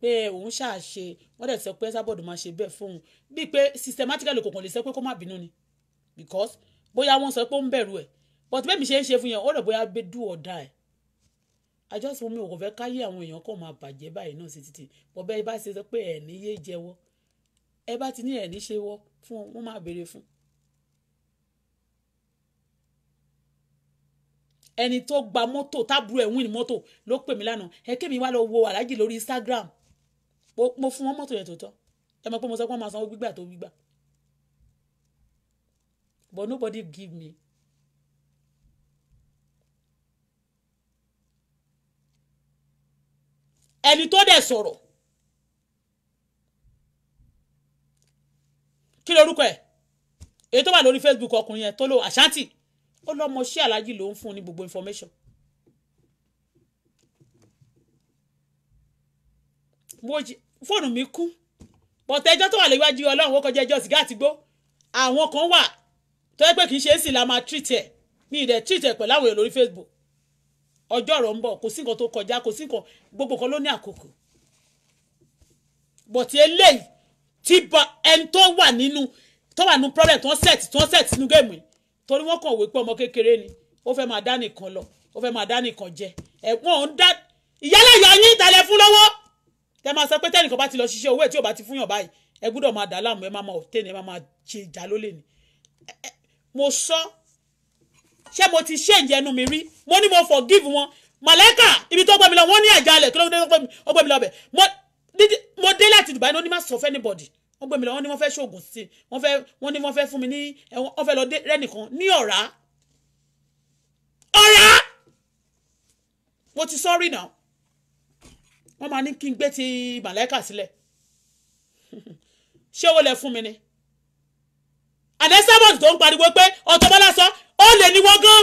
pé òun ṣáà ṣe wọ́n dẹ̀ sọ pé Ẹ́sàbọ́ọ̀dù máa ṣe bẹ́ẹ̀ fóun bíi pé systematically kòkàn lè sọ pé kó má bínú ni because bóyá wọ́n sọ pé ó ń bẹ̀rù ẹ̀ but bẹ́ẹ̀ mi ṣe ń ṣe fún yẹn ó rẹ̀ bóyá gbé do or die àjọsìn omi òkò fẹ́ káyé àwọn èèyàn kò máa bàjẹ́ báyìí náà sí títì bọ́ bẹ́ẹ̀ bá ṣe sọ pé ẹ̀ níyé jẹ́wọ́ ẹ bá ti ní ẹ̀ ní ṣe wọ́ fún wọn máa béèrè fún. ẹni tó gba mọ́tò tábùrú ẹ̀ wíìnì mọ́tò ló pè mí lánàá ẹ kémi wá lọ wo aláàjì lórí Instagram mo fún wọn mọ́tò yẹn tó tọ́ ẹ mọ̀ pé mo sọ pé wọ́n máa sanwó gbígbà tó gbígbà but nobody give me. ẹni tó dẹ̀ sọ̀rọ̀ kí lorúkọ ẹ̀ èyí tó wà lórí Facebook ọkùnrin yẹn tó lò àṣántì ó lọ́mọ ṣé aláàjì ló ń fún ní gbogbo information. mo jí fóònù mi kú bọ̀tẹ́ ẹjọ́ tó wà léwájú ọlọ́run ó kọjá ẹjọ́ sìgá àtìgbó àwọn kan wà tó yẹ pé kì í ṣe é sì la máa treat ẹ̀ mi ì dẹ̀ treat ẹ̀ pẹ̀lú àwọn èèyàn lórí Facebook ọjọ́ ọ̀rọ̀ ń bọ̀ kò sí nǹkan tó kọjá kò sí nǹkan gbogbo kan ló ní àkókò bọ̀tí eléyìí tí ẹni tó wà nínú tó wà nínú problem tó ń set tó ń set sínú géèmù yìí torí wọ́n kàn wé pé ọmọ kékeré ni ó fẹ́ máa dá nìkan lọ ó fẹ́ máa dá nìkan jẹ ẹ̀wọ̀n ń dá ìyálẹ̀ yín ìdálẹ̀ fún lọ́wọ́ tẹ máa sọ pé tẹnìkan bá ti lọ ṣiṣẹ́ owó ẹ̀ tí ò bá ti fún yàn báyìí ẹ gbúdọ̀ máa dà láàmú ẹ máa máa obtain ẹ máa máa ṣe ìjà lólè ni mo sọ ṣé mo ti ṣe ìyẹnu mi rí mo ní mo forgive wọn màlẹ́kà ibi tó gbẹ̀mí lọ wọ́n ní àjálẹ̀ kí ló ń gbẹ̀mí lọ bẹ̀ mo dé láti Dubai ní onímọ̀ sọ fẹ́ anybody wọ́n gbé mi lọ wọ́n ní wọ́n fẹ́ ṣoògùn sí i wọ́n fẹ́ wọ́n ní wọ́n fẹ́ fún mi ní wọ́n fẹ́ lọ rẹ́nìkan ní ọ̀rá ọ̀rá mo ti sọ́ọ́rì náà wọ́n máa ní kí n gbé ti màláìkà sílẹ̀ ṣé owó lẹ fún mi ni àdẹ́sẹ́bọ̀tì tó ń pariwo pé Auto Bola sọ ó lè ní wọ́n gan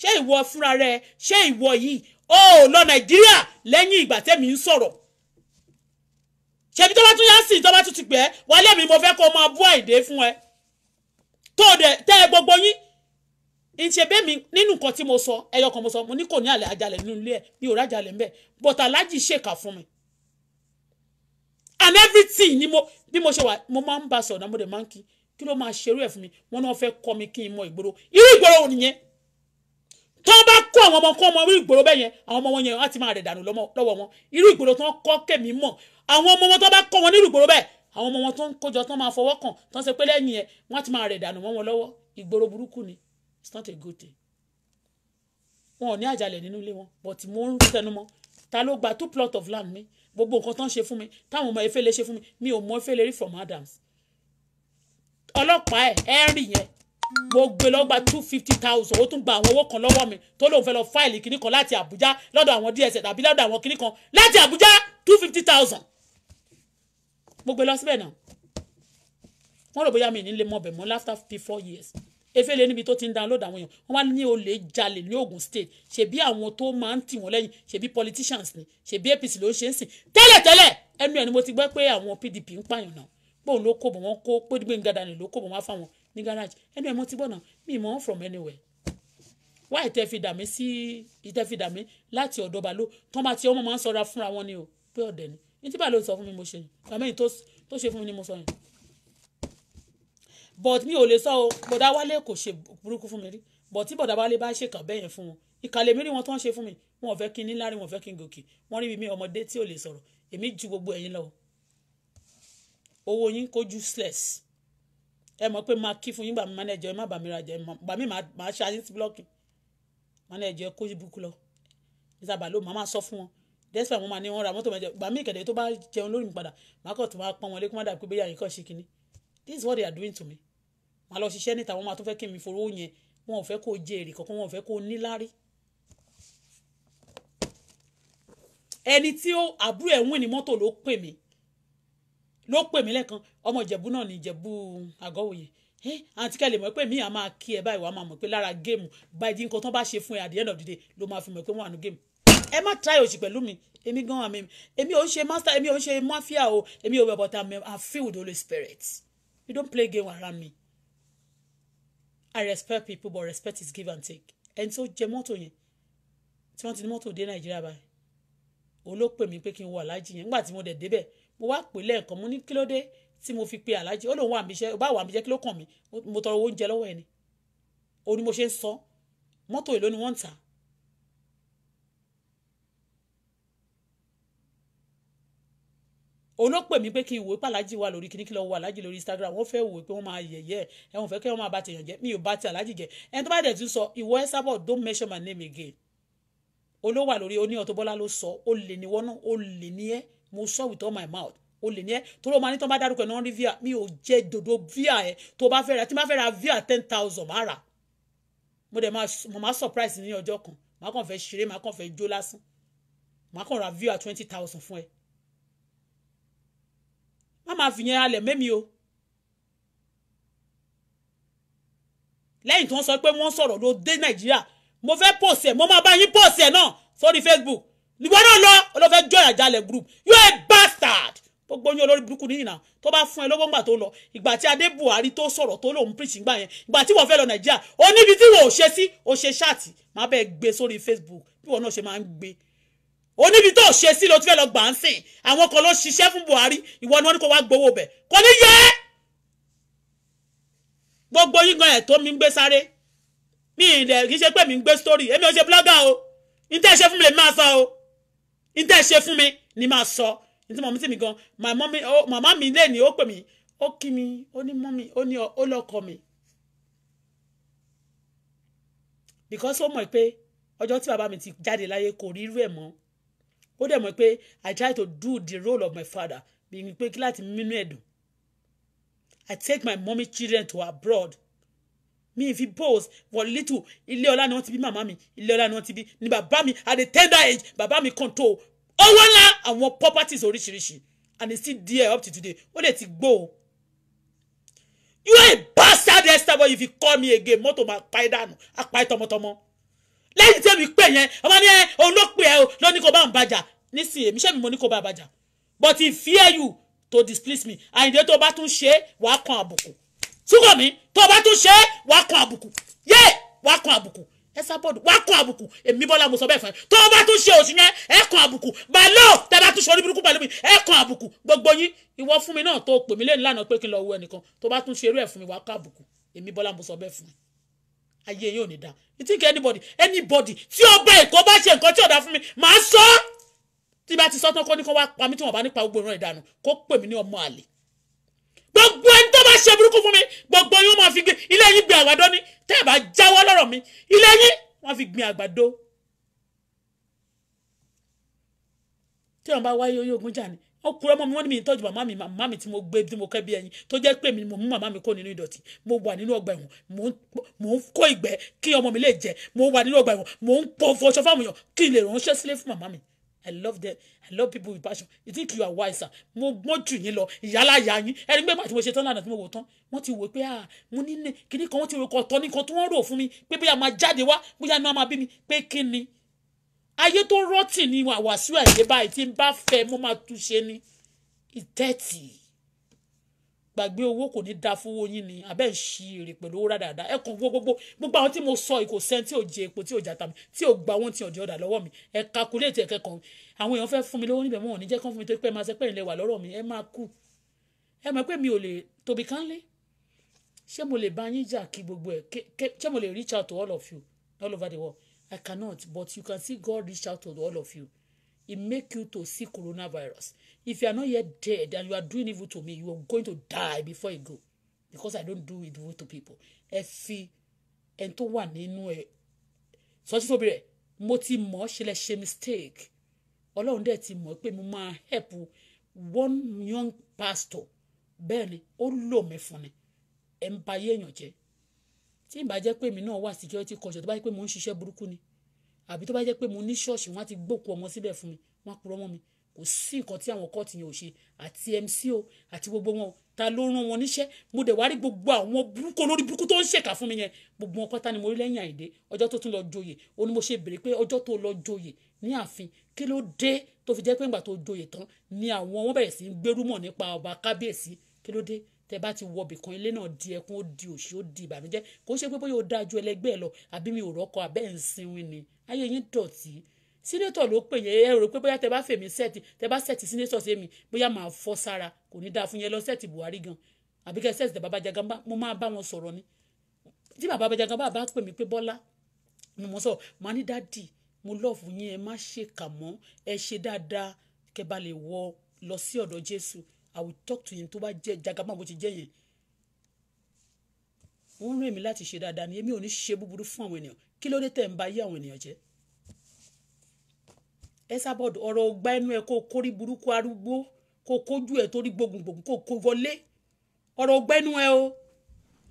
ṣé ìwọ fúnra rẹ ṣé ìwọ yìí ó lọ Nàìjíríà lẹ́yìn ìgbà tẹ́mi ń sọ̀rọ̀ ṣebí tó bá tún yá sí tó bá tún ti pè wálé mi mo fẹ́ kó máa bú àìdè fún ẹ tó dẹ tẹ ẹ gbogbo yín ìṣe bẹ́ẹ̀ mi nínú nǹkan tí mo sọ ẹyọ kan mo sọ mo ní kò ní àlẹ́ ajalẹ̀ nínú ilé ẹ̀ mi ò rájalẹ̀ ńbẹ̀ but aláàjì ṣèkà fún mi and everything ni mo bí mo ṣe wà mo máa ń bá sọ̀rọ̀ náà mo dẹ̀ máa ń kí kí ló máa ṣerú ẹ̀ fún mi wọ́n náà fẹ́ kọ́ mi kí n mọ ìgboro irú ìgboro ò nìyẹn tó bá kó àwọn ọmọ kọ́ ọmọ irú ìgboro bẹ́ẹ̀ yẹn àwọn ọmọ wọn yẹn wọ́n ti máa rẹ̀ dànù lọ́wọ́ wọn irú ìgboro tó ń kọ́ kẹ̀mí mọ̀ àwọn ọmọ wọn tó bá kọ́ wọn nírú ìgboro bẹ́ẹ̀ àwọn ọmọ wọn tó ń kójọ tó máa fọwọ́ kàn tó ń ṣe pé lẹ́yìn yẹn wọ́n ti máa rẹ̀ dànù mọ́ lọ́wọ́ ìgboro burúkú ni it's not a good thing. wọn ò ní àjálẹ̀ nínú ilé wọn but mo ń tẹnu mọ́ ta ló gba two plot of land mi gbogbo nǹkan tó ń ṣe fún mi táwọn ọmọ efele ṣe fún mi mi ò mọ efele rí from Adams ọlọ́pàá ẹ̀ ẹ́ rìn yẹn mo gbé lọ́gbà two fifty thousand ó tún gba àwọn owó kan lọ́wọ́ mi tó lóun fẹ́ lọ fáìlì kìnnì kan láti Àbújá lọ́dọ̀ àwọn DSS tàbí lọ́dọ̀ àwọn kìnnì kan láti Àbújá two fifty thousand mo gbé lọ síbẹ̀ náà wọ́n rò bóyá mi ní lè mọ bẹ̀ mọ́ after four years efe lè níbi tó ti ń download àwọn èèyàn wọ́n wá ní olè jalè ní Ogun State ṣebí àwọn tó máa ń tì wọ́n lẹ́yìn ṣebí politicians ni ṣebí APC ló ṣe ń sìn tẹ́lẹ̀tẹ́lẹ̀ ẹnu ẹ̀ ni mo ti gbọ́ pé àwọn PDP ń pààyàn náà bóun ló kó bọ̀ wọ́n kó pé Gbẹ́ngà Daniel ló kó bọ̀ wọ́n á fáwọn ní garage ẹnu ẹ̀ mo ti gbọ́ náà mi mọ̀ from anywhere wá ìtẹ́ fi dà mí sí ìtẹ́ fi dà mí láti ọ̀dọ̀ balo tán bá ti ọmọ máa ń sọra fúnra wọn ni o pé ọ̀dẹ̀ ni ní tí balo sọ fún mi mo ṣe yìí tàmí tó ṣe fún mi ni mo sọ yìí but mi ò lè sọ o bọ̀dá wálé kò ṣe burúkú fún mi rí but tí bọ̀dá wálé bá ṣe kàn bẹ́yẹn fún wọn ìkàlẹ̀ mi rí wọn tó ń ṣe fún mi wọn ò fẹ́ kí n ní láàrin wọn ò fẹ́ kí n gòkè wọn rí mi ọmọdé tí ò lè sọ̀rọ̀ èmi ju gbogbo ẹ̀yin lọ owó yín kó ju sless ẹ mọ̀ pé máa kí fún yín gbà mí manager ẹ má bà mí rajà gbà mí máa ṣe ayé sí blọ́ọ̀kì manager kó ibùkún lọ mr balo màá máa sọ fún wọn despite wọn máa ní wọn ra mọ́tò mẹ́jọ gbà mí ìkẹ̀dẹ̀ tó bá jẹun lórí mi padà màá kàn tó máa pọ́n wọn lé kó má dàbí pé bẹ́ẹ̀ àyíkọ́ ṣe kínní this is what they are doing to me màá lọ ṣiṣẹ́ níta wọn máa tún fẹ́ kí mi forówó yẹn wọn ò fẹ́ kó jẹ èrè wọn ò fẹ́ kó ní lárí. ẹni tí ó àbúrò ẹ̀ ń wìn ní mọ́tò ló pè mí ló pè mí lẹ́ẹ̀kan ọmọ ìjẹ̀bú náà ní ìjẹ̀bú àgọ́wòye àǹtí kẹ́lẹ̀ mọ̀ pé mi à máa kí ẹ báyìí wàá máa mọ̀ pé lára géèmù báyìí nǹkan tó bá ṣe fún ẹ at the end of the day ló máa fi mọ̀ pé wọ́n àánú géèmù ẹ má try òsì pẹ̀lú mi èmi gan àmì èmi ò ń ṣe master èmi ò ń ṣe mafia o èmi ò but I'm, I feel with the Holy Spirit you don't play game around me I respect people but respect is give and take ẹni tó jẹ mọ́tò yẹn tí wọ́n ti ní mọ́tò dé Nàìjíríà báyìí òun ló pè mí pé kí n wọ aláàjì yẹn nígbà tí mo dẹ̀ débẹ̀ mo wá pè lẹ́ẹ̀kan mo ní kí ló dé tí mo fi pe aláàjì ó lóun wà mí iṣẹ́ ó bá wà mí iṣẹ́ kí ló kàn mí mo tọrọ owó oúnjẹ lọ́wọ́ ẹ̀ ni ó ní mo ṣe ń sọ mọ́tò èlò ni wọ́n ń tà á olópè mi pé kí n wò pé aláàjì wà lórí kíní kí lọ́wọ́ aláàjì lórí instagram wọ́n fẹ́ wò pé wọ́n máa yẹ̀yẹ́ ẹ̀ wọ́n fẹ́ kí wọ́n máa bà tèèyàn jẹ́ mi ò bá ti aláàjì jẹ́ ẹni tó bá dẹ̀ tún sọ ìwọ ẹ sábọ̀ don't mention my name again olówà lórí oní Auto Bola ló sọ olè ni wọ́n náà olè ni ẹ́ mo sọ with all my mouth o lè ní ẹ torí o máa ní tó bá dárúkọ náà rí via mi ò jẹ dòdò via ẹ tó bá fẹ́ ra tí má fẹ́ ra via ten thousand má rà mo dẹ̀ mo máa surprise ní ọjọ́ kan má kàn fẹ́ ṣeré má kàn fẹ́ jó lásán má kàn ra via twenty thousand fún ẹ má máa fi yẹn alẹ̀ mẹ́mi o lẹ́yìn tí wọ́n sọ pé wọ́n sọ̀rọ̀ ló dé nàìjíríà mo fẹ́ pòsì ẹ̀ mo máa bá yín pòsì ẹ̀ náà sórí Facebook ìwọ náà lọ olófẹ́ join àjálẹ̀ group you a bastard gbogbo yín olórí burúkú nìyí náà tó bá fún ẹ lọ́wọ́ ńgbà tó lọ ìgbà tí adé buhari tó sọ̀rọ̀ tó lòun preach ńgbà yẹn ìgbà tí wọ́n fẹ́ lọ nàìjíríà ó níbi tí wọ́n ò ṣe sí ó ṣe ṣáàtì má bẹ́ẹ̀ gbé sórí facebook bí wọ́n náà ṣe máa ń gbé ó níbi tó ṣe sí ló ti fẹ́ lọ gbà ń sìn àwọn kan ló ṣiṣẹ́ fún buhari ìwọ ni wọ́n ní kó wá gbowó bẹ̀ kò ní yẹ gbogbo yín gan ẹ̀ tó mi ń gbé sáré mi ní tẹ́ ẹ ṣe fún mi ni màá sọ ní tí mọ̀mí tì mí gan màmá mi lè ní ó pè mí ó kí mi ó ní mọ́mí ó ní ó lọ́kọ mi because ó mọ̀ pé ọjọ́ tí bàbá mi ti jáde láyé kò rí irú ẹ̀ mọ́ ó dẹ̀ mọ̀ pé I try to do the role of my father bí n pé kí láti mímú ẹ̀dùn I take my mommy children to abroad mi fi pose for little ilé ọlá ni wọ́n ti bí màmá mi ilé ọlá ni wọ́n ti bí ni bàbá mi at a tender age bàbá mi control owó ńlá àwọn properties oríṣiríṣi and e still there up to today ó dẹ̀ ti gbó you are a bastard Esther boy. if you call me again mọ́tò máa pa ẹ́ dànù á pa ẹ́ tọmọtọmọ lẹ́yìn tí èmi pè yẹn ọmọ ní ẹ òun ló pè ẹ o ló ní kó bá ń bàjà nísìnyí èmi ṣé mi mo ní kó bá bàjà but he fear you to displease me àyìndé tó bá tún ṣe wàá kan àbùkù ṣùgbọ́n mi tó o bá tún ṣe é wàá kan àbùkù yé wàá kan àbùkù ẹsà bọ́ọ̀dù wàá kan àbùkù èmi bọ́lá mo sọ bẹ́ẹ̀ fún ẹ tó o bá tún ṣe òṣì yẹn ẹ kan àbùkù bàálù tẹ bá tún ṣe orí burúkú pẹ̀lú mi ẹ kan àbùkù gbogbo yín ìwọ fún mi náà tó o pè mí lẹ́nu lánàá pé kí n lọ wo ẹnìkan tó bá tún ṣe irú ẹ̀ fún mi wàá kan àbùkù èmi bọ́lá mo sọ bẹ́ẹ̀ fún ayé yóò ní da you think anybody anybody tí o bá èkó bá ṣe nǹkan tí ò dá fún mi màá sọ tí bá ti sọ tán kó ní kó wá pa mí tí wọn bá nípa gbogbo ìran ìdànù kó pè mí ní ọmọ àlè gbogbo ẹni bá ṣe burúkú fún mi gbogbo yín máa fi gbé ilé yín gbin àgbàdo ni tẹ́ ẹ̀ bá jáwọ́ lọ́rọ̀ mi ilé yín wọ́n fi gbin àgbàdo. tí wọn bá wáyé oyè ogun jà ni ọkùnrin ọmọ mi wọn ní mi tọ́jú màmá mi màmá mi tí mo gbé tí mo kẹ́ bí ẹyin tó jẹ́ pé mi mo mú màmá mi kó nínú ìdọ̀tí mo wà nínú ọgbà ẹ̀wọ̀n mo ń kó ìgbẹ́ kí ọmọ mi lè jẹ mo wà nínú ọgbà ẹ̀wọ̀n mo ń pọ̀ fọṣọ fáwọn èèyàn kí n lè ránṣẹ́ sílé fún màmá mi I love them. I love people with passion. You think you are wiser. Mo gbọ́n jù yín lọ. Ìyálà ìyá yín. Ẹni pé màtí mo ṣe tán lánàá tí mo wò tán. Wọ́n ti wò pé à ah, mo ní kíní kan wọ́n ti rò kọ́ tọ́ nìkan tí wọ́n rò fún mi. Pé bóyá máa jáde wá bóyá ni wọ́n máa bí mi. Pé kí ni? Ayé tó rọ́tì ni Wàsíù Àyìndé báyìí tí ń bá fẹ́ mo máa túṣe ni. Ìtẹ́tì gbàgbé owó kò ní da fún owó yín ni abẹ́ ń ṣí èrè pẹ̀lú owó rádàdà ẹ kàn wo gbogbo gbogbo àwọn tí mo sọ ìkò sẹ́ni tí ò jẹ epo tí ò jà tàbí tí ò gba owó tí ò jẹ ọ̀dà lọ́wọ́ mi ẹ kakuléètì ẹ kẹ́kọ̀ọ́ àwọn èèyàn fẹ́ fún mi lówó níbẹ̀ wọn ò ní jẹ́ kán fún mi torí pé ẹ máa ṣe pé ìlẹ̀ wà lọ́rọ̀ mi ẹ máa kú ẹ mọ̀ pé mi ò lè tóbi kánlé ṣé mo lè bá yín jà kí gbogbo ẹ ṣé mo lè reach out to all of you all over the world I cannot but you can see God reach out to all of you it make you to see coronavirus if you are not yet dead and you are doing evil to me you are going to die before you go because i don't do evil to people ẹ fi ẹni tó wà nínú ẹ sọjí tóbi rẹ mo ti mọ̀ ṣe ṣe mistake Ọlọ́run dẹ̀ ti mọ̀ pé mo máa help one young pastor bẹ́ẹ̀ ni ó lò mí fún ni ẹ̀ ń ba yéèyàn jẹ́ tí ìbá pé èmi náà wà security conscious tó bá yẹ pé mo ń ṣiṣẹ́ burúkú ni àbí tó bá jẹ́ pé mo ní ṣọ́ọ̀ṣì wọ́n á ti gbókù ọmọ síbẹ̀ fún mi wọ́n á purọ́ mọ́ mi kò sí nǹkan tí àwọn kóòtù yẹn ò ṣe àti MC o àti gbogbo wọn o ta ló rán wọn níṣẹ́ mo dẹ̀ wá rí gbogbo àwọn burúkú olórí burúkú tó ń ṣèkà fún mi yẹn gbogbo wọn pátá ni mo rí lẹ́yìn àìdé ọjọ́ tó tún lọ joyè ó ní mo ṣe béèrè pé ọjọ́ tó lọ joyè ní ààfin kí ló dé tó fi jẹ́ pé ńgbà tó joyè tán ni àwọn wọn bẹ̀rẹ̀ sí í gbérúmọ̀ nípa ọba kábíyèsí kí ló dé tẹ bá ti wọ bìkan ilé náà di ẹkún ó di òṣì ó di ìbànújẹ́ kò ṣe pé bóyá o dáa ju ẹlẹgbẹ́ ẹ lọ àbí mi ò rọ́kọ abẹ́ ń sinwin ni ayé yín dọ̀tí sínétọ̀ ló pè yẹn ẹ rò pé bóyá tẹ bá fèmí sẹ́ẹ̀tì tẹ bá sẹ́ẹ̀tì sínétọ̀ sí mi bóyá màá fọ́ sára kò ní dáa fún yẹn lọ sẹ́ẹ̀tì Buhari gan àbí kẹ sẹ́ẹ̀tì bàbá Jagaba mo máa bá wọn sọ̀rọ̀ ni tí bàbá Jagaba bá pè mí pé Bọ́lá mo mọ̀ sọ̀rọ̀ màá ní dádì mo lọ́ọ̀fù yín ẹ má ṣèkà mọ́ ẹ ṣe dáadáa kẹ bá lè wọ lọ sí ọ̀dọ̀ Jésù I will talk to him tó bá jẹ́ jagaban bó ti jẹ́ yẹn ó ń rìn mí láti ṣe dáadáa ni èmi ò ní ṣe búburú fún àwọn ènìyàn kí ló dé tẹ̀ ń ba ayé àwọn ènìyàn jẹ́ ẹ sábọ̀dọ̀ ọ̀rọ̀ ọgbà ẹnu ẹ kó kórí burúkú arúgbó kó kójú ẹ torí gbogbogbò kó kó wọlé ọ̀rọ̀ ọgbà ẹnu ẹ o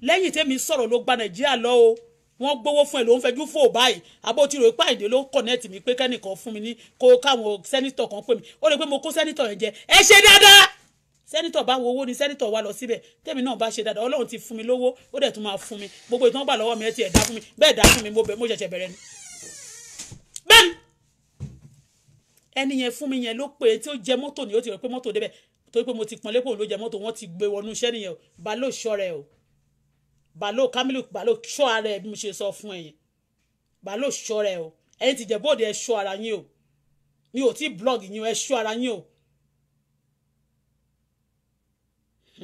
lẹ́yìn tẹ́mi sọ̀rọ̀ ló gba nàìjíríà lọ o wọ́n gbowó fún ẹ ló ń fẹjú fò báyìí abó tí ròyìn pàdé ló kọ̀nẹ́ẹ̀tì mi pé kẹ́nìkan fún mi ní kó káwọn sẹ́nitọ̀ kan pè mí ó lè pé mo kó sẹ́nitọ̀ yẹn jẹ ẹ ṣe dáadáa sẹ́nitọ̀ bá wo owó ni sẹ́nitọ̀ wa lọ síbẹ̀ tẹ́mi náà bá ṣe dáadáa ọlọ́run ti fún mi lówó ó dẹ̀ tún máa fún mi gbogbo ìtàn gbà lọ́wọ́ mi ẹ ti ẹ̀ dá fún mi bẹ́ẹ̀ dá fún mi mo bẹ̀ mo ṣẹ̀ṣẹ̀ bẹ̀rẹ̀ ni. bẹ́ẹ̀ni ẹni yẹn fún mi yẹn ló pé tí ó jẹ mọ́tò ni ó ti rẹ̀ pé mọ́tò débẹ̀ torí pé mo ti pọ́n lépò ló jẹ mọ́tò wọ́n ti gbé wọnú iṣẹ́ nìyẹn o balo ṣọ́ rẹ o balo kamilu balo ṣọ́ ara ẹ bí mo ṣe sọ fún ẹ̀yin balo ṣọ́ rẹ o ẹ̀yin ti jẹ bóde ẹ ṣọ́ ara yín o mi ò tí blog yín o ẹ ṣọ́ ara yín o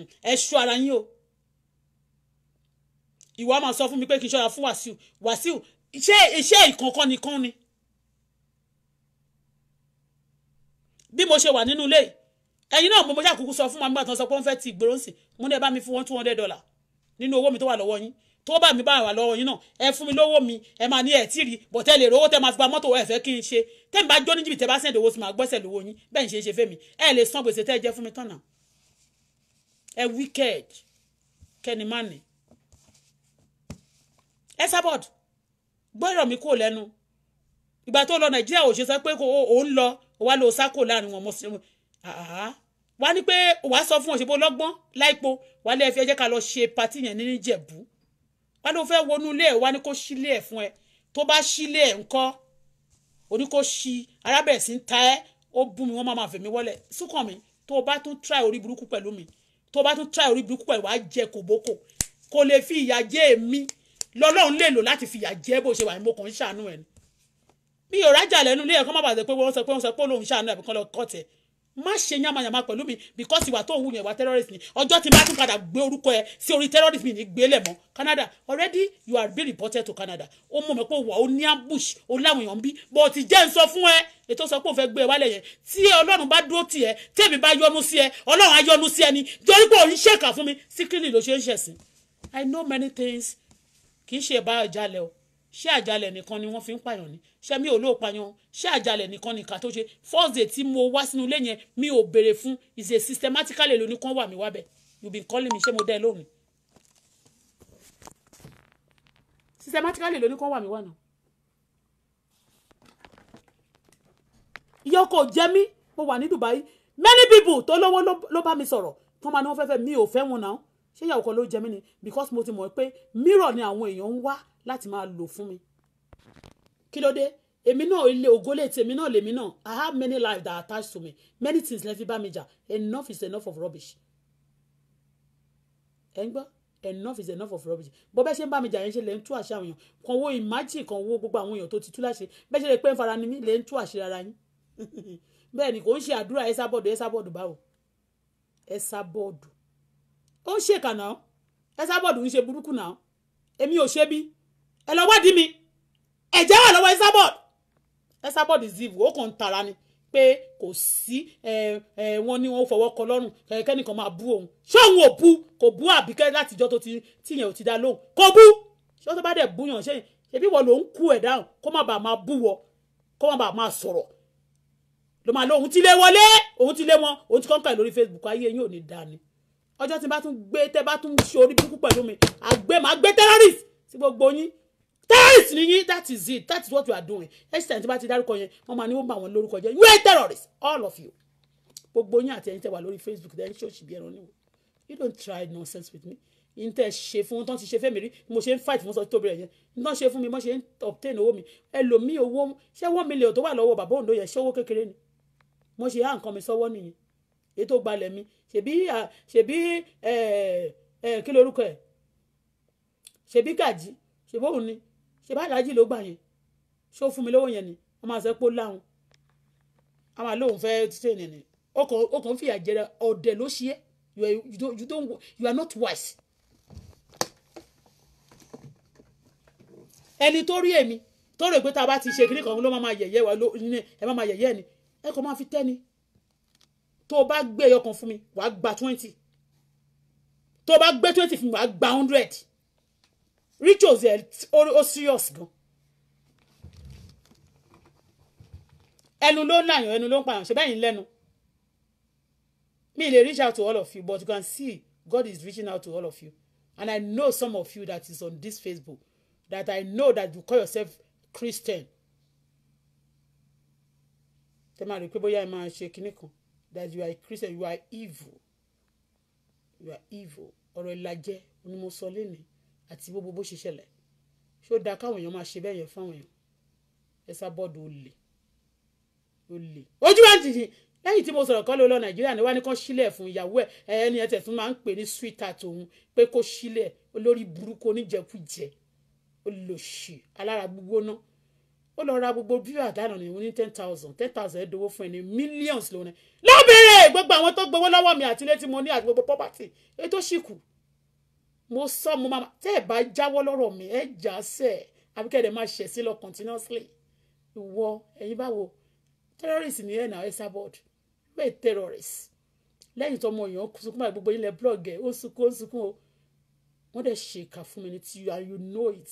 ẹ ṣọ́ ara yín o ìwọ máa sọ fún mi pé kí n ṣọ́ra fún Wàsíù Wàsíù ṣé iṣẹ́ ìkankan nìkan ni bí mo ṣe wà nínú ilé ẹ̀yin náà mo mo ṣàkókò sọ fún wa nígbà tó ń sọ pé wọ́n fẹ́ ti ìgboro ń mo ní bá mi fún one two hundred dollar nínú owó mi tó wà lọ́wọ́ yín tó bá mi bá wà lọ́wọ́ yín náà ẹ fún mi lówó mi ẹ máa ní ẹ̀ tí rí bọ̀tẹ́ lè rówó tẹ́ máa fi pa mọ́tò ẹ fẹ́ kí n ṣe tẹ́ mi bá jó ní jìbìtẹ́ bá sẹ́ńdẹ̀ owó sí máa gbọ́sẹ̀ lówó yín bẹ́ẹ̀ ń ṣe é ṣe fẹ́ ẹ lè san gbèsè tẹ́ ẹ jẹ́ fún mi tán náà ẹ wicked kẹ́ni má ní. Esabod gbọ́ ìrọ̀ mi kò lẹ́nu ìgbà tó lọ Nàìjíríà ò ṣe sọ pé ó ń lọ wà ló sá kò láàrin wọn mọ́ wá ní pé wàá sọ fún òṣèbó lọ́gbọ́n láìpo wà lẹ́ẹ̀ fi ẹjẹ́ ká lọ ṣe patí yẹn ní Ìjẹ̀bú wà ló fẹ́ wọnú ilé ẹ̀ wá ní kó sílé ẹ̀ fún ẹ tó bá sílé ẹ̀ ńkọ́ oní kó arábẹ̀sí ń ta ẹ́ ó bú mi wọ́n máa fẹ̀mí wọlé súnkàn mi tó o bá tún try orí burúkú pẹ̀lú mi tó bá tún try orí burúkú ẹ̀ wá jẹ kòbókò kò lè fi ìyà jẹ èmi lọ́lọ́run lè lò láti fi ìyà jẹ bó ṣe wà ní mo kàn ń ṣàánú ẹ̀ ni mi ò rájà lẹ́nu ilé ẹ̀kọ́ má bàa sọ pé wọ́n sọ pé wọ́n sọ pé olóhùn ṣàánú àbíkan lọ kọ́ tẹ̀ má ṣe yamayama pẹ̀lú mi because ìwà tó ń wù yẹn ìwà terrorist ni ọjọ́ tí má padà gbé orúkọ ẹ sí orí terrorist mi ní gbélé mọ́ Canada already you are being reported to Canada ó mọ̀ mọ́ pé wà ó ní ambush ó láwọn èèyàn ń bí but jẹ́ ń sọ fún ẹ ètò sọ pé òun fẹ́ gbé ẹ wálẹ̀ yẹn tí Ọlọ́run bá dúró tì ẹ tèmi bá yọ́nú sí ẹ Ọlọ́run á yọ́nú sí ẹ ni torí pé òun ṣèkà fún mi síkírì ló ṣe ń ṣẹ̀sìn I know many things kì í ṣe ìbá ọ̀jalẹ̀ o ṣé àjálẹ̀ nìkan ni wọ́n fi ń pààyàn ni ṣé mi ò lóò pààyàn ṣé àjálẹ̀ nìkan ni kà tó ṣe first day tí mo wá sínú ilé yẹn mi ò béèrè fún is a systematically lóní kan wà mí wábẹ̀ you been calling me ṣé mo dá ẹ lóhùn systematically lóní kan wà mí wà náà. ìyá ọkọ mí mo wà ní Dubai many people tó lówó ló bá mi sọ̀rọ̀ tó máa ní wọ́n fẹ́ fẹ́ mi ò fẹ́ wọn náà ṣé ìyá ọkọ ló jẹ́ mí ni because mo ti mọ̀ pé mirror ni àwọn èèyàn ń wá láti máa lò fún mi kí ló dé èmi náà ilé ògólé tèmi náà lèmi náà i have many lives that attach to me many things lẹ́fi bá mi jà enough is enough of rubbish ẹ ń gbọ́ enough is enough of rubbish bó bẹ́ẹ̀ ṣe ń bá mi jà yẹn ṣe lè ń tú àṣẹ àwọn èèyàn kan wo imagine kan wo gbogbo àwọn èèyàn tó ti tú láṣẹ bẹ́ẹ̀ ṣe lè pẹ́ ń fara ni mí lè ń tú àṣẹ ara yín bẹ́ẹ̀ ni kò ń ṣe àdúrà ẹ sábọ́ọ̀dù ẹ sábọ́ọ̀dù báwo ẹ sábọ́ọ̀dù ó ń ṣèkà náà ẹ sábọ́ọ̀dù ń ṣe burúkú náà èmi ò ṣe bí ẹ lọ wádìí mi ẹ̀jẹ̀ wà lọ́wọ́ Esabod Esabod ziv ó kàn ń tara ni pé kò sí wọn ní wọn fọwọ́ kọ lọ́rùn kẹ́nìkan máa bú òun ṣé òun ò bú kò bú àbíkẹ́ látijọ́ tó ti tìyẹn ò ti dá lóhùn kò bú ṣé tó bá dẹ̀ búyàn ṣé ṣebí wọ́n ló ń kú ẹ̀ dáhùn kó má bàa máa bú wọ kó má bàa máa sọ̀rọ̀ ló máa lọ òun ti lé wọlé òun ti lé wọn òun ti kọ́ńkà lórí Facebook ayé yín ò ní dáa ni ọjọ́ tí bá tún gbé tẹ́ bá tún ṣe orí burúkú pẹ̀lú mi àgbẹ̀ máa gbé terrorist sí gbogbo yín terrorist ni yín that is it that is what you are doing next time tí bá ti dárúkọ yẹn wọ́n máa ní wọ́n bá wọn lórúkọ jẹ́ you are terrorists all of you gbogbo yín àti ẹ̀yin tẹ́ wà lórí facebook Then ń ṣòṣì bí ẹran níwò you don't try nonsense with me yín tẹ́ ṣe fún tán ti ṣe fẹ́mi rí mo ṣe ń fight fún sọ́tò bẹ̀rẹ̀ yẹn tán ṣe fún mi mo ṣe ń obtain owó mi ẹlòmíì owó ṣé one million tó wà lọ́wọ́ bàbá òǹdó yẹn ṣé owó kékeré ni mo ṣe há nǹkan mi sọ́wọ́ nìyẹn ètò gbalẹ̀ mi ṣèbí ṣèbí ẹ ẹ kí lorúkọ ẹ ṣèbí gàjí ṣèbí òun ni ṣe bá ìlàjì ló gbà yẹn ṣé ó fún mi lówó yẹn ni wọ́n máa sọ pé ó láwọn a máa lóun fẹ́ títẹ̀ nìyẹn ó kàn ń fìyà jẹrẹ ọ̀dẹ̀ ló ṣe é you are you don't you don't you are not wise. ẹni tó rí èmi tó rò pé tá a bá ti ṣe kíní kan ló máa yẹ̀yẹ́ wa ló ní ẹ máa yẹ̀yẹ́ ni ẹ kàn máa fi tẹ́ni tó o bá gbé ẹyọ kan fún mi wàá gba twenty tó o bá gbé twenty fún mi wàá gba hundred rituals yẹn ó serious gan ẹnu ló ń làyàn ẹnu ló ń pààyàn ṣe bẹ́ẹ̀ yín lẹ́nu me dey reach out to all of you but you can see God is reaching out to all of you and I know some of you that is on this Facebook that I know that you call yourself Christian tẹ máa rí pé bóyá ẹ máa ṣe kinní kan that you are a Christian you are evil you are evil ọ̀rọ̀ ìlàjẹ onímọ̀sọ lẹ́nìí àti gbogbo bó ṣe ṣẹlẹ̀ ṣó dáa káwọn èèyàn máa ṣe bẹ́ẹ̀ yẹn fáwọn èèyàn Esabod olè olè ojú wa jìjì lẹ́yìn tí mo sọ̀rọ̀ kọ́ ló lọ nàìjíríà ni wá ní kán sílẹ̀ fún ìyàwó ẹ̀ ẹni ẹ̀tẹ̀ tún máa ń pè ní sweetheart òun pé kó sílẹ̀ olórí burúkú oníjẹkújẹ olòṣì alára gbígbóná ó lọ ra gbogbo bíbí àdánù ní ní ten thousand ten thousand ẹ̀dọ́wọ́ fún ẹni millions lónìí lọ́bẹ̀rẹ̀ gbogbo àwọn tó gbowó lọ́wọ́ mi àti mo ní àti gbogbo property èyí tó mo sọ mo máa tẹ́ ẹ̀ bá jáwọ́ lọ́rọ̀ mi ẹ̀ já sẹ̀ àbí kẹ́ máa ṣẹ̀ sí lọ continuously ìwọ ẹ̀yin báwo terrorist ni ẹ̀ náà ẹ̀ sábọ̀d wẹ́ẹ̀ terrorist lẹ́yìn tó ọmọ èèyàn sunkún báyìí gbogbo ilẹ̀ blog ẹ̀ ó sunkún ó sunkún o wọ́n dẹ̀ ṣèkà fún mi ní tí you and you know it.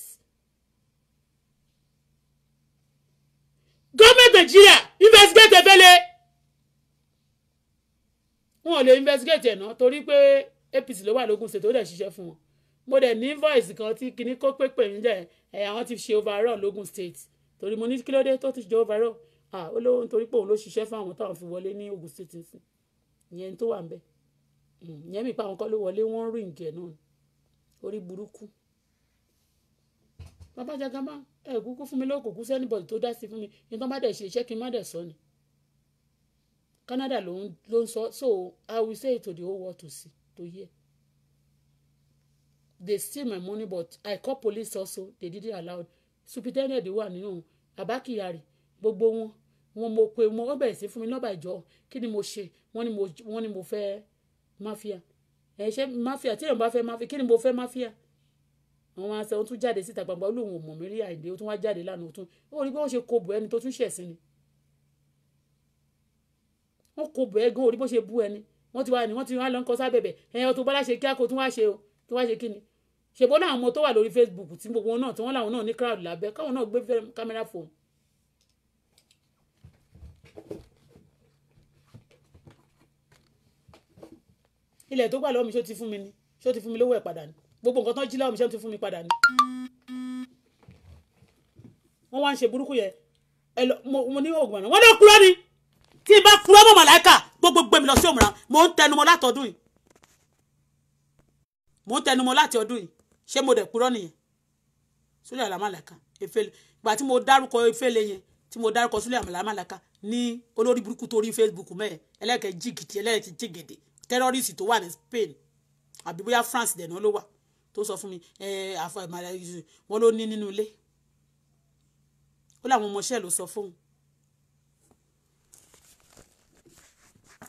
gọ́ọ̀mẹ̀ntì nàìjíríà investigate efele wọn ò lè investigate ẹ̀ náà torí pé APC ló wà lógun ṣètò ó dẹ̀ ṣiṣẹ́ fún wọn mo dẹ̀ ní voice kan tí kinní kó pépè ń jẹ ẹ àwọn ti ṣe overall logun state torí mo ní kí ló dé tó ti ṣe overall ah olówó nítorí pé òun ló ṣiṣẹ́ fún àwọn táwọn fi wọlé ní Ogun state nsìn ìyẹn tó wà ń bẹ̀ hmm, ìyẹn mi pa àwọn kan ló wọlé wọ́n rìn jẹ náà orí burúkú bàbá jagama ẹ kúkú fún mi lókùnkùn sẹ́nìbọ̀dì tó dá sí fún mi ní tó má dẹ̀ ṣe iṣẹ́ kí n má dẹ̀ sọ ni Canada ló ń sọ so I will say it to the whole world to see to hear they steal my money but I call police also they didn't allow superintendent wà nínú Baba Kyari gbogbo wọn wọn mo pe wọn wọn bẹ̀rẹ̀ sí fún mi nọ́bà ìjọ kí ni mo ṣe wọ́n ni mo wọ́n ni mo fẹ́ mafia ẹ̀ ṣe mafia tí èèyàn bá fẹ́ mafia kí ni mo fẹ́ mafia wọn máa ń sọ wọn tún jáde síta gbangba olóhùn ọmọ mi rí àìdè ó tún wá jáde lánàá ó tún ó rí bí wọn ṣe kó bò ẹni tó tún ṣẹ̀ sí ni wọn kó bò ẹ gan ó rí bó ṣe bú ẹni wọn ti wá ní wọn ti wá lọ ń kọ sábẹ̀bẹ̀ ẹ̀yàn tó bá láṣẹ kí á kó tún wá ṣe o tó wá ṣe kí ni ṣèbó náà àwọn ọmọ tó wà lórí Facebook tí gbogbo wọn náà tí wọn làwọn náà ní crowd lábẹ́ káwọn náà gbé camera phone ilẹ̀ tó gbà lọ́wọ́ mi ṣó ti fún mi ni ṣó ti fún mi lówó ẹ̀ padà ni gbogbo nǹkan tó jí lọ́wọ́ mi ṣó ti fún mi padà ni. wọ́n wá ń ṣe burúkú yẹn ẹ lọ mo ní oògùn àná wọ́n ní òkúrọ́ ni tí n bá kúrọ́ mọ̀ màláìka gbogbo gbẹ̀mí lọ sí òmùràn mò ń tẹnumọ́ látọ̀dún yìí mò ń tẹnumọ́ láti ọdún yìí ṣé mo dẹ̀ purọ́ nìyẹn súlẹ̀ àlàmàlàkà efele ìgbà tí mo dárúkọ efele yẹn tí mo dárúkọ súlẹ̀ àlàmàlàkà ní olórí burúkú torí Facebook mẹ́ẹ̀ ẹlẹ́kẹ̀ jìgìdì ẹlẹ́kẹ̀ jìgìdì tẹ́rọ́rìsì tó wà ní Spain àbí bóyá France dẹ̀ náà ló wà tó sọ fún mi ẹ àfọ ìmàlẹ wọn ló ní nínú ilé ó láwọn ọmọọṣẹ́ ló sọ fóun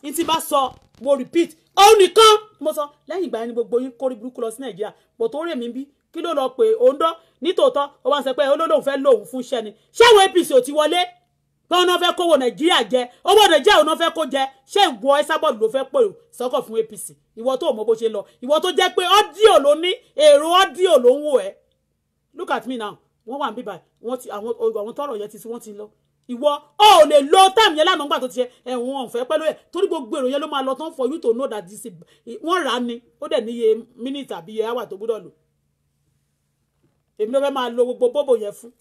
ní tí bá sọ mo repeat òun nìkan mo sọ lẹ́yìn ìgbà yẹn ni gbogbo yín kórí burúkú lọ sí nàìjíríà pọ̀ tó rẹ̀ mí bí kí ló lọ pé òǹdọ́ nítòótọ́ ó wá ń sọ pé olólùfẹ́ fẹ́ lòun fún iṣẹ́ ni ṣáwọn APC ò ti wọlé pé wọn náà fẹ́ kówó nàìjíríà jẹ owó nàìjíríà wọn náà fẹ́ kó jẹ ṣé ìwọ ẹ sábọ̀dù ló fẹ́ pè ó sọ́kọ̀ fún APC ìwọ tó mọ bó ṣe lọ ìwọ tó jẹ́ pé ọ́díò ló ní èrò ọ́díò ló ń wò ẹ́ look at me now wọ́n wà ń bíbà àwọn tọrọ yẹn ti sí wọ́n ti lọ ìwọ ọ ò lè lo táàmù yẹn lánàá nígbà tó ti ṣe ẹ̀wọ̀n ọ̀fẹ́ pẹ́ lóye torí gbogbo èrò yẹn ló máa lọ tán for you to know that this wọ́n rà á ni ó dẹ̀ níye mínítì àbí iye hour tó gbúdọ̀ lò èmi ló fẹ́ máa lo gbogbo bóbò yẹn fún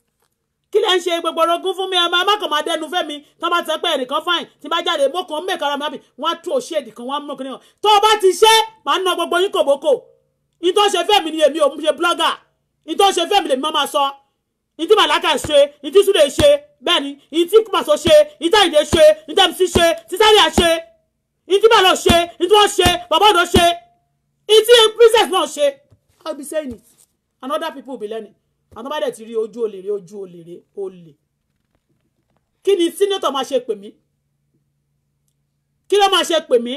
kí lẹ́ ń ṣe gbogbo orogún fún mi ọmọ amákànmá dẹnu fẹ́ mi tó bá ti pẹ́ ẹnìkan fáìn tí bá jáde mo kàn ń mèkà ara mi àbí wọ́n á tú òṣèdì kan wọ́n á mú kí nìkan tó o bá ti ṣe máa ń ná gbogbo yín kòbókò ìtọ́ṣe fẹ́mi ni èmi ò ń ṣe blogger ìtọ́ṣe fẹ́mi lèmi máa máa sọ ìtí màláta ṣe ìtí súlè ṣe bẹ́ẹ̀ ni ìtí kùmàṣọ ṣe ìtí àyìndé ṣe ìtí mc ṣe tísárì àṣe ìtí bàlọ ṣe ìtí wọn ṣe bàbá ọdọ ṣe ìtí princess náà ṣe i be saying it and other people be learning And nobody dẹ̀ ti rí ojú olèrè ojú olèrè olè kí ni sínítọ̀ máa ṣe pè mí kí ló máa ṣe pè mí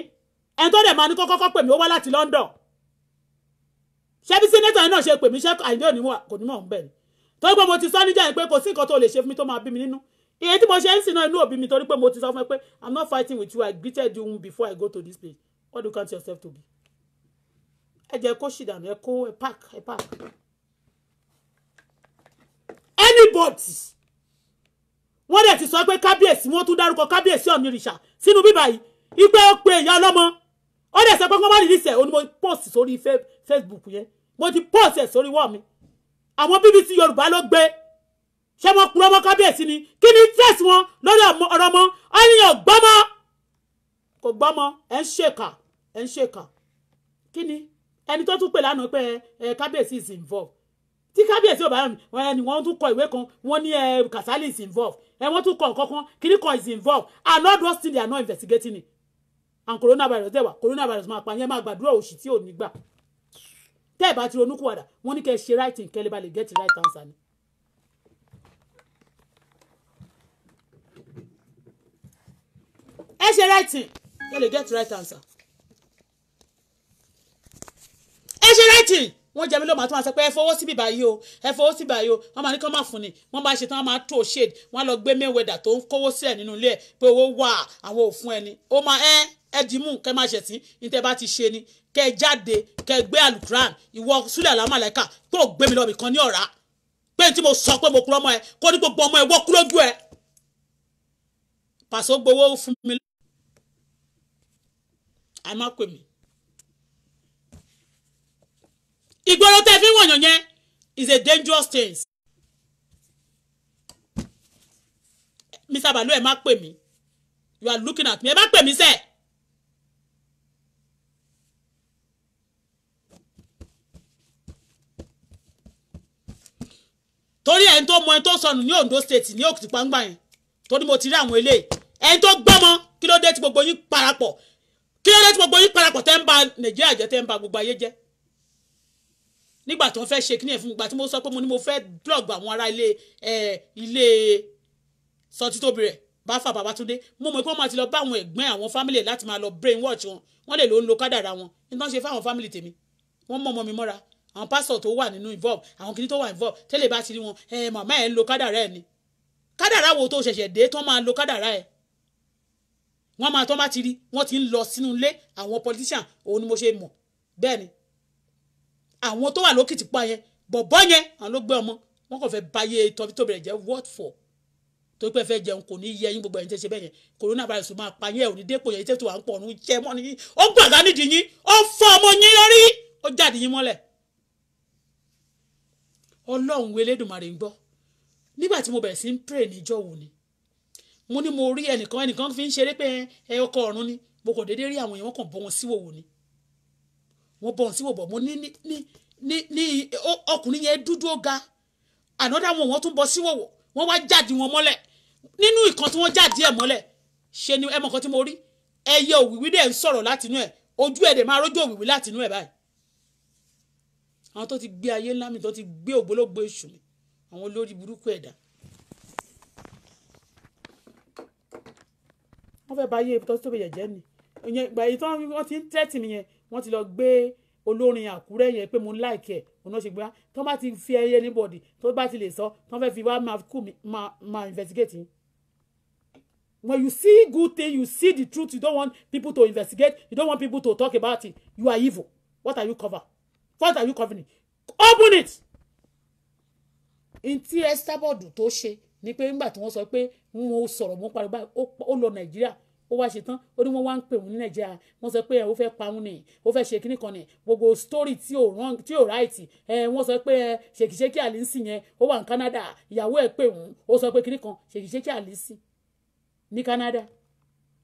ẹni tó dẹ̀ máa ní kọ́kọ́kọ́ pè mí ó wá láti London ṣé bí sínítọ̀ yẹn náà ṣe pè mí ṣé àìní òní wà kò ní mọ̀ ń bẹ̀ ni torí pé mo ti sọ níjà yìí pé kò sí nǹkan tó lè ṣe fún mi tó máa bí mi nínú ìyẹn tí mo ṣe ń sìn náà inú òbí mi torí pé mo ti sọ fún ẹ pé i'm not fighting with you i greeted you before i go to this place what do you count yourself to be ẹ jẹ́ kó ṣì dànù ẹ kó ẹ park ẹ park anybody wọ́n dẹ̀ ti sọ pé kábíyèsí wọ́n tún dárúkọ kábíyèsí ọ̀nìrìṣà sínú bíbá yìí ipe ó pe ìyá ọlọ́mọ ó sọ pé kọ́mọ́rì nísẹ̀ onímọ̀ post sórí facebook yẹn mo ti post ẹ̀ sórí wọ́ọ̀ mi àwọn BBC Yorùbá ló gbé ṣé wọ́n kúrò ọmọ kábíyèsí ni kí ni tẹ̀sí wọn lórí ọ̀rọ̀ ọmọ ọ̀nìyàn gbọ́mọ kò gbọ́mọ ẹ̀ ń ṣèkà ẹ̀ ń ṣèkà kí ni ẹni tó tún pè lánàá pé ẹ kábíyèsí is involved tí kábíyèsí ò bá wọn ẹni wọ́n tún kọ ìwé kan wọ́n ní ẹ Kasali is involved ẹ wọ́n tún kọ nǹkan kan kiri kan is involved and all those things they are not investigating it and coronavirus dẹ̀ wà coronavirus máa pa yẹn máa gbàdúrà òṣì tí ò ní gbà tẹ́ ẹ̀ bá ti ronú kúwàdà wọ́n ní kẹ́ ẹ ṣe right thing kẹ́ ẹ lè ba lè get right answer ni. ẹ ṣe right thing kẹ́ ẹ lè get right answer. ẹ ṣe right thing wọ́n jẹ́ mi ló máa tún máa sọ pé ẹ fowó síbi báyìí o ẹ fowó síbi báyìí o wọ́n máa ní kán máa fún ni wọ́n bá ṣe tán wọ́n máa tó shade wọ́n á lọ gbé Mayweather tó ń kówó sílẹ̀ nínú ilé ẹ̀ pé owó wà àwọn òfun ẹni ó máa ẹ ẹ dìímù kẹ́ máa ṣẹ̀sín ní tẹ́ bá ti ṣe ni kẹ jáde kẹ gbé alukuran ìwọ sílẹ̀ alámàlẹ́kà tó gbé mi lọ́bì kan ní ọ̀rá pé tí mo sọ pé mo kúrọ́ ọmọ ẹ kó ní gbogbo ọmọ ẹ wọ́ kúrò ojú ẹ. pàṣẹ gbowó fún mi. a má pè mí. ìgboro tẹ fi wọ̀nyàn yẹn is a dangerous thing. mr balu ẹ má pè mí you are looking at me ẹ má pè mí sẹ́ẹ̀. torí ẹni tó mọ ẹni tó sọnù ní Ondo state ní òkìtì pàǹgbà yẹn torí mo ti rí àwọn eléyìí ẹni tó gbọ́mọ kí ló dé tí gbogbo yín parapọ̀ kí ló dé tí gbogbo yín parapọ̀ tẹ́ ń ba Nàìjíríà jẹ́ tẹ́ ń ba gbogbo ayé jẹ́ nígbà tó ń fẹ́ ṣe kíni ẹ̀ fún mi gbà tí mo sọ pé mo ní mo fẹ́ blog àwọn ará ilé ẹ ilé Sotitobire rẹ̀ báfà Babátúndé mo mọ̀ pé wọ́n máa ti lọ bá àwọn ẹ̀gbọ́n àwọn fámìlì láti máa lọ brain watch wọn wọ́n lè ló ń lo kádàrà wọn nítorí wọ́n ṣe fáwọn fámìlì tèmi wọ́n mọ̀ ọmọ mi mọ́ra àwọn pásítọ̀ tó wà nínú involve àwọn kìnìún tó wà involve tẹ́lẹ̀ bá ti rí wọn ẹ màmá ẹ̀ ń lo kádàrá ẹ̀ ni kádàrá wo tó ṣẹ̀ṣẹ̀ dé tó máa lo kádàrá ẹ̀ wọ́n máa tọ́ bá ti rí wọ́n ti ń lọ sínú ilé àwọn politician òun ni mo ṣe mọ̀ bẹ́ẹ̀ ni àwọn tó wà lókìtì pa yẹn bọ̀bọ́ yẹn àwọn ló gbé ọmọ wọn kàn fẹ́ báyé tọ́bí tó bẹ̀rẹ̀ jẹ́ what for tó pẹ́ fẹ́ jẹun kò ní yẹ yín gbogbo ẹ̀yin tẹ́ ṣe bẹ́ẹ̀ yẹn corona virus máa pa yẹn ò ní dépò yẹn tẹ́ tó wà ń pọ̀ ọ̀run jẹ́ mọ́ ni ó gbàgbá nídìí yín ó fọ́ ọmọ yín lórí ó jáde yín mọ́lẹ̀ ọlọ́run elédùnmarè ń gbọ́ nígbà tí mo bẹ̀rẹ̀ sí ń pray níjọ́ wo ni mo ní mo rí ẹnìkan ẹnìkan fi ń ṣeré pé ẹ ọkọ ọ̀run ni mo kò déédéé rí àwọn èèyàn wọn kàn bọ́ wọn síwòwò ni wọ́n bọ́ wọn síwòwò mo ní ní ní ní ọkùnrin yẹn dúdú ó ga ànádà wọn wọ́n tún bọ́ síwòwò wọ́n wá jáde wọn mọ́lẹ̀ nínú ìkan tí wọ́n jáde ẹ̀ mọ́lẹ̀ ṣe ni ẹmọ kan tí mo rí ẹyẹ òwìwí dẹ̀ ń sọ̀rọ̀ látinú ẹ̀ ojú ẹ̀ dẹ̀ máa rójú òwìwí látinú ẹ̀ báyìí àwọn tó ti gbé ayé ńlá mi tó ti gbé ògbólógbò èṣù mi àwọn olórí burúkú ẹ̀dá wọ́n fẹ́ báyé ibi tó tóbi yẹ̀jẹ̀ ni ìyẹn ìgbà èyí tí wọ́n ti ń tẹ́tì mi yẹn wọ́n ti lọ gbé olórin àkúrẹ́ yẹn pé mo ń láìkẹ́ òun náà ṣe gbé wá tó bá ti fi ẹyẹ anybody tó bá ti lè sọ tó fẹ́ fi wá máa kú mi máa investigate yín. when you see good thing you see the truth you don't want people to investigate you don't want people to talk about it you are evil what are you cover what are you covering open it ntí ẹ́sítábọ̀dù tó ṣe ni pé nígbà tí wọ́n sọ pé wọ́n sọ̀rọ̀ wọ́n parí báyìí ó lọ nàìjíríà ó wá ṣe tán ó ní wọ́n wá ń pè wọ́n ní nàìjíríà wọ́n sọ pé ẹ̀ ó fẹ́ pa ni ó fẹ́ ṣe kíní kan ni gbogbo story tí ò wrong tí ò right ẹ̀ wọ́n sọ pé ẹ̀ ṣèkìṣẹ́kì àlìsí yẹn ó wà ní Canada ìyàwó ẹ̀ pè wọ́n ó sọ pé kíní kan ṣèkìṣẹ́kì àlìsí ní Canada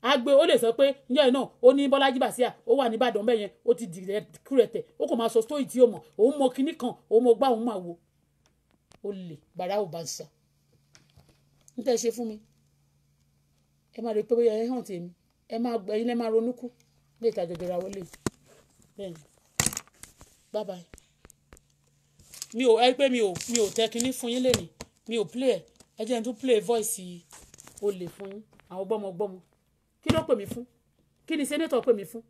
á gbé ó lè sọ pé ǹjẹ́ náà ó ní bọ́lájí bàṣíà ó wà ní ìbàdàn bẹ́ẹ̀ yẹn ó ti dìrẹ̀ kúrẹ̀tẹ̀ ó kò máa sọ sóyì tí ó mọ̀ òun mọ kinní kan òun mọ gbá òun máa wo ó lè bàrà ò bá ń sà ń tẹ́ ṣe fún mi ẹ máa rí pé bóyá ẹ hàn tèmi ẹ máa ẹyin lẹ́ máa ronú kú lè ta jọjọ ra wọlé bẹ́ẹ̀ ni bye bye mi ò ẹ pé mi ò mi ò tẹ kinní fún yín lẹ́nìí mi ò play ẹ ẹ jẹ́ n tún play voice olè fún yín àwọn gbọ́mọgbọ́mọ kí ló pè mí fún kí ni sẹ́nẹ́tọ̀ pè mí fún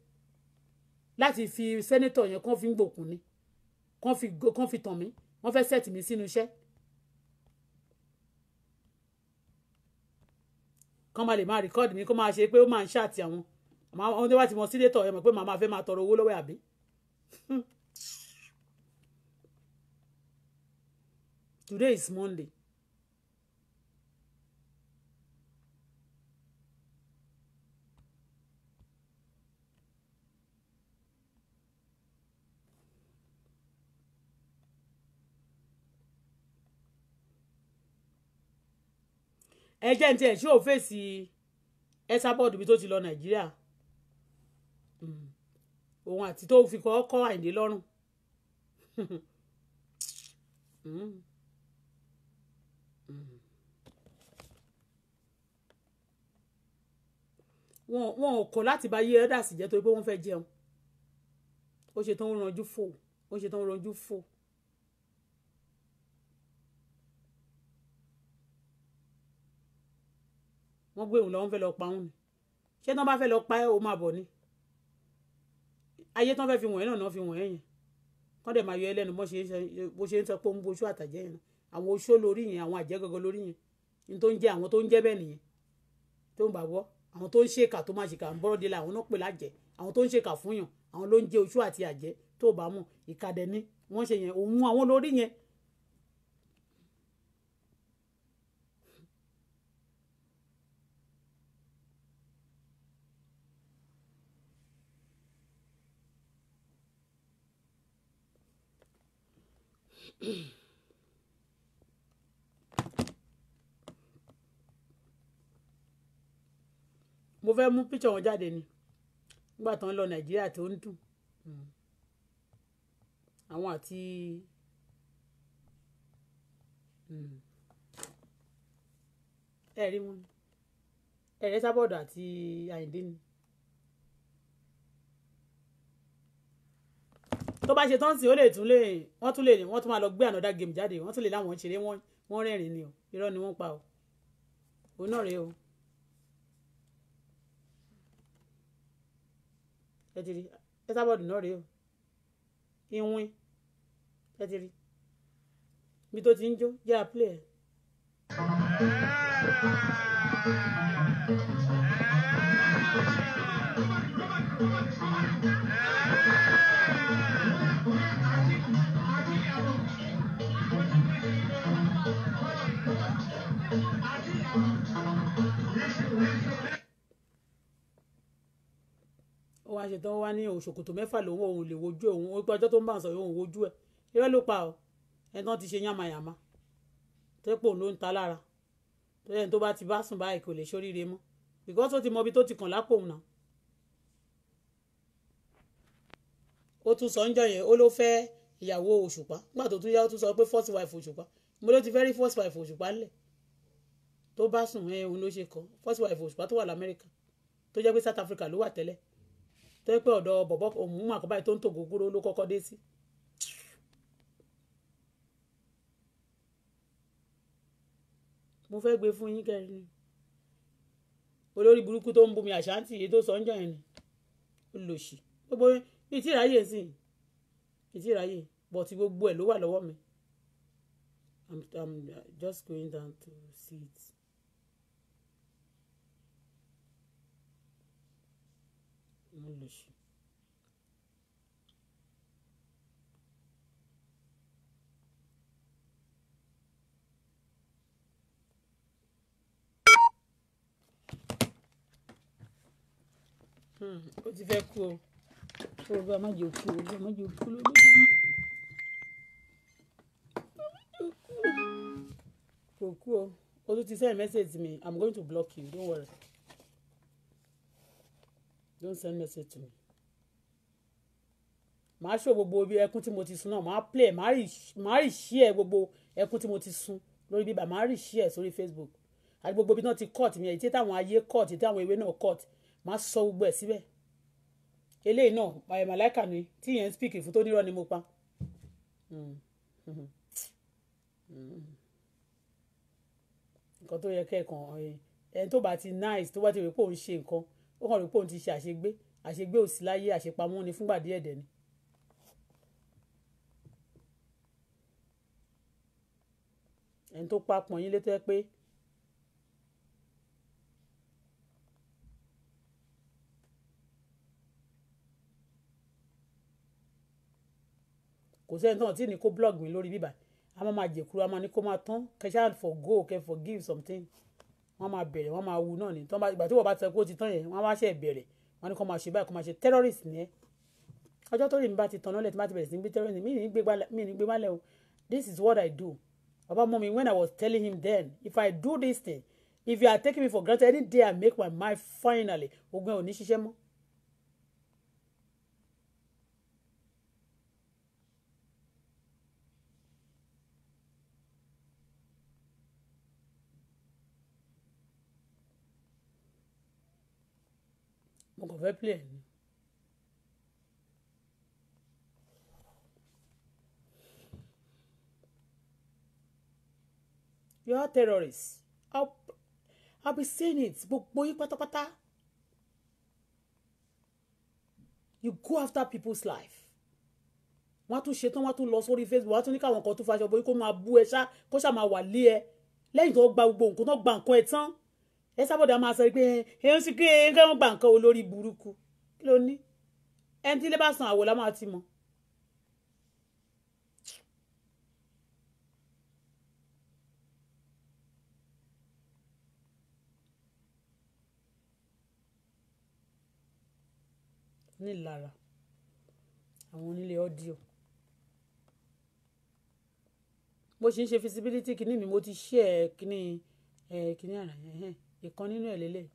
láti fi sẹ́nẹ́tọ̀ yẹn kàn fi ń gbòkun ni kàn fi kàn fi tàn mí wọ́n fẹ́ sẹ́ẹ̀tì mi sínú iṣẹ́ kàn máa lè máa rìkọ́ọ̀dì mi kó máa ṣe pé ó máa ń ṣáàtì àwọn àwọn tó bá ti mọ sínétọ̀ ẹ mọ̀ pé màmá fẹ́ máa tọrọ owó lọ́wọ́ àbí. Today is Monday ẹ jẹ́ ní tiẹ̀ ṣé ò fèsì ẹsàbọ̀dù bí tó ti lọ nàìjíríà hmm. òun àti tó fi kọ́ kọ́ àìní lọ́rùn hmm. Hmm. wọn ò kọ̀ láti bá yí ẹ́dà sì jẹ́ torí pé wọ́n fẹ́ jẹun ó ṣe tán ó ranjú fò ó ṣe tán ó ranjú fò. wọ́n gbé òun lọ́wọ́ fẹ́ lọ pa òun ni ṣé tán bá fẹ́ lọ pa ẹ́ o máa bọ̀ ni ayé tán fẹ́ fi wọ̀nyẹn náà náà fi wọ̀nyẹn yẹn kọ́ dẹ̀ máa yọ ẹlẹ́nu bó ṣe ń sọ pé ó ń boṣú àtàjẹ́ yẹn àwọn oṣó lórí yẹn àwọn àjẹgọgọ lórí yẹn ní tó ń jẹ àwọn tó ń jẹ bẹ́ẹ̀ nìyẹn tó ń bà wọ́ àwọn tó ń ṣèkà tó máa ṣèkà ń bọ́rọ̀ délé àwọn náà pè lájẹ àwọn tó ń ṣèkà fún yàn àwọn ló ń jẹ oṣó àti àjẹ tó bá mọ̀ ìkàdẹ̀ ni wọ́n ṣe yẹn òun àwọn lórí yẹn mo fẹ́ mú píṣọ̀ wọn jáde ni nígbà tán lọ nàìjíríà tó ń dùn hmm. àwọn àti hmm. ẹ̀rí wọn ẹ̀rẹ́ sábọ̀dọ̀ àti àyíndé ni. tó bá ṣe tán sí ó lè tún lè wọ́n tún lè wọ́n tún máa lọ gbé another game jáde wọ́n tún lè láwọn ṣeré wọ́n wọ́n rẹ́rìn ni o irọ́ ni wọ́n pa o òun náà rèé o. ẹ ti rí ẹsábọ̀dù náà rèé o ìwìn ẹ ti rí ibi tó ti ń jó jẹ́ àpilẹ̀. Yeah. wá ṣe tán wá ní òun ṣòkòtò mẹ́fà lòun òun lè wojú òun ó gbọ́jọ́ tó ń bà ń sọ yóò òun wojú ẹ̀ irọ́ ló pa ọ́ ẹ̀tàn ti ṣe yàmàyàmà tẹ́pọ̀ ló ń ta lára tẹ́yẹ̀ tó bá ti bá sùn báyìí kò lè ṣoríire mọ́ because ó ti mọ ibi tó ti kàn lápò náà. ó tún sọ ń jọ yẹn ó ló fẹ́ ìyàwó òṣùpá nígbà tó tún yá ó tún sọ pé first wife òṣùpá mo ló ti fẹ́ rí first wife òṣùpá ńlẹ̀ tó bá sùn ẹ̀ òun ló ṣe kọ́ first wife òṣùpá tó wà lamẹ́ríkà tó jẹ́ pé South Africa ló wà tẹ́lẹ̀ tẹ́ pé ọ̀dọ̀ òun mà kọ́ báyìí tó ń tò gògóró ló kọ́kọ́ dé sí. mo fẹ́ gbé fún yín kẹrin olórí burúkú tó ń bumi àṣántì èyí tó sọ ń jàn ẹni olùlòṣì gbogbo mi sí mi ti ráyè bọ̀tí gbogbo ẹ̀ ló wà lọ́wọ́ mi I'm, I'm just going down to see it. molo shi ó ti fẹ́ kú o tó o bá má jò kú o bá má jò kú lójú kò kú o o tún ti send message mi i'm going to block you don't worry don't send message to me màá ṣó gbogbo ibi ẹkún tí mo ti sun náà màá play màá rì ṣí ẹ gbogbo ẹkún tí mo ti sun lórí bíbà màá rì ṣí ẹ sórí Facebook àti gbogbo ibi náà ti court mi èyí tí táwọn ayé court tí táwọn ewé náà court màá sọ gbogbo ẹ síbẹ̀ eléyìí náà bàyẹ̀ màláìkà ni tí yẹn ń speak fún tó nírọ̀ ni mo pa. Hmm. Hmm. nǹkan tó yẹ kẹ́ẹ̀kan ẹni tó bá ti nice tó bá ti rè pé òun ṣe nǹkan ó kàn rí pé òun ti ṣe àṣegbé àṣegbé ò láyé àṣepamọ́ ni fúngbà díẹ̀ dẹ̀ ni. ẹni tó pa yín létọ́ pé kò sẹ́ni tán tí ní kó blog mi lórí bíbá a máa máa jẹ̀kúrú a máa ní kó máa tán kẹ́ ṣáà forgo kẹ́ forgive something wọ́n máa bẹ̀rẹ̀ wọ́n máa wu náà ni tọ́ba ìgbà tí wọ́n bá ti sọ pé ó ti tán yẹn wọ́n á ṣe bẹ̀rẹ̀ wọ́n ní kó máa ṣe báyìí kó máa ṣe terrorist ni ẹ́ ọjọ́ tó rí mi bá ti tanná lẹ̀ tí bá ti bẹ̀rẹ̀ sí gbé terrorist mi ní gbé wálẹ̀ o this is what I do baba mummy when I was telling him then if I do this thing if you are taking me for granted any day I make my mind finally ogun ẹ̀ ò ní ṣiṣẹ́ mọ́ fẹ́ play you are terrorists I'll, I'll be saying it gbogbo yín pátápátá you go after people's life wọ́n tún ṣetán wọ́n tún lọ sórí Facebook wọ́n tún ní káwọn kan tún faṣọ bóyá kó máa bú ẹ ṣá kó ṣá máa wà lé ẹ lẹ́yìn tó gba gbogbo nǹkan tó gba nǹkan ẹ tán ẹ sábọ̀dà máa sọ pé ẹ ń sìnkú ẹ ń kẹ́ wọ́n gbà nǹkan olórí burúkú kí ló ní ẹni tí ilé bá san àwò la máa ti mọ̀. nílara àwọn onílé ọ́díò mo ṣì ń ṣe feasibility kìíní mo ti ṣe ẹ kìíní ẹ eh, kìíní àrà yẹn ìkan nínú ẹ̀ lélẹ̀.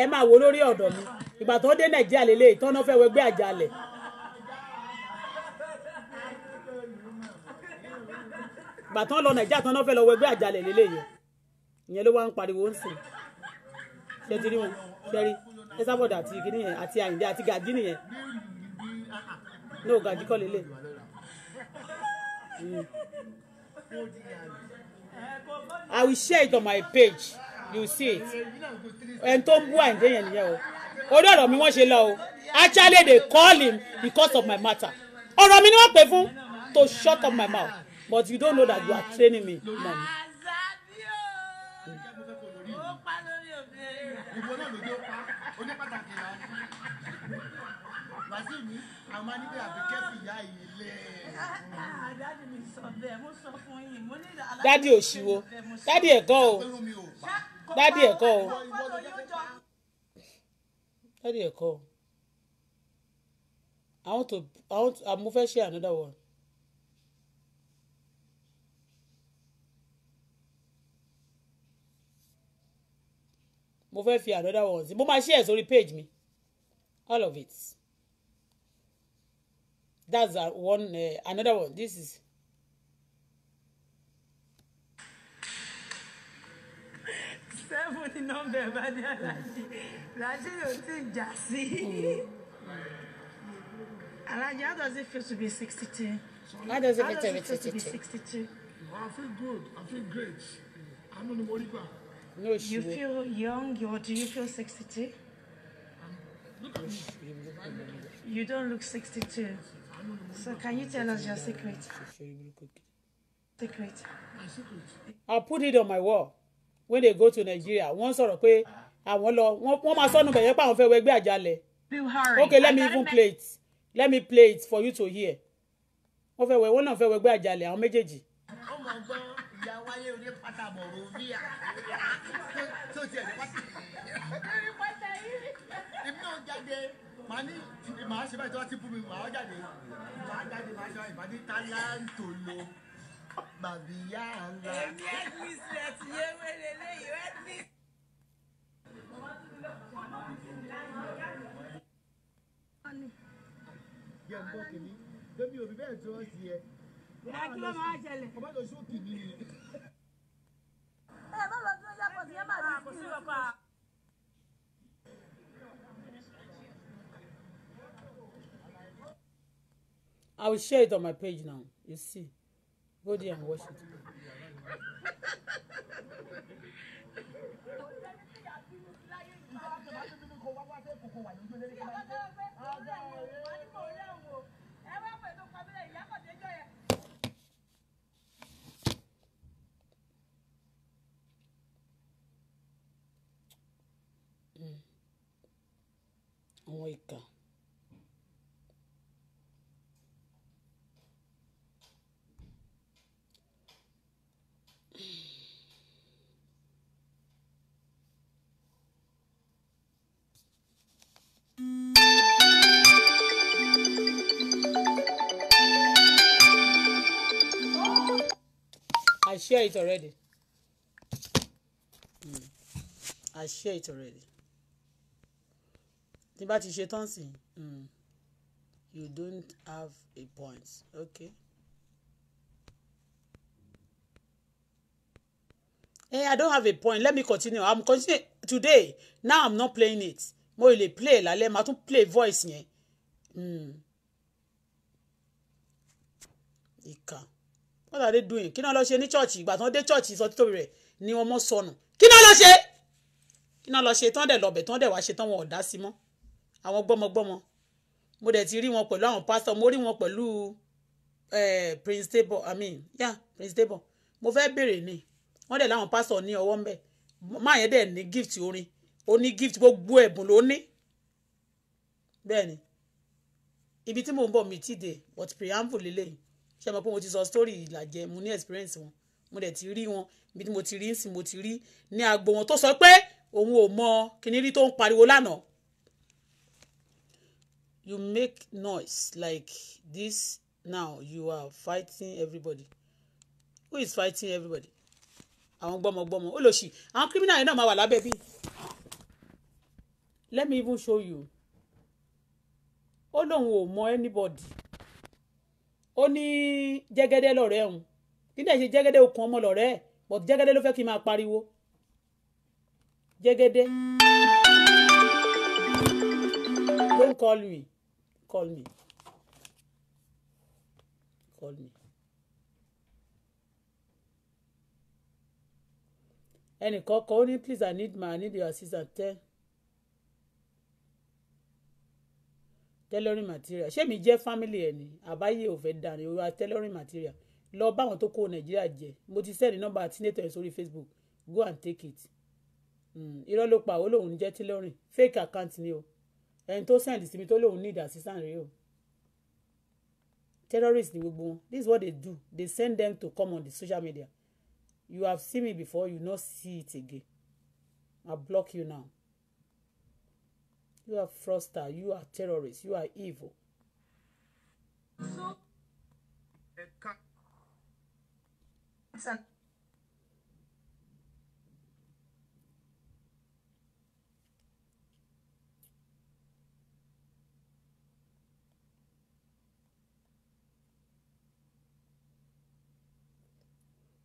ẹ máa wo lórí ọ̀dọ̀ mi ìgbà tó dé nàìjíríà lélẹ̀ ìtọ́nà fẹ́ wẹgbẹ́ àjálẹ̀. ìgbà tó ń lọ nàìjíríà tó ń lọ fẹ́ lọ wẹgbẹ́ àjálẹ̀ lélẹ̀ yẹn ìyẹn ló wá ń pariwo ń sìn ṣe rí wọn ṣe rí ẹsàbọ̀dà àti kìnìún yẹn àti àyìndé àti gàjí nìyẹn ní ò kọ́ lélẹ̀. Hmm. I will share it on my page you see it ẹni tó ń bú àyìndé yẹn nìyẹn o orí ọ̀rọ̀ mi wọ́n ṣe lọ o actually they call him because of my matter ọ̀rọ̀ mi ni wọ́n pè fún to shut up my mouth but you don't know that you are training me mami. dádì òṣìwò dádì ẹ̀kọ́ o dádì ẹ̀kọ́ o dádì ẹ̀kọ́ o I want to I want to uh, mo fẹ́ ṣe another one. mo fẹ́ fi another one sí mo máa share sórí page mi all of it that's one uh, another one this is. sẹ́fù ni nọ́mbà ẹ̀ bá ní alájí làjí yóò ti jà sí. alájí how does it feel to be sixty two. how does it feel to be sixty two. I feel good I feel great àánú ni mo rí gbà. no ṣe. you feel young or do you feel sixty two. You don't look 62. So can you tell us your secret? secret. I'll put it on my wall when they go to Nigeria wọ́n sọ̀rọ̀ pé àwọn lọ wọ́n máa sọ́nù bẹ̀yẹ́ pé àwọn fẹ́ wẹgbẹ́ àjálẹ̀ okay let me even play it let me play it for you to hear wọ́n fẹ́ wẹ̀ wọ́n náà fẹ́ wẹgbẹ́ àjálẹ̀ àwọn méjèèjì. ọmọ ọgbọ́n ìyá wáyé oní pátámọ̀ rò bí i tó tiẹ̀ ní pátá yìí. èmi náà jáde màá ní màá ṣe báyìí tó wá ti bú mi màá jáde màá jáde màá ṣe báyìí màá ní tálántò lo bàbí ńlá. èmi ẹ̀dmísì àti ewé lélẹ́yìí ẹ̀dmísì. yẹ ǹbọ kìíní lóbi òbí bẹ́ẹ̀ tó ń ti yẹ. ẹ kí ló máa ṣẹlẹ̀. ọba lọ sókè mi ni. ẹ bá lọ dúró yàtọ̀ sí ẹ máa ní kí n I will share it on my page now. You see. Go there and wash it. Mm. àwọn ìka. I share it already. Mm. I share it already. Tí bá ti ṣe tán sí hmm, you don't have a point. Okay. Hey, eh, I don't have a point. Let me continue. I'm continuing today. Now I'm not playing it. Mo lè play lálẹ́ màá tún play voice yẹn. Mm. Ìkà. E what are they doing kí náà lọ ṣe ní chọ́ọ̀chì ìgbà tí wọ́n dé chọ́ọ̀chì sọ títóbi rẹ̀ ni wọ́n mọ́ sọnù kí náà lọ ṣe kí náà lọ ṣe tán dẹ̀ lọ́bẹ̀ tán dẹ̀ wá ṣe tán wọn ò dá sí mọ́ àwọn gbọ́mọgbọ́mọ mo dẹ̀ ti rí wọn pẹ̀lú àwọn pásítọ̀ mo rí wọn pẹ̀lú prince table i mean yeah prince table mo fẹ́ béèrè ni wọ́n dẹ̀ láwọn pásítọ̀ ní ọwọ́ ń bẹ̀ máa yẹn dẹ̀ ní gift orin ó ní gift gbogbo ẹ̀bùn ló ní bẹ́ẹ̀ ni ibi tí mò ń bọ̀ mi ti dé but preamble lélẹ́yìn ṣe mọ̀ pé mo ti sọ story ìlàjẹ mo ní experience wọn mo dẹ̀ ti rí wọn ibi mo ti rí ń sìn mo ti rí ní agbo wọn tó sọ pé òun ò mọ kìnìún tó ń pariwo lánàá you make noise like this now you are fighting everybody who is fighting everybody àwọn gbọmọgbọmọ ó lò sí àwọn criminal yẹn náà máa wà lábẹ́ bí let me even show you ó lóun ò mọ anybody ó ní jẹ́gẹ́dẹ́ lọ̀rẹ́ òun kí ni ẹ̀ ṣe jẹ́gẹ́dẹ́ okùn ọmọ lọ̀rẹ́ ẹ̀ but jẹ́gẹ́dẹ́ ló fẹ́ kí n máa pariwo jẹ́gẹ́dẹ́ don't call me call me call me ẹnì kọ́kọ́ ó ní please I need my I need your assistance tell. tailoring material ṣé mi jẹ́ family ẹ̀ ni àbáyé ò fẹ́ dànù ìwà tailoring material lọ báwọn tó kó nàìjíríà jẹ mo ti sẹ́ẹ̀dì nọ́mbà tínẹ́tọ̀ ẹ̀ sórí facebook go and take it hmm, irọ́ ló pa àwọn olóhùn jẹ́ tailoring fake account ni o ẹni tó sẹ́ẹ̀dì sí mi tó lóhùn need assistance. rèé o terrorists ni gbogbo wọn this is what they do they send them to come on the social media you have seen me before you no see it again i block you now You are fraudster. You are terrorist. You are evil.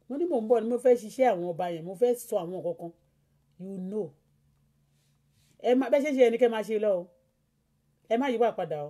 mo ní mò ń bọ̀ ni mo fẹ́ ṣiṣẹ́ àwọn ọba yẹn mo fẹ́ sọ àwọn kankan you know ẹ má bẹ́ẹ̀ ṣe ń ṣe ẹni kẹ́ máa ṣe lọ o ẹ má yíwà padà o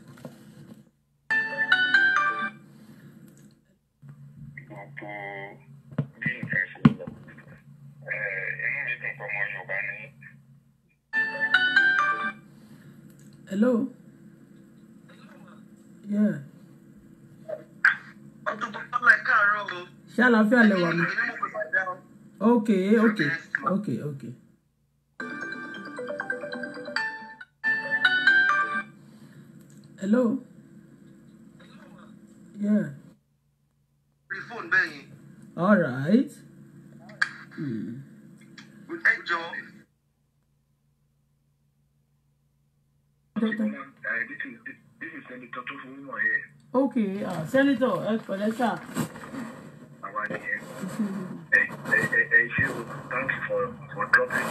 tó bí nǹkan ṣe lọ inú mi dùn pé ọmọ Yorùbá ni. hello. yeah. ọdún tó bá lọ ẹ̀ka àárọ̀ o. ṣé àlàáfíà lè wà mí. ok ok ok ok. hello. yeah orí fóònù bẹ́ẹ̀ all right. Hmm. ẹ jọ. ok uh, senator ẹ thanks for for dropping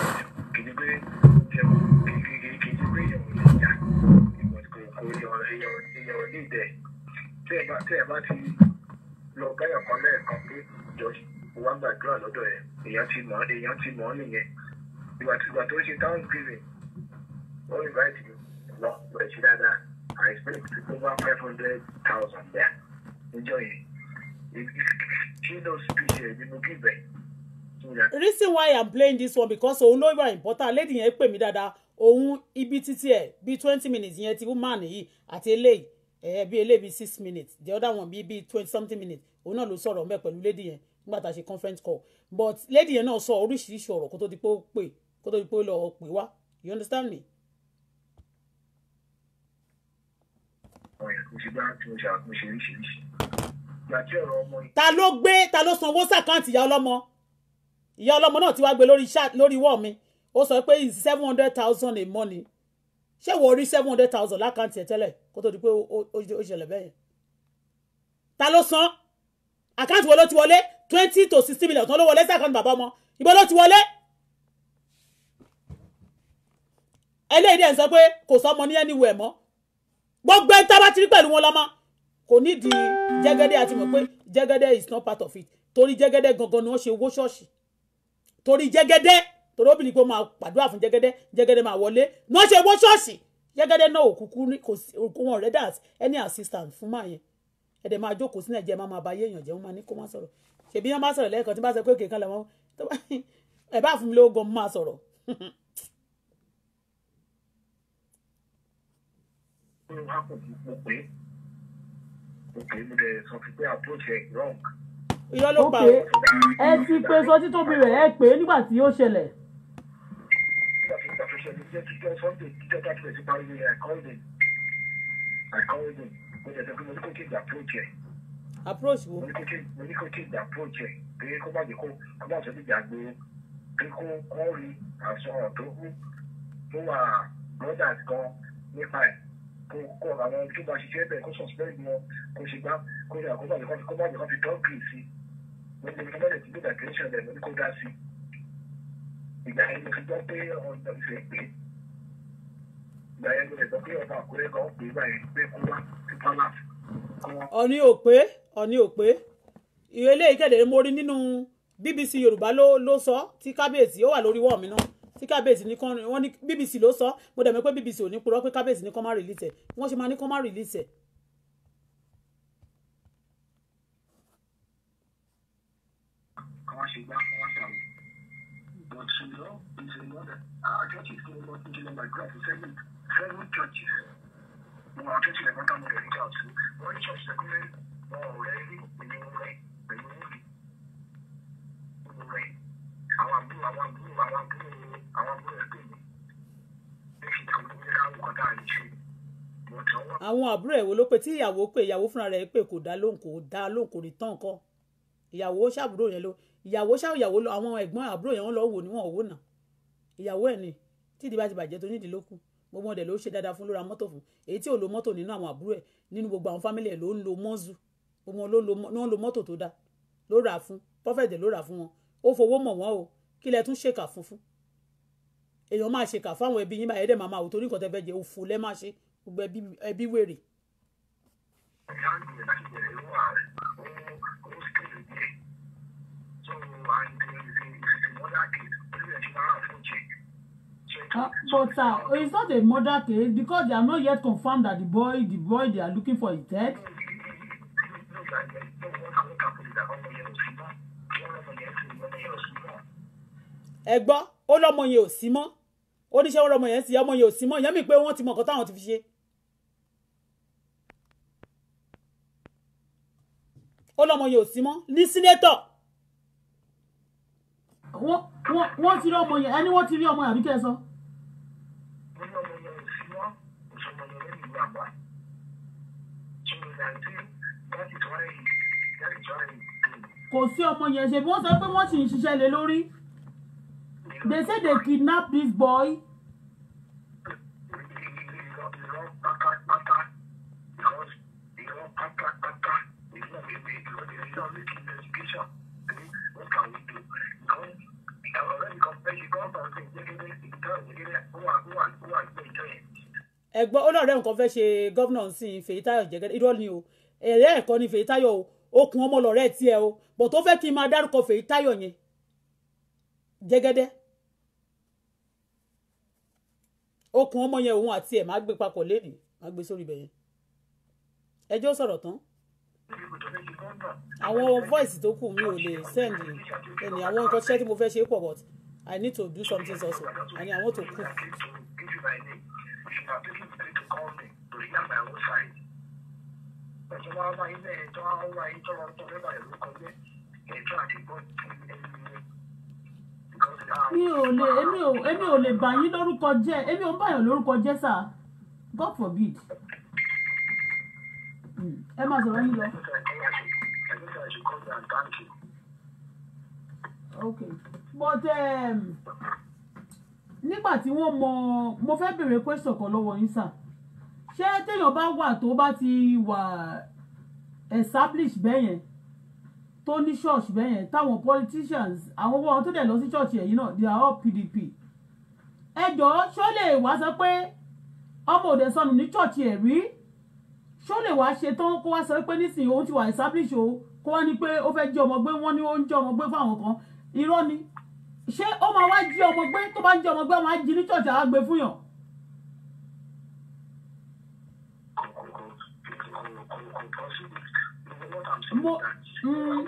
kìíní you ṣe o kìíní kìíní pé yẹn ò lọ báyọ̀ kan lẹ́ẹ̀kan pé ìjọ wa gbàdúrà lọ́dọ̀ ẹ̀ èèyàn ti mọ̀ èèyàn ti mọ̀ nìyẹn ìgbàtúgbà tó ṣe thanksgiving ó invite mi lọ bẹ̀rẹ̀ sí dáadáa I expect over five hundred thousand there níjọ yẹn ṣé ló speech ẹ̀ nínú gíbẹ̀. reason why i'm playing this one because òun ló wà important lady yẹn pè mí dáadáa òun ibi títí ẹ bíi twenty minutes yẹn ti woman yìí àti eléyìí ẹ eh, bíi eléyìí bíi six minutes the other one bíi bíi twenty something minutes òun náà ló sọ̀rọ̀ mbẹ́ pẹ̀lú lady yẹn nígbà tá a ṣe conference call but lady yẹn náà sọ oríṣiríṣi ọ̀rọ̀ kó tó di pé ó pè kó tó di pé ó lọ pè wá you understand me. ta ló gbé ta ló sanwó sàkáǹtì ìyá ọlọ́mọ ìyá ọlọ́mọ náà ti wá gbé lórí lórí wọ́ọ̀ mi ó sọ pé seven hundred thousand a money ṣé wọ́n rí seven hundred thousand lákàntì ẹ̀ tẹ́lẹ̀ kó tó di pé ó ṣẹlẹ̀ bẹ́ẹ̀ yẹn ta ló san àkáǹtì wo ló ti wọlé twenty to sixty million tó ló wọlé sí àkáǹtì bàbá ọmọ ìbọn ló ti wọlé eléyìí dẹ̀ ń sọ pé kò sọmọ ní ẹni wù ẹ̀ mọ́ gbogbo ẹ̀ tábà ti rí pẹ̀lú wọn lọ́mọ kò nídìí jẹ́gẹ́dẹ́ àti mọ̀ pé jẹ́gẹ́dẹ́ is not part of it torí jẹ́gẹ́dẹ́ gangan ni wọ́n ṣe owó ṣọ́ọ̀ṣì torí jẹ́gẹ́dẹ́ torí obìnrin pé máa pàdúrà fún jẹ́gẹ́dẹ́ jẹ́gẹ́dẹ́ máa wọlé ni wọ́n ṣe owó ṣọ́ọ̀ṣì jẹ́gẹ́dẹ́ náà òkùnkùn kò sí òkùnkùn wọn rẹ́dà Any assistant fún máa yẹn ẹ̀dẹ̀ máa jókòó sí nàìjíríà máa máa bá yé èèyàn jẹ́ wọ́n máa ní kó má sọ̀rọ̀ ṣèbí wọ́n máa sọ̀rọ̀ lẹ́ẹ̀kan tí bá sọ pé kéèkan làwọn ẹ̀ bá fún mi lówó gan máa sọ̀rọ̀. irọ́ ló o. ẹ ti pe sọtí rẹ̀ ẹ pè é nígbà tí ó ṣẹlẹ̀. I called him. I called him mo jẹ́ mo ní kó kéde approach ẹ̀. approach wo. pé kó má jẹ́ kó kó má sọ níjà gbé pé kó kó rí àsọ̀rọ̀ tó kú tó wà brothers gan nípa ẹ̀ kó kó àwọn tó bá ṣiṣẹ́ bẹ̀ kó suspend wọn kó ṣe gbá kó ṣe àkóbá jẹ́ kó má jẹ́ kó fi dọ́ọ̀gì sí mo ní kó má jẹ́ kó gbé ìgbà tó ń sí ìgbà yẹn mo fi gbọ́ pé ọ̀dọ̀ ìfẹ́ pé gbàyẹn ló lè sọ pé ọba àkúrẹ́ kan pè é báyìí pé kó wá sí palace. ọ̀ní ò pé ọ̀ní ò pé ìwé ilé ìkéde mo rí nínú BBC Yorùbá ló ló sọ tí kábíyèsí ó wà lórí wọ́ọ̀ náà tí kábíyèsí ní kan wọ́n ní BBC ló sọ mo dẹ̀ mọ̀ pé BBC ò ní purọ́ pé kábíyèsí ní kan má release wọ́n ṣe máa ní kan má release ẹ̀. wọ́n ṣe gbá wọ́n ṣàwò but you know it's a mother our church is still not taking on seven churches mo àwọn churches ẹ̀gbọ́n táwọn ọ̀rẹ́ reach out sí wọ́n ní church ẹ̀gbọ́n lẹ́yìn wọn ò rẹ́ rí èmi ń rẹ́ èmi a rí mo rẹ́ àwọn àbúrò àwọn àbúrò àwọn àbúrò àwọn àbúrò ẹ̀ pè mí bí fi tàwọn ọmọ mi káwọn kọ́tà àyè ṣe àwọn àbúrò ẹ̀ wo ló pe tí ìyàwó pé ìyàwó fúnra rẹ̀ pé kò dá lóhùn kò dá lóhùn kò ní tán nǹkan ìyàwó ṣàbúrò yẹn ló ìyàwó ṣàwòyàwó lọ àwọn ẹ̀gbọ́n àbúrò yẹn wọ́n lọ wò níwọ̀n owó náà ìyàwó ẹ̀ ni títí bá ti bàjẹ́ tó nídìí ló gbogbo ọdẹ ló ṣe dáadáa fún ló ra mọ́tò fún èyí tí ò lo mọ́tò nínú àwọn àbúrò ẹ̀ nínú gbogbo àwọn fámìlì ẹ̀ ló ń lo mọ́zù gbogbo wọn ló ń lo mọ́tò tó dáa ló rà fún prọfẹ̀tì ló rà fún wọn ó fowó mọ̀ wọ́n o kí lẹ tún ṣèkà fún fún èèyàn máa ṣèkà fáwọn ẹbí yín báyìí ẹ̀dẹ̀ máa máa wò torí nǹkan tẹ́ fẹ́ jẹ òfò lẹ́ máa ṣe gbogbo ẹbí wèrè. So, and uh, the, the But uh, it's not a murder case because they are not yet confirmed that the boy, the boy they are looking for is dead. ẹ gbọ́ ó lọ́mọ yẹn ò sí mọ́ ó níṣẹ́ ọlọ́mọ yẹn sì ọmọ yẹn ò sí mọ́ ìyá mi pé wọ́n ti mọ nǹkan táwọn ti fi ṣe. ó lọ́mọ yẹn ò sí mọ́ ní sínétọ̀. wọ́n ti rí ọmọ yẹn ẹni wọ́n ti rí ọmọ yẹn àbí kẹ́ ẹ sọ. number. So that that is why that is why. Kò sí ọmọ yẹn ṣe wọ́n sọ pé wọ́n sì ń ṣiṣẹ́ lé lórí. They say they kidnap this boy. Thank ẹ̀gbọ́n ọlọ́rẹ́ nǹkan fẹ́ ṣe gómìnà sí Fèyítáyọ̀ Jẹgẹdẹ irọ́ ni o ẹ̀rẹ́ ẹ̀kọ́ ni Fèyítáyọ̀ o okùn ọmọ lọ̀rẹ́ tiẹ̀ o bọ̀ tó fẹ́ kí n máa dárúkọ Fèyítáyọ̀ yẹn Jẹgẹdẹ okùn ọmọ yẹn òun àti ẹ̀ máa gbé papọ̀ lẹ́nu máa gbé sórí ibẹ̀ yẹn ẹjọ́ sọ̀rọ̀ tán àwọn voice tó kù mi ò lè send ẹni àwọn nǹkan ṣẹ́ tí mo fẹ́ ṣe pọ̀ but I need to do something also and I want to she had this lady to call me to hear my own side. ẹ̀jọ̀ wa wáyé bẹ́ẹ̀ ẹ̀jọ̀ wa wáyé tọrọ tọ nígbà ìlú kan jẹ́ ẹ̀jọ̀ àti gbọ́ ti ẹni mi ò lè èmi ò èmi ò lè bà lórúkọ jẹ́ èmi ò ń lórúkọ jẹ́ sà God forbid hmm, ẹ máa sọ̀rọ̀ yín lọ. okay but um, nígbà tí wọ́n mọ mo fẹ́ bèrè question kan lọ́wọ́ yín sà ṣé téèyàn bá wà tó bá ti wà establish bẹ́yẹn tó ní church bẹ́yẹn táwọn politicians àwọn wọn tó dẹ̀ lọ sí church yẹn yìí náà they are all PDP ẹ jọ̀ọ́ ṣó lè wá sọ pé ọmọ òde sọnù ní church yẹn rí ṣó lè wá ṣe tán kó wá sọ pé nísìnyí òun ti wà establish o kó wá ní pé ó fẹ́ jí ọmọ gbé wọ́n ní ó ń jí ọmọ gbé fáwọn kan irọ́ ni ṣé ó máa wá jí ọmọ gbé tó bá jí ọmọ gbé wọn jí ní ṣọ́ọ̀ṣì àgbẹ̀ fún yàn. mo mm.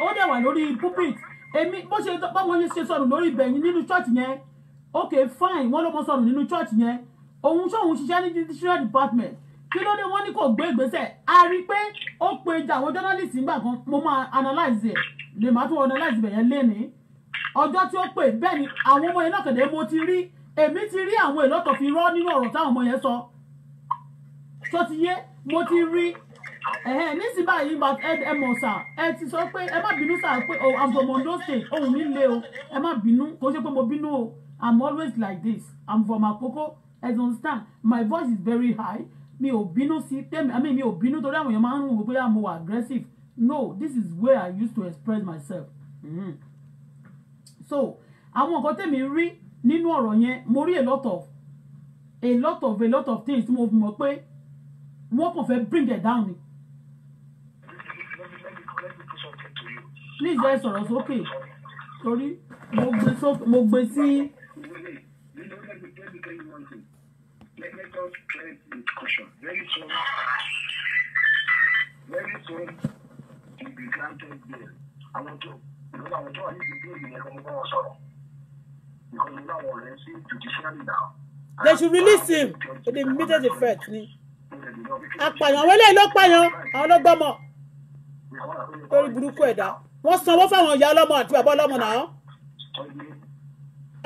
ó dẹ̀ wà lórí pulpit èmi bó ṣe báwo ṣe ṣe sọ̀rọ̀ lórí ìbẹ̀yìn nínú church yẹn ok fine wọ́n ló mọ sọ̀rọ̀ nínú church yẹn òun ṣóun ṣiṣẹ́ ní judicial department kí ló dé wọ́n ní kò gbé ìgbésẹ̀ a rí i pé ó pe ìjà àwọn journalist nígbà kan mo máa analyze ẹ̀ lè má tún analyse bẹ̀yẹn lénìí ọjọ́ tí ó pè bẹ́ẹ̀ ni àwọn ọmọ yẹn náà kẹ̀dẹ̀ mo ti rí èmi ti rí àwọn ìlọ́tọ̀ fi rọ́ nínú ọ̀rọ̀ táwọn ọmọ yẹn sọ tó ti yé mo ti rí ẹ̀hẹ́ nísìnyí báyìí bá ẹ mọ̀ sà ẹ ti sọ pé ẹ má bínú sà pé o oh, I'm from Ondo state ohun mi le o ẹ má bínú kò ṣe pé mo bínú o I'm always like this I'm from Akoko I understand my voice is very high mi ò bínú sí tẹ́mi àmì mi ò bínú torí àwọn èèyàn máa ń rún wípé àmọ́ aggressive no this is where i used to express myself mm. so àwọn nǹkan tẹ́mi rí nínú ọ̀rọ̀ yẹn mo rí a lot of a lot of a lot of things tí mo fi mọ̀ pé wọ́n kàn fẹ́ bring it down ni. please ẹ sọ̀rọ̀ sókè torí mo gbé sí let, let us play with caution. Very soon, very soon, you be granted bail. Àwọn tó ìlú àwọn tó wà níbi bíi ìyẹn ló ń bọ́ wọn sọ̀rọ̀. Because ìlú àwọn ọ̀rẹ́ sí judiciary now. They should release him. They meted the threat ni. Apàyàn wọlé ló pàyàn àwọn ló gbọ́mọ̀. Lórí burúkú ẹ̀dá. Wọ́n sanwó fáwọn ìyá ọlọ́mọ àti bàbá ọlọ́mọ náà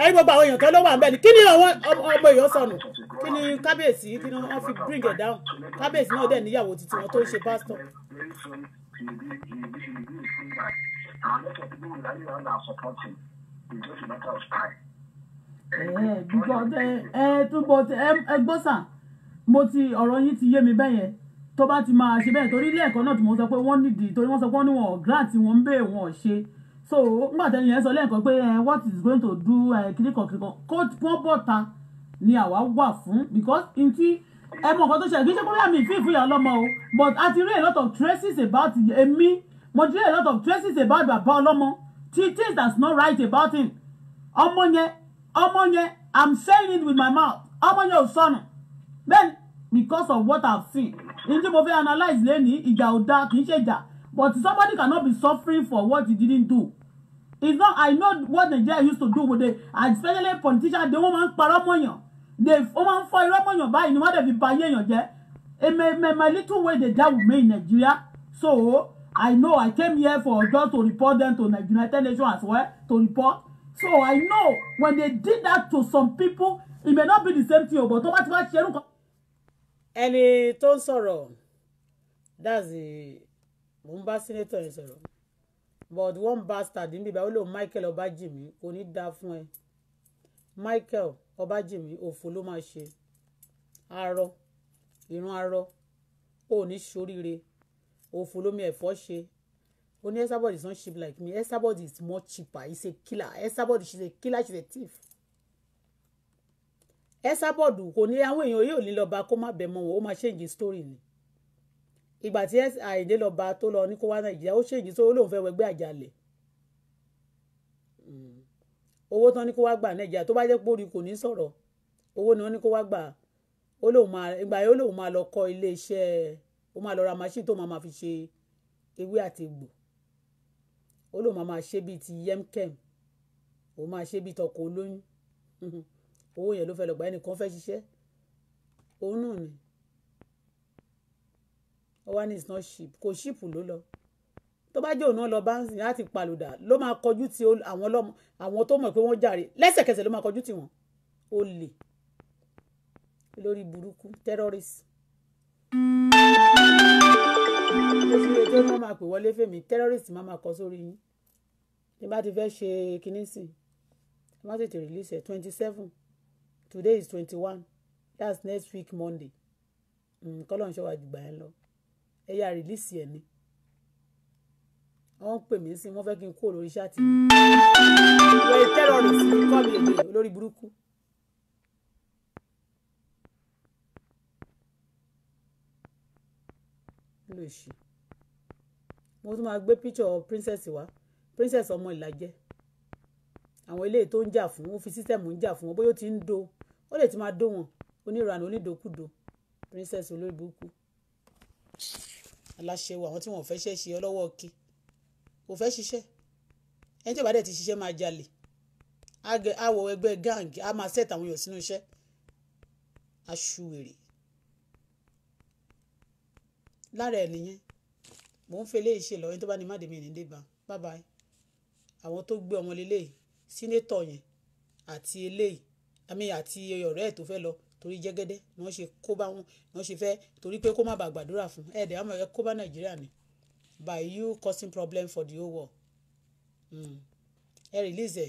ẹ rí gbogbo àwọn èèyàn kan ló wà ń bẹ̀ ni kí ni àwọn ọmọ èèyàn sọnù kí ni kábíyèsí kí ni wọ́n fi bring it down kábíyèsí náà dẹ̀ níyàwó títí wọn tó ń ṣe pásítọ̀. ẹ gbọ́ sàn mo ti ọ̀rọ̀ yín ti yé mi bẹ́ẹ̀ yẹn tó bá ti máa ṣe bẹ́ẹ̀ torí ilé ẹ̀kọ́ náà tí mo sọ pé wọ́n nídìí torí wọ́n sọ pé wọ́n ní wọn grant wọn ń bẹ́ẹ̀ wọn ò ṣe so nígbà tẹ́ni yẹn sọ lẹ́ẹ̀kan pé eh, what is going to do eh, kíríkan kíríkan kóòtù wọn bọ̀ ta ni àwa wà fún because n ti ẹ mọ nǹkan tó ṣe kí n ṣe kó bí àmì ìfín ìfúyà ọlọ́mọ o but a ti rí a lot of traces about èmi mo ti rí a lot of traces about bàbá ọlọ́mọ tí things that's not right about him ọmọ yẹn ọmọ yẹn i'm saying it with my mouth ọmọ yẹn ò sọnù then because of what i've seen n tí mo fẹ́ analyse lẹ́ni ìjà ò dáa kì í ṣe ìjà but somebody cannot be suffering for what he didn't do It's not, I know what Nigeria used to do with it, especially politicians, they wọ́n máa ń parọ́ mọ́yàn. They wọ́n máa ń fọ́ irọ́ mọ́yàn báyìí ni wọ́n My, my, little way they dealt with me in Nigeria. So, I know I came here for just to report them to the United Nations as well, to report. So, I know when they did that to some people, it may not be the same thing, oh, but tó bá you wá ṣe irú kan. Ẹni that's the, mo ń bá sínétọ̀ but one bastard níbi ìbáwí lòun Michael Ọbájìmí kò ní dáa fún ẹ Michael Ọbájìmí òfò ló máa ṣe arọ ìran arọ ò ní ṣoríire òfò lómi ẹ̀fọ́ ṣe ó ní Esabod is not cheap like me Esabod is more cheaper he's a killer Esabod is a killer she's a thief Esabod kò ní àwọn èèyàn yóò ní lọ́ba kó má bẹ̀ mọ́ wọn ó máa change story ni ìgbà tí àìdè lọ bá tó lọ ní kó wá nàìjíríà ó ṣèjì tó lóun fẹ́ wẹgbẹ́ àjàlẹ̀ hmm. owó tán ní kó wá gbà nàìjíríà tó bá jẹ́ pórí kò ní sọ̀rọ̀ owó ni wọ́n ní kó wá gbà ó lóun máa ìgbà yóò lóun máa lọ kọ́ ilé iṣẹ́ ó máa lọ ra machine tó máa máa fi ṣe ewé àti egbò ó lóun máa máa ṣe bíi ti yemkem ó máa ṣe bíi tọkọ olóyún owó yẹn ló fẹ́ lọ gbà ẹnìkan fẹ́ ṣiṣẹ́ òun náà ni ó wá ní it's not sheep kò sheep ló lọ tó bá jẹ́ òun náà lọ bá ń sìn láti palùdà ló máa kọjú ti àwọn ọlọ́mọ àwọn tó mọ̀ pé wọ́n jàre lẹ́sẹ̀kẹsẹ̀ ló máa kọjú ti wọn ó lè lórí burúkú terrorist. oṣù ètò wọn máa pè wọlé fèmí terrorist máa máa kọ sórí yín tí bá ti fẹ́ ṣe kinní sìn tí wọ́n tètè release ẹ̀ twenty seven today is twenty one that's next week monday hmm, kọ́lọ́n ṣọ́wájú gbà yẹn lọ ẹ yá rìlíìsì ẹ̀ ni wọ́n pè mí sí wọ́n fẹ́ kí n kó lórí ṣáàtì ìwé tẹ́rọ̀rìsì kọ́ mi èdè olórí burúkú. ló ṣe mo tún máa gbé píṣọ princess wa princess ọmọ ìlàjẹ àwọn eléyìí tó ń jà fún ó fi sísẹ̀mù ń jà fún wọn bóyá ó ti ń do ó lè ti máa do wọn oníranú onídokúdo princess olórí burúkú aláṣẹwó àwọn tí wọn ò fẹ́ ṣẹ́ ṣe ọlọ́wọ́ ke kò fẹ́ ṣiṣẹ́ ẹni tí ò bá dẹ̀ ti ṣiṣẹ́ máa jalè awọ ẹgbẹ́ gang a máa set àwọn èèyàn sínú iṣẹ́ aṣuwèrè lára ẹ̀ nìyẹn mò ń fele ìṣe lọ ẹni tó bá ní mádèmí ní débà bàbá àwọn tó gbé ọmọ lélẹ́yìí sínétọ̀ yẹn àti eléyìí àmì àti ọ̀rẹ́ ẹ̀ tó fẹ́ lọ torí jẹ́gẹ́dẹ́ ni wọ́n ṣe kó bá wọn ni wọ́n ṣe fẹ́ torí pé kó má bàa gbàdúrà fún ẹ̀ẹ́dẹ̀ àmọ́ ẹ kó nàìjíríà ni by you causing problem for the whole world mm. ẹ release ẹ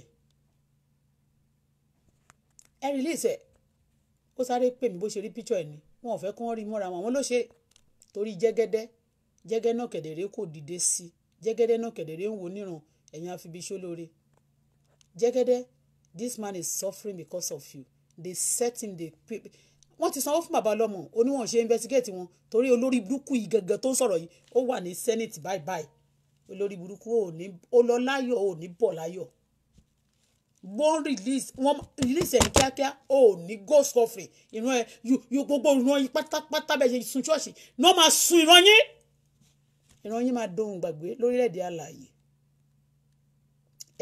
ẹ release ẹ ó sáré pè mí bó ṣe rí picture ẹ ni wọn ò fẹ́ kó wọ́n rí mọ́ra wọn àwọn ló ṣe torí jẹ́gẹ́dẹ́ jẹ́gẹ́ náà kẹ̀dẹ̀rẹ́ kò dìde sí jẹ́gẹ́dẹ́ náà kẹ̀dẹ̀rẹ́ ń wo níran ẹ̀yin àfibiṣó lóore jẹ́gẹ́dẹ́ this man is suffering because of you they set him they wọ́n ti sanwó fún bàbá ọlọ́mọ oníwọ̀n ṣe investigate wọn torí olórí burúkú yìí gangan tó ń sọ̀rọ̀ yìí ó wà ní senate báyìí báyìí olórí burúkú ò ní ó lọ láyọ̀ ò ní bọ̀ láyọ̀ wọ́n release wọ́n release ẹ̀ kíákíá ò ní go suffering ìran ẹ̀ yóò gbogbo ìran yìí pátápátá bẹ́ẹ̀ ṣe sun ṣọ́ọ̀ṣì ní wọ́n máa sun ìran yín ìran yín máa dohun gbàgbé lórílẹ̀‐èdè alààyè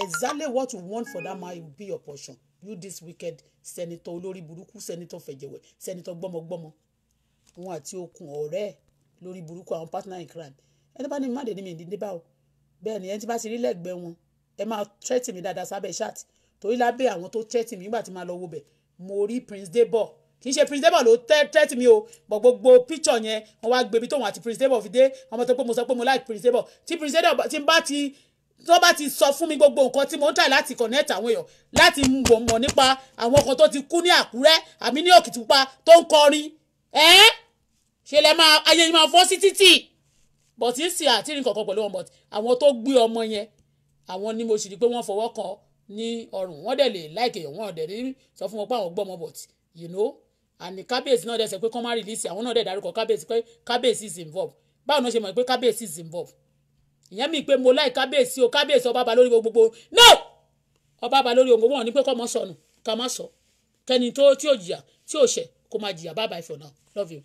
exactly what you want for that man will be your portion you this wicked sẹ́nitọ́ olórí burúkú sẹ́nitọ́ fẹ̀jẹ̀wẹ̀ sẹ́nitọ́ gbọ́mọgbọ́mọ òun àti okùn ọ̀rẹ́ lórí burúkú àwọn partner in crime ẹni bá ní má dé ní mi ìdílé bá o bẹ́ẹ̀ ni ẹni tí bá ti rí lẹ́gbẹ̀ẹ́ wọn ẹ máa tẹ́tì mi dáadáa sábẹ́ ṣáàt torí lábẹ́ àwọn tó tẹ́tì mi nígbà tí máa lọ wo bẹ̀ mo rí Prince Debo kì í ṣe Prince Debo ló tẹ́tì mi o bọ̀ gbogbo píchọ̀ yẹn wọ́n wá gbé ibi tóun àti Prince Debo fi dé ọmọ tó pé mo sọ pé mo like Prince Debo tí Prince Debo ti bá ti tó bá ti sọ fún mi gbogbo nǹkan tí mo ń tà láti connect àwọn èèyàn láti mọ̀ mọ̀ nípa àwọn kan tó ti kú ní àkúrẹ́ àmì ní òkìtìpupa tó ń kọrin ẹ́ ṣe lẹ́ máa ayé yìí máa fọ́ sí títì bọ̀tí sì àti rìn kankan pẹ̀lú wọn bọ̀tí àwọn tó gbé ọmọ yẹn àwọn ni mo sì rí pé wọ́n fọwọ́ kan ní ọrùn wọ́n dẹ̀ lè láìkè èèyàn wọ́n dẹ̀ ní sọ fún wọn pé àwọn gbọ́ ọmọ bọ̀tí you know and kábíyèsí náà dẹ̀ sọ pé kán má release àwọn náà dẹ̀ dárúkọ kábíyèsí pé kábíyèsí is involved báwo ni wọ́n ṣe mọ̀ pé kábíyèsí is involved ìyẹn mi pé mo láì kábíyèsí o kábíyèsí ọba bá lórí gbogbo no ọba bá lórí gbogbo wọn ni pé kọ́ mọ́ sọnù ká má sọ kẹ́ni tó tí ò jìyà tí ò ṣẹ̀ kó má jìyà bye bye for now love you.